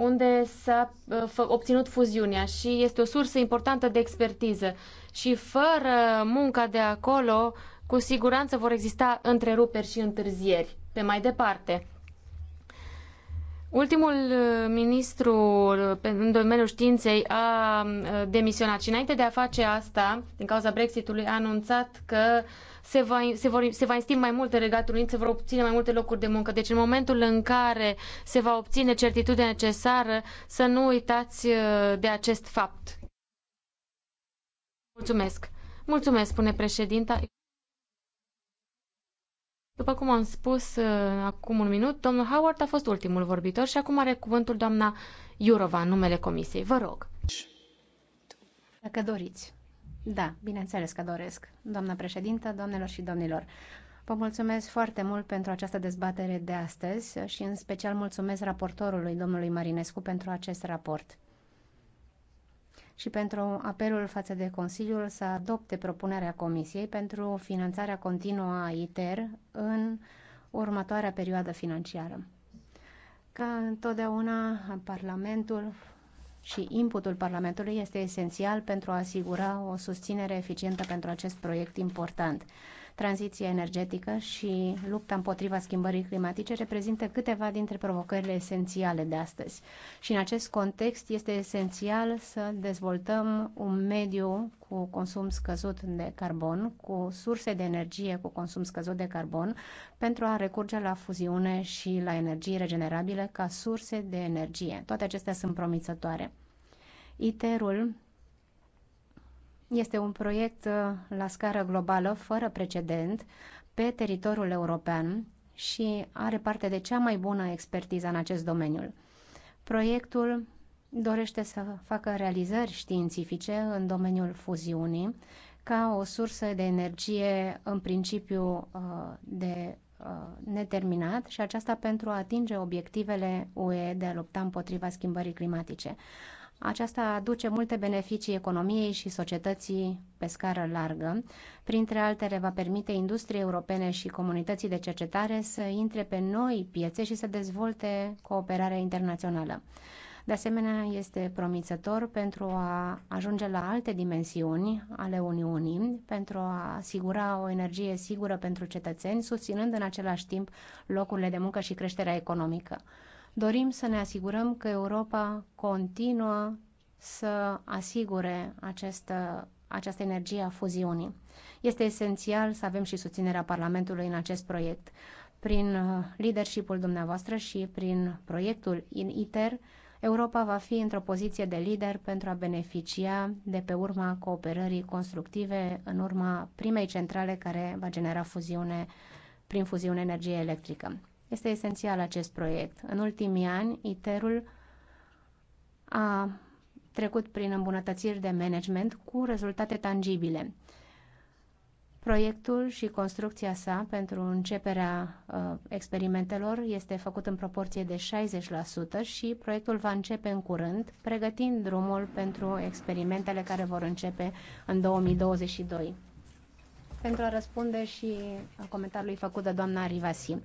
unde s-a uh, obținut fuziunea și este o sursă importantă de expertiză. Și fără munca de acolo, cu siguranță vor exista întreruperi și întârzieri pe mai departe. Ultimul uh, ministru uh, în domeniul științei a uh, demisionat și înainte de a face asta, din cauza Brexitului, a anunțat că se va, se, vor, se va instimi mai multe regatul unit, se vor obține mai multe locuri de muncă. Deci în momentul în care se va obține certitudinea necesară, să nu uitați de acest fapt. Mulțumesc. Mulțumesc, spune președinta. După cum am spus uh, acum un minut, domnul Howard a fost ultimul vorbitor și acum are cuvântul doamna Iurova în numele comisiei. Vă rog. Dacă doriți. Da, bineînțeles că doresc. Doamna președintă, doamnelor și domnilor, vă mulțumesc foarte mult pentru această dezbatere de astăzi și în special mulțumesc raportorului, domnului Marinescu, pentru acest raport și pentru apelul față de Consiliul să adopte propunerea Comisiei pentru finanțarea continuă a ITER în următoarea perioadă financiară. Ca întotdeauna, Parlamentul și inputul Parlamentului este esențial pentru a asigura o susținere eficientă pentru acest proiect important tranziția energetică și lupta împotriva schimbării climatice reprezintă câteva dintre provocările esențiale de astăzi. Și în acest context este esențial să dezvoltăm un mediu cu consum scăzut de carbon, cu surse de energie cu consum scăzut de carbon, pentru a recurge la fuziune și la energii regenerabile ca surse de energie. Toate acestea sunt promițătoare. ITER-ul este un proiect uh, la scară globală, fără precedent, pe teritoriul european și are parte de cea mai bună expertiză în acest domeniu. Proiectul dorește să facă realizări științifice în domeniul fuziunii ca o sursă de energie în principiu uh, de uh, neterminat și aceasta pentru a atinge obiectivele UE de a lupta împotriva schimbării climatice. Aceasta aduce multe beneficii economiei și societății pe scară largă. Printre altele, va permite industriei europene și comunității de cercetare să intre pe noi piețe și să dezvolte cooperarea internațională. De asemenea, este promițător pentru a ajunge la alte dimensiuni ale Uniunii, pentru a asigura o energie sigură pentru cetățeni, susținând în același timp locurile de muncă și creșterea economică. Dorim să ne asigurăm că Europa continuă să asigure această, această energie a fuziunii. Este esențial să avem și susținerea Parlamentului în acest proiect. Prin uh, leadershipul dumneavoastră și prin proiectul in ITER, Europa va fi într-o poziție de lider pentru a beneficia de pe urma cooperării constructive în urma primei centrale care va genera fuziune prin fuziune energie electrică. Este esențial acest proiect. În ultimii ani, ITER-ul a trecut prin îmbunătățiri de management cu rezultate tangibile. Proiectul și construcția sa pentru începerea uh, experimentelor este făcut în proporție de 60% și proiectul va începe în curând, pregătind drumul pentru experimentele care vor începe în 2022. Pentru a răspunde și comentariului făcut de doamna Rivasi.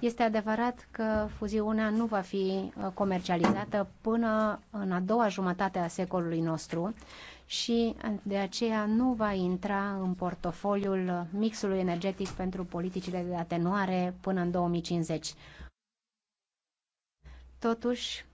Este adevărat că fuziunea nu va fi uh, comercializată până în a doua jumătate a secolului nostru și uh, de aceea nu va intra în portofoliul mixului energetic pentru politicile de atenuare până în 2050. Totuși,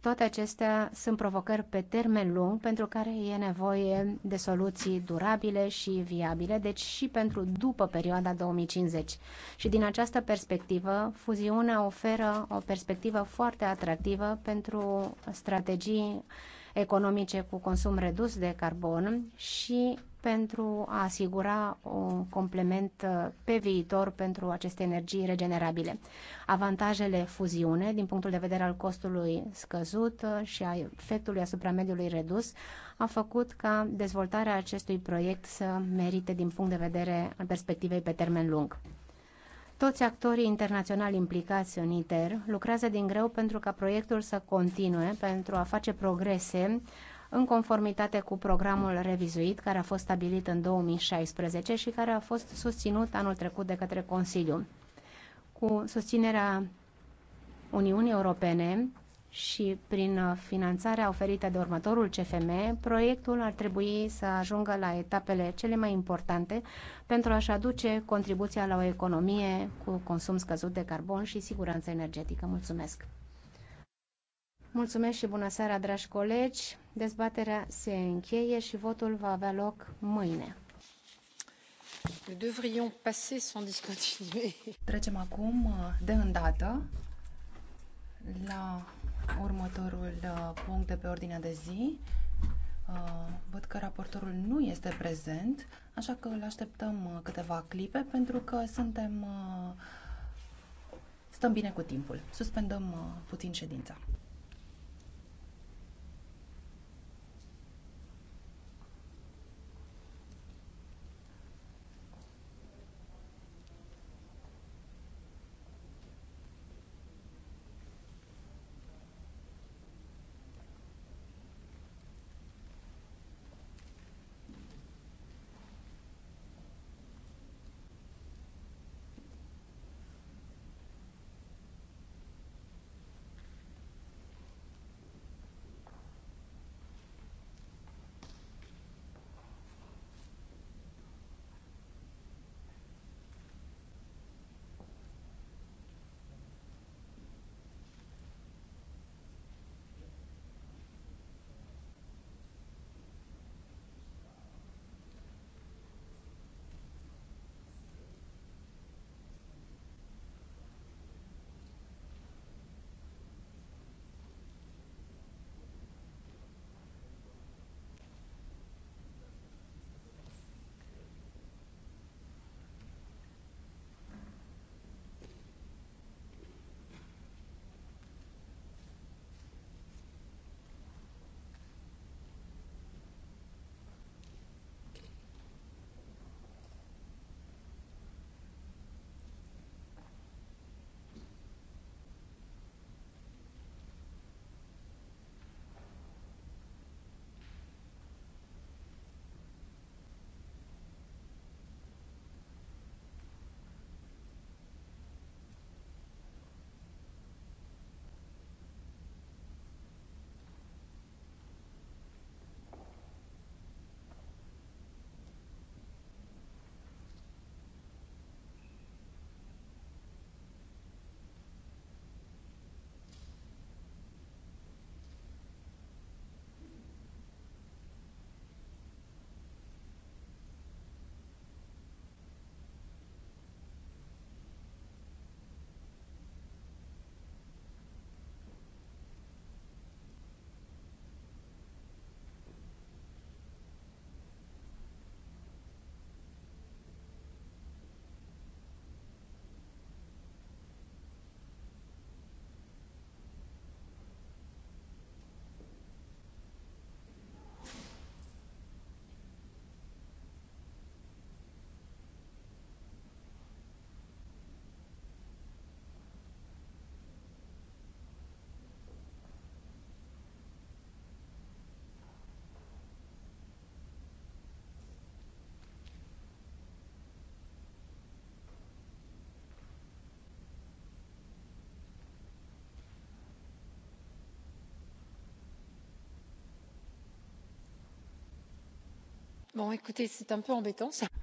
toate acestea sunt provocări pe termen lung pentru care e nevoie de soluții durabile și viabile, deci și pentru după perioada 2050. Și din această perspectivă, fuziunea oferă o perspectivă foarte atractivă pentru strategii economice cu consum redus de carbon și pentru a asigura un complement uh, pe viitor pentru aceste energii regenerabile. Avantajele fuziune, din punctul de vedere al costului scăzut uh, și a efectului asupra mediului redus, a făcut ca dezvoltarea acestui proiect să merite din punct de vedere al perspectivei pe termen lung. Toți actorii internaționali implicați în ITER lucrează din greu pentru ca proiectul să continue, pentru a face progrese în conformitate cu programul revizuit care a fost stabilit în 2016 și care a fost susținut anul trecut de către Consiliu. Cu susținerea Uniunii Europene, și prin uh, finanțarea oferită de următorul CFM, proiectul ar trebui să ajungă la etapele cele mai importante pentru a-și aduce contribuția la o economie cu consum scăzut de carbon și siguranță energetică. Mulțumesc! Mulțumesc și bună seara, dragi colegi! Dezbaterea se încheie și votul va avea loc mâine. Trecem acum uh, de îndată la Următorul uh, punct de pe ordinea de zi. Uh, văd că raportorul nu este prezent, așa că îl așteptăm uh, câteva clipe pentru că suntem stăm bine cu timpul. Suspendăm puțin ședința.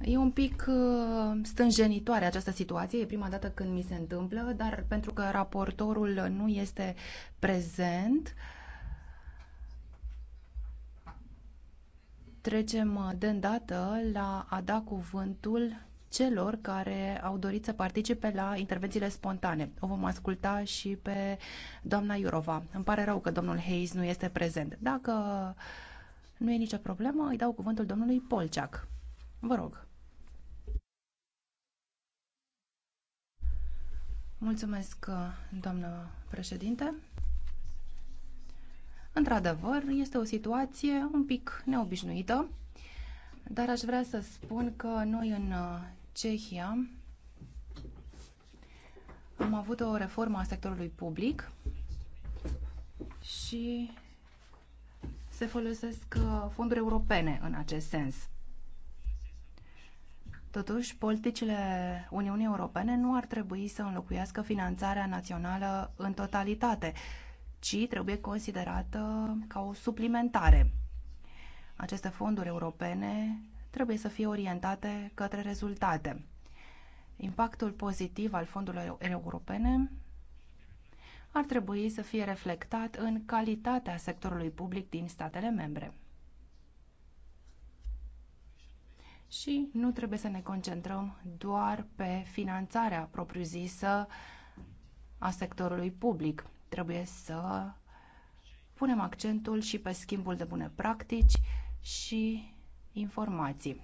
E un pic uh, stânjenitoare această situație, e prima dată când mi se întâmplă, dar pentru că raportorul nu este prezent, trecem uh, de îndată la a da cuvântul celor care au dorit să participe la intervențiile spontane. O vom asculta și pe doamna Iurova. Îmi pare rău că domnul Hayes nu este prezent. Dacă nu e nicio problemă, îi dau cuvântul domnului Polceac. Vă rog. Mulțumesc, doamnă președinte. Într-adevăr, este o situație un pic neobișnuită, dar aș vrea să spun că noi în Cehia am avut o reformă a sectorului public și se folosesc uh, fonduri europene în acest sens. Totuși, politicile Uniunii Europene nu ar trebui să înlocuiască finanțarea națională în totalitate, ci trebuie considerată ca o suplimentare. Aceste fonduri europene trebuie să fie orientate către rezultate. Impactul pozitiv al fondurilor europene ar trebui să fie reflectat în calitatea sectorului public din statele membre. Și nu trebuie să ne concentrăm doar pe finanțarea propriu-zisă a sectorului public. Trebuie să punem accentul și pe schimbul de bune practici și informații.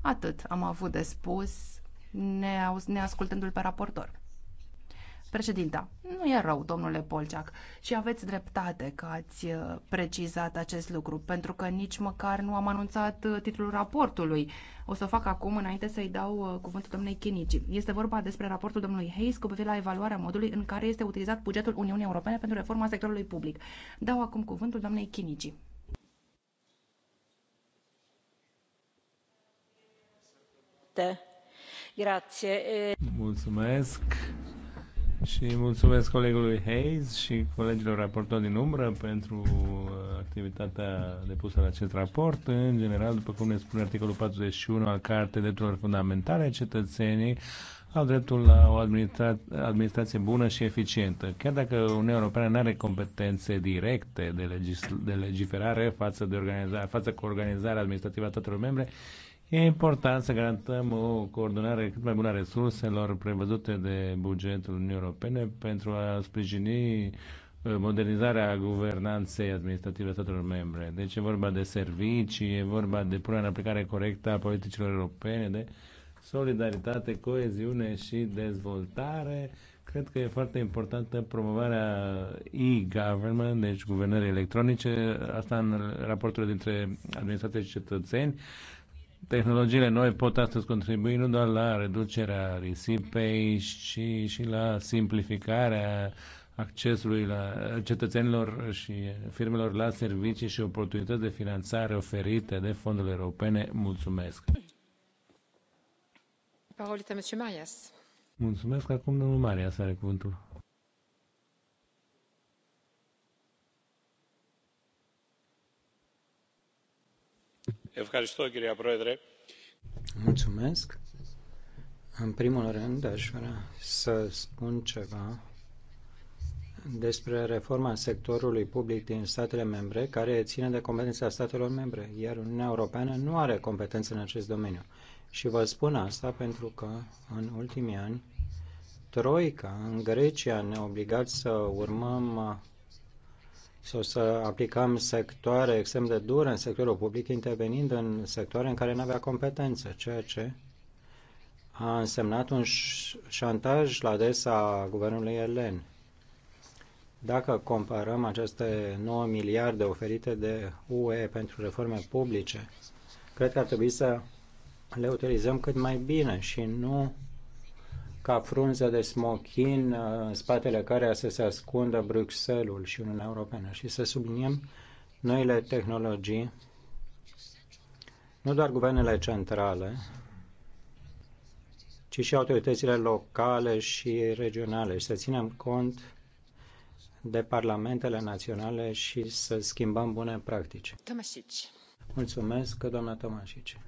Atât am avut de spus, ne neascultându-l pe raportor. Președinta, nu e rău, domnule Polceac, și aveți dreptate că ați uh, precizat acest lucru, pentru că nici măcar nu am anunțat uh, titlul raportului. O să o fac acum, înainte să-i dau uh, cuvântul domnului Chinici. Este vorba despre raportul domnului Hayes cu privire la evaluarea modului în care este utilizat bugetul Uniunii Europene pentru reforma sectorului public. Dau acum cuvântul domnului Chinici. Mulțumesc și mulțumesc colegului Hayes și colegilor raportori din umbră pentru uh, activitatea depusă la acest raport. În general, după cum ne spune articolul 41 al Cartei Drepturilor Fundamentale, cetățenii au dreptul la o administra- administrație bună și eficientă. Chiar dacă Uniunea Europeană nu are competențe directe de, legis- de legiferare față, de organiza- față cu organizarea administrativă a tuturor membre, E important să garantăm o coordonare cât mai bună a resurselor prevăzute de bugetul Uniunii Europene pentru a sprijini uh, modernizarea guvernanței administrative a statelor membre. Deci e vorba de servicii, e vorba de punerea în aplicare corectă a politicilor europene, de solidaritate, coeziune și dezvoltare. Cred că e foarte importantă promovarea e-government, deci guvernării electronice, asta în raporturile dintre administrație și cetățeni tehnologiile noi pot astăzi contribui nu doar la reducerea risipei, ci și la simplificarea accesului la cetățenilor și firmelor la servicii și oportunități de finanțare oferite de fondurile europene. Mulțumesc! Parolita, Mulțumesc acum domnul Marias are cuvântul. Mulțumesc. În primul rând, aș vrea să spun ceva despre reforma sectorului public din statele membre, care ține de competența statelor membre, iar Uniunea Europeană nu are competențe în acest domeniu. Și vă spun asta pentru că în ultimii ani Troica în Grecia ne-a obligat să urmăm sau să aplicăm sectoare extrem de dure în sectorul public, intervenind în sectoare în care nu avea competență, ceea ce a însemnat un șantaj la adresa guvernului elen. Dacă comparăm aceste 9 miliarde oferite de UE pentru reforme publice, cred că ar trebui să le utilizăm cât mai bine și nu ca frunză de smochin uh, în spatele care să se ascundă Bruxelles și Uniunea Europeană și să subliniem noile tehnologii, nu doar guvernele centrale, ci și autoritățile locale și regionale și să ținem cont de parlamentele naționale și să schimbăm bune practici. Mulțumesc, doamna Tomașici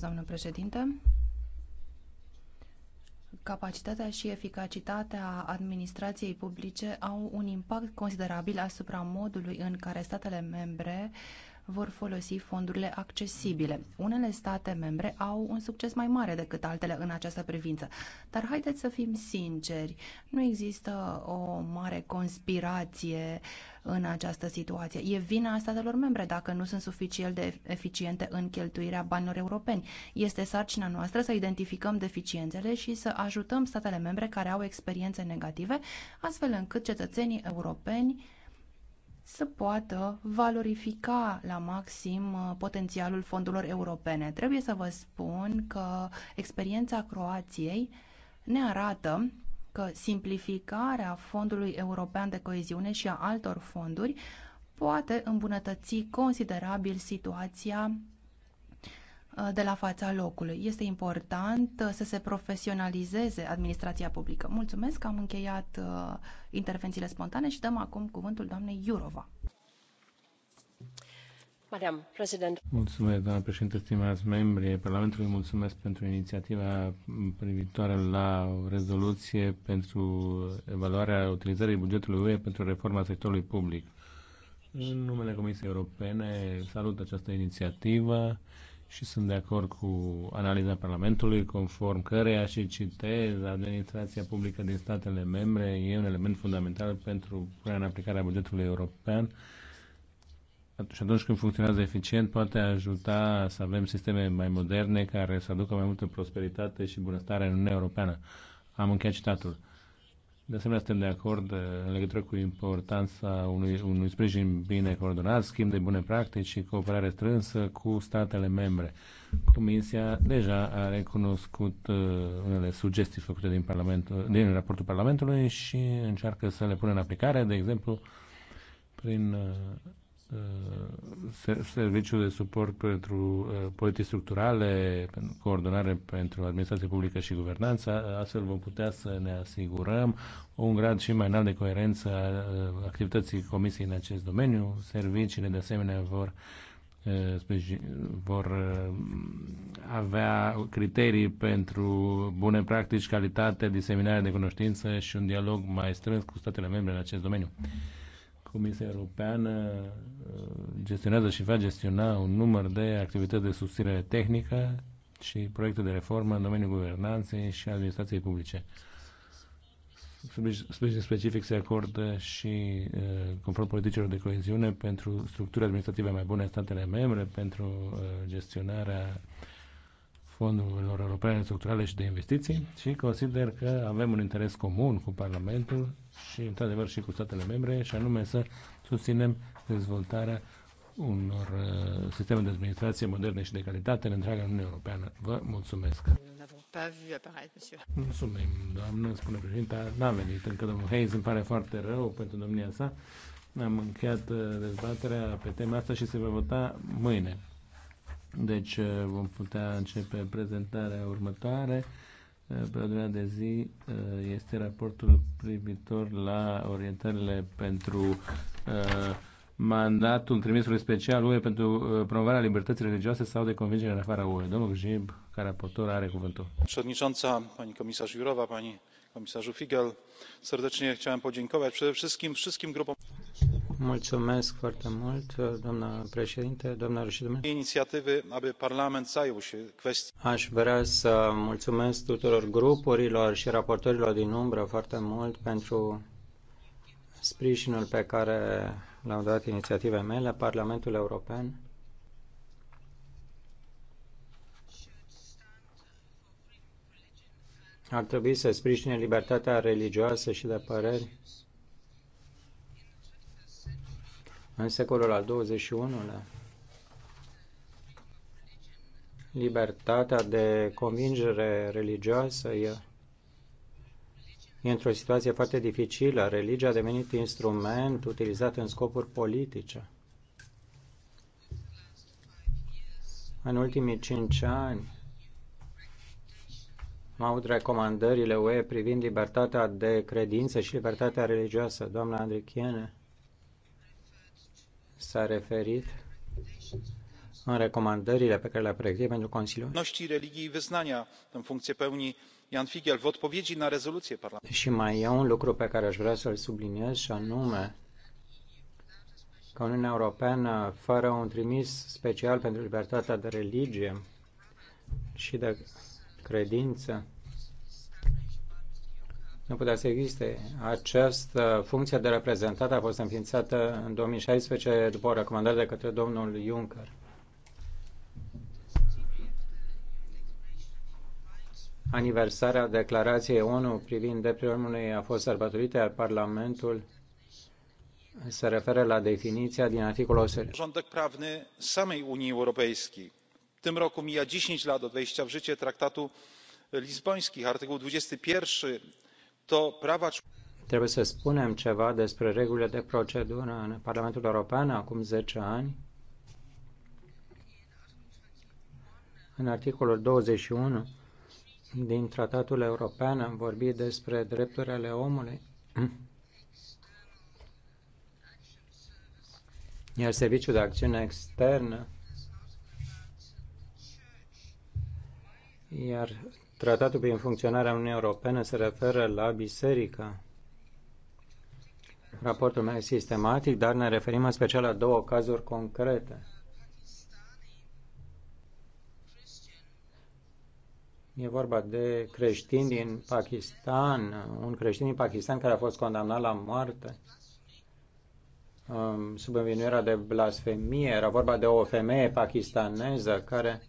doamnă președintă capacitatea și eficacitatea administrației publice au un impact considerabil asupra modului în care statele membre își vor folosi fondurile accesibile. Unele state membre au un succes mai mare decât altele în această privință. Dar haideți să fim sinceri, nu există o mare conspirație în această situație. E vina statelor membre dacă nu sunt suficient de eficiente în cheltuirea banilor europeni. Este sarcina noastră să identificăm deficiențele și să ajutăm statele membre care au experiențe negative, astfel încât cetățenii europeni să poată valorifica la maxim uh, potențialul fondurilor europene. Trebuie să vă spun că experiența Croației ne arată că simplificarea Fondului European de Coeziune și a altor fonduri poate îmbunătăți considerabil situația Uh, de la fața locului. Este important uh, să se profesionalizeze administrația publică. Mulțumesc că am încheiat uh, intervențiile spontane și dăm acum cuvântul doamnei Iurova. Mulțumesc, doamnă președinte, stimați membri ai Parlamentului, mulțumesc pentru inițiativa privitoare la o rezoluție pentru evaluarea utilizării bugetului UE pentru reforma sectorului public. În numele Comisiei Europene salut această inițiativă și sunt de acord cu analiza Parlamentului, conform căreia și citez, administrația publică din statele membre e un element fundamental pentru punerea în aplicare a bugetului european și atunci când funcționează eficient poate ajuta să avem sisteme mai moderne care să aducă mai multă prosperitate și bunăstare în Uniunea Europeană. Am încheiat citatul. De asemenea, suntem de acord uh, în legătură cu importanța unui, unui sprijin bine coordonat, schimb de bune practici și cooperare strânsă cu statele membre. Comisia deja a recunoscut uh, unele sugestii făcute din, parlament, uh, din raportul Parlamentului și încearcă să le pună în aplicare, de exemplu, prin Uh, serviciul de suport pentru uh, politici structurale, coordonare pentru administrație publică și guvernanță. Uh, astfel vom putea să ne asigurăm un grad și mai înalt de coerență a activității comisiei în acest domeniu. Serviciile, de asemenea, vor vor avea criterii pentru bune practici, calitate, diseminare de cunoștință și un dialog mai strâns cu statele membre în acest domeniu. Mm. Comisia Europeană uh, gestionează și va gestiona un număr de activități de susținere tehnică și proiecte de reformă în domeniul guvernanței și administrației publice. Sprijin specific se acordă și uh, conform politicilor de coeziune pentru structuri administrative mai bune în statele membre, pentru uh, gestionarea fondurilor europene structurale și de investiții și consider că avem un interes comun cu Parlamentul și, într-adevăr, și cu statele membre, și anume să susținem dezvoltarea unor uh, sisteme de administrație moderne și de calitate în întreaga Uniune Europeană. Vă mulțumesc! Mulțumim, doamnă, spune președinta. N-a venit încă domnul Hayes, îmi pare foarte rău pentru domnia sa. Am încheiat uh, dezbaterea pe tema asta și se va vota mâine. Deci uh, vom putea începe prezentarea următoare. Eh, pe de zi eh, este raportul privitor la orientările pentru eh, mandatul trimisului special UE pentru promovarea libertății religioase sau de convingere în afara UE. Domnul Grzyb, ca raportor, are cuvântul. Przewodnicząca, pani Comisar Jurova, pani comisarzu Figel, serdecznie chciałem podziękować przede wszystkim wszystkim grupom. Mulțumesc foarte mult, doamna președinte, doamnelor și domnilor. Inițiative, aby Parlament zajął się Aș vrea să mulțumesc tuturor grupurilor și raportorilor din umbră foarte mult pentru sprijinul pe care l-au dat inițiative mele, Parlamentul European. Ar trebui să sprijine libertatea religioasă și de păreri În secolul al XXI-lea, libertatea de convingere religioasă e, e într-o situație foarte dificilă. Religia a devenit instrument utilizat în scopuri politice. În ultimii cinci ani, am avut recomandările UE privind libertatea de credință și libertatea religioasă. Doamna Andrichiene, s-a referit în recomandările pe care le-a pregătit pentru Consiliu. religii i wyznania tę Jan Figel w odpowiedzi na rezolucję parlamentară. Și mai e un lucru pe care aș vrea să-l subliniez și anume că Uniunea Europeană, fără un trimis special pentru libertatea de religie și de credință, nu putea să existe. Această funcție de reprezentant a fost înființată în 2016 după o recomandare de către domnul Juncker. Aniversarea declarației ONU privind drepturile omului a fost sărbătorită, iar Parlamentul se referă la definiția din articolul 8. Porządek prawny samej Unii Europejskiej. W tym roku mija 10 lat od wejścia w życie traktatu lizbońskich. Artykuł 21 Trebuie să spunem ceva despre regulile de procedură în Parlamentul European acum 10 ani. În articolul 21 din Tratatul European am vorbit despre drepturile omului. Iar Serviciul de Acțiune Externă iar Tratatul prin funcționarea Uniunii Europene se referă la biserică. Raportul meu e sistematic, dar ne referim în special la două cazuri concrete. E vorba de creștini din Pakistan, un creștin din Pakistan care a fost condamnat la moarte um, sub învinuirea de blasfemie. Era vorba de o femeie pakistaneză care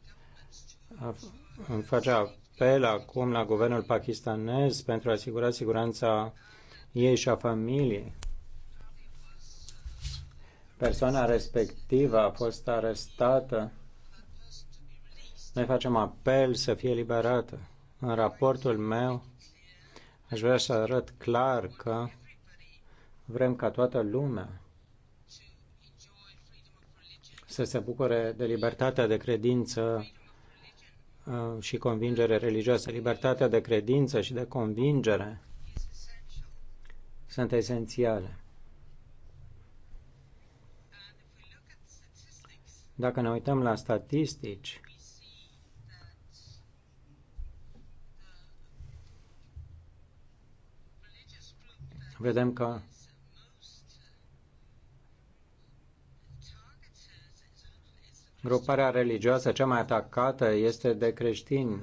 făcea apel acum la guvernul pakistanez pentru a asigura siguranța ei și a familiei. Persoana respectivă a fost arestată. Noi facem apel să fie liberată. În raportul meu aș vrea să arăt clar că vrem ca toată lumea să se bucure de libertatea de credință Uh, și convingere religioasă. Libertatea de credință și de convingere sunt esențiale. Dacă ne uităm la statistici, vedem că Gruparea religioasă cea mai atacată este de creștini.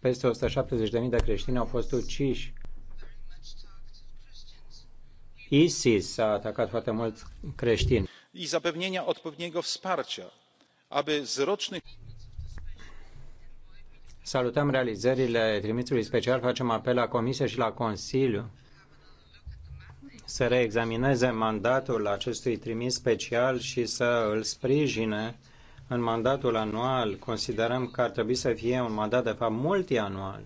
Peste 170.000 de creștini au fost uciși. ISIS a atacat foarte mult creștini. I zapewnienia odpowiedniego wsparcia, aby z rocznych Salutăm realizările trimisului special, facem apel la Comisie și la Consiliu să reexamineze mandatul acestui trimis special și să îl sprijine în mandatul anual, considerăm că ar trebui să fie un mandat, de fapt, multianual.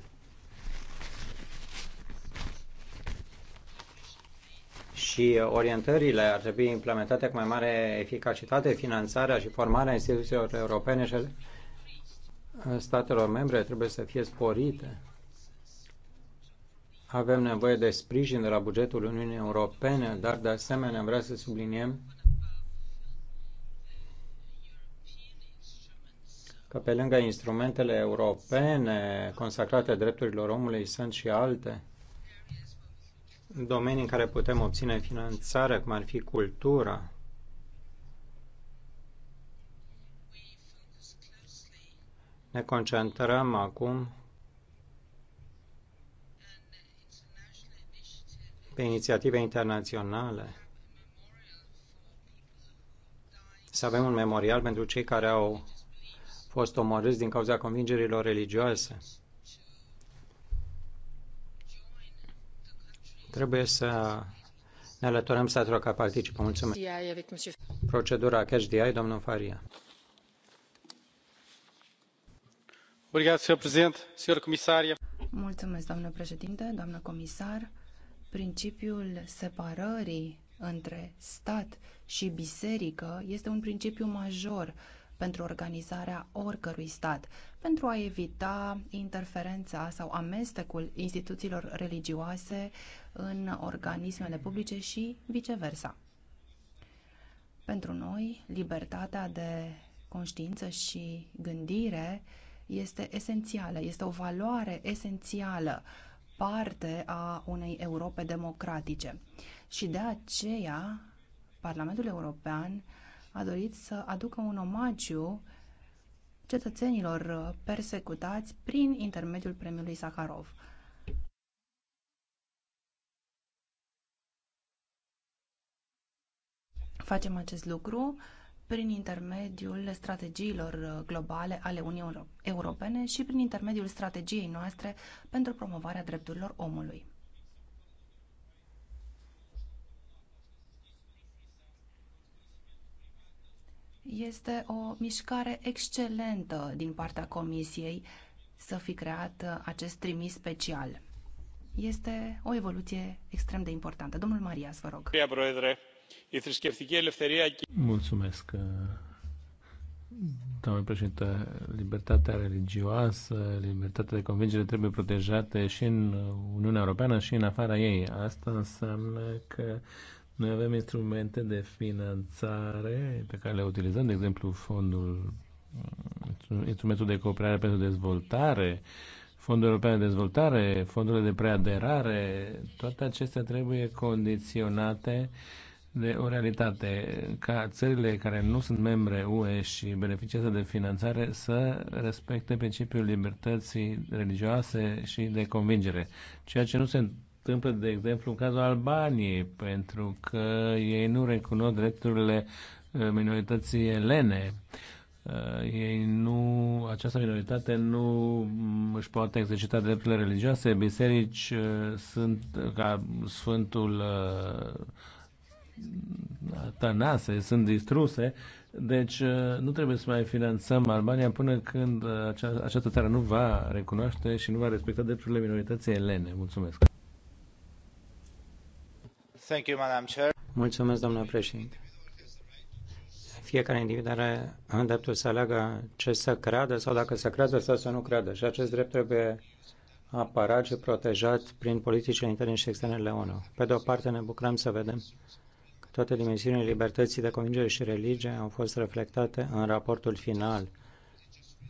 Și orientările ar trebui implementate cu mai mare eficacitate, finanțarea și formarea instituțiilor europene și statelor membre trebuie să fie sporite. Avem nevoie de sprijin de la bugetul Uniunii Europene, dar de asemenea vreau să subliniem că pe lângă instrumentele europene consacrate drepturilor omului sunt și alte domenii în care putem obține finanțare, cum ar fi cultura. Ne concentrăm acum pe inițiative internaționale. Să avem un memorial pentru cei care au fost omorâți din cauza convingerilor religioase. Trebuie să ne alăturăm statelor ca participă. Mulțumesc. Procedura Cash DI, domnul Faria. Mulțumesc, doamnă președinte, doamnă comisar. Principiul separării între stat și biserică este un principiu major pentru organizarea oricărui stat, pentru a evita interferența sau amestecul instituțiilor religioase în organismele publice și viceversa. Pentru noi, libertatea de conștiință și gândire este esențială, este o valoare esențială, parte a unei Europe democratice. Și de aceea, Parlamentul European a dorit să aducă un omagiu cetățenilor persecutați prin intermediul premiului Sakharov. Facem acest lucru prin intermediul strategiilor globale ale Uniunii Europene și prin intermediul strategiei noastre pentru promovarea drepturilor omului. Este o mișcare excelentă din partea Comisiei să fi creat acest trimis special. Este o evoluție extrem de importantă. Domnul Marias, vă rog. Mulțumesc, doamne președinte. Libertatea religioasă, libertatea de convingere trebuie protejate și în Uniunea Europeană și în afara ei. Asta înseamnă că noi avem instrumente de finanțare pe care le utilizăm, de exemplu, fondul, instrumentul de cooperare pentru dezvoltare, Fondul European de Dezvoltare, fondurile de preaderare, toate acestea trebuie condiționate de o realitate ca țările care nu sunt membre UE și beneficiază de finanțare să respecte principiul libertății religioase și de convingere, ceea ce nu se întâmplă, de exemplu, în cazul Albaniei, pentru că ei nu recunosc drepturile uh, minorității elene. Uh, ei nu, această minoritate nu mm, își poate exercita drepturile religioase. Biserici uh, sunt ca Sfântul Tanase, sunt distruse, deci nu trebuie să mai finanțăm Albania până când această țară nu va recunoaște și nu va respecta drepturile minorității elene. Mulțumesc! Mulțumesc, domnule președinte. Fiecare individ are dreptul să aleagă ce să creadă sau dacă să creadă sau să nu creadă. Și acest drept trebuie apărat și protejat prin politicile interne și externe ale ONU. Pe de o parte, ne bucurăm să vedem că toate dimensiunile libertății de convingere și religie au fost reflectate în raportul final.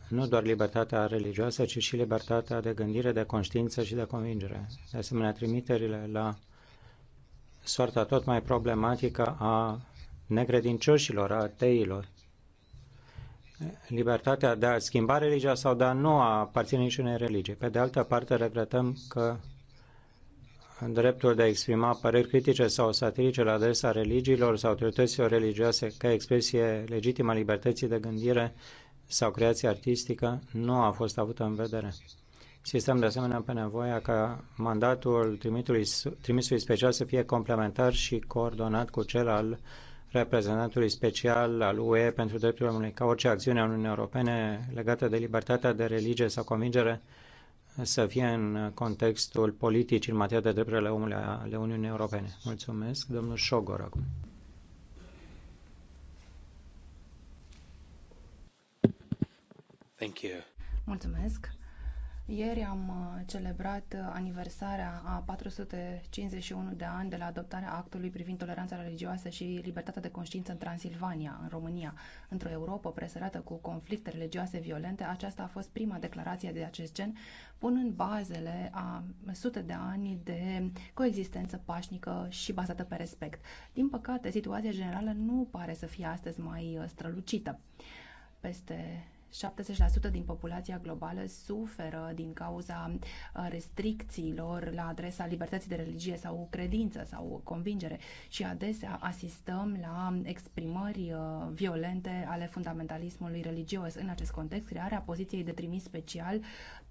Nu doar libertatea religioasă, ci și libertatea de gândire, de conștiință și de convingere. De asemenea, trimiterile la soarta tot mai problematică a necredincioșilor, a ateilor. Libertatea de a schimba religia sau de a nu aparține niciunei religii. Pe de altă parte, regretăm că dreptul de a exprima păreri critice sau satirice la adresa religiilor sau autorităților religioase ca expresie legitimă a libertății de gândire sau creație artistică nu a fost avută în vedere și stăm de asemenea pe nevoia ca mandatul trimitului, trimisului special să fie complementar și coordonat cu cel al reprezentantului special al UE pentru drepturile omului, ca orice acțiune a Uniunii Europene legată de libertatea de religie sau convingere să fie în contextul politic în materie de drepturile omului ale Uniunii Europene. Mulțumesc, domnul Șogor, acum. Thank you. Mulțumesc. Ieri am uh, celebrat uh, aniversarea a 451 de ani de la adoptarea actului privind toleranța religioasă și libertatea de conștiință în Transilvania, în România. Într-o Europa presărată cu conflicte religioase violente, aceasta a fost prima declarație de acest gen, punând bazele a sute de ani de coexistență pașnică și bazată pe respect. Din păcate, situația generală nu pare să fie astăzi mai uh, strălucită. Peste 70% din populația globală suferă din cauza uh, restricțiilor la adresa libertății de religie sau credință sau convingere și adesea asistăm la exprimări uh, violente ale fundamentalismului religios. În acest context, crearea poziției de trimis special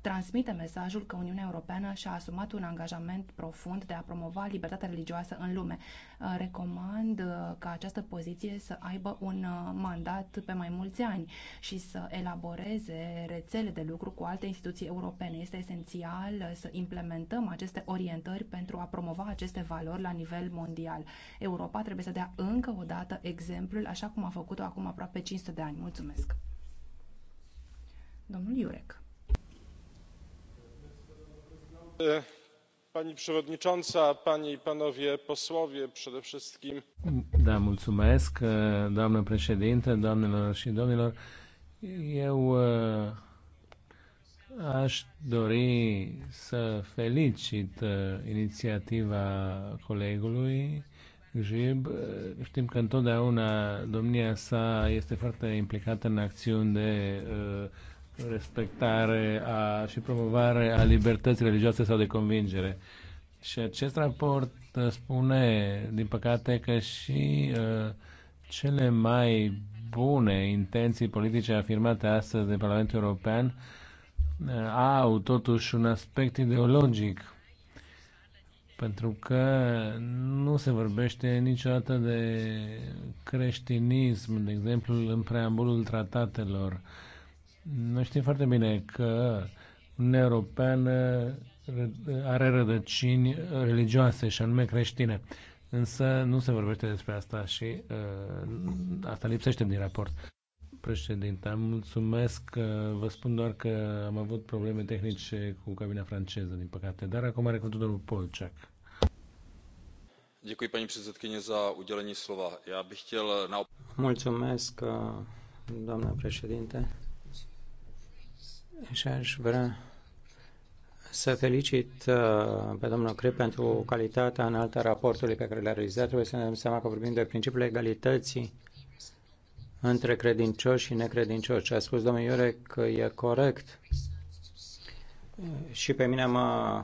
transmite mesajul că Uniunea Europeană și-a asumat un angajament profund de a promova libertatea religioasă în lume. Uh, recomand uh, ca această poziție să aibă un uh, mandat pe mai mulți ani și să elaboreze rețele de lucru cu alte instituții europene. Este esențial să implementăm aceste orientări pentru a promova aceste valori la nivel mondial. Europa trebuie să dea încă o dată exemplul, așa cum a făcut-o acum aproape 500 de ani. Mulțumesc! Domnul Iurec. Pani przewodnicząca, pani i panowie posłowie, przede wszystkim. Da, mulțumesc, doamnă președinte, doamnelor și domnilor. Eu eh, aș dori să felicit eh, inițiativa colegului Jib. Eh, știm că întotdeauna domnia sa este foarte implicată în acțiuni de respectare a, și promovare a libertății religioase sau de convingere. Și acest raport uh, spune, din păcate, că și uh, cele mai bune intenții politice afirmate astăzi de Parlamentul European uh, au totuși un aspect ideologic, pentru că nu se vorbește niciodată de creștinism, de exemplu, în preambulul tratatelor. Uh, noi știm foarte bine că Uniunea Europeană are rădăcini religioase și anume creștine. Însă nu se vorbește despre asta și uh, asta lipsește din raport. Președinte, mulțumesc. Uh, vă spun doar că am avut probleme tehnice cu cabina franceză, din păcate. Dar acum are cuvântul domnul Polceac. Děkuji paní předsedkyně za udělení slova. Já bych chtěl na... Mulțumesc, uh, doamna președinte și aș vrea să felicit uh, pe domnul Cre pentru calitatea în alta raportului pe care l-a realizat. Trebuie să ne dăm seama că vorbim de principiul egalității între credincioși și necredincioși. Și a spus domnul Iurec e corect. Și pe mine mă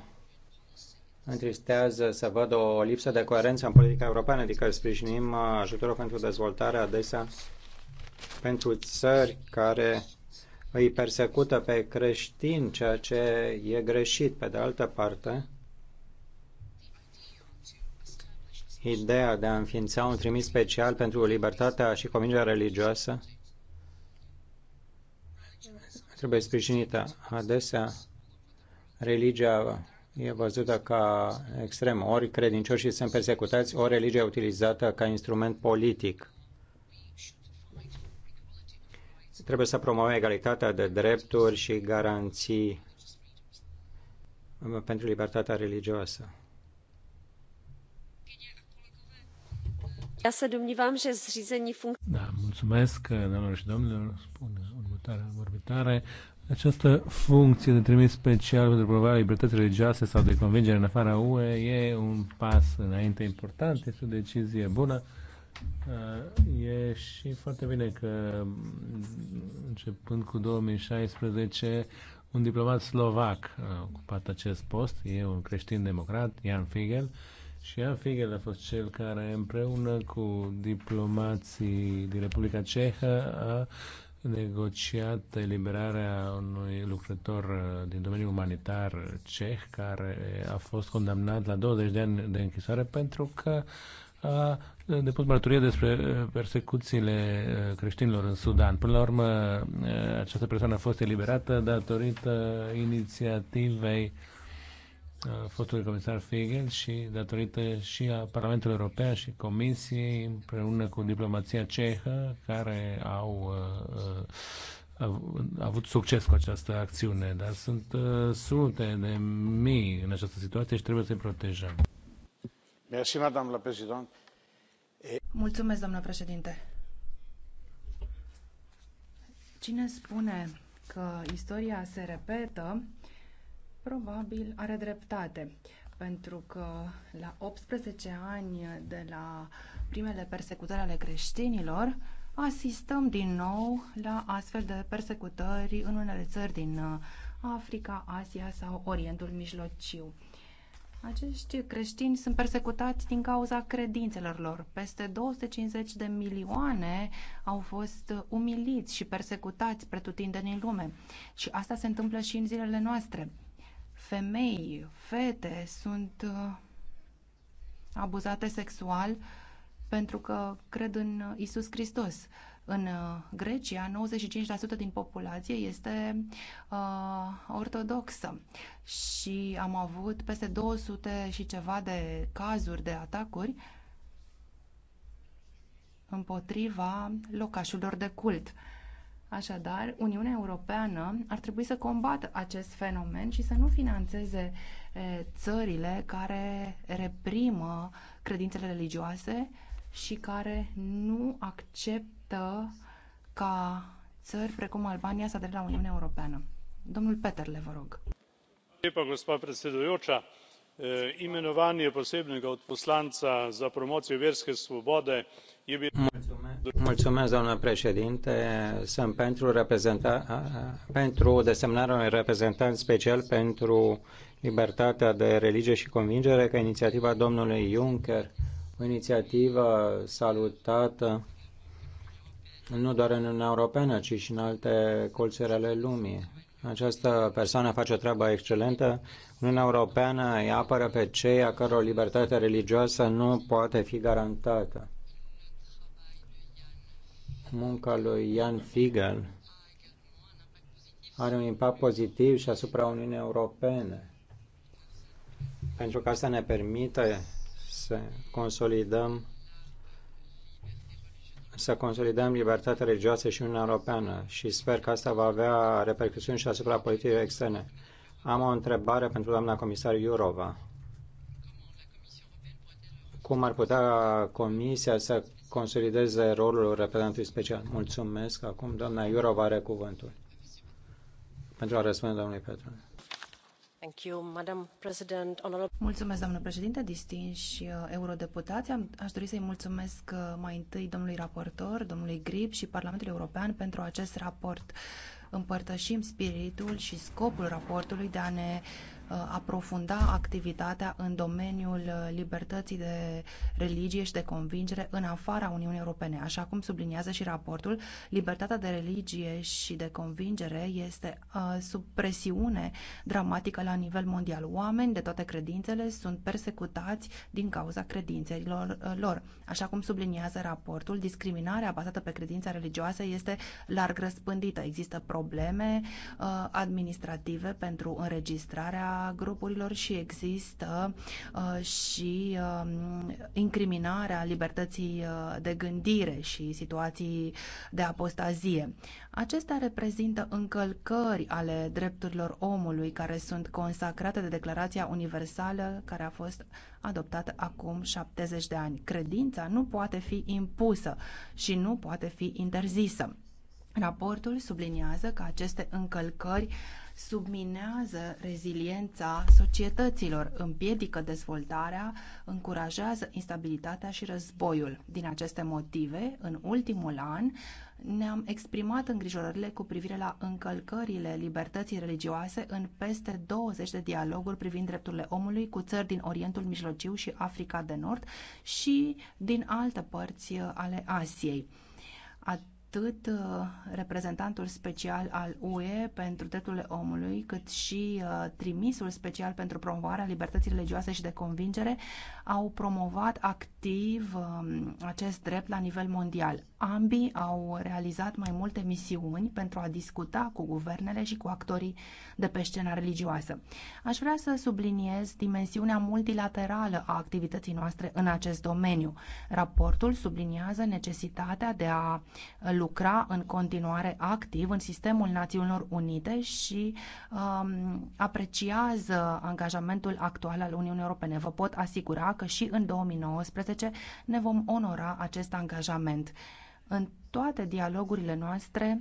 întristează să văd o lipsă de coerență în politica europeană, adică sprijinim uh, ajutorul pentru dezvoltare adesea pentru țări care îi persecută pe creștini, ceea ce e greșit. Pe de altă parte, ideea de a înființa un trimis special pentru libertatea și convingerea religioasă trebuie sprijinită. Adesea, religia e văzută ca extrem. Ori credincioșii sunt persecutați, ori religia e utilizată ca instrument politic. Trebuie să promovăm egalitatea de drepturi și garanții pentru libertatea religioasă. Da, mulțumesc, doamnelor și domnilor, spune următoarea vorbitare. Această funcție de trimis special pentru promovarea libertății religioase sau de convingere în afara UE e un pas înainte important, este o decizie bună E și foarte bine că începând cu 2016 un diplomat slovac a ocupat acest post, e un creștin democrat, Jan Figel, și Jan Figel a fost cel care împreună cu diplomații din Republica Cehă a negociat eliberarea unui lucrător uh, din domeniul umanitar ceh care a fost condamnat la 20 de ani de închisoare pentru că a depus mărturie despre uh, persecuțiile uh, creștinilor în Sudan. Până la urmă, uh, această persoană a fost eliberată datorită inițiativei fostului comisar Figel și datorită și a Parlamentului European și Comisiei împreună cu diplomația cehă care au a avut succes cu această acțiune, dar sunt uh, sute de mii în această situație și trebuie să-i protejăm doamnă președintă cine spune că istoria se repetă probabil are dreptate pentru că la 18 ani de la primele persecutări ale creștinilor asistăm din nou la astfel de persecutări în unele țări din uh, Africa, Asia sau Orientul Mijlociu. Acești creștini sunt persecutați din cauza credințelor lor. Peste 250 de milioane au fost umiliți și persecutați pretutindeni în lume. Și asta se întâmplă și în zilele noastre. Femei, fete sunt uh, abuzate sexual pentru că cred în Isus Hristos. În uh, Grecia, 95% din populație este uh, ortodoxă și am avut peste 200 și ceva de cazuri de atacuri împotriva locașurilor de cult. Așadar, Uniunea Europeană ar trebui să combată acest fenomen și să nu financeze țările care reprimă credințele religioase și care nu acceptă ca țări precum Albania să adere la Uniunea Europeană. Domnul Peterle, vă rog. gospa predsedujoča imenovanje posebnega odposlanca za promocijo verske svobode je bilo. Mulțumesc, doamnă președinte. Sunt pentru, reprezenta... pentru desemnarea unui reprezentant special pentru libertatea de religie și convingere că inițiativa domnului Juncker o inițiativă salutată nu doar în Uniunea Europeană, ci și în alte colțuri ale lumii. Această persoană face o treabă excelentă. Uniunea Europeană îi apără pe cei a căror libertate religioasă nu poate fi garantată. Munca lui Jan Figel are un impact pozitiv și asupra Uniunii Europene, pentru că asta ne permite să consolidăm să consolidăm libertatea religioasă și Uniunea Europeană și sper că asta va avea repercusiuni și asupra politicii externe. Am o întrebare pentru doamna comisar Iurova. Cum ar putea Comisia să consolideze rolul reprezentantului special? Mulțumesc. Acum doamna Iurova are cuvântul pentru a răspunde domnului Petru. Mulțumesc, doamnă președinte, distinși uh, eurodeputați. Aș dori să-i mulțumesc uh, mai întâi domnului raportor, domnului Grip și Parlamentului European pentru acest raport. Împărtășim spiritul și scopul raportului de a ne Uh, aprofunda activitatea în domeniul uh, libertății de religie și de convingere în afara Uniunii Europene. Așa cum subliniază și raportul, libertatea de religie și de convingere este uh, sub presiune dramatică la nivel mondial. Oameni de toate credințele sunt persecutați din cauza credințelor lor. Așa cum subliniază raportul, discriminarea bazată pe credința religioasă este larg răspândită. Există probleme administrative pentru înregistrarea grupurilor și există uh, și um, incriminarea libertății uh, de gândire și situații de apostazie. Acestea reprezintă încălcări ale drepturilor omului care sunt consacrate de Declarația Universală care a fost adoptată acum 70 de ani. Credința nu poate fi impusă și nu poate fi interzisă. Raportul subliniază că aceste încălcări subminează reziliența societăților, împiedică dezvoltarea, încurajează instabilitatea și războiul. Din aceste motive, în ultimul an, ne-am exprimat îngrijorările cu privire la încălcările libertății religioase în peste 20 de dialoguri privind drepturile omului cu țări din Orientul Mijlociu și Africa de Nord și din alte părți ale Asiei. At- atât uh, reprezentantul special al UE pentru drepturile omului, cât și uh, trimisul special pentru promovarea libertății religioase și de convingere au promovat activ um, acest drept la nivel mondial. Ambii au realizat mai multe misiuni pentru a discuta cu guvernele și cu actorii de pe scena religioasă. Aș vrea să subliniez dimensiunea multilaterală a activității noastre în acest domeniu. Raportul subliniază necesitatea de a lua lucra în continuare activ în sistemul Națiunilor Unite și um, apreciază angajamentul actual al Uniunii Europene. Vă pot asigura că și în 2019 ne vom onora acest angajament. În toate dialogurile noastre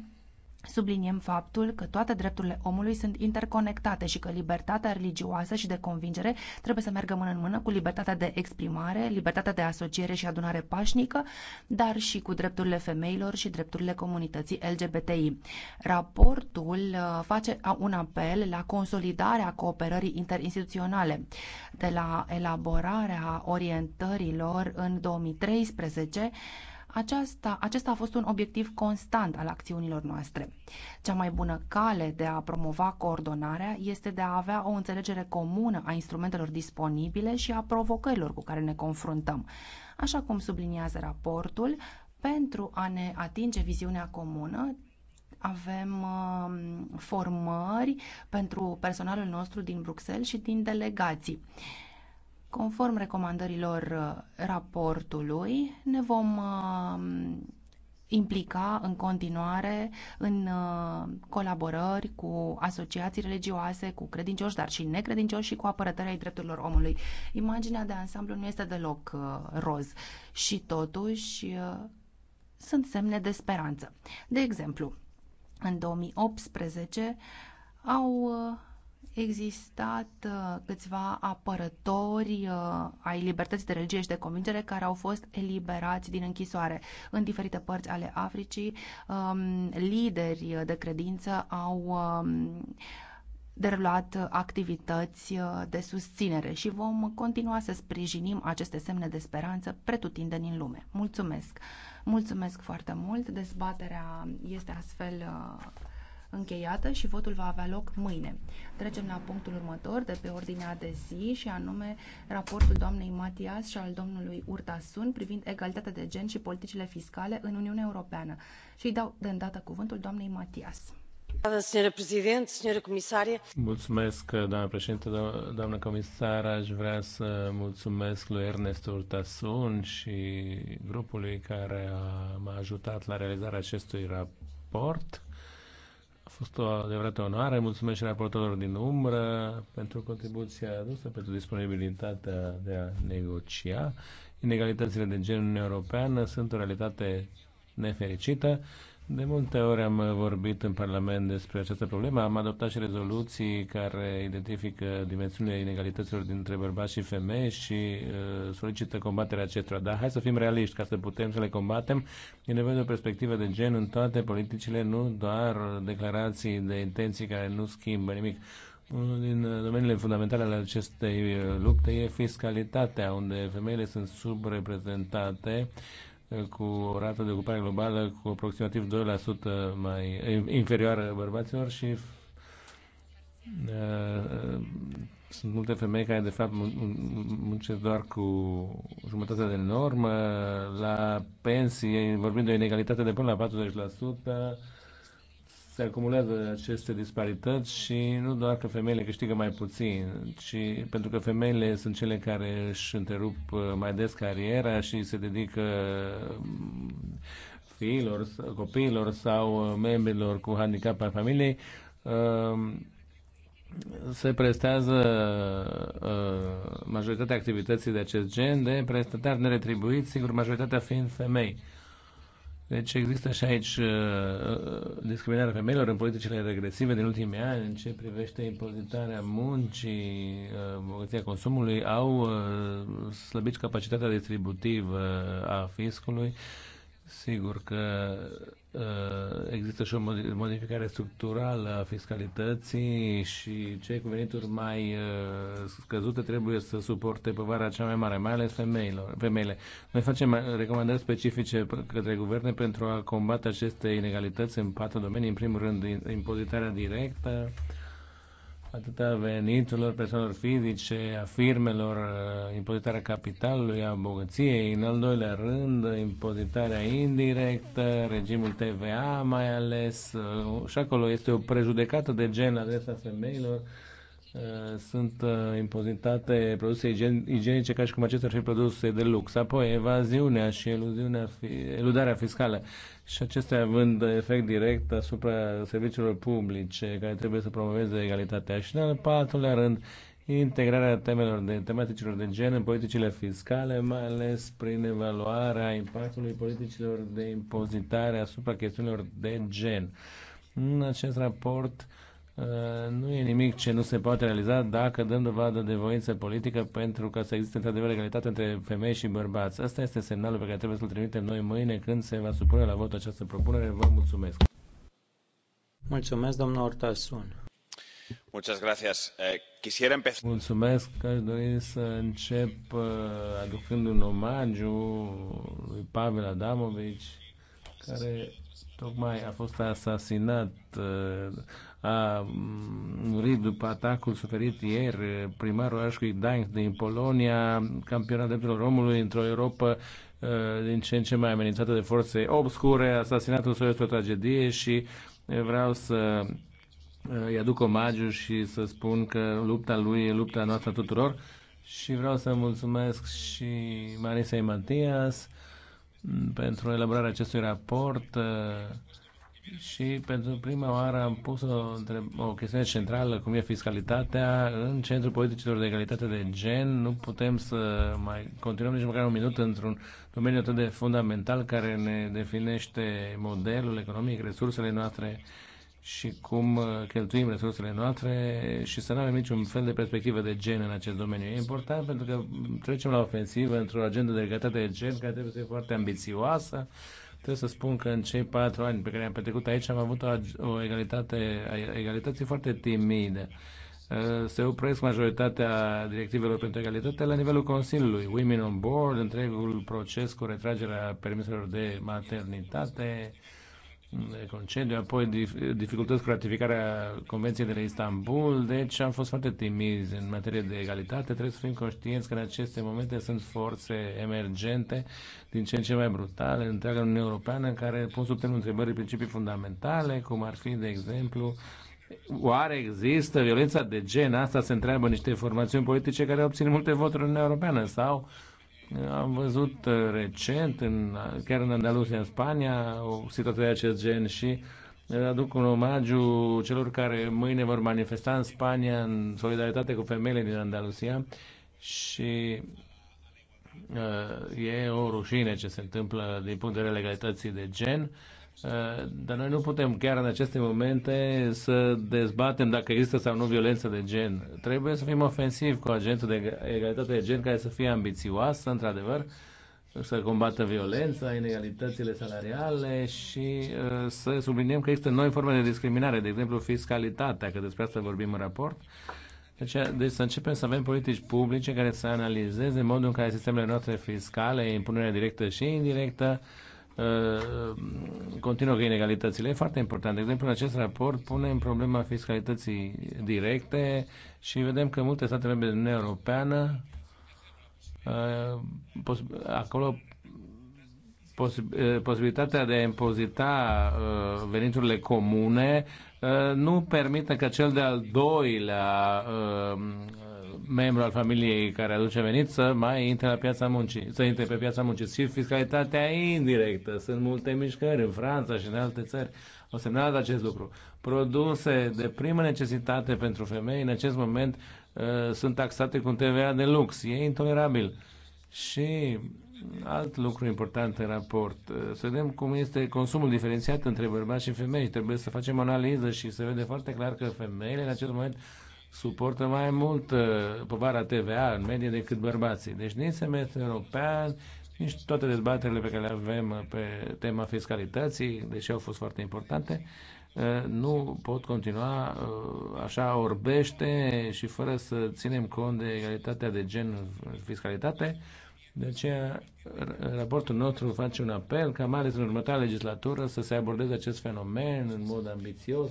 Subliniem faptul că toate drepturile omului sunt interconectate și că libertatea religioasă și de convingere trebuie să meargă mână în mână cu libertatea de exprimare, libertatea de asociere și adunare pașnică, dar și cu drepturile femeilor și drepturile comunității LGBTI. Raportul uh, face un apel la consolidarea cooperării interinstituționale, de la elaborarea orientărilor în 2013 aceasta, acesta a fost un obiectiv constant al acțiunilor noastre. Cea mai bună cale de a promova coordonarea este de a avea o înțelegere comună a instrumentelor disponibile și a provocărilor cu care ne confruntăm. Așa cum subliniază raportul, pentru a ne atinge viziunea comună, avem um, formări pentru personalul nostru din Bruxelles și din delegații. Conform recomandărilor uh, raportului, ne vom uh, implica în continuare în uh, colaborări cu asociații religioase, cu credincioși, dar și necredincioși și cu apărătorii drepturilor omului. Imaginea de ansamblu nu este deloc roz și totuși sunt semne de speranță. De exemplu, în 2018 au existat uh, câțiva apărători uh, ai libertății de religie și de convingere care au fost eliberați din închisoare. În diferite părți ale Africii, um, lideri de credință au um, derulat activități uh, de susținere și vom continua să sprijinim aceste semne de speranță pretutindeni în lume. Mulțumesc! Mulțumesc foarte mult! Dezbaterea este astfel încheiată și votul va avea loc mâine. Trecem la punctul următor de pe ordinea de zi și anume raportul doamnei Matias și al domnului Urtasun privind egalitatea de gen și politicile fiscale în Uniunea Europeană. Și îi dau de îndată cuvântul doamnei Matias. Mulțumesc, doamnă președinte, doamnă comisar. Aș vrea să mulțumesc lui Ernest Urtasun și grupului care m-a ajutat la realizarea acestui raport fost o adevărată onoare. Mulțumesc și raportorilor din umbră pentru contribuția adusă, pentru disponibilitatea de a negocia. Inegalitățile de gen în Europeană sunt o realitate nefericită de multe ori am vorbit în Parlament despre această problemă. Am adoptat și rezoluții care identifică dimensiunile inegalităților dintre bărbați și femei și uh, solicită combaterea acestora. Dar hai să fim realiști, ca să putem să le combatem, e nevoie de o perspectivă de gen în toate politicile, nu doar declarații de intenții care nu schimbă nimic. Unul din domeniile fundamentale ale acestei uh, lupte e fiscalitatea, unde femeile sunt subreprezentate uh, cu o rată de ocupare globală cu aproximativ 2% mai inferioară bărbaților și uh, uh, sunt multe femei care de fapt muncesc doar cu jumătatea de normă, la pensii vorbim de o inegalitate de până la 40%, se acumulează aceste disparități și nu doar că femeile câștigă mai puțin, ci pentru că femeile sunt cele care își întrerup uh, mai des cariera și se dedică mm, fiilor, copiilor sau uh, membrilor cu handicap al familiei, uh, se prestează majoritatea activității de acest gen de prestatari neretribuiți, sigur, majoritatea fiind femei. Deci există și aici uh, uh, discriminarea femeilor în politicile regresive din ultimii ani în ce privește impozitarea muncii, uh, bogăția consumului, au slăbit capacitatea distributivă a fiscului Sigur că ă, există și o modificare structurală a fiscalității și cei cu venituri mai ă, scăzute trebuie să suporte povara cea mai mare, mai ales femeilor, femeile. Noi facem recomandări specifice către guverne pentru a combate aceste inegalități în patru domenii. În primul rând, impozitarea directă, atât veniturilor persoanelor fizice, a firmelor, uh, impozitarea capitalului, a bogăției, în al doilea rând, impozitarea indirectă, regimul TVA mai ales, uh, și acolo este o prejudecată de gen adresa femeilor, uh, sunt impozitate produse igienice ca și cum acestea ar fi produse de lux. Apoi, evaziunea și eludarea fiscală și acestea având efect direct asupra serviciilor publice care trebuie să promoveze egalitatea. Și în al patrulea rând, integrarea temelor de tematicilor de gen în politicile fiscale, mai ales prin evaluarea impactului politicilor de impozitare asupra chestiunilor de gen. În acest raport, uh, Uh, nu e nimic ce nu se poate realiza dacă dăm dovadă de voință politică pentru ca să existe într-adevăr egalitate între femei și bărbați. Asta este semnalul pe care trebuie să-l trimitem noi mâine când se va supune la vot această propunere. Vă mulțumesc! Mulțumesc, domnul Ortasun. Muchas gracias. Eh, quisiera empezar... Mulțumesc că aș dori să încep uh, aducând un omagiu lui Pavel Adamovici, care tocmai a fost asasinat uh, a murit mm, după atacul suferit ieri. Primarul Așcui Gdańsk din Polonia, campionat drepturilor omului într-o Europa din ce în ce mai amenințată de forțe obscure. Asasinatul său este o tragedie și vreau să îi aduc omagiu și să spun că lupta lui e lupta noastră tuturor și vreau să mulțumesc și Marisei Matias mm, pentru elaborarea acestui raport și pentru prima oară am pus o, o chestiune centrală, cum e fiscalitatea, în centrul politicilor de egalitate de gen. Nu putem să mai continuăm nici măcar un minut într-un domeniu atât de fundamental care ne definește modelul economic, resursele noastre și cum uh, cheltuim resursele noastre și să nu avem niciun fel de perspectivă de gen în acest domeniu. E important pentru că trecem la ofensivă într-o agendă de egalitate de gen care trebuie să fie foarte ambițioasă, Trebuie să spun că în cei patru ani pe care i-am petrecut aici am avut o, o egalitate, egalității foarte timidă. Uh, se opresc majoritatea directivelor pentru egalitate la nivelul Consiliului. Women on board, întregul proces cu retragerea permiselor de maternitate, de concediu, apoi dificultăți cu ratificarea Convenției de la Istanbul, deci am fost foarte timizi în materie de egalitate. Trebuie să fim conștienți că în aceste momente sunt forțe emergente din ce în ce mai brutale întreaga Uniune Europeană în care pun sub semnul întrebării principii fundamentale, cum ar fi, de exemplu, Oare există violența de gen? Asta se întreabă niște formațiuni politice care obțin multe voturi în Uniunea Europeană sau am văzut uh, recent, în, chiar în Andalusia, în Spania, o situație de acest gen și uh, aduc un omagiu celor care mâine vor manifesta în Spania în solidaritate cu femeile din Andalusia și uh, e o rușine ce se întâmplă din punct de vedere legalității de gen dar noi nu putem chiar în aceste momente să dezbatem dacă există sau nu violență de gen. Trebuie să fim ofensivi cu agentul de egalitate de gen care să fie ambițioasă, într-adevăr, să combată violența, inegalitățile salariale și uh, să subliniem că există noi forme de discriminare, de exemplu fiscalitatea, că despre asta vorbim în raport. Deci, uh, deci să începem să avem politici publice care să analizeze modul în care sistemele noastre fiscale, impunerea directă și indirectă, uh, Uh, continuă inegalitățile. E foarte important. De exemplu, în acest raport punem problema fiscalității directe și vedem că multe state membre din Uniunea Europeană uh, acolo uh, posibilitatea de a impozita veniturile comune nu permite ca cel de-al doilea membru al familiei care aduce venit să mai intre la piața muncii, să intre pe piața muncii. Și fiscalitatea indirectă. Sunt multe mișcări în Franța și în alte țări. Au semnalat acest lucru. Produse de primă necesitate pentru femei în acest moment uh, sunt taxate cu un TVA de lux. E intolerabil. Și alt lucru important în raport. Uh, să vedem cum este consumul diferențiat între bărbați și femei. Trebuie să facem analiză și se vede foarte clar că femeile în acest moment suportă mai mult uh, povara TVA în medie decât bărbații. Deci nici semestrul european, nici toate dezbaterile pe care le avem uh, pe tema fiscalității, deși au fost foarte importante, uh, nu pot continua așa orbește și fără să ținem cont de egalitatea de gen fiscalitate. De aceea, raportul nostru face un apel ca, mai ales în următoarea legislatură, să se abordeze acest fenomen în mod ambițios,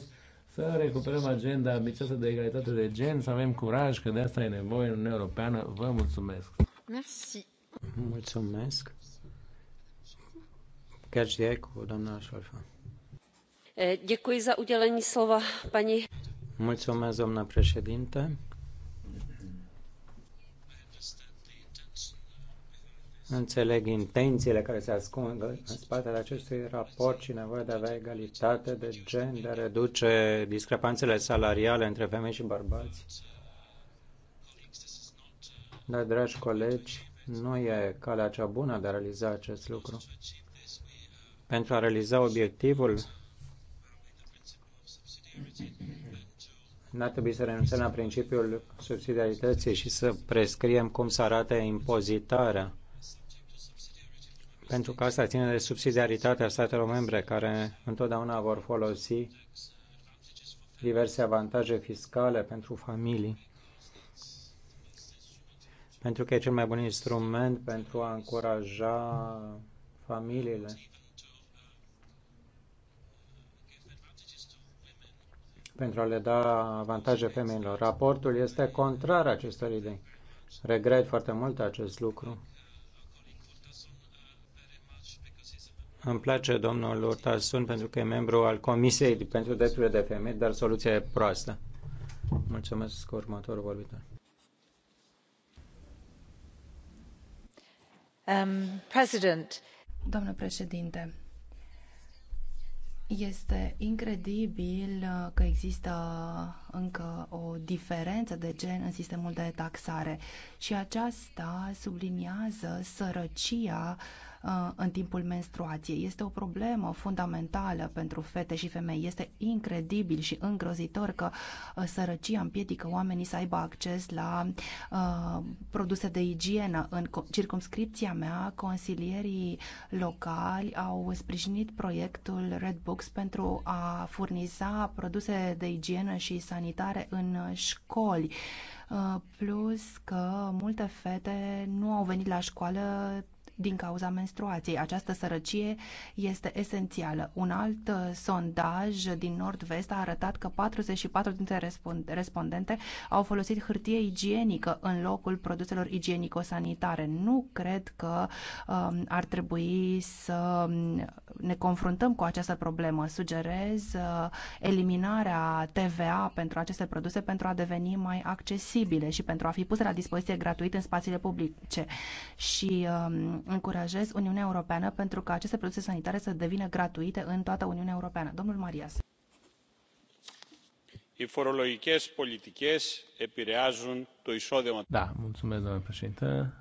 să recuperăm agenda ambițioasă de egalitate de gen, să avem curaj, că de asta e nevoie în Uniunea Europeană. Vă mulțumesc! Merci. Mulțumesc! Chiar cu doamna Șolfa. Eh, děkuji za udělení slova, paní. Mulțumesc, doamna președinte. Înțeleg intențiile care se ascund în spatele acestui raport și nevoia de a avea egalitate de gen, de a reduce discrepanțele salariale între femei și bărbați. Dar, dragi colegi, nu e calea cea bună de a realiza acest lucru. Pentru a realiza obiectivul, n-ar trebui să renunțăm la principiul subsidiarității și să prescriem cum să arate impozitarea pentru că asta ține de subsidiaritatea statelor membre, care întotdeauna vor folosi diverse avantaje fiscale pentru familii, pentru că e cel mai bun instrument pentru a încuraja familiile. pentru a le da avantaje femeilor. Raportul este contrar acestor idei. Regret foarte mult acest lucru. Îmi place domnul Urtasun pentru că e membru al Comisiei pentru Drepturile de Femei, dar soluția e proastă. Mulțumesc, următorul vorbitor. Um, President. Domnul președinte, este incredibil că există încă o diferență de gen în sistemul de taxare și aceasta subliniază sărăcia uh, Uh, în timpul menstruației. Este o problemă fundamentală pentru fete și femei. Este incredibil și îngrozitor că uh, sărăcia împiedică oamenii să aibă acces la uh, produse de igienă. În circumscripția mea, consilierii locali au sprijinit proiectul Red Books pentru a furniza produse de igienă și sanitare în școli. Plus că multe fete nu au venit la școală din cauza menstruației. Această sărăcie este esențială. Un alt uh, sondaj din nord-vest a arătat că 44 dintre respondente au folosit hârtie igienică în locul produselor igienico-sanitare. Nu cred că um, ar trebui să um, ne confruntăm cu această problemă. Sugerez uh, eliminarea TVA pentru aceste produse pentru a deveni mai accesibile și pentru a fi puse la dispoziție gratuit în spațiile publice. Și um, încurajez Uniunea Europeană pentru ca aceste produse sanitare să devină gratuite în toată Uniunea Europeană. Domnul Marias. Da, mulțumesc, doamnă președintă.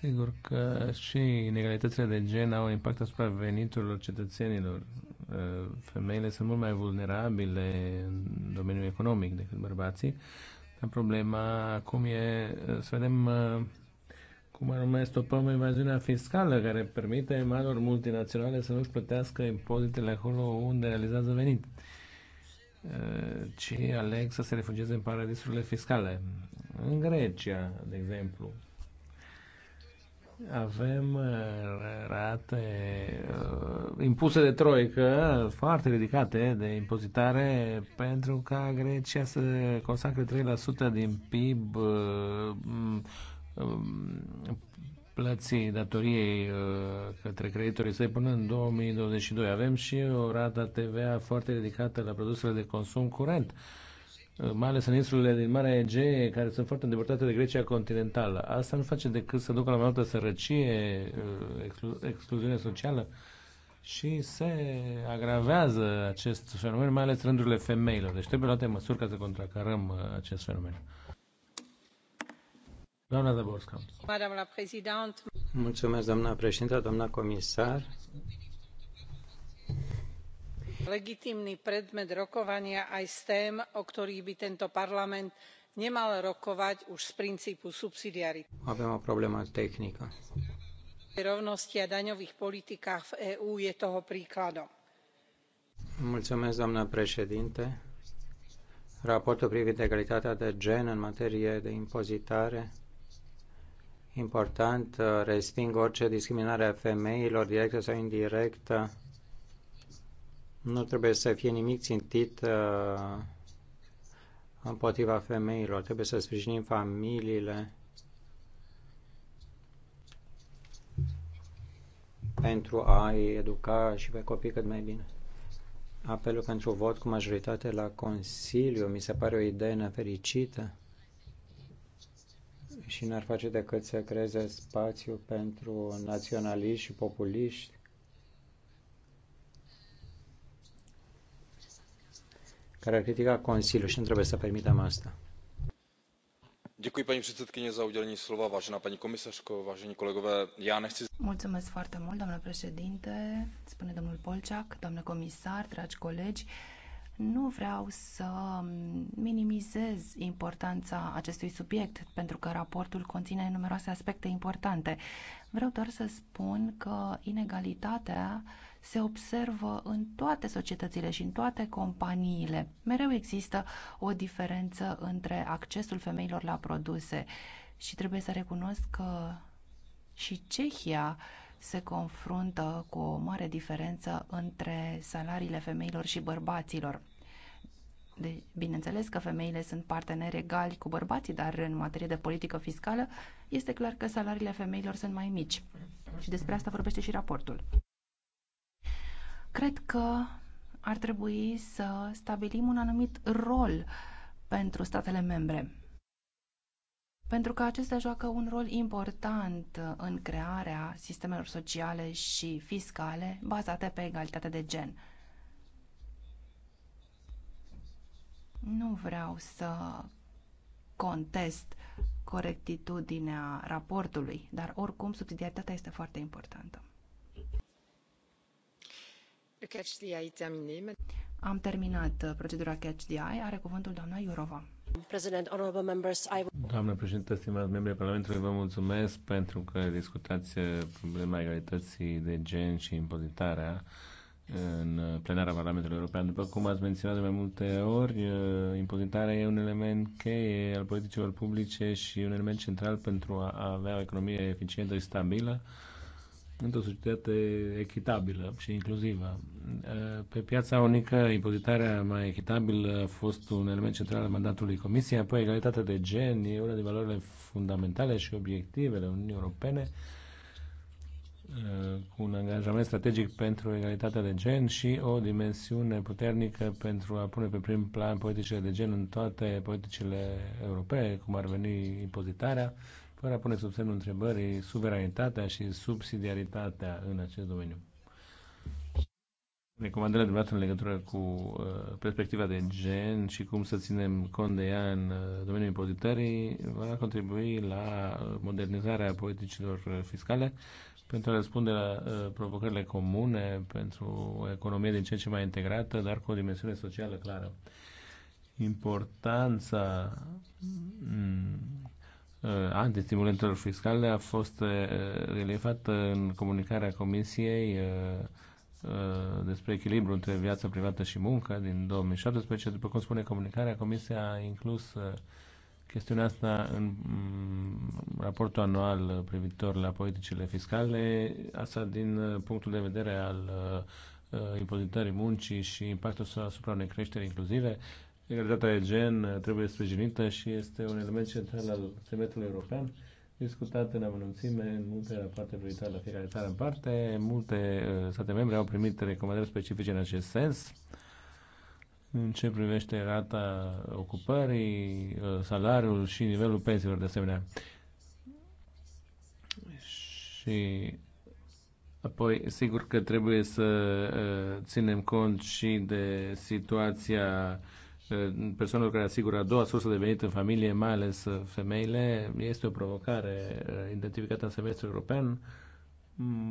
Sigur că și inegalitățile de gen au un impact asupra veniturilor cetățenilor. Uh, femeile sunt mult mai vulnerabile în domeniul economic decât bărbații. Dar problema acum e uh, să vedem uh, cum anume stopăm evaziunea fiscală care permite marilor multinaționale să nu-și plătească impozitele acolo unde realizează venit, eh, ci aleg să se refugieze în paradisurile fiscale. În Grecia, de exemplu, avem eh, rate eh, impuse de troică foarte ridicate de impozitare pentru ca Grecia să consacre 3% din PIB Um, plății datoriei uh, către creditorii săi până în 2022. Avem și o rată TVA foarte ridicată la produsele de consum curent, uh, mai ales în insulele din Marea Egee, care sunt foarte îndepărtate de Grecia continentală. Asta nu face decât să ducă la mai multă sărăcie, uh, excluziune socială și se agravează acest fenomen, mai ales rândurile femeilor. Deci trebuie luate măsuri ca să contracarăm acest fenomen. Doamnă Mulțumesc, președintă, doamnă comisar. Legitímny predmet rokovania aj s tém, o ktorých by tento parlament nemal rokovať už z princípu subsidiarity. Avem o problemă tehnică. Rovnosti a daňových politikách v EÚ je toho príkladom. Mulțumesc, doamnă președinte. Raportul privind egalitatea de gen în materie de impozitare important, uh, resting orice discriminare a femeilor, directă sau indirectă. Nu trebuie să fie nimic țintit uh, împotriva femeilor. Trebuie să sprijinim familiile pentru a-i educa și pe copii cât mai bine. Apelul pentru vot cu majoritate la Consiliu mi se pare o idee nefericită și n-ar face decât să creeze spațiu pentru naționaliști și populiști care ar critica Consiliul și nu trebuie să permitem asta. paní předsedkyně za udělení slova, vážená paní komisařko, vážení kolegové. Já nechci... Mulțumesc foarte mult, doamnă președinte, spune domnul Polceac, doamnă comisar, dragi colegi. Nu vreau să minimizez importanța acestui subiect, pentru că raportul conține numeroase aspecte importante. Vreau doar să spun că inegalitatea se observă în toate societățile și în toate companiile. Mereu există o diferență între accesul femeilor la produse și trebuie să recunosc că și Cehia se confruntă cu o mare diferență între salariile femeilor și bărbaților. De, deci, bineînțeles că femeile sunt parteneri egali cu bărbații, dar în materie de politică fiscală este clar că salariile femeilor sunt mai mici. Și despre asta vorbește și raportul. Cred că ar trebui să stabilim un anumit rol pentru statele membre. Pentru că acestea joacă un rol important în crearea sistemelor sociale și fiscale bazate pe egalitate de gen Nu vreau să contest corectitudinea raportului, dar oricum subsidiaritatea este foarte importantă. Am terminat uh, procedura Catch the Eye. Are cuvântul doamna Iurova. Doamna președintă, stimați membri ai Parlamentului, vă mulțumesc pentru că discutați uh, problema egalității de gen și impozitarea în plenara Parlamentului European. După cum ați menționat de mai multe ori, uh, impozitarea e un element cheie al politicilor publice și un element central pentru a avea o economie eficientă și stabilă într-o societate echitabilă și inclusivă. Uh, pe piața unică, impozitarea mai echitabilă a fost un element central al mandatului Comisiei, apoi egalitatea de gen e una din valorile fundamentale și obiectivele Uniunii Europene, Uh, cu un angajament strategic pentru egalitatea de gen și o dimensiune puternică pentru a pune pe prim plan politicile de gen în toate politicile europene, cum ar veni impozitarea, fără a pune sub semnul întrebării suveranitatea și subsidiaritatea în acest domeniu. Recomandările dumneavoastră în legătură cu uh, perspectiva de gen și cum să ținem cont de ea în uh, domeniul impozitării va contribui la modernizarea politicilor fiscale pentru a răspunde la uh, provocările comune, pentru o economie din ce în ce mai integrată, dar cu o dimensiune socială clară. Importanța mm, uh, antistimulentelor fiscale a fost uh, relevată în comunicarea Comisiei uh, uh, despre echilibru între viața privată și muncă din 2017. După cum spune comunicarea, Comisia a inclus uh, chestiunea asta în mm, raportul anual privitor la politicile fiscale, asta din uh, punctul de vedere al uh, uh, impozitării muncii și impactul său asupra unei creșteri inclusive. Egalitatea de gen trebuie sprijinită și este un element central al semestrului european discutat în amănunțime în multe rapoarte privitoare la fiecare țară în parte. Multe state membre au primit recomandări specifice în acest sens în ce privește rata ocupării, ă, salariul și nivelul pensiilor de asemenea. Și apoi, sigur că trebuie să ă, ținem cont și de situația ă, persoanelor care asigură a doua sursă de venit în familie, mai ales femeile. Este o provocare identificată în semestrul european,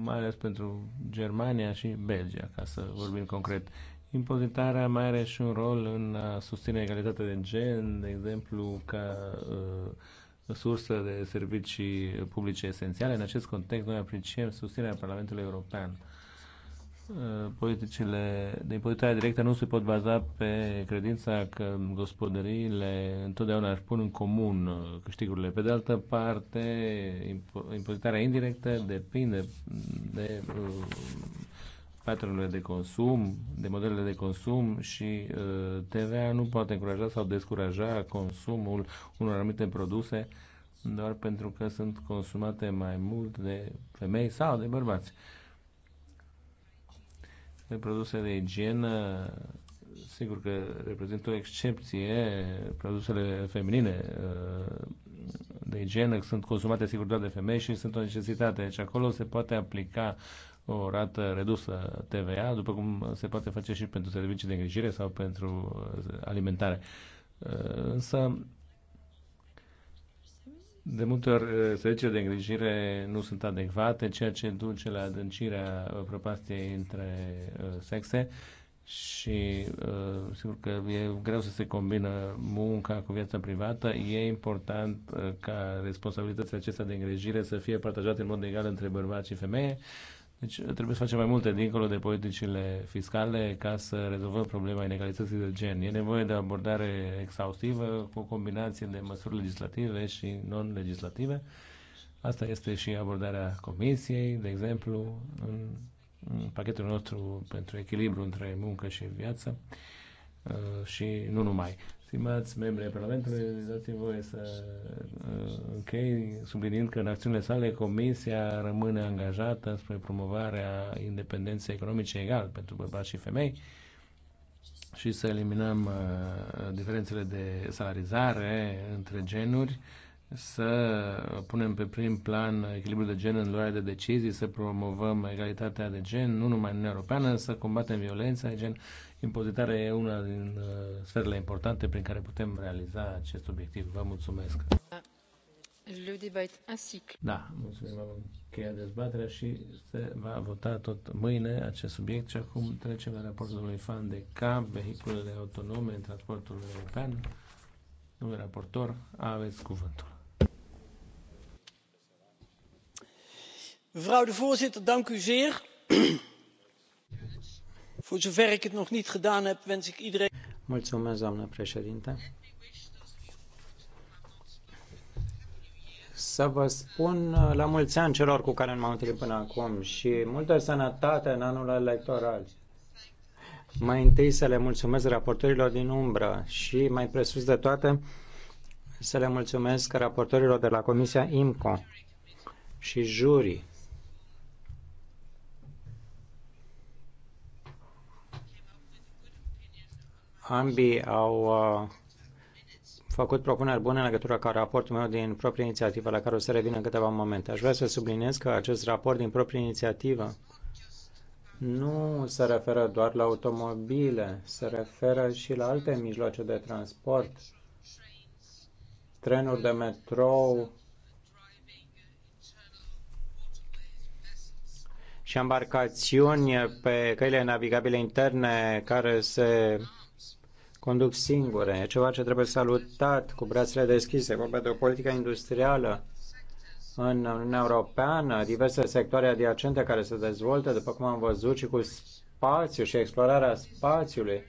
mai ales pentru Germania și Belgia, ca să vorbim concret. Impozitarea mai are și un rol în a uh, susține egalitatea de gen, de exemplu, ca uh, sursă de servicii publice esențiale. În acest context, noi apreciem susținerea Parlamentului European. Uh, politicile de impozitare directă nu se pot baza pe credința că gospodăriile întotdeauna își pun în comun uh, câștigurile. Pe de altă parte, impo impozitarea indirectă depinde de uh, patternurile de consum, de modelele de consum și uh, TVA nu poate încuraja sau descuraja consumul unor anumite produse doar pentru că sunt consumate mai mult de femei sau de bărbați. De produse de igienă, sigur că reprezintă o excepție, produsele feminine uh, de igienă sunt consumate sigur doar de femei și sunt o necesitate. Deci acolo se poate aplica o rată redusă TVA, după cum se poate face și pentru servicii de îngrijire sau pentru uh, alimentare. Uh, însă, de multe ori, uh, serviciile de îngrijire nu sunt adecvate, ceea ce duce la adâncirea prăpastiei între sexe și sigur că e greu să se combină munca cu viața privată. E important ca responsabilitățile acestea de îngrijire să fie partajate în mod egal între bărbați și femeie. Deci trebuie să facem mai multe dincolo de politicile fiscale ca să rezolvăm problema inegalității de gen. E nevoie de abordare exhaustivă cu o combinație de măsuri legislative și non-legislative. Asta este și abordarea Comisiei, de exemplu, în, în pachetul nostru pentru echilibru între muncă și viață uh, și nu numai. Stimați membri ai Parlamentului, dați-mi voie să uh, închei subliniind că în acțiunile sale Comisia rămâne angajată spre promovarea independenței economice egal pentru bărbați și femei și să eliminăm uh, diferențele de salarizare între genuri, să punem pe prim plan echilibrul de gen în luarea de decizii, să promovăm egalitatea de gen, nu numai în Uniunea Europeană, să combatem violența de gen Impozitarea e una din uh, sferele importante prin care putem realiza acest obiectiv. Vă mulțumesc! Le débat ainsi. Da, mulțumim, am încheiat dezbaterea și se va vota tot mâine acest subiect și acum trecem la raportul domnului Fan de Camp, vehiculele autonome în transportul european. Domnul raportor, aveți cuvântul. Mevrouw de voorzitter, dank u zeer. Mulțumesc, doamnă președinte. Să vă spun la mulți ani celor cu care m-am întâlnit până acum și multă sănătate în anul electoral. Mai întâi să le mulțumesc raportorilor din umbră și mai presus de toate să le mulțumesc raportorilor de la Comisia IMCO și jurii Ambii au uh, făcut propuneri bune în legătură cu raportul meu din proprie inițiativă, la care o să revin în câteva momente. Aș vrea să subliniez că acest raport din proprie inițiativă nu se referă doar la automobile, se referă și la alte mijloace de transport, trenuri de metrou și embarcațiuni pe căile navigabile interne care se conduc singure. E ceva ce trebuie salutat cu brațele deschise. Vorba de o politică industrială în Uniunea Europeană, diverse sectoare adiacente care se dezvoltă, după cum am văzut, și cu spațiu și explorarea spațiului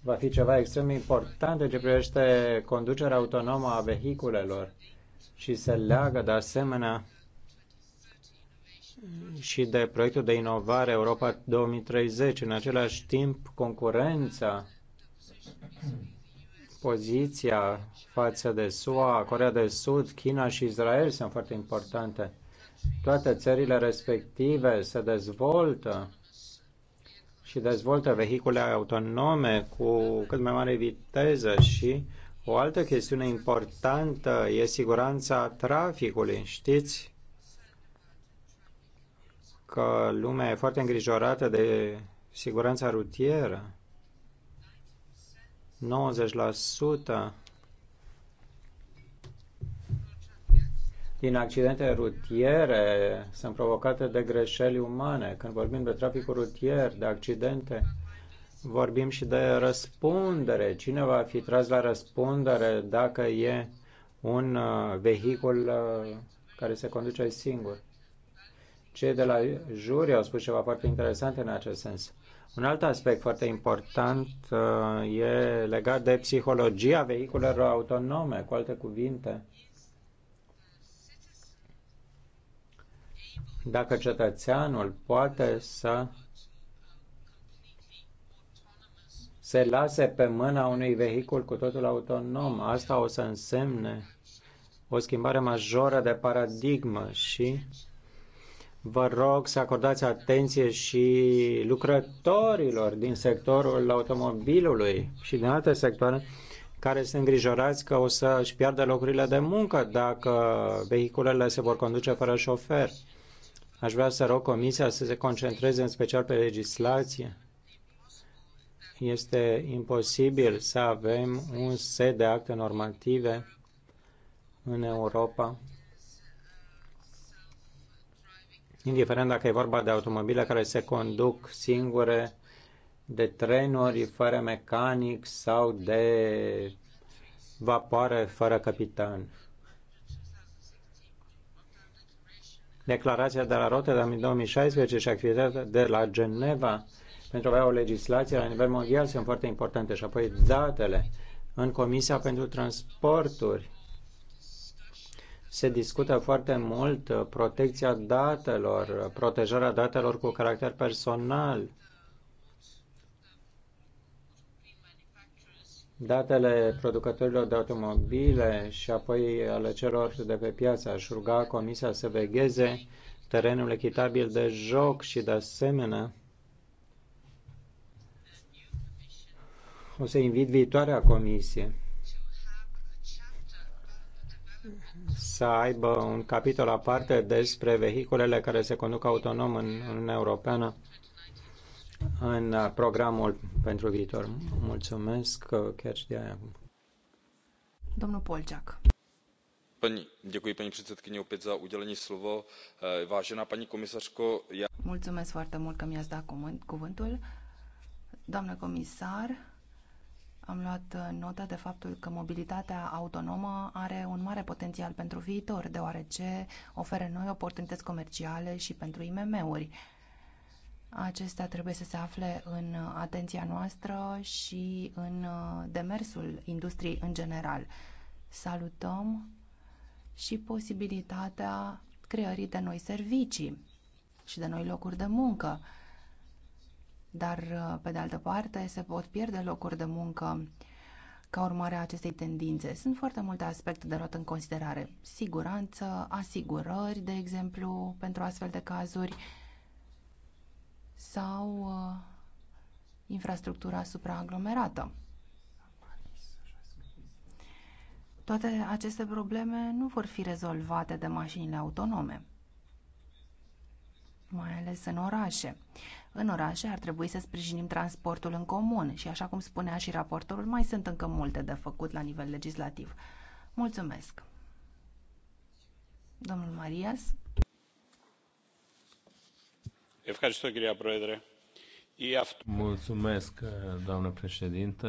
va fi ceva extrem important în ce privește conducerea autonomă a vehiculelor și se leagă de asemenea și de proiectul de inovare Europa 2030. În același timp, concurența poziția față de SUA, Corea de Sud, China și Israel sunt foarte importante. Toate țările respective se dezvoltă și dezvoltă vehicule autonome cu cât mai mare viteză și o altă chestiune importantă e siguranța traficului. Știți că lumea e foarte îngrijorată de siguranța rutieră. 90% din accidente rutiere sunt provocate de greșeli umane. Când vorbim de traficul rutier, de accidente, vorbim și de răspundere. Cine va fi tras la răspundere dacă e un uh, vehicul uh, care se conduce singur? Cei de la juri au spus ceva foarte interesant în acest sens. Un alt aspect foarte important uh, e legat de psihologia vehiculelor autonome, cu alte cuvinte. Dacă cetățeanul poate să se lase pe mâna unui vehicul cu totul autonom, asta o să însemne o schimbare majoră de paradigmă și Vă rog să acordați atenție și lucrătorilor din sectorul automobilului și din alte sectoare care sunt îngrijorați că o să își piardă locurile de muncă dacă vehiculele se vor conduce fără șofer. Aș vrea să rog Comisia să se concentreze în special pe legislație. Este imposibil să avem un set de acte normative în Europa indiferent dacă e vorba de automobile care se conduc singure, de trenuri fără mecanic sau de vapoare fără capitan. Declarația de la Rotterdam din 2016 și activitatea de la Geneva pentru a avea o legislație la nivel mondial sunt foarte importante și apoi datele în Comisia pentru Transporturi se discută foarte mult uh, protecția datelor, uh, protejarea datelor cu caracter personal. Datele producătorilor de automobile și apoi ale celor de pe piață. Aș ruga Comisia să vegheze terenul echitabil de joc și de asemenea o să invit viitoarea comisie să aibă un capitol aparte despre vehiculele care se conduc autonom în Uniunea Europeană în programul pentru viitor. Mulțumesc chiar și de aia. Domnul Polceac. Pani, děkuji paní předsedkyně opět za udělení slovo. Eh, vážená paní komisařko, já... Mulțumesc foarte mult că mi-ați dat cuvântul. Doamnă comisar, am luat uh, notă de faptul că mobilitatea autonomă are un mare potențial pentru viitor, deoarece oferă noi oportunități comerciale și pentru IMM-uri. Acestea trebuie să se afle în uh, atenția noastră și în uh, demersul industriei în general. Salutăm și posibilitatea creării de noi servicii și de noi locuri de muncă dar uh, pe de altă parte se pot pierde locuri de muncă ca urmare a acestei tendințe. Sunt foarte multe aspecte de luat în considerare. Siguranță, asigurări, de exemplu, pentru astfel de cazuri sau uh, infrastructura supraaglomerată. Toate aceste probleme nu vor fi rezolvate de mașinile autonome, mai ales în orașe. În orașe ar trebui să sprijinim transportul în comun și, așa cum spunea și raportorul, mai sunt încă multe de făcut la nivel legislativ. Mulțumesc! Domnul Marias. Mulțumesc, doamnă președintă.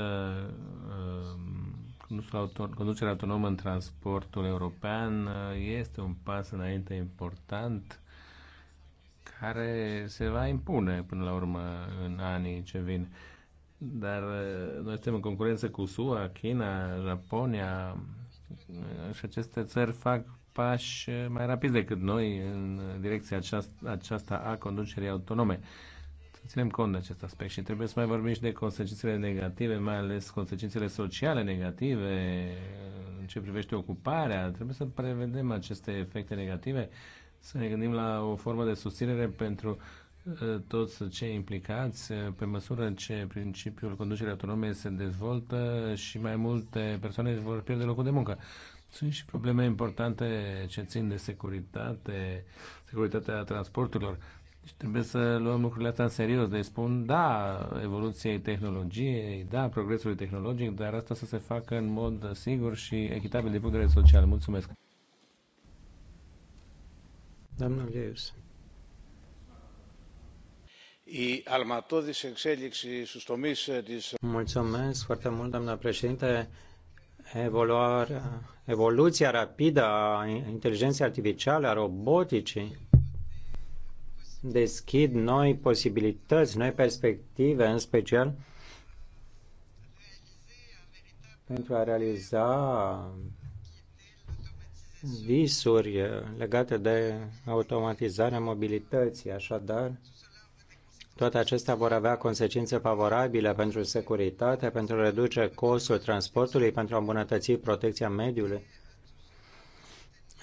Ehm, conducerea autonomă în transportul european ehm, este un pas înainte important care se va impune până la urmă în anii ce vin. Dar uh, noi suntem în concurență cu SUA, China, Japonia uh, și aceste țări fac pași uh, mai rapid decât noi în direcția aceasta, aceasta a conducerii autonome. Să ținem cont de acest aspect și trebuie să mai vorbim și de consecințele negative, mai ales consecințele sociale negative în ce privește ocuparea. Trebuie să prevedem aceste efecte negative să ne gândim la o formă de susținere pentru uh, toți cei implicați, uh, pe măsură ce principiul conducerii autonome se dezvoltă și mai multe persoane vor pierde locul de muncă. Sunt și probleme importante ce țin de securitate, securitatea transporturilor. Deci trebuie să luăm lucrurile astea în serios. Deci spun, da, evoluției tehnologiei, da, progresului tehnologic, dar asta să se facă în mod sigur și echitabil din punct de vedere social. Mulțumesc! Doamna Lewis. Eh, Mulțumesc foarte mult, doamna președinte. Evoluarea, eh, evoluția rapidă a inteligenței artificiale, a roboticii, deschid noi posibilități, noi perspective, în special pentru a realiza visuri eh, legate de automatizarea mobilității, așadar, toate acestea vor avea consecințe favorabile pentru securitate, pentru a reduce costul transportului, pentru a îmbunătăți protecția mediului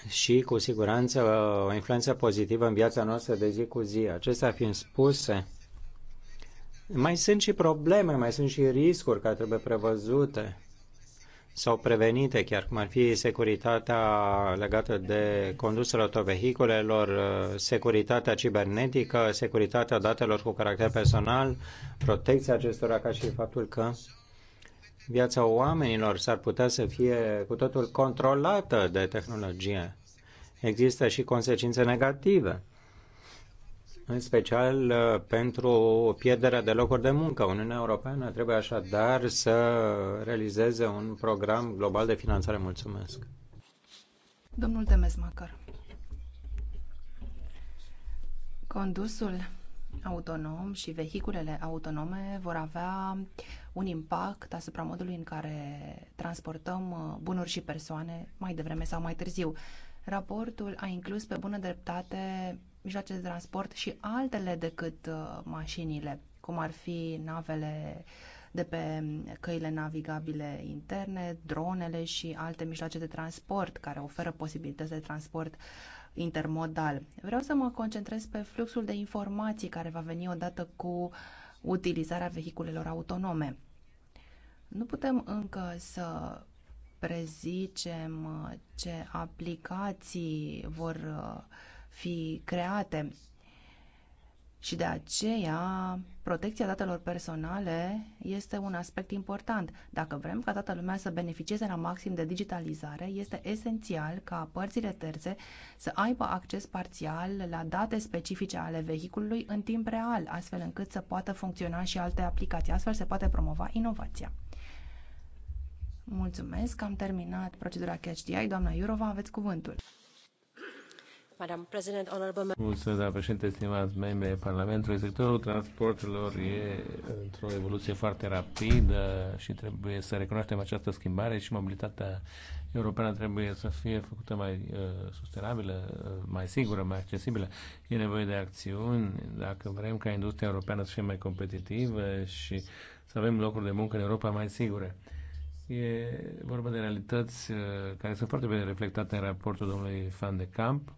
și, cu siguranță, o influență pozitivă în viața noastră de zi cu zi. Acestea fiind spuse, mai sunt și probleme, mai sunt și riscuri care trebuie prevăzute sau prevenite chiar, cum ar fi securitatea legată de condusul autovehiculelor, securitatea cibernetică, securitatea datelor cu caracter personal, protecția acestora ca și faptul că viața oamenilor s-ar putea să fie cu totul controlată de tehnologie. Există și consecințe negative în special uh, pentru pierderea de locuri de muncă. Uniunea Europeană trebuie așadar să realizeze un program global de finanțare. Mulțumesc. Domnul Demezmacăr. Condusul autonom și vehiculele autonome vor avea un impact asupra modului în care transportăm uh, bunuri și persoane mai devreme sau mai târziu. Raportul a inclus pe bună dreptate mijloace de transport și altele decât uh, mașinile, cum ar fi navele de pe căile navigabile interne, dronele și alte mijloace de transport care oferă posibilități de transport intermodal. Vreau să mă concentrez pe fluxul de informații care va veni odată cu utilizarea vehiculelor autonome. Nu putem încă să prezicem uh, ce aplicații vor uh, fi create și de aceea protecția datelor personale este un aspect important. Dacă vrem ca toată lumea să beneficieze la maxim de digitalizare, este esențial ca părțile terțe să aibă acces parțial la date specifice ale vehiculului în timp real, astfel încât să poată funcționa și alte aplicații. Astfel se poate promova inovația. Mulțumesc, am terminat procedura Catch DI. Doamna Iurova, aveți cuvântul. Mulțumesc, doamna președinte, stimați membri ai Parlamentului. Sectorul transporturilor e într-o evoluție foarte rapidă și trebuie să recunoaștem această schimbare și mobilitatea europeană trebuie să fie făcută mai uh, sustenabilă, uh, mai sigură, mai accesibilă. E nevoie de acțiuni dacă vrem ca industria europeană să fie mai competitivă și să avem locuri de muncă în Europa mai sigure. Uh, E vorba de realități uh, care sunt foarte bine reflectate în raportul domnului Fan de Camp,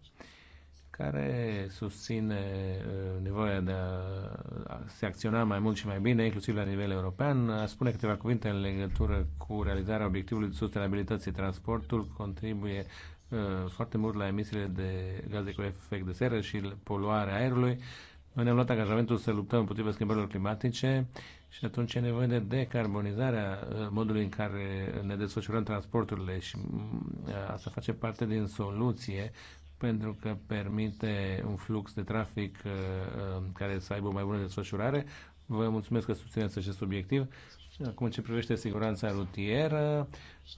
care susține uh, nevoia de a se acționa mai mult și mai bine, inclusiv la nivel european. A spune câteva cuvinte în legătură cu realizarea obiectivului de sustenabilității. Transportul contribuie uh, foarte mult la emisiile de gaze cu efect de seră și poluarea aerului. Noi ne-am luat angajamentul să luptăm împotriva schimbărilor climatice și atunci e nevoie de decarbonizarea uh, modului în care ne desfășurăm transporturile și mm, uh, asta face parte din soluție pentru că permite un flux de trafic uh, care să aibă o mai bună desfășurare. Vă mulțumesc că susțineți acest obiectiv. Acum, ce privește siguranța rutieră,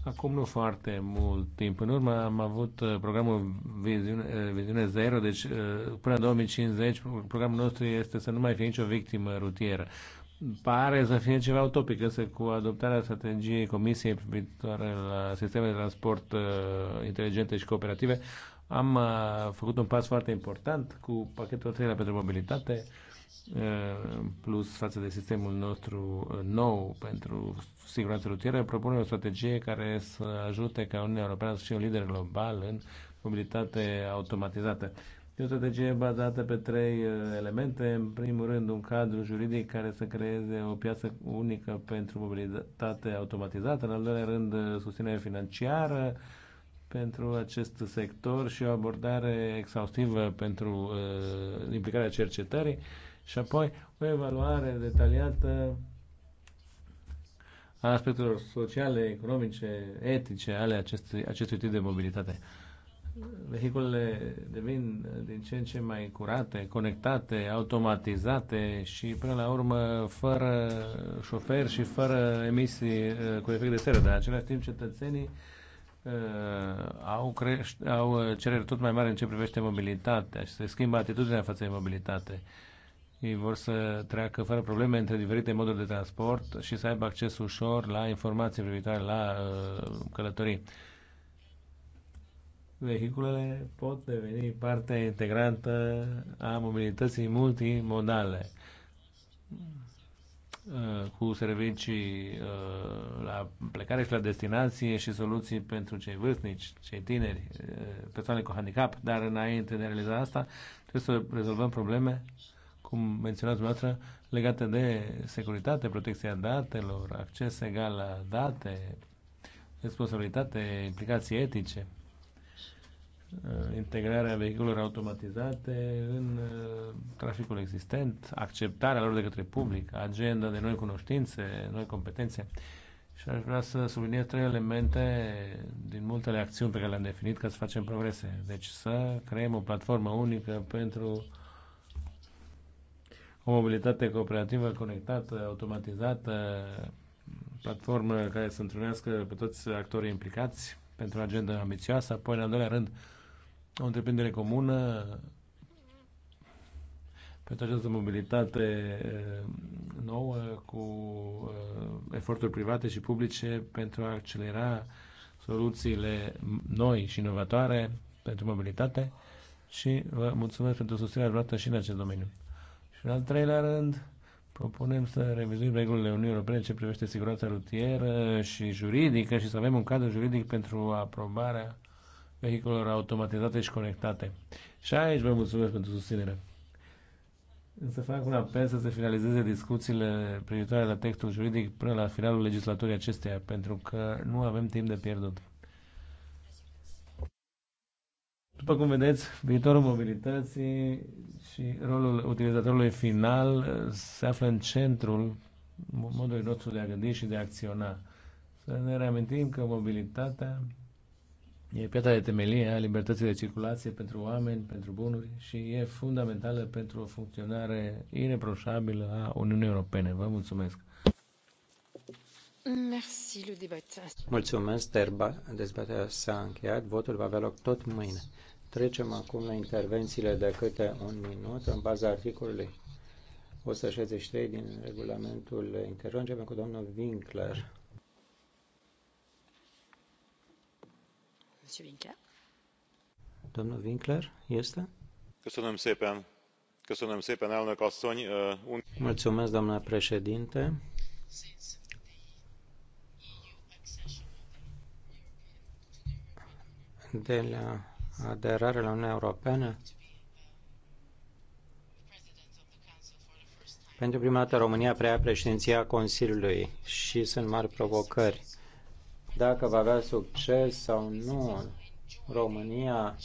acum nu foarte mult timp în urmă am avut programul Viziune, Viziune Zero, deci până în 2050 programul nostru este să nu mai fie nicio victimă rutieră pare să fie ceva utopic, însă cu adoptarea strategiei Comisiei privitoare la sisteme de transport uh, inteligente și cooperative, am uh, făcut un pas foarte important cu pachetul 3 pentru mobilitate, uh, plus față de sistemul nostru uh, nou pentru siguranță rutieră, propunem o strategie care să ajute ca Uniunea Europeană să fie un lider global în mobilitate automatizată. E o strategie bazată pe trei uh, elemente. În primul rând, un cadru juridic care să creeze o piață unică pentru mobilitate automatizată. În al doilea rând, uh, susținere financiară pentru acest sector și o abordare exhaustivă pentru uh, implicarea cercetării și apoi o evaluare detaliată a aspectelor sociale, economice, etice ale acestui, acestui tip de mobilitate vehiculele devin din ce în ce mai curate, conectate, automatizate și până la urmă fără șofer și fără emisii uh, cu efect de seră. Dar în același timp cetățenii uh, au, creș- au uh, cereri tot mai mari în ce privește mobilitatea și se schimbă atitudinea față de mobilitate. Ei vor să treacă fără probleme între diferite moduri de transport și să aibă acces ușor la informații privitoare la uh, călătorii vehiculele pot deveni parte integrantă a mobilității multimodale uh, cu servicii uh, la plecare și la destinație și soluții pentru cei vârstnici, cei tineri, uh, persoane cu handicap, dar înainte de a realiza asta trebuie să rezolvăm probleme, cum menționați dumneavoastră, legate de securitate, protecția datelor, acces egal la date, responsabilitate, implicații etice. Uh, integrarea vehiculelor automatizate în uh, traficul existent, acceptarea lor de către public, agenda de noi cunoștințe, noi competențe. Și aș vrea să subliniez trei elemente din multele acțiuni pe care le-am definit ca să facem progrese. Deci să creăm o platformă unică pentru o mobilitate cooperativă, conectată, automatizată, platformă care să întrunească pe toți actorii implicați pentru o agendă ambițioasă, apoi în al doilea rând o întreprindere comună pentru această mobilitate eh, nouă cu eh, eforturi private și publice pentru a accelera soluțiile noi și inovatoare pentru mobilitate și vă mulțumesc pentru susținerea luată și în acest domeniu. Și în al treilea rând, propunem să revizuim regulile Uniunii Europene ce privește siguranța rutieră și juridică și să avem un cadru juridic pentru aprobarea vehiculelor automatizate și conectate. Și aici vă mulțumesc pentru susținere. Însă fac un apel să se finalizeze discuțiile privitoare la textul juridic până la finalul legislaturii acesteia, pentru că nu avem timp de pierdut. După cum vedeți, viitorul mobilității și rolul utilizatorului final se află în centrul modului nostru de a gândi și de a acționa. Să ne reamintim că mobilitatea E piața de temelie a libertății de circulație pentru oameni, pentru bunuri și e fundamentală pentru o funcționare ireproșabilă a Uniunii Europene. Vă mulțumesc! Mulțumesc, Terba. Dezbaterea s-a încheiat. Votul va avea loc tot mâine. Trecem acum la intervențiile de câte un minut în baza articolului 163 din regulamentul interior. Începem cu domnul Winkler. Winkler. Domnul Winkler este? Köszönöm szépen. Köszönöm szépen, elnök asszony. Mulțumesc, doamna președinte. De la aderare la Uniunea Europeană, pentru prima dată România preia președinția Consiliului și sunt mari provocări dacă va avea succes sau nu România,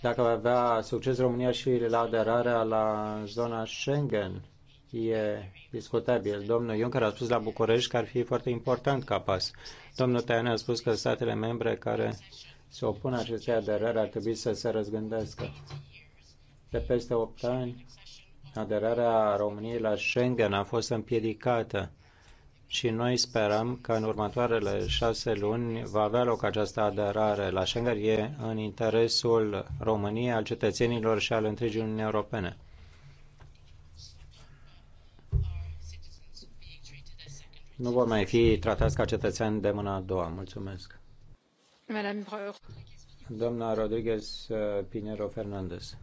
dacă va avea succes România și la aderarea la zona Schengen, e discutabil. Domnul Juncker a spus la București că ar fi foarte important ca pas. Domnul Tăian a spus că statele membre care se opun acestei aderări ar trebui să se răzgândească. De peste 8 ani, aderarea României la Schengen a fost împiedicată și noi sperăm că în următoarele șase luni va avea loc această aderare la Schengen. E în interesul României, al cetățenilor și al întregii Uniunii Europene. Nu vor mai fi tratați ca cetățeni de mâna a doua. Mulțumesc. Doamna Rodriguez eh, Pinero Fernandez.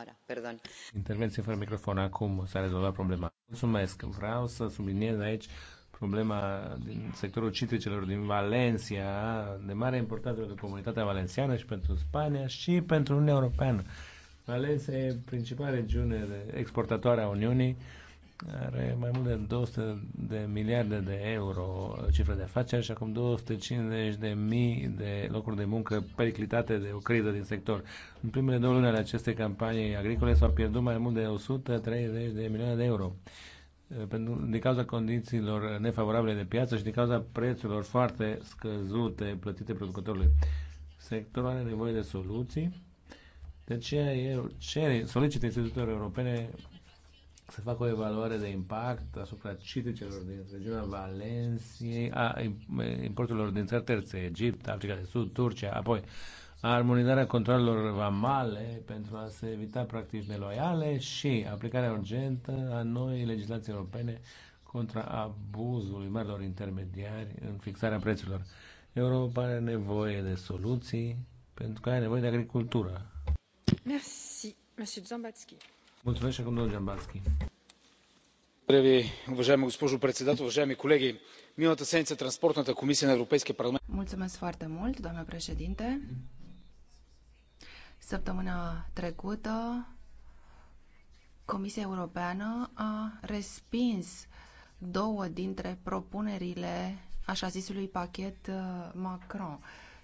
ahora, perdon. Intervenție fără microfon. Acum s-a rezolvat problema. Mulțumesc. Vreau să subliniez aici problema din sectorul citricelor din Valencia, de mare importanță pentru comunitatea valenciană și pentru Spania și pentru Uniunea Europeană. Valencia e principala regiune exportatoare a Uniunii are mai mult de 200 de miliarde de euro cifră de afaceri și acum 250 de mii de locuri de muncă periclitate de o criză din sector. În primele două luni ale acestei campanii agricole s-au pierdut mai mult de 130 de milioane de euro pentru, din cauza condițiilor nefavorabile de piață și din cauza prețurilor foarte scăzute plătite producătorului. Sectorul are nevoie de soluții, de aceea eu cer, solicit instituțiilor europene să facă o evaluare de impact asupra citicelor din regiunea Valenției, a importurilor din țări terțe, Egipt, Africa de Sud, Turcia, apoi armonizarea controlelor vamale pentru a se evita practici neloiale și aplicarea urgentă a noii legislații europene contra abuzului marilor intermediari în fixarea prețurilor. Europa are nevoie de soluții pentru că are nevoie de agricultură. Merci, Monsieur Zambatsky. Mulțumesc și acum Уважаема госпожо председател, уважаеми колеги! Миналата седмица Транспортната комисия на Европейския парламент. Mulțumesc foarte mult, doamnă președinte. Săptămâna trecută, Comisia Europeană a respins două dintre propunerile așa zisului pachet uh, Macron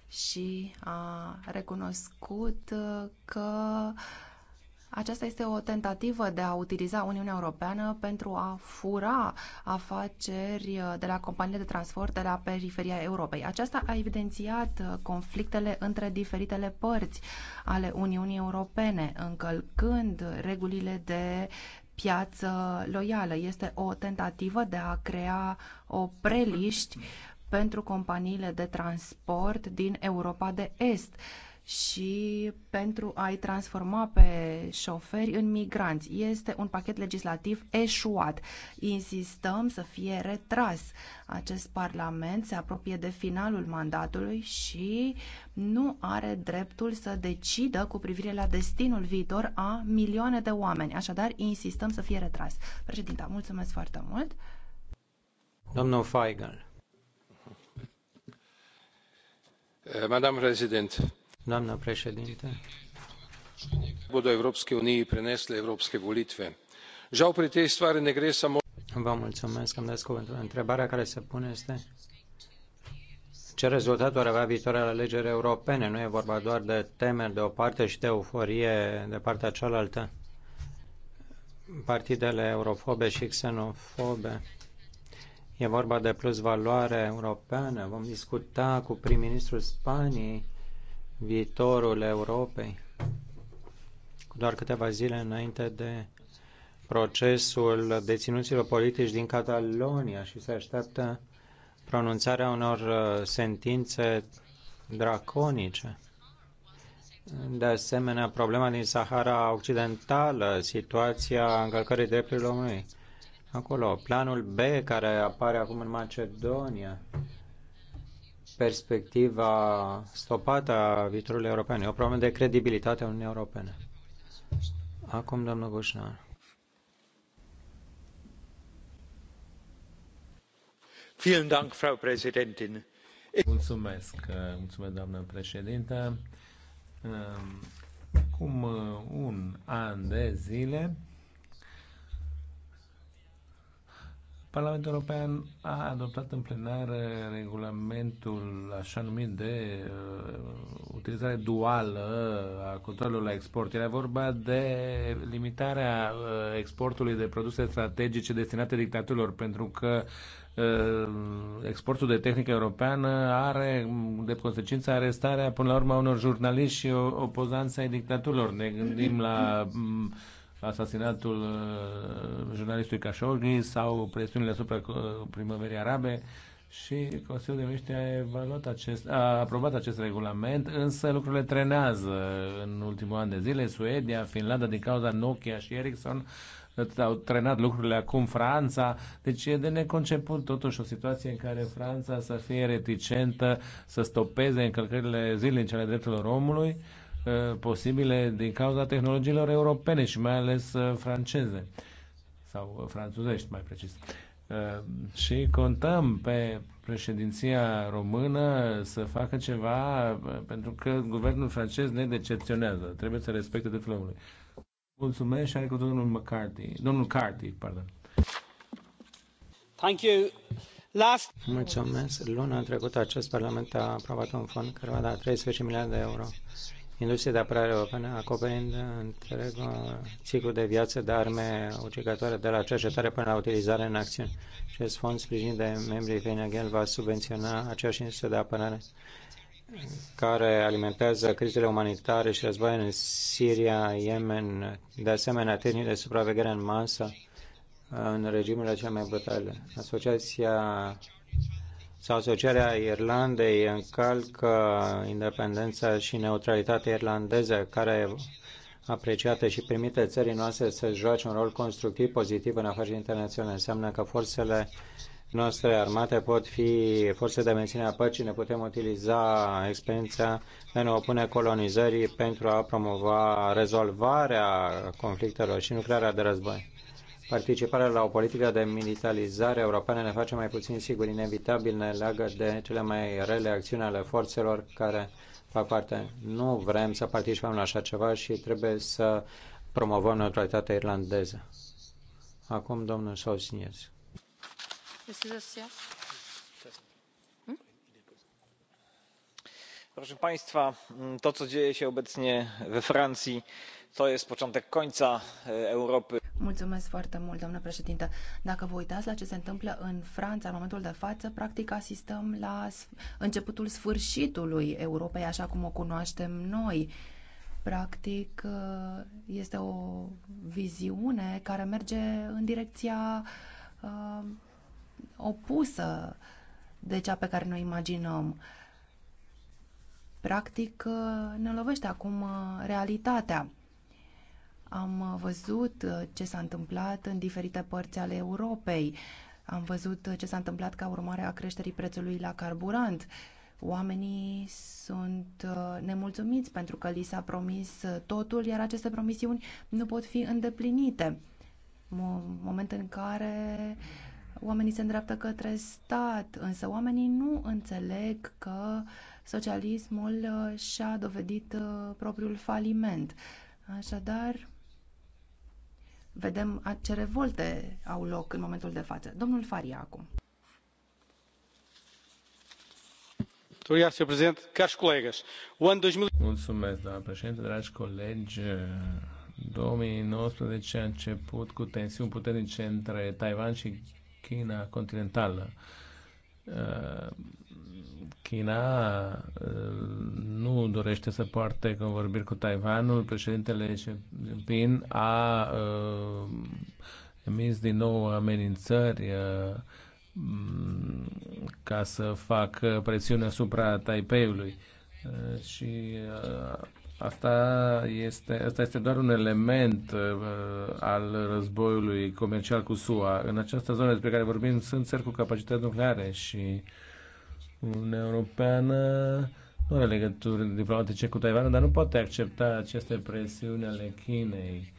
și a recunoscut uh, că uh, aceasta este o tentativă de a utiliza Uniunea Europeană pentru a fura afaceri de la companiile de transport de la periferia Europei. Aceasta a evidențiat conflictele între diferitele părți ale Uniunii Europene, încălcând regulile de piață loială. Este o tentativă de a crea o preliști pentru companiile de transport din Europa de Est și pentru a-i transforma pe șoferi în migranți. Este un pachet legislativ eșuat. Insistăm să fie retras. Acest parlament se apropie de finalul mandatului și nu are dreptul să decidă cu privire la destinul viitor a milioane de oameni. Așadar, insistăm să fie retras. Președinta, mulțumesc foarte mult. Domnul Feigl. Eh, Madame President, doamnă președintă bodo evropske unije prenesle evropske volitve. žal pri tej stvari ne gre samo. vă mulțumesc că îmi întrebarea care se pune este ce rezultat ar avea viitoarele alegeri europene? Nu e vorba doar de temeri de o parte și de euforie de partea cealaltă. Partidele eurofobe și xenofobe. E vorba de plus valoare europeană. Vom discuta cu prim-ministrul Spaniei viitorul Europei, cu doar câteva zile înainte de procesul deținuților politici din Catalonia și se așteaptă pronunțarea unor uh, sentințe draconice. De asemenea, problema din Sahara Occidentală, situația încălcării drepturilor omului. Acolo, planul B care apare acum în Macedonia, perspectiva stopată a viitorului european. E o problemă de credibilitate a Uniunii Europene. Acum, domnul Bușnar. Mulțumesc, mulțumesc, doamnă președintă. Cum un an de zile, Parlamentul European a adoptat în plenar regulamentul așa numit de uh, utilizare duală a controlului la export. Era vorba de limitarea uh, exportului de produse strategice destinate dictaturilor, pentru că uh, exportul de tehnică europeană are de consecință arestarea până la urmă unor jurnaliști și opozanți ai dictaturilor. Ne gândim la um, asasinatul uh, jurnalistului Khashoggi sau presiunile asupra uh, primăverii arabe și Consiliul de Miniștri a, evaluat acest, a aprobat acest regulament, însă lucrurile trenează în ultimul an de zile. Suedia, Finlanda, din cauza Nokia și Ericsson, au trenat lucrurile acum Franța. Deci e de neconceput totuși o situație în care Franța să fie reticentă să stopeze încălcările zilnice ale drepturilor omului Uh, posibile din cauza tehnologiilor europene și mai ales uh, franceze sau uh, franțuzești mai precis. Și contăm pe președinția română să facă ceva pentru că guvernul francez ne decepționează. Trebuie să respecte de omului. Mulțumesc și are cu domnul McCarthy. Domnul Carty, pardon. Thank you. Last... Mulțumesc. Luna trecută acest parlament a aprobat un fond care va da 13 miliarde de euro industrie de apărare europeană, acoperind întregul uh, ciclu de viață de arme ucigătoare de la cercetare până la utilizare în acțiune. Acest fond sprijinit de membrii Feneghel va subvenționa aceeași industrie de apărare care alimentează crizele umanitare și războaie în Siria, Yemen, de asemenea tehnici de supraveghere în masă uh, în regimurile cele mai brutale. Asociația sau asocierea Irlandei încalcă independența și neutralitatea irlandeză, care e apreciată și permite țării noastre să joace un rol constructiv, pozitiv în afaceri internaționale. Înseamnă că forțele noastre armate pot fi forțe de menținere a păcii, ne putem utiliza experiența de a ne opune colonizării pentru a promova rezolvarea conflictelor și nu crearea de război. Participarea la o politică de militarizare europeană ne face mai puțin sigur, inevitabil ne leagă de cele mai rele acțiuni ale forțelor care fac parte. Nu vrem să participăm la așa ceva și trebuie să promovăm neutralitatea irlandeză. Acum, domnul Sosniez. Hmm? Proszę Państwa, to co dzieje się obecnie we Francji Mulțumesc foarte mult, domnule președinte. Dacă vă uitați la ce se întâmplă în Franța în momentul de față, practic asistăm la începutul sfârșitului Europei, așa cum o cunoaștem noi. Practic, este o viziune care merge în direcția opusă de cea pe care noi imaginăm. Practic, ne lovește acum realitatea am uh, văzut uh, ce s-a întâmplat în diferite părți ale Europei. Am văzut uh, ce s-a întâmplat ca urmare a creșterii prețului la carburant. Oamenii sunt nemulțumiți pentru că li s-a promis totul, iar aceste promisiuni nu pot fi îndeplinite. Moment în care oamenii se îndreaptă către stat, însă oamenii nu înțeleg că socialismul și-a dovedit propriul faliment. Așadar, vedem ce revolte au loc în momentul de față. Domnul Faria acum. Mulțumesc, doamnă președinte, dragi colegi. 2019 a început cu tensiuni puternice între Taiwan și China continentală China uh, nu dorește să poarte convorbiri cu Taiwanul. Președintele Xi Jinping a uh, emis din nou amenințări uh, mm, ca să facă presiune asupra Taipeiului. Și Asta este, asta este doar un element uh, al războiului comercial cu SUA. În această zonă despre care vorbim sunt țări cu capacități nucleare și uh, Uniunea Europeană nu are legături diplomatice cu Taiwan, dar nu poate accepta aceste presiuni ale Chinei.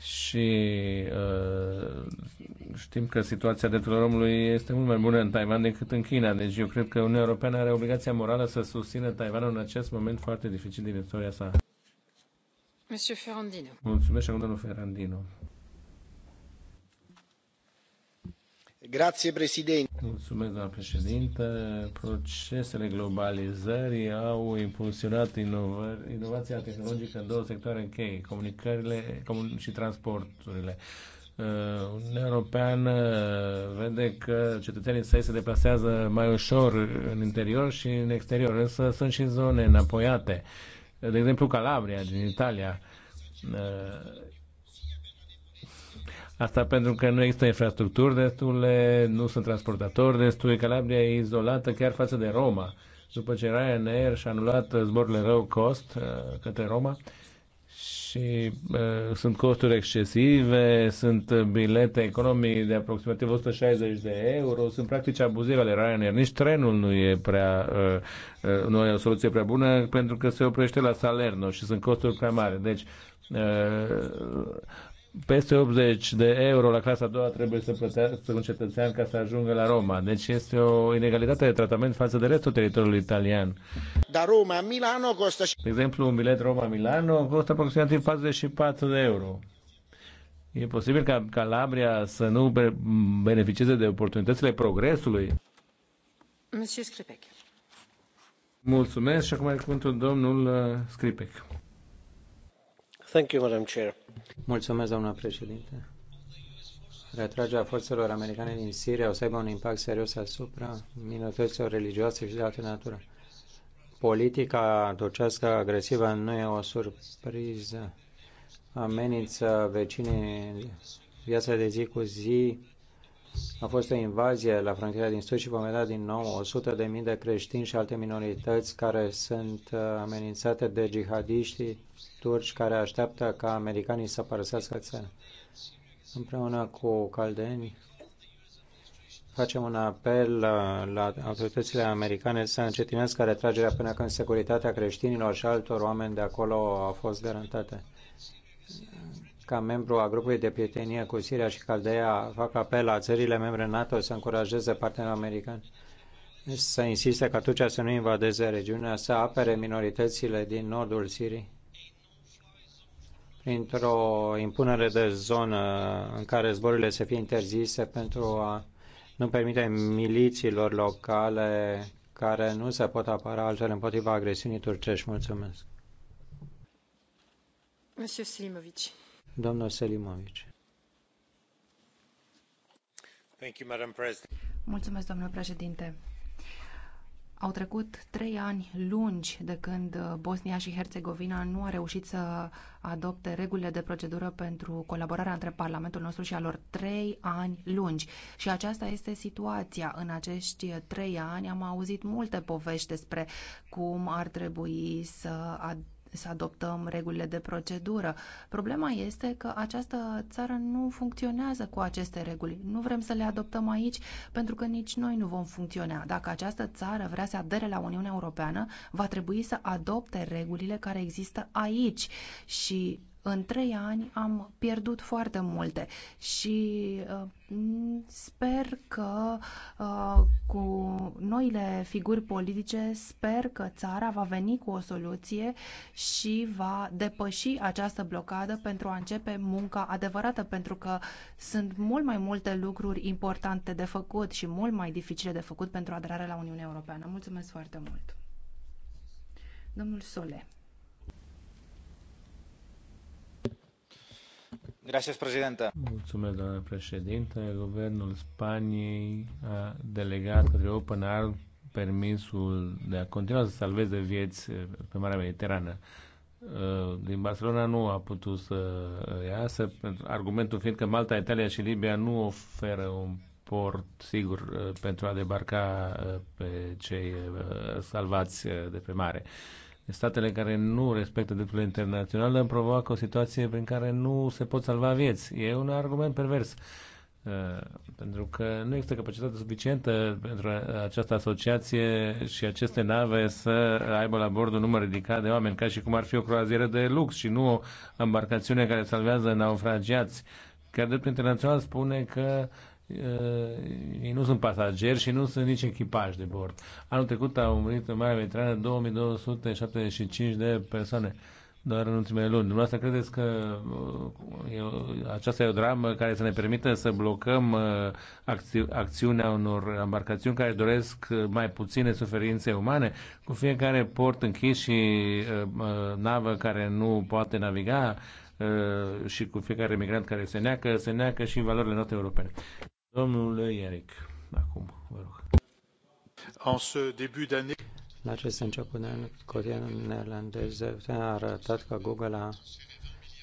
Și uh, știm că situația drepturilor omului este mult mai bună în Taiwan decât în China, deci eu cred că Uniunea Europeană are obligația morală să susțină Taiwan în acest moment foarte dificil din istoria sa. Monsieur Ferrandino. Mulțumesc, domnul Ferrandino. Grazie, Presidente. Mulțumesc, doamnă președinte. Procesele globalizării au impulsionat inovări, inovația tehnologică în două sectoare închei, comunicările comun- și transporturile. Uh, Uniunea Europeană vede că cetățenii săi se deplasează mai ușor în interior și în exterior, însă sunt și zone înapoiate, de exemplu Calabria din Italia uh, Asta pentru că nu există infrastructuri destule, nu sunt transportatori destule. Calabria e izolată chiar față de Roma. După ce Ryanair și-a anulat zborurile low cost uh, către Roma, și uh, sunt costuri excesive, sunt uh, bilete economii de aproximativ 160 de euro, sunt practici abuzive ale Ryanair. Nici trenul nu e prea uh, uh, nu e o soluție prea bună pentru că se oprește la Salerno și sunt costuri prea mari. Deci uh, peste 80 de euro la clasa a doua trebuie să plătească un cetățean ca să ajungă la Roma. Deci este o inegalitate de tratament față de restul teritoriului italian. Dar Roma, Milano costă... De exemplu, un bilet Roma-Milano costă aproximativ 44 de euro. E posibil ca Calabria să nu beneficieze de oportunitățile progresului? Monsieur Scripec. Mulțumesc și acum e cuvântul domnul uh, Scripec. Thank you, Madam Chair Mulțumesc, doamna președinte. Retragerea forțelor americane din Siria o să aibă un impact serios asupra minorităților religioase și de altă natură. Politica turcească agresivă nu e o surpriză. Amenință vecinii viața de zi cu zi a fost o invazie la frontiera din sud și vom vedea din nou 100 de mii de creștini și alte minorități care sunt uh, amenințate de jihadiști turci care așteaptă ca americanii să părăsească țara. Împreună cu caldeni facem un apel uh, la autoritățile americane să încetinească retragerea până când securitatea creștinilor și altor oameni de acolo a fost garantată ca membru a grupului de prietenie cu Siria și Caldea, fac apel la țările membre NATO să încurajeze partenerul american să insiste ca Turcia să nu invadeze regiunea, să apere minoritățile din nordul Siriei printr-o impunere de zonă în care zborurile să fie interzise pentru a nu permite milițiilor locale care nu se pot apăra altfel împotriva agresiunii turcești. Mulțumesc. Monsieur Slimovici. Doamna President. Mulțumesc, domnule președinte. Au trecut trei ani lungi de când Bosnia și Herțegovina nu a reușit să adopte regulile de procedură pentru colaborarea între Parlamentul nostru și al lor. Trei ani lungi. Și aceasta este situația. În acești trei ani am auzit multe povești despre cum ar trebui să adopte să adoptăm regulile de procedură. Problema este că această țară nu funcționează cu aceste reguli. Nu vrem să le adoptăm aici pentru că nici noi nu vom funcționa. Dacă această țară vrea să adere la Uniunea Europeană, va trebui să adopte regulile care există aici și în trei ani am pierdut foarte multe și uh, sper că uh, cu noile figuri politice, sper că țara va veni cu o soluție și va depăși această blocadă pentru a începe munca adevărată, pentru că sunt mult mai multe lucruri importante de făcut și mult mai dificile de făcut pentru aderarea la Uniunea Europeană. Mulțumesc foarte mult! Domnul Sole. Mulțumesc, doamnă președinte. Guvernul Spaniei a delegat către Arms permisul de a continua să salveze vieți eh, pe Marea Mediterană. Eh, din Barcelona nu a putut să iasă, argumentul fiind că Malta, Italia și Libia nu oferă un port sigur eh, pentru a debarca pe cei salvați de pe mare statele care nu respectă dreptul internațional îmi provoacă o situație prin care nu se pot salva vieți. E un argument pervers. Uh, pentru că nu există capacitate suficientă pentru această asociație și aceste nave să aibă la bord un număr ridicat de oameni, ca și cum ar fi o croazieră de lux și nu o embarcațiune care salvează naufragiați. Chiar dreptul internațional spune că Eh, ei nu sunt pasageri și nu sunt nici echipaj de bord. Anul trecut au murit în Marea Mediterană 2275 de persoane doar în ultimele luni. Dumneavoastră credeți că uh, e, aceasta e o dramă care să ne permită să blocăm uh, acți- acțiunea unor embarcațiuni care doresc uh, mai puține suferințe umane? Cu fiecare port închis și uh, navă care nu poate naviga uh, și cu fiecare migrant care se neacă, se neacă și valorile noastre europene. Domnule Ieric, acum, vă rog. En ce début d'année... La acest început de an, cotidianul neerlandez a arătat că Google a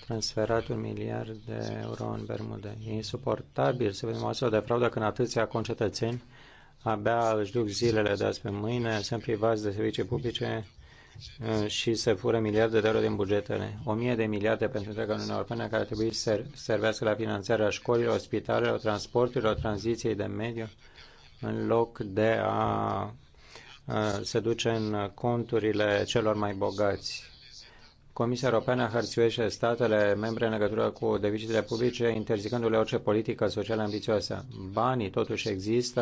transferat un miliard de euro în Bermude. E insuportabil să vedem astfel de fraudă când atâția concetățeni abia își duc zilele de azi pe mâine, sunt privați de servicii publice, Uh, și se fură miliarde de euro din bugetele. O mie de miliarde pentru întreaga Uniune Europeană care ar trebui să servească la finanțarea școlilor, spitalelor, transporturilor, tranziției de mediu, în loc de a uh, se duce în conturile celor mai bogați. Comisia Europeană hărțuiește statele membre în legătură cu deficitele publice, interzicându-le orice politică socială ambițioasă. Banii totuși există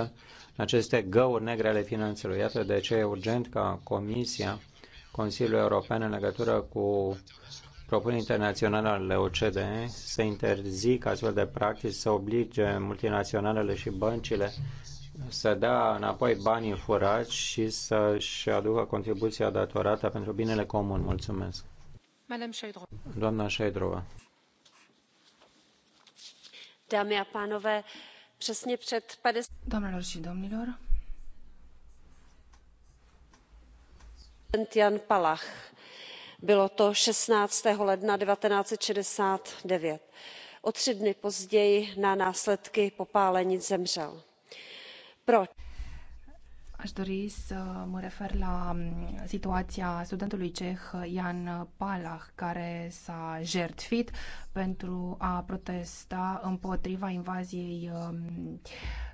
în aceste găuri negre ale finanțelor. Iată de ce e urgent ca Comisia Consiliul European în legătură cu propunerea internațională ale OCDE să interzică astfel de practici, să oblige multinaționalele și băncile să dea înapoi banii furați și să-și aducă contribuția datorată pentru binele comun. Mulțumesc. Doamna Șaidrova. Doamnelor și domnilor, prezident jan palach bylo to. sixteen ledna one thousand nine hundred and sixty nine o tři dny později na následky popálenin zemřel. proč? Aș dori să mă refer la mm, situația studentului ceh Jan Palach, care s-a jertfit pentru a protesta împotriva invaziei mm,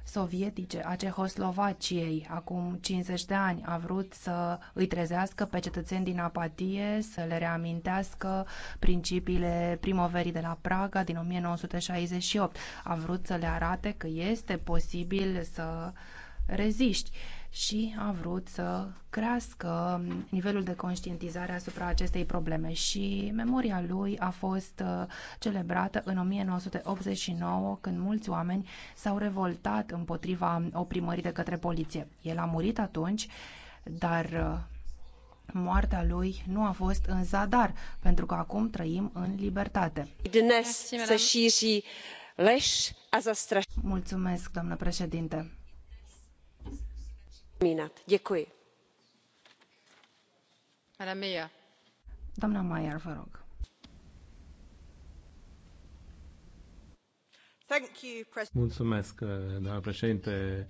sovietice a Cehoslovaciei acum 50 de ani. A vrut să îi trezească pe cetățeni din apatie, să le reamintească principiile primoverii de la Praga din 1968. A vrut să le arate că este posibil să reziști și a vrut să crească nivelul de conștientizare asupra acestei probleme și memoria lui a fost uh, celebrată în 1989 când mulți oameni s-au revoltat împotriva oprimării de către poliție. El a murit atunci, dar uh, moartea lui nu a fost în zadar, pentru că acum trăim în libertate. Mulțumesc, doamnă președinte doamnă mayer Mulțumesc, președinte.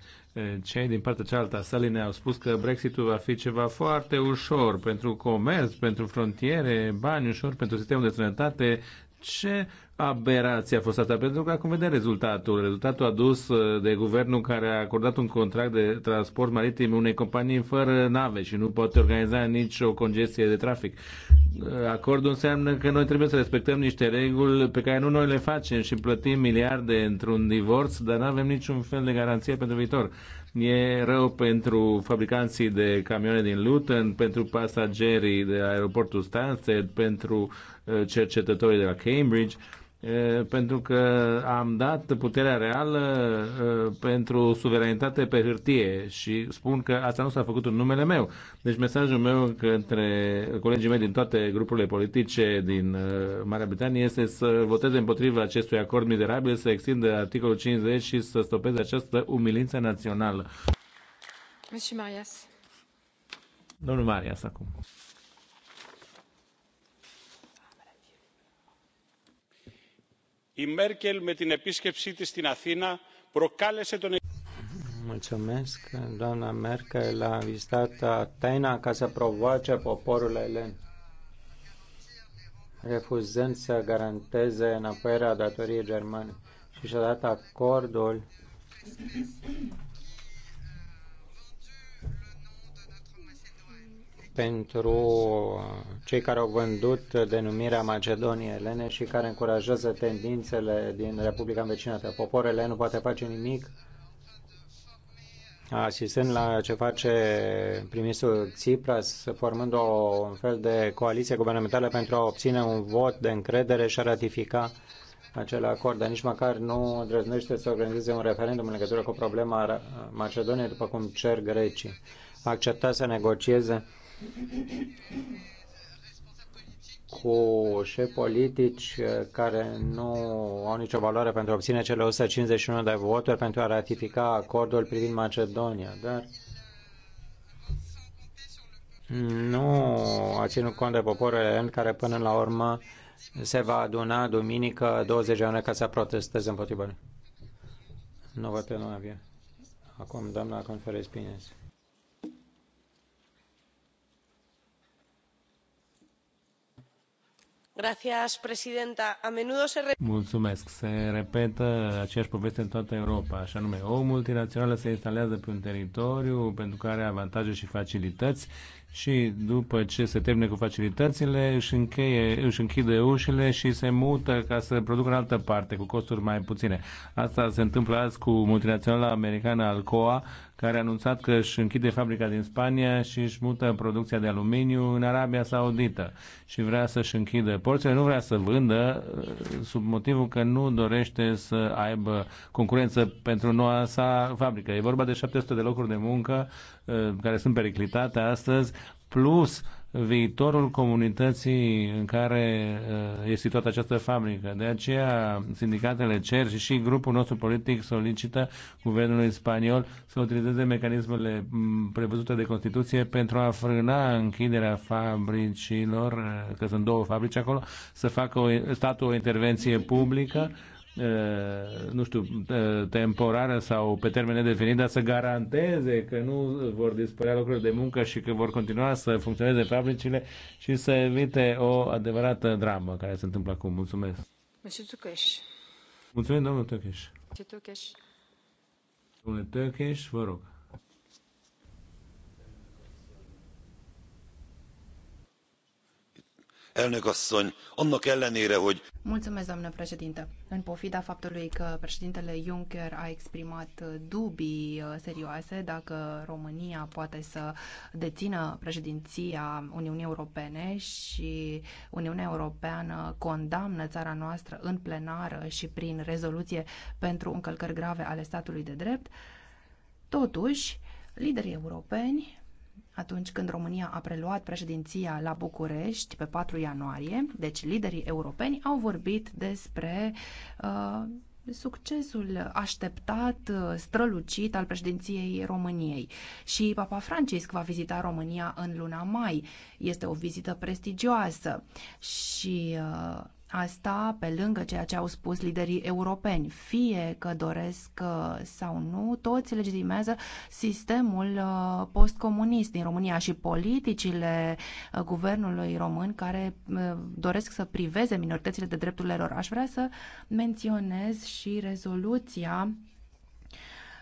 Cei din partea cealaltă a sălii ne-au spus că Brexitul va fi ceva foarte ușor pentru comerț, pentru frontiere, bani ușor, pentru sistemul de sănătate. Ce aberație a fost asta, pentru că acum vedem rezultatul. Rezultatul adus uh, de guvernul care a acordat un contract de transport maritim unei companii fără nave și nu poate organiza nici o congestie de trafic. Uh, acordul înseamnă că noi trebuie să respectăm niște reguli pe care nu noi le facem și plătim miliarde într-un divorț, dar nu avem niciun fel de garanție pentru viitor. E rău pentru fabricanții de camioane din Luton, pentru pasagerii de aeroportul Stansted, pentru uh, cercetătorii de la Cambridge pentru că am dat puterea reală pentru suveranitate pe hârtie și spun că asta nu s-a făcut în numele meu. Deci mesajul meu către colegii mei din toate grupurile politice din Marea Britanie este să voteze împotriva acestui acord miserabil să extindă articolul 50 și să stopeze această umilință națională. Marias. Domnul Marias acum. η Μέρκελ με την επίσκεψή της στην Αθήνα προκάλεσε τον Mulțumesc. Doamna Merkel a vizitat Atena ca să provoace poporul elen, refuzând să garanteze înapoierea datoriei germane și și-a dat acordul pentru cei care au vândut denumirea Macedoniei Elene și care încurajează tendințele din Republica Învecinată. Poporul nu poate face nimic asistând la ce face primisul Tsipras, formând o un fel de coaliție guvernamentală pentru a obține un vot de încredere și a ratifica acel acord, dar nici măcar nu îndrăznește să organizeze un referendum în legătură cu problema Macedoniei, după cum cer grecii. Accepta să negocieze cu șefi politici uh, care nu au nicio valoare pentru a obține cele 151 de voturi pentru a ratifica acordul privind Macedonia, dar nu a ținut cont de poporul elen care până la urmă se va aduna duminică 20 ani ca să protesteze împotriva lui. Nu văd pe nu avea. Acum, doamna conferă Pines. Mulțumesc. Se repetă aceeași poveste în toată Europa, așa nume. O multinațională se instalează pe un teritoriu pentru care are avantaje și facilități și după ce se termine cu facilitățile, își, încheie, își închide ușile și se mută ca să producă în altă parte, cu costuri mai puține. Asta se întâmplă azi cu multinaționala americană Alcoa, care a anunțat că își închide fabrica din Spania și își mută producția de aluminiu în Arabia Saudită și vrea să-și închidă porțile, nu vrea să vândă uh, sub motivul că nu dorește să aibă concurență pentru noua sa fabrică. E vorba de 700 de locuri de muncă uh, care sunt periclitate astăzi, plus uh, viitorul comunității în care este uh, situată această fabrică. De aceea, sindicatele cer și, și grupul nostru politic solicită guvernului spaniol să utilizeze mecanismele mm, prevăzute de Constituție pentru a frâna închiderea fabricilor, uh, că sunt două fabrici acolo, să facă o, statul o intervenție publică Uh, nu știu, uh, temporară sau pe termen nedefinit, dar să garanteze că nu vor dispărea lucrurile de muncă și că vor continua să funcționeze fabricile și să evite o adevărată dramă care se întâmplă acum. Mulțumesc. Mulțumesc, domnul Tăcheș. Domnul Tăcheș, vă rog. Mulțumesc, doamnă președintă. În pofida faptului că președintele Juncker a exprimat dubii uh, serioase dacă România poate să dețină președinția Uniunii Europene și Uniunea Europeană condamnă țara noastră în plenară și prin rezoluție pentru încălcări grave ale statului de drept, totuși, liderii europeni atunci când România a preluat președinția la București pe 4 ianuarie, deci liderii europeni au vorbit despre uh, succesul așteptat, strălucit al președinției României. Și Papa Francisc va vizita România în luna mai. Este o vizită prestigioasă și uh, Asta pe lângă ceea ce au spus liderii europeni, fie că doresc uh, sau nu, toți legitimează sistemul uh, postcomunist din România și politicile uh, guvernului român care doresc să priveze minoritățile de drepturile lor. Aș vrea să menționez și rezoluția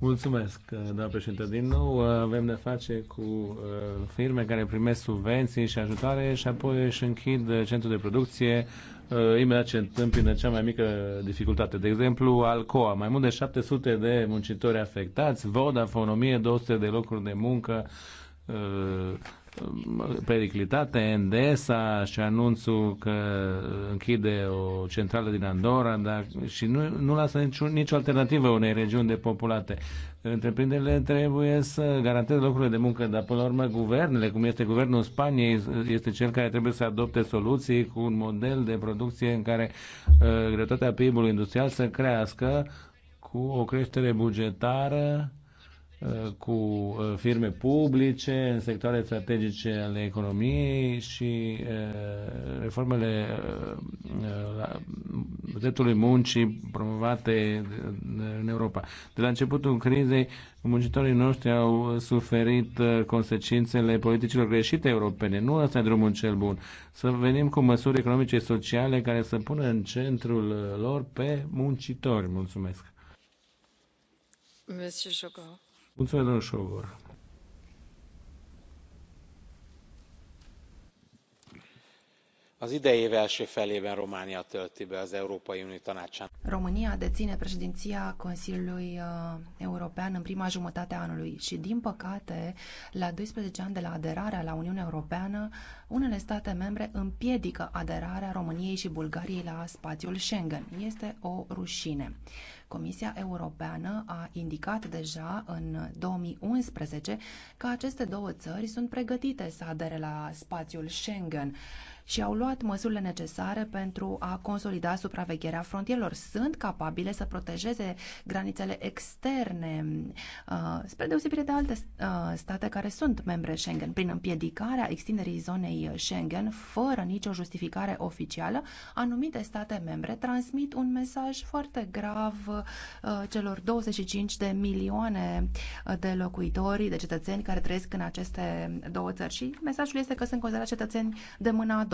Mulțumesc, doamna președinte. Din nou uh, avem de face cu uh, firme care primesc subvenții și ajutoare și apoi își închid centrul de producție uh, imediat ce întâmpină cea mai mică dificultate. De exemplu, Alcoa, mai mult de 700 de muncitori afectați, Vodafone, 1200 de locuri de muncă periclitate, Endesa și anunțul că închide o centrală din Andorra dar, și nu, nu lasă nicio, nicio alternativă unei regiuni depopulate. Întreprinderile trebuie să garanteze locurile de muncă, dar până la urmă guvernele, cum este guvernul Spaniei, este cel care trebuie să adopte soluții cu un model de producție în care uh, greutatea PIB-ului industrial să crească cu o creștere bugetară Uh, cu uh, firme publice în sectoare strategice ale economiei și uh, reformele dreptului muncii promovate în Europa. De la începutul crizei, muncitorii noștri au suferit consecințele politicilor greșite europene. Nu ăsta e drumul cel bun. Să venim cu măsuri economice sociale care să pună în centrul lor pe muncitori. Mulțumesc! Monsieur Chocot. Mulțumesc, domnul Șovor. az idei év első felében Románia tölti be az Európai Unió tanácsán. România deține președinția Consiliului uh, European în prima jumătate a anului și, din păcate, la 12 ani de la aderarea la Uniunea Europeană, unele state membre împiedică aderarea României și Bulgariei la spațiul Schengen. Este o rușine. Comisia Europeană a indicat deja în 2011 că aceste două țări sunt pregătite să adere la spațiul Schengen și au luat măsurile necesare pentru a consolida supravegherea frontierelor. Sunt capabile să protejeze granițele externe, uh, spre deosebire de alte uh, state care sunt membre Schengen, prin împiedicarea extinderii zonei Schengen, fără nicio justificare oficială, anumite state membre transmit un mesaj foarte grav uh, celor 25 de milioane de locuitori, de cetățeni care trăiesc în aceste două țări. Și mesajul este că sunt considerați cetățeni de mâna a doua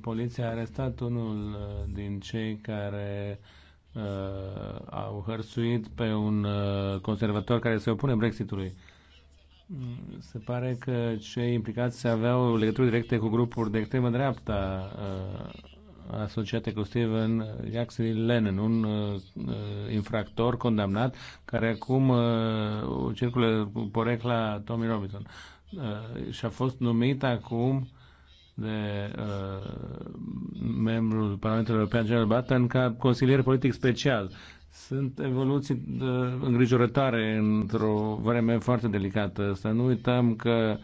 poliția a arestat unul uh, din cei care uh, au hărțuit pe un uh, conservator care se opune Brexitului. Mm, se pare că cei implicați aveau legături directe cu grupuri de extremă dreapta uh, asociate cu Steven Jackson Lennon, un uh, uh, infractor condamnat care acum uh, circulă cu porecla Tommy Robinson uh, și a fost numit acum uh, de uh, membrul Parlamentului European, General Batten, ca consilier politic special. Sunt evoluții uh, îngrijorătoare într-o vreme foarte delicată. Să nu uităm că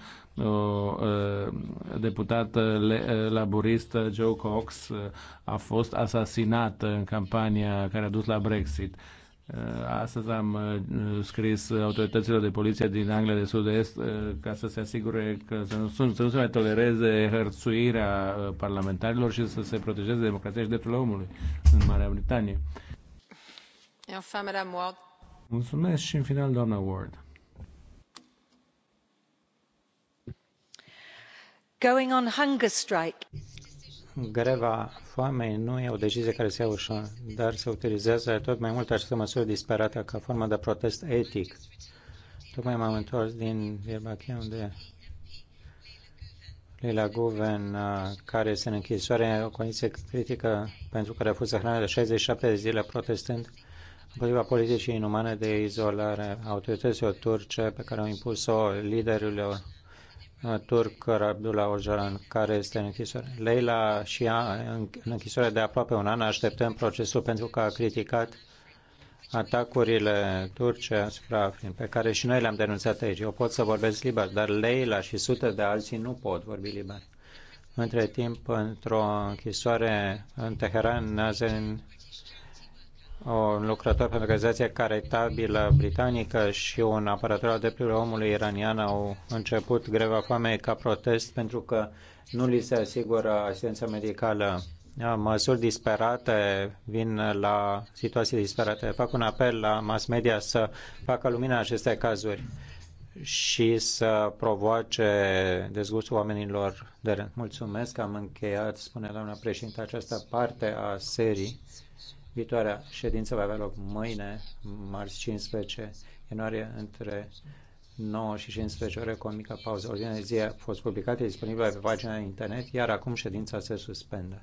o uh, deputată uh, laburistă, Joe Cox, uh, a fost asasinată în campania care a dus la Brexit. Uh, astăzi am uh, scris autorităților de poliție din Anglia de Sud-Est uh, ca să se asigure că să nu, să nu se mai tolereze hărțuirea parlamentarilor și să se protejeze democrația și drepturile omului în Marea Britanie. Mulțumesc și în final, doamna Ward. Going on hunger strike greva foamei nu e o decizie care se ia ușor, dar se utilizează tot mai mult această măsură disperată ca formă de protest etic. Tocmai m-am întors din Dierbachia, unde Lila Guven, uh, care este în închisoare, o condiție critică pentru că refuză hrană de 67 de zile protestând împotriva politicii inumane de izolare a autorităților turce pe care au impus-o liderilor turc Abdullah Ojalan, care este în închisoare. Leila și ea în închisoare de aproape un an așteptăm procesul pentru că a criticat atacurile turce asupra Afrin, pe care și noi le-am denunțat aici. Eu pot să vorbesc liber, dar Leila și sute de alții nu pot vorbi liber. Între timp, într-o închisoare în Teheran, Nazen un lucrător pentru organizația caritabilă britanică și un apărător al drepturilor omului iranian au început greva foamei ca protest pentru că nu li se asigură asistență medicală. Da, măsuri disperate vin la situații disperate. Fac un apel la mass media să facă lumina aceste cazuri și să provoace dezgustul oamenilor de rând. Mulțumesc, am încheiat, spune doamna președinte, această parte a serii. Viitoarea ședință va avea loc mâine, marți 15 ianuarie, între 9 și 15 ore cu o mică pauză. Ordinea de zi a fost publicată, disponibilă pe pagina internet, iar acum ședința se suspendă.